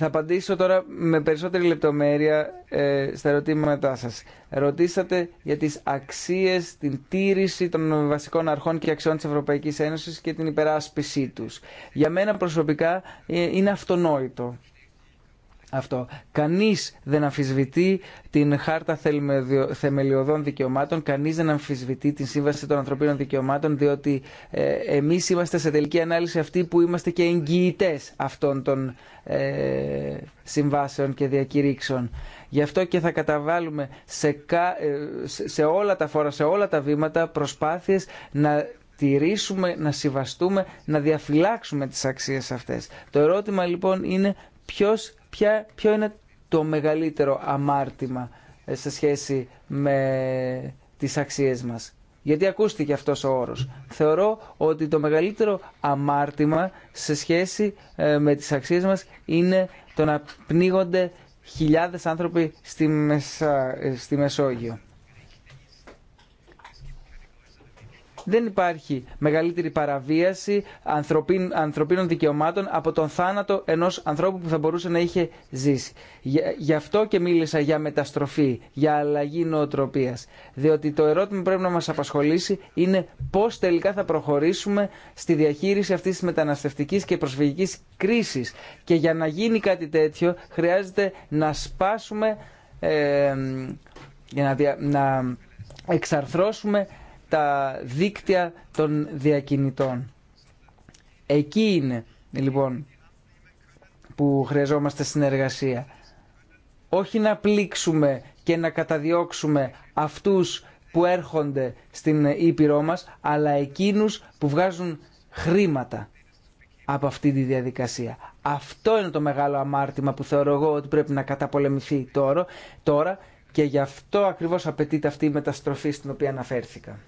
Θα απαντήσω τώρα με περισσότερη λεπτομέρεια ε, στα ερωτήματά σας. Ρωτήσατε για τις αξίες, την τήρηση των βασικών αρχών και αξιών της Ευρωπαϊκής Ένωσης και την υπεράσπισή τους. Για μένα προσωπικά ε, είναι αυτονόητο αυτό. Κανείς δεν αμφισβητεί την Χάρτα Θεμελιωδών Δικαιωμάτων, κανείς δεν αμφισβητεί την Σύμβαση των Ανθρωπίνων Δικαιωμάτων, διότι ε, εμείς είμαστε σε τελική ανάλυση αυτοί που είμαστε και εγγυητέ αυτών των ε, συμβάσεων και διακηρύξεων. Γι' αυτό και θα καταβάλουμε ε, σε, σε όλα τα φόρα, σε όλα τα βήματα προσπάθειες να τηρήσουμε, να συμβαστούμε, να διαφυλάξουμε τις αξίες αυτές. Το ερώτημα λοιπόν είναι ποιος ποια, ποιο είναι το μεγαλύτερο αμάρτημα ε, σε σχέση με τις αξίες μας. Γιατί ακούστηκε αυτός ο όρος. Θεωρώ ότι το μεγαλύτερο αμάρτημα σε σχέση ε, με τις αξίες μας είναι το να πνίγονται χιλιάδες άνθρωποι στη, Μεσά, ε, στη Μεσόγειο. Δεν υπάρχει μεγαλύτερη παραβίαση ανθρωπίνων δικαιωμάτων από τον θάνατο ενός ανθρώπου που θα μπορούσε να είχε ζήσει. Γι' αυτό και μίλησα για μεταστροφή, για αλλαγή νοοτροπίας. Διότι το ερώτημα που πρέπει να μας απασχολήσει είναι πώς τελικά θα προχωρήσουμε στη διαχείριση αυτής της μεταναστευτικής και προσφυγικής κρίσης. Και για να γίνει κάτι τέτοιο χρειάζεται να σπάσουμε, ε, για να, να εξαρθρώσουμε τα δίκτυα των διακινητών. Εκεί είναι λοιπόν που χρειαζόμαστε συνεργασία. Όχι να πλήξουμε και να καταδιώξουμε αυτούς που έρχονται στην Ήπειρό μας, αλλά εκείνους που βγάζουν χρήματα από αυτή τη διαδικασία. Αυτό είναι το μεγάλο αμάρτημα που θεωρώ εγώ ότι πρέπει να καταπολεμηθεί τώρα, τώρα και γι' αυτό ακριβώς απαιτείται αυτή η μεταστροφή στην οποία αναφέρθηκα.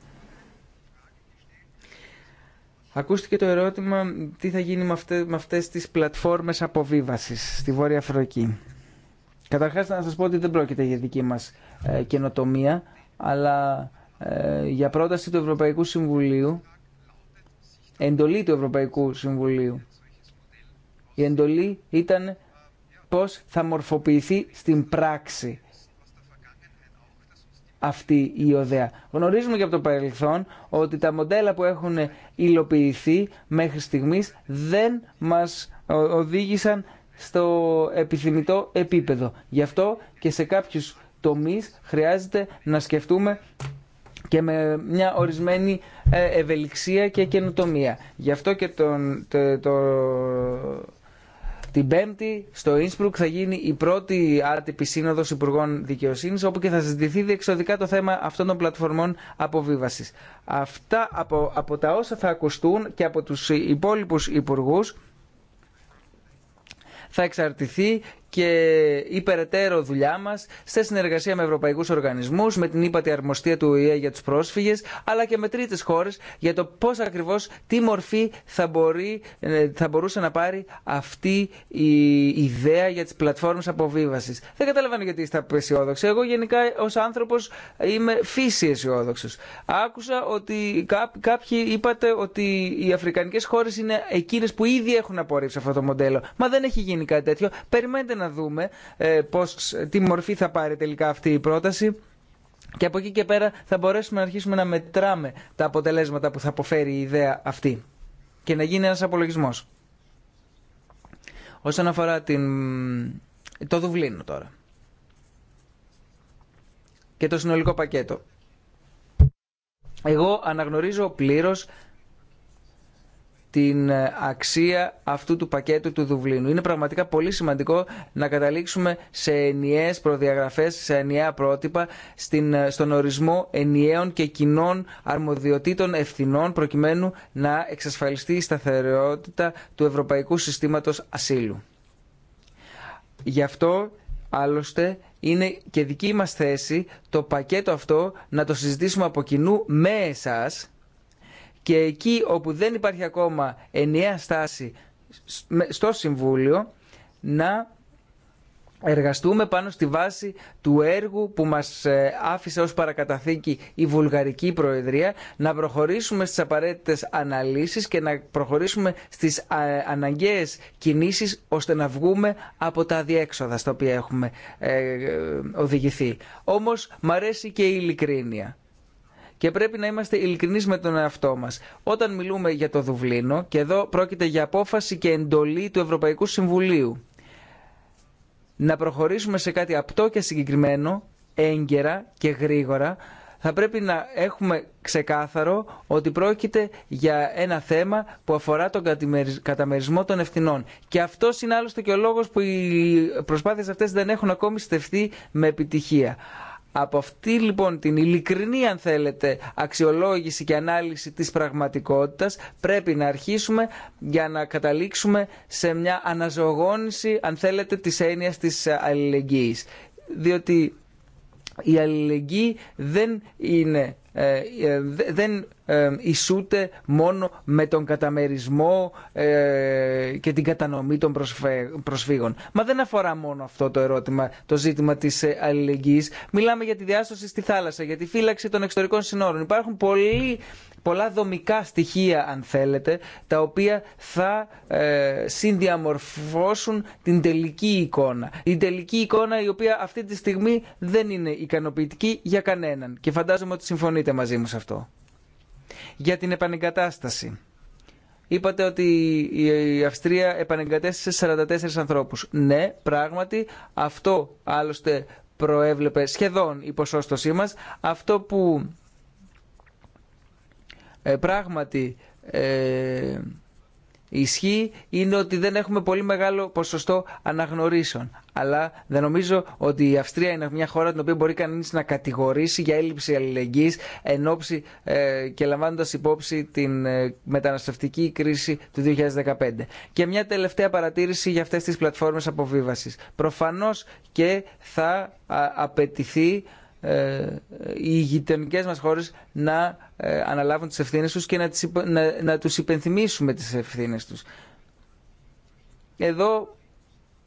Ακούστηκε το ερώτημα τι θα γίνει με αυτές, με αυτές τις πλατφόρμες αποβίβασης στη Βόρεια Αφρική. Καταρχάς να σας πω ότι δεν πρόκειται για δική μας ε, καινοτομία, αλλά ε, για πρόταση του Ευρωπαϊκού Συμβουλίου, εντολή του Ευρωπαϊκού Συμβουλίου. Η εντολή ήταν πώς θα μορφοποιηθεί στην πράξη αυτή η ιδέα. Γνωρίζουμε και από το παρελθόν ότι τα μοντέλα που έχουν υλοποιηθεί μέχρι στιγμής δεν μας οδήγησαν στο επιθυμητό επίπεδο. Γι' αυτό και σε κάποιους τομείς χρειάζεται να σκεφτούμε και με μια ορισμένη ε, ευελιξία και καινοτομία. Γι' αυτό και τον, το την Πέμπτη στο Ίνσπρουκ θα γίνει η πρώτη άτυπη σύνοδο Υπουργών δικαιοσύνη, όπου και θα συζητηθεί διεξοδικά το θέμα αυτών των πλατφορμών αποβίβαση. Αυτά από, από τα όσα θα ακουστούν και από τους υπόλοιπου υπουργού, θα εξαρτηθεί και η περαιτέρω δουλειά μα σε συνεργασία με ευρωπαϊκού οργανισμού, με την ύπατη αρμοστία του ΟΗΕ για του πρόσφυγε, αλλά και με τρίτε χώρε για το πώ ακριβώ, τι μορφή θα, μπορεί, ε, θα μπορούσε να πάρει αυτή η ιδέα για τι πλατφόρμε αποβίβαση. Δεν καταλαβαίνω γιατί είστε απεσιόδοξοι. Εγώ γενικά ω άνθρωπο είμαι φύση αισιόδοξο. Άκουσα ότι κάποιοι είπατε ότι οι αφρικανικέ χώρε είναι εκείνε που ήδη έχουν απορρίψει αυτό το μοντέλο. Μα δεν έχει γίνει κάτι τέτοιο. Περιμένετε να δούμε ε, πώς, τι μορφή θα πάρει τελικά αυτή η πρόταση. Και από εκεί και πέρα θα μπορέσουμε να αρχίσουμε να μετράμε τα αποτελέσματα που θα αποφέρει η ιδέα αυτή και να γίνει ένας απολογισμός. Όσον αφορά την... το Δουβλίνο τώρα και το συνολικό πακέτο. Εγώ αναγνωρίζω πλήρως την ε, αξία αυτού του πακέτου του Δουβλίνου. Είναι πραγματικά πολύ σημαντικό να καταλήξουμε σε ενιαίες προδιαγραφές, σε ενιαία πρότυπα, στην, ε, στον ορισμό ενιαίων και κοινών αρμοδιοτήτων ευθυνών προκειμένου να εξασφαλιστεί η σταθερότητα του Ευρωπαϊκού Συστήματος Ασύλου. Γι' αυτό άλλωστε είναι και δική μας θέση το πακέτο αυτό να το συζητήσουμε από κοινού με εσάς και εκεί όπου δεν υπάρχει ακόμα ενιαία στάση στο Συμβούλιο να εργαστούμε πάνω στη βάση του έργου που μας ε, άφησε ως παρακαταθήκη η Βουλγαρική Προεδρία, να προχωρήσουμε στις απαραίτητες αναλύσεις και να προχωρήσουμε στις ε, αναγκαίες κινήσεις ώστε να βγούμε από τα διέξοδα στα οποία έχουμε ε, οδηγηθεί. Όμως, μ' αρέσει και η ειλικρίνεια. Και πρέπει να είμαστε ειλικρινεί με τον εαυτό μα. Όταν μιλούμε για το Δουβλίνο, και εδώ πρόκειται για απόφαση και εντολή του Ευρωπαϊκού Συμβουλίου, να προχωρήσουμε σε κάτι απτό και συγκεκριμένο, έγκαιρα και γρήγορα, θα πρέπει να έχουμε ξεκάθαρο ότι πρόκειται για ένα θέμα που αφορά τον καταμερισμό των ευθυνών. Και αυτό είναι άλλωστε και ο λόγος που οι προσπάθειες αυτές δεν έχουν ακόμη στεφτεί με επιτυχία. Από αυτή λοιπόν την ειλικρινή αν θέλετε αξιολόγηση και ανάλυση της πραγματικότητας πρέπει να αρχίσουμε για να καταλήξουμε σε μια αναζωογόνηση αν θέλετε της έννοιας της αλληλεγγύης. Διότι η αλληλεγγύη δεν είναι ε, ε, δεν ε, ισούται μόνο με τον καταμερισμό και την κατανομή των προσφύγων. Μα δεν αφορά μόνο αυτό το ερώτημα, το ζήτημα της αλληλεγγύης. Μιλάμε για τη διάσωση στη θάλασσα, για τη φύλαξη των εξωτερικών συνόρων. Υπάρχουν πολλοί πολλά δομικά στοιχεία αν θέλετε τα οποία θα ε, συνδιαμορφώσουν την τελική εικόνα. Η τελική εικόνα η οποία αυτή τη στιγμή δεν είναι ικανοποιητική για κανέναν και φαντάζομαι ότι συμφωνείτε μαζί μου σε αυτό. Για την επανεγκατάσταση. Είπατε ότι η Αυστρία επανεγκατέστησε 44 ανθρώπους. Ναι, πράγματι, αυτό άλλωστε προέβλεπε σχεδόν η ποσόστοσή μας. Αυτό που ε, πράγματι ε, ισχύει είναι ότι δεν έχουμε πολύ μεγάλο ποσοστό αναγνωρίσεων. Αλλά δεν νομίζω ότι η Αυστρία είναι μια χώρα την οποία μπορεί κανείς να κατηγορήσει για έλλειψη αλληλεγγύης εν ώψη ε, και λαμβάνοντας υπόψη την ε, μεταναστευτική κρίση του 2015. Και μια τελευταία παρατήρηση για αυτές τις πλατφόρμες αποβίβασης. Προφανώς και θα απαιτηθεί ε, οι γειτονικέ μας χώρες να ε, αναλάβουν τις ευθύνες τους και να, τις, να, τους υπενθυμίσουμε τις ευθύνες τους. Εδώ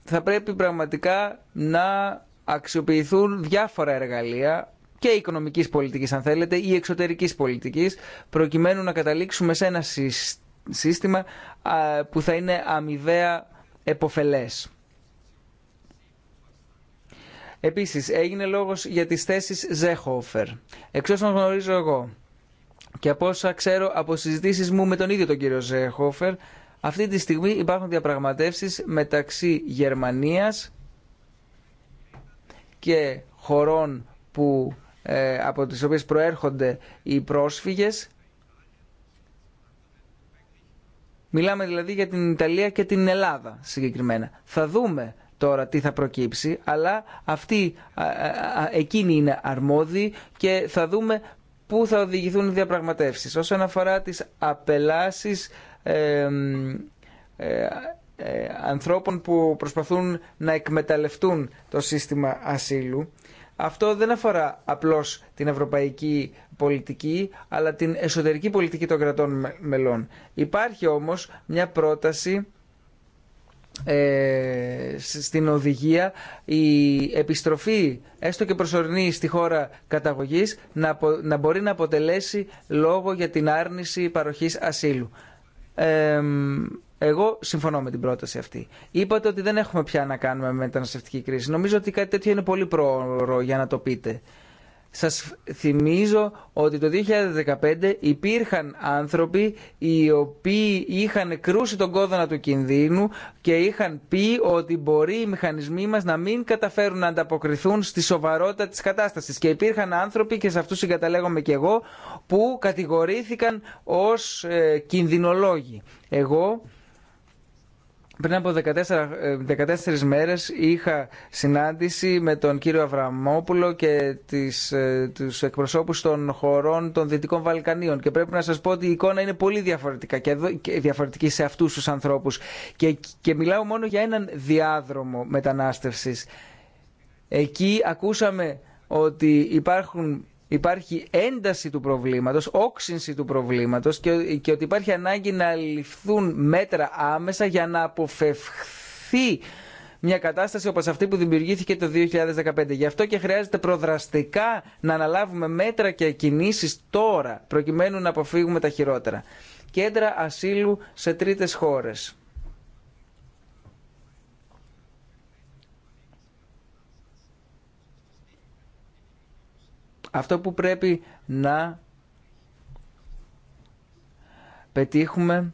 θα πρέπει πραγματικά να αξιοποιηθούν διάφορα εργαλεία και οικονομικής πολιτικής αν θέλετε ή εξωτερικής πολιτικής προκειμένου να καταλήξουμε σε ένα σύστημα που θα είναι αμοιβαία εποφελές. Επίσης έγινε λόγος για τις θέσει Ζέχοφερ. Εξ όσων γνωρίζω εγώ και από όσα ξέρω από συζητήσει μου με τον ίδιο τον κύριο Ζέχοφερ, αυτή τη στιγμή υπάρχουν διαπραγματεύσεις μεταξύ Γερμανίας και χωρών που, ε, από τις οποίες προέρχονται οι πρόσφυγες. Μιλάμε δηλαδή για την Ιταλία και την Ελλάδα συγκεκριμένα. Θα δούμε τώρα τι θα προκύψει, αλλά αυτοί, εκείνοι είναι αρμόδιοι και θα δούμε πού θα οδηγηθούν οι διαπραγματεύσεις. Όσον αφορά τις απελάσεις ε, ε, ανθρώπων που προσπαθούν να εκμεταλλευτούν το σύστημα ασύλου, αυτό δεν αφορά απλώς την ευρωπαϊκή πολιτική, αλλά την εσωτερική πολιτική των κρατών μελών. Υπάρχει όμως μια πρόταση ε, στην οδηγία η επιστροφή έστω και προσωρινή στη χώρα καταγωγής να μπορεί να αποτελέσει λόγο για την άρνηση παροχής ασύλου. εγώ συμφωνώ με την πρόταση αυτή. Είπατε ότι δεν έχουμε πια να κάνουμε μεταναστευτική κρίση. Νομίζω ότι κάτι τέτοιο είναι πολύ πρόωρο για να το πείτε. Σας θυμίζω ότι το 2015 υπήρχαν άνθρωποι οι οποίοι είχαν κρούσει τον κόδωνα του κινδύνου και είχαν πει ότι μπορεί οι μηχανισμοί μας να μην καταφέρουν να ανταποκριθούν στη σοβαρότητα της κατάστασης. Και υπήρχαν άνθρωποι, και σε αυτούς συγκαταλέγομαι και εγώ, που κατηγορήθηκαν ως ε, κινδυνολόγοι. Εγώ πριν από 14, 14 ε, μέρες είχα συνάντηση με τον κύριο Αβραμόπουλο και τις, ε, τους εκπροσώπους των χωρών των Δυτικών Βαλκανίων και πρέπει να σας πω ότι η εικόνα είναι πολύ διαφορετικά και, διαφορετική σε αυτούς τους ανθρώπους και, και μιλάω μόνο για έναν διάδρομο μετανάστευσης. Εκεί ακούσαμε ότι υπάρχουν υπάρχει ένταση του προβλήματος, όξυνση του προβλήματος και, και ότι υπάρχει ανάγκη να ληφθούν μέτρα άμεσα για να αποφευχθεί μια κατάσταση όπως αυτή που δημιουργήθηκε το 2015. Γι' αυτό και χρειάζεται προδραστικά να αναλάβουμε μέτρα και κινήσεις τώρα, προκειμένου να αποφύγουμε τα χειρότερα. Κέντρα ασύλου σε τρίτες χώρες. Αυτό που πρέπει να πετύχουμε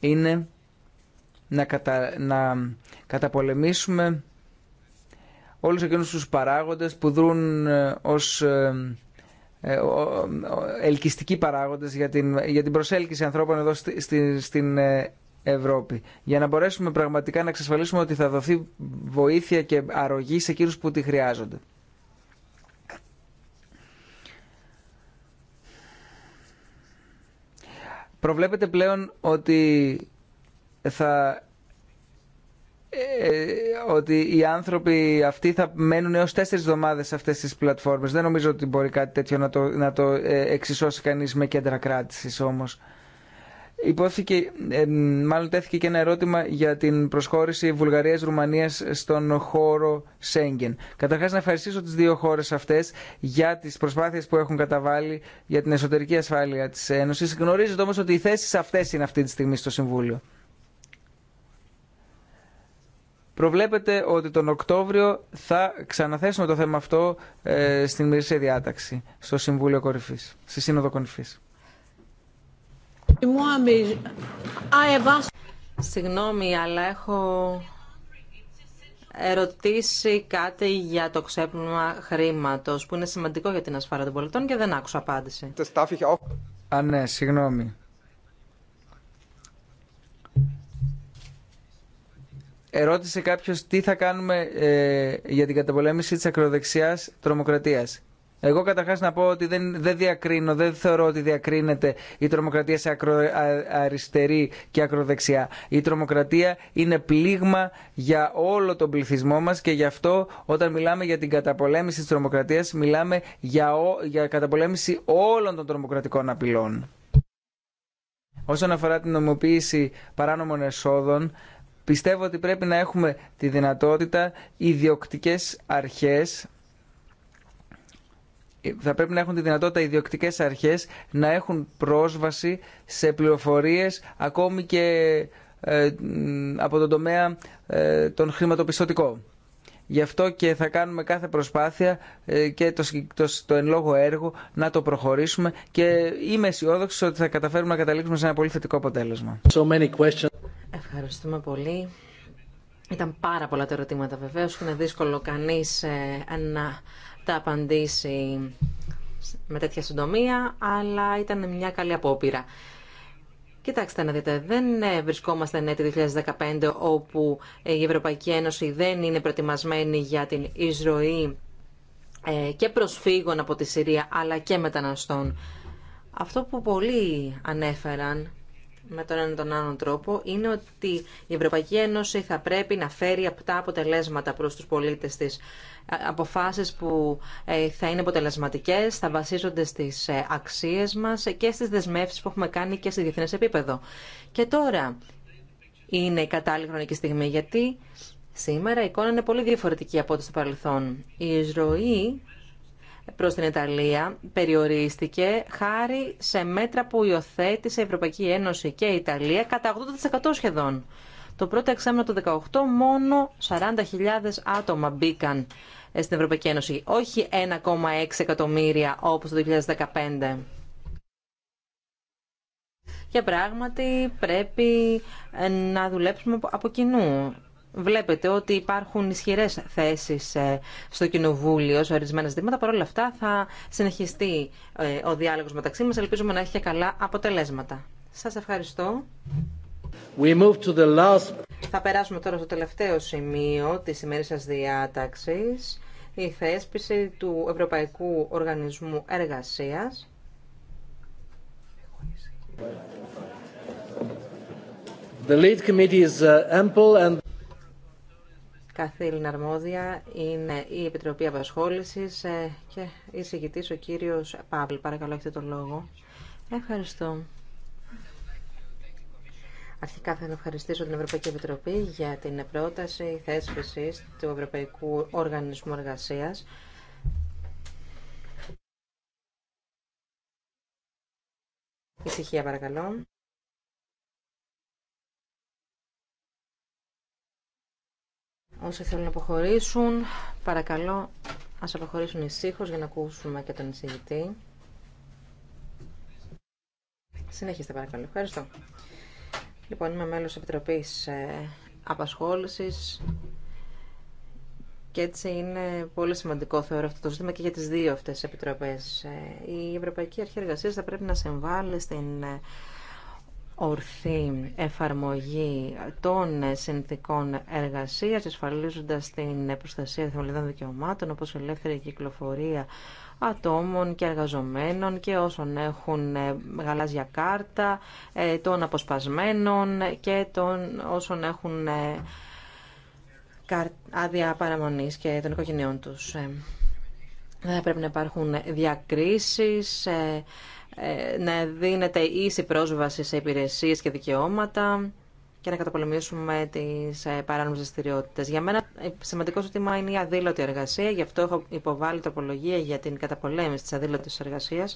είναι να, να καταπολεμήσουμε όλους εκείνους τους παράγοντες που δρούν ε, ως ε, ε, ελκυστικοί παράγοντες για την, για την προσέλκυση ανθρώπων εδώ στη, στην Ευρώπη. Για να μπορέσουμε πραγματικά να εξασφαλίσουμε ότι θα δοθεί βοήθεια και αρρωγή σε εκείνους που τη χρειάζονται. προβλέπετε πλέον ότι θα ε, ότι οι άνθρωποι αυτοί θα μένουν έως τέσσερις εβδομάδες σε αυτές τις πλατφόρμες. Δεν νομίζω ότι μπορεί κάτι τέτοιο να το, να το ε, εξισώσει κανείς με κέντρα κράτησης όμως. Υπόθηκε, ε, μάλλον τέθηκε και ένα ερώτημα για την προσχώρηση Βουλγαρίας-Ρουμανίας στον χώρο Σέγγεν. Καταρχάς να ευχαριστήσω τις δύο χώρες αυτές για τις προσπάθειες που έχουν καταβάλει για την εσωτερική ασφάλεια της Ένωσης. Γνωρίζετε όμως ότι οι θέσεις αυτές είναι αυτή τη στιγμή στο Συμβούλιο. Προβλέπετε ότι τον Οκτώβριο θα ξαναθέσουμε το θέμα αυτό ε, στην Μυρίσια Διάταξη, στο Συμβούλιο Κορυφής, στη Σύνοδο Κορυφής. Συγγνώμη, αλλά έχω ερωτήσει κάτι για το ξέπλυμα χρήματος, που είναι σημαντικό για την ασφάλεια των πολιτών και δεν άκουσα απάντηση. Α, ναι, συγγνώμη. Ερώτησε κάποιος τι θα κάνουμε ε, για την καταπολέμηση της ακροδεξιάς τρομοκρατίας. Εγώ καταρχά να πω ότι δεν, δεν διακρίνω, δεν θεωρώ ότι διακρίνεται η τρομοκρατία σε αριστερή και ακροδεξιά. Η τρομοκρατία είναι πλήγμα για όλο τον πληθυσμό μας και γι' αυτό όταν μιλάμε για την καταπολέμηση της τρομοκρατίας μιλάμε για, για καταπολέμηση όλων των τρομοκρατικών απειλών. Όσον αφορά την νομοποίηση παράνομων εσόδων, πιστεύω ότι πρέπει να έχουμε τη δυνατότητα ιδιοκτικές αρχές θα πρέπει να έχουν τη δυνατότητα οι ιδιοκτικέ αρχές να έχουν πρόσβαση σε πληροφορίες ακόμη και ε, από τον τομέα ε, των χρηματοπιστωτικό. Γι' αυτό και θα κάνουμε κάθε προσπάθεια ε, και το, το, το εν λόγω έργο να το προχωρήσουμε και είμαι αισιοδόξη ότι θα καταφέρουμε να καταλήξουμε σε ένα πολύ θετικό αποτέλεσμα. So many Ευχαριστούμε πολύ. Ήταν πάρα πολλά τα ερωτήματα βεβαίως. Είναι δύσκολο κανείς να τα απαντήσει με τέτοια συντομία, αλλά ήταν μια καλή απόπειρα. Κοιτάξτε να δείτε, δεν ε, βρισκόμαστε εν έτη 2015 όπου ε, η Ευρωπαϊκή Ένωση δεν είναι προετοιμασμένη για την εισρωή ε, και προσφύγων από τη Συρία αλλά και μεταναστών. Αυτό που πολλοί ανέφεραν με τον έναν τον άλλον τρόπο είναι ότι η Ευρωπαϊκή Ένωση θα πρέπει να φέρει απτά αποτελέσματα προς τους πολίτες της. Ε, αποφάσεις που ε, θα είναι αποτελεσματικές, θα βασίζονται στις ε, αξίες μας και στις δεσμεύσεις που έχουμε κάνει και σε διεθνές επίπεδο. Και τώρα είναι η κατάλληλη χρονική στιγμή, γιατί σήμερα η εικόνα είναι πολύ διαφορετική από ό,τι στο παρελθόν. Η εισρωή προς την Ιταλία περιορίστηκε χάρη σε μέτρα που υιοθέτησε η Ευρωπαϊκή Ένωση και η Ιταλία κατά 80% σχεδόν. Το πρώτο εξάμεινο του 2018 μόνο 40.000 άτομα μπήκαν ε, στην Ευρωπαϊκή Ένωση. Όχι 1,6 εκατομμύρια όπως το 2015. Και πράγματι πρέπει ε, να δουλέψουμε από κοινού. Βλέπετε ότι υπάρχουν ισχυρέ θέσεις ε, στο Κοινοβούλιο σε ορισμένα ζητήματα. Παρ' όλα αυτά θα συνεχιστεί ο διάλογος μεταξύ μας. Ελπίζουμε να έχει και καλά αποτελέσματα. Σα ευχαριστώ. Θα περάσουμε τώρα στο τελευταίο σημείο της ημέρης διάταξης, η θέσπιση του Ευρωπαϊκού Οργανισμού Εργασίας. The lead committee is uh, ample and... Καθήλυνα αρμόδια είναι η Επιτροπή Απασχόλησης ε, και η συγκητής ο κύριος Παύλ. Παρακαλώ, έχετε τον λόγο. Ευχαριστώ. Αρχικά θα ευχαριστήσω την Ευρωπαϊκή Επιτροπή για την πρόταση θέσπιση του Ευρωπαϊκού Οργανισμού Εργασία. Ησυχία παρακαλώ. Όσοι θέλουν να αποχωρήσουν, παρακαλώ ας αποχωρήσουν ησύχως για να ακούσουμε και τον εισηγητή. Συνέχιστε παρακαλώ. Ευχαριστώ. Λοιπόν, είμαι μέλος της Επιτροπής ε, Απασχόλησης και έτσι είναι πολύ σημαντικό θεωρώ αυτό το ζήτημα και για τις δύο αυτές τις επιτροπές. Ε, η Ευρωπαϊκή Αρχή Εργασίας θα πρέπει να συμβάλλει στην ε, ορθή εφαρμογή των συνθήκων εργασίας, εσφαλίζοντας την προστασία θεμελιδών δικαιωμάτων, όπως η ελεύθερη κυκλοφορία ατόμων και εργαζομένων και όσων έχουν ε, γαλάζια κάρτα, ε, των αποσπασμένων και όσων έχουν ε, άδεια παραμονής και των οικογενειών τους. Δεν πρέπει να υπάρχουν διακρίσεις, να δίνεται ίση πρόσβαση σε υπηρεσίες και δικαιώματα και να καταπολεμήσουμε τις ε, παράνομες δραστηριότητε. Για μένα ε, σημαντικό ζήτημα είναι η αδήλωτη εργασία, γι' αυτό έχω υποβάλει τροπολογία για την καταπολέμηση τη αδήλωτη εργασία,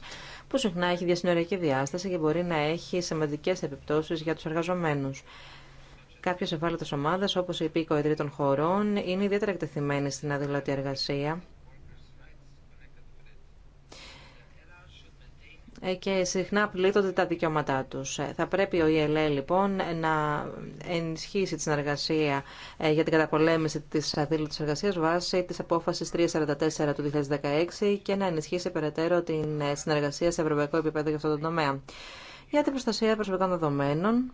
που συχνά έχει διασυνοριακή διάσταση και μπορεί να έχει σημαντικέ επιπτώσει για τους εργαζομένους. Κάποιε ευάλωτε ομάδε, όπω η υπήκοοι τρίτων χωρών, είναι ιδιαίτερα εκτεθειμένοι στην αδηλωτή εργασία Ε, και συχνά πλήττονται τα δικαιώματά τους. Ε, θα πρέπει ο ΙΕΛΕ λοιπόν να ενισχύσει τη συνεργασία ε, για την καταπολέμηση της αδίλωτης εργασίας βάσει της απόφασης 344 του 2016 και να ενισχύσει περαιτέρω την συνεργασία σε ευρωπαϊκό επίπεδο για αυτό το τομέα. Για την προστασία προσωπικών δεδομένων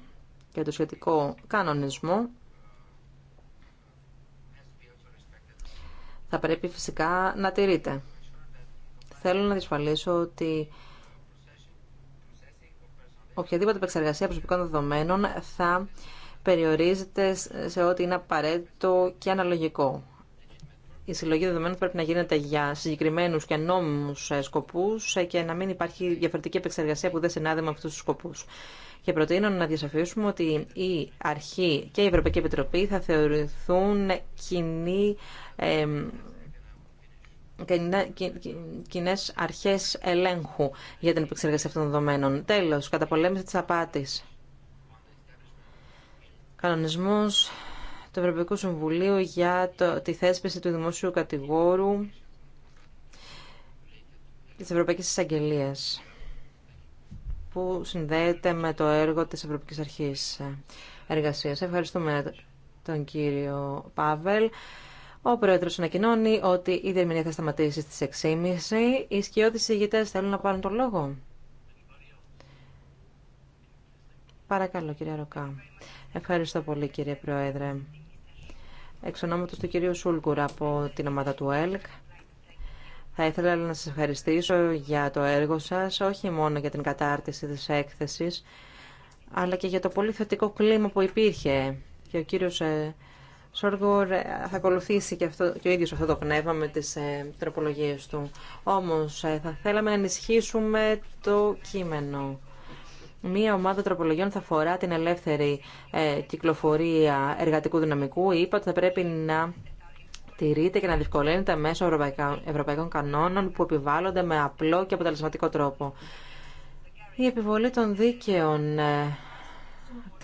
και το σχετικό κανονισμό θα πρέπει φυσικά να τηρείται. Θέλω να διασφαλίσω ότι οποιαδήποτε επεξεργασία προσωπικών δεδομένων θα περιορίζεται σε ό,τι είναι απαραίτητο και αναλογικό. Η συλλογή δεδομένων πρέπει να γίνεται για συγκεκριμένου και νόμιμου ε, σκοπού ε, και να μην υπάρχει διαφορετική επεξεργασία που δεν συνάδει με αυτού του σκοπού. Και προτείνω να διασαφίσουμε ότι η αρχή και η Ευρωπαϊκή Επιτροπή θα θεωρηθούν κοινοί ε, κοινέ αρχέ ελέγχου για την επεξεργασία αυτών των δεδομένων. Τέλο, καταπολέμηση τη απάτη. Κανονισμό του Ευρωπαϊκού Συμβουλίου για το, τη θέσπιση του δημόσιου κατηγόρου της Ευρωπαϊκής Εισαγγελία που συνδέεται με το έργο της Ευρωπαϊκής Αρχής Εργασίας. Ευχαριστούμε τον κύριο Πάβελ. Ο Πρόεδρο ανακοινώνει ότι η διερμηνία θα σταματήσει στι 18.30. Οι σκιώδει ηγητέ θέλουν να πάρουν τον λόγο. Παρακαλώ, κύριε Ροκά. Ευχαριστώ πολύ, κύριε Πρόεδρε. Εξ ονόματος του κυρίου Σούλκουρα από την ομάδα του ΕΛΚ, θα ήθελα να σας ευχαριστήσω για το έργο σας, όχι μόνο για την κατάρτιση της έκθεσης, αλλά και για το πολύ θετικό κλίμα που υπήρχε. Και ο κύριος ε, Σόργορ ε, θα ακολουθήσει και, αυτό, και ο ίδιος αυτό το πνεύμα με τις ε, τροπολογίες του. Όμως ε, θα θέλαμε να ενισχύσουμε το κείμενο. Μία ομάδα τροπολογιών θα φορά την ελεύθερη ε, κυκλοφορία εργατικού δυναμικού. Είπα ότι θα πρέπει να τηρείται και να διευκολύνεται μέσω ευρωπαϊκών κανόνων που επιβάλλονται με απλό και αποτελεσματικό τρόπο. Η επιβολή των δίκαιων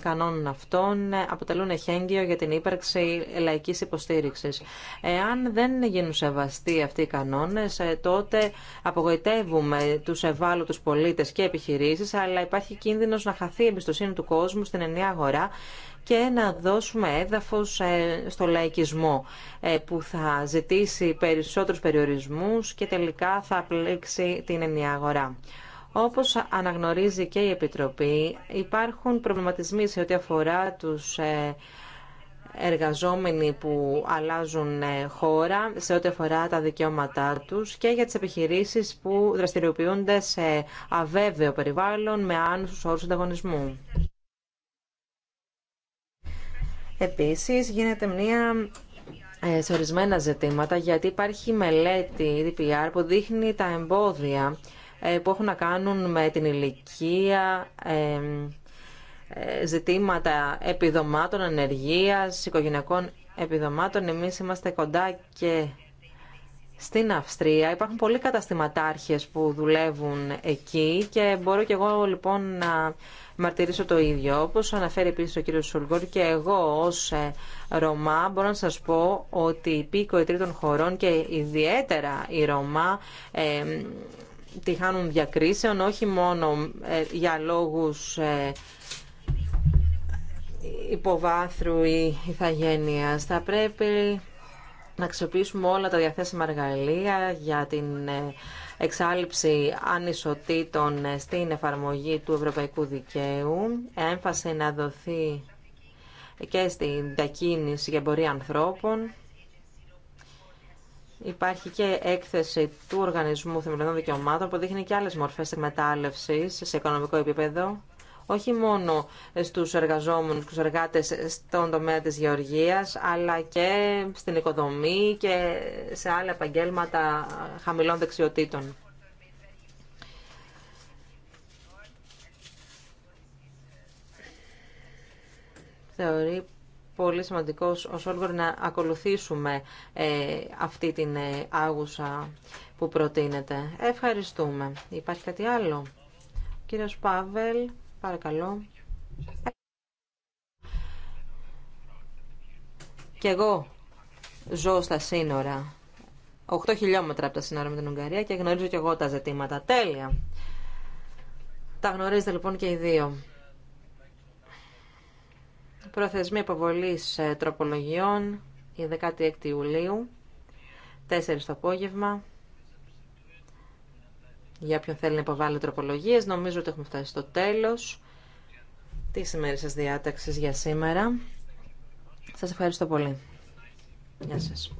κανόνων αυτών αποτελούν εχέγγυο για την ύπαρξη λαϊκής υποστήριξης. Εάν δεν γίνουν σεβαστοί αυτοί οι κανόνες, ε, τότε απογοητεύουμε τους ευάλωτους πολίτες και επιχειρήσεις, αλλά υπάρχει κίνδυνος να χαθεί η εμπιστοσύνη του κόσμου στην ενιαία αγορά και να δώσουμε έδαφος ε, στο λαϊκισμό ε, που θα ζητήσει περισσότερους περιορισμούς και τελικά θα απλήξει την ενιαία αγορά. Όπως αναγνωρίζει και η Επιτροπή, υπάρχουν προβληματισμοί σε ό,τι αφορά τους ε, εργαζόμενοι που αλλάζουν ε, χώρα, σε ό,τι αφορά τα δικαιώματά τους και για τις επιχειρήσεις που δραστηριοποιούνται σε αβέβαιο περιβάλλον με άνθρωπους όρους ανταγωνισμού. Επίσης, γίνεται μια ε, σε ορισμένα ζητήματα, γιατί υπάρχει μελέτη DPR που δείχνει τα εμπόδια ε, που έχουν να κάνουν με την ηλικία, ε, ε, ζητήματα επιδομάτων, ανεργίας, οικογενειακών επιδομάτων. Εμείς είμαστε κοντά και στην Αυστρία. Υπάρχουν πολλοί καταστηματάρχες που δουλεύουν εκεί και μπορώ και εγώ λοιπόν να μαρτυρήσω το ίδιο. Όπως αναφέρει επίσης ο κύριος Σουλγκόρ και εγώ ως Ρωμά μπορώ να σας πω ότι οι πήκοοι τρίτων χωρών και ιδιαίτερα η Ρωμά τυχάνουν χάνουν διακρίσεων όχι μόνο ε, για λόγους ε, υποβάθρου ή ηθαγένειας. Θα πρέπει να αξιοποιήσουμε όλα τα διαθέσιμα εργαλεία για την ε, εξάλληψη ανισοτήτων στην εφαρμογή του ευρωπαϊκού δικαίου, έμφαση να δοθεί και στην διακίνηση για εμπορία ανθρώπων Υπάρχει και έκθεση του Οργανισμού Θεμελιωδών Δικαιωμάτων που δείχνει και άλλες μορφές εκμετάλλευση σε οικονομικό επίπεδο, όχι μόνο στους εργαζόμενους, τους εργάτες στον τομέα της γεωργίας, αλλά και στην οικοδομή και σε άλλα επαγγέλματα χαμηλών δεξιοτήτων πολύ σημαντικό ως Όλγορ να ακολουθήσουμε ε, αυτή την ε, άγουσα που προτείνεται. Ευχαριστούμε. Υπάρχει κάτι άλλο. Κύριο κύριος Πάβελ, παρακαλώ. Και εγώ ζω στα σύνορα. 8 χιλιόμετρα από τα σύνορα με την Ουγγαρία και γνωρίζω και εγώ τα ζητήματα. Τέλεια. Τα γνωρίζετε λοιπόν και οι δύο. Προθεσμή υποβολή ε, τροπολογιών η 16 Ιουλίου, 4 το απόγευμα. Για ποιον θέλει να υποβάλει τροπολογίες, νομίζω ότι έχουμε φτάσει στο τέλος της σα διάταξης για σήμερα. Σας ευχαριστώ πολύ. Γεια σας.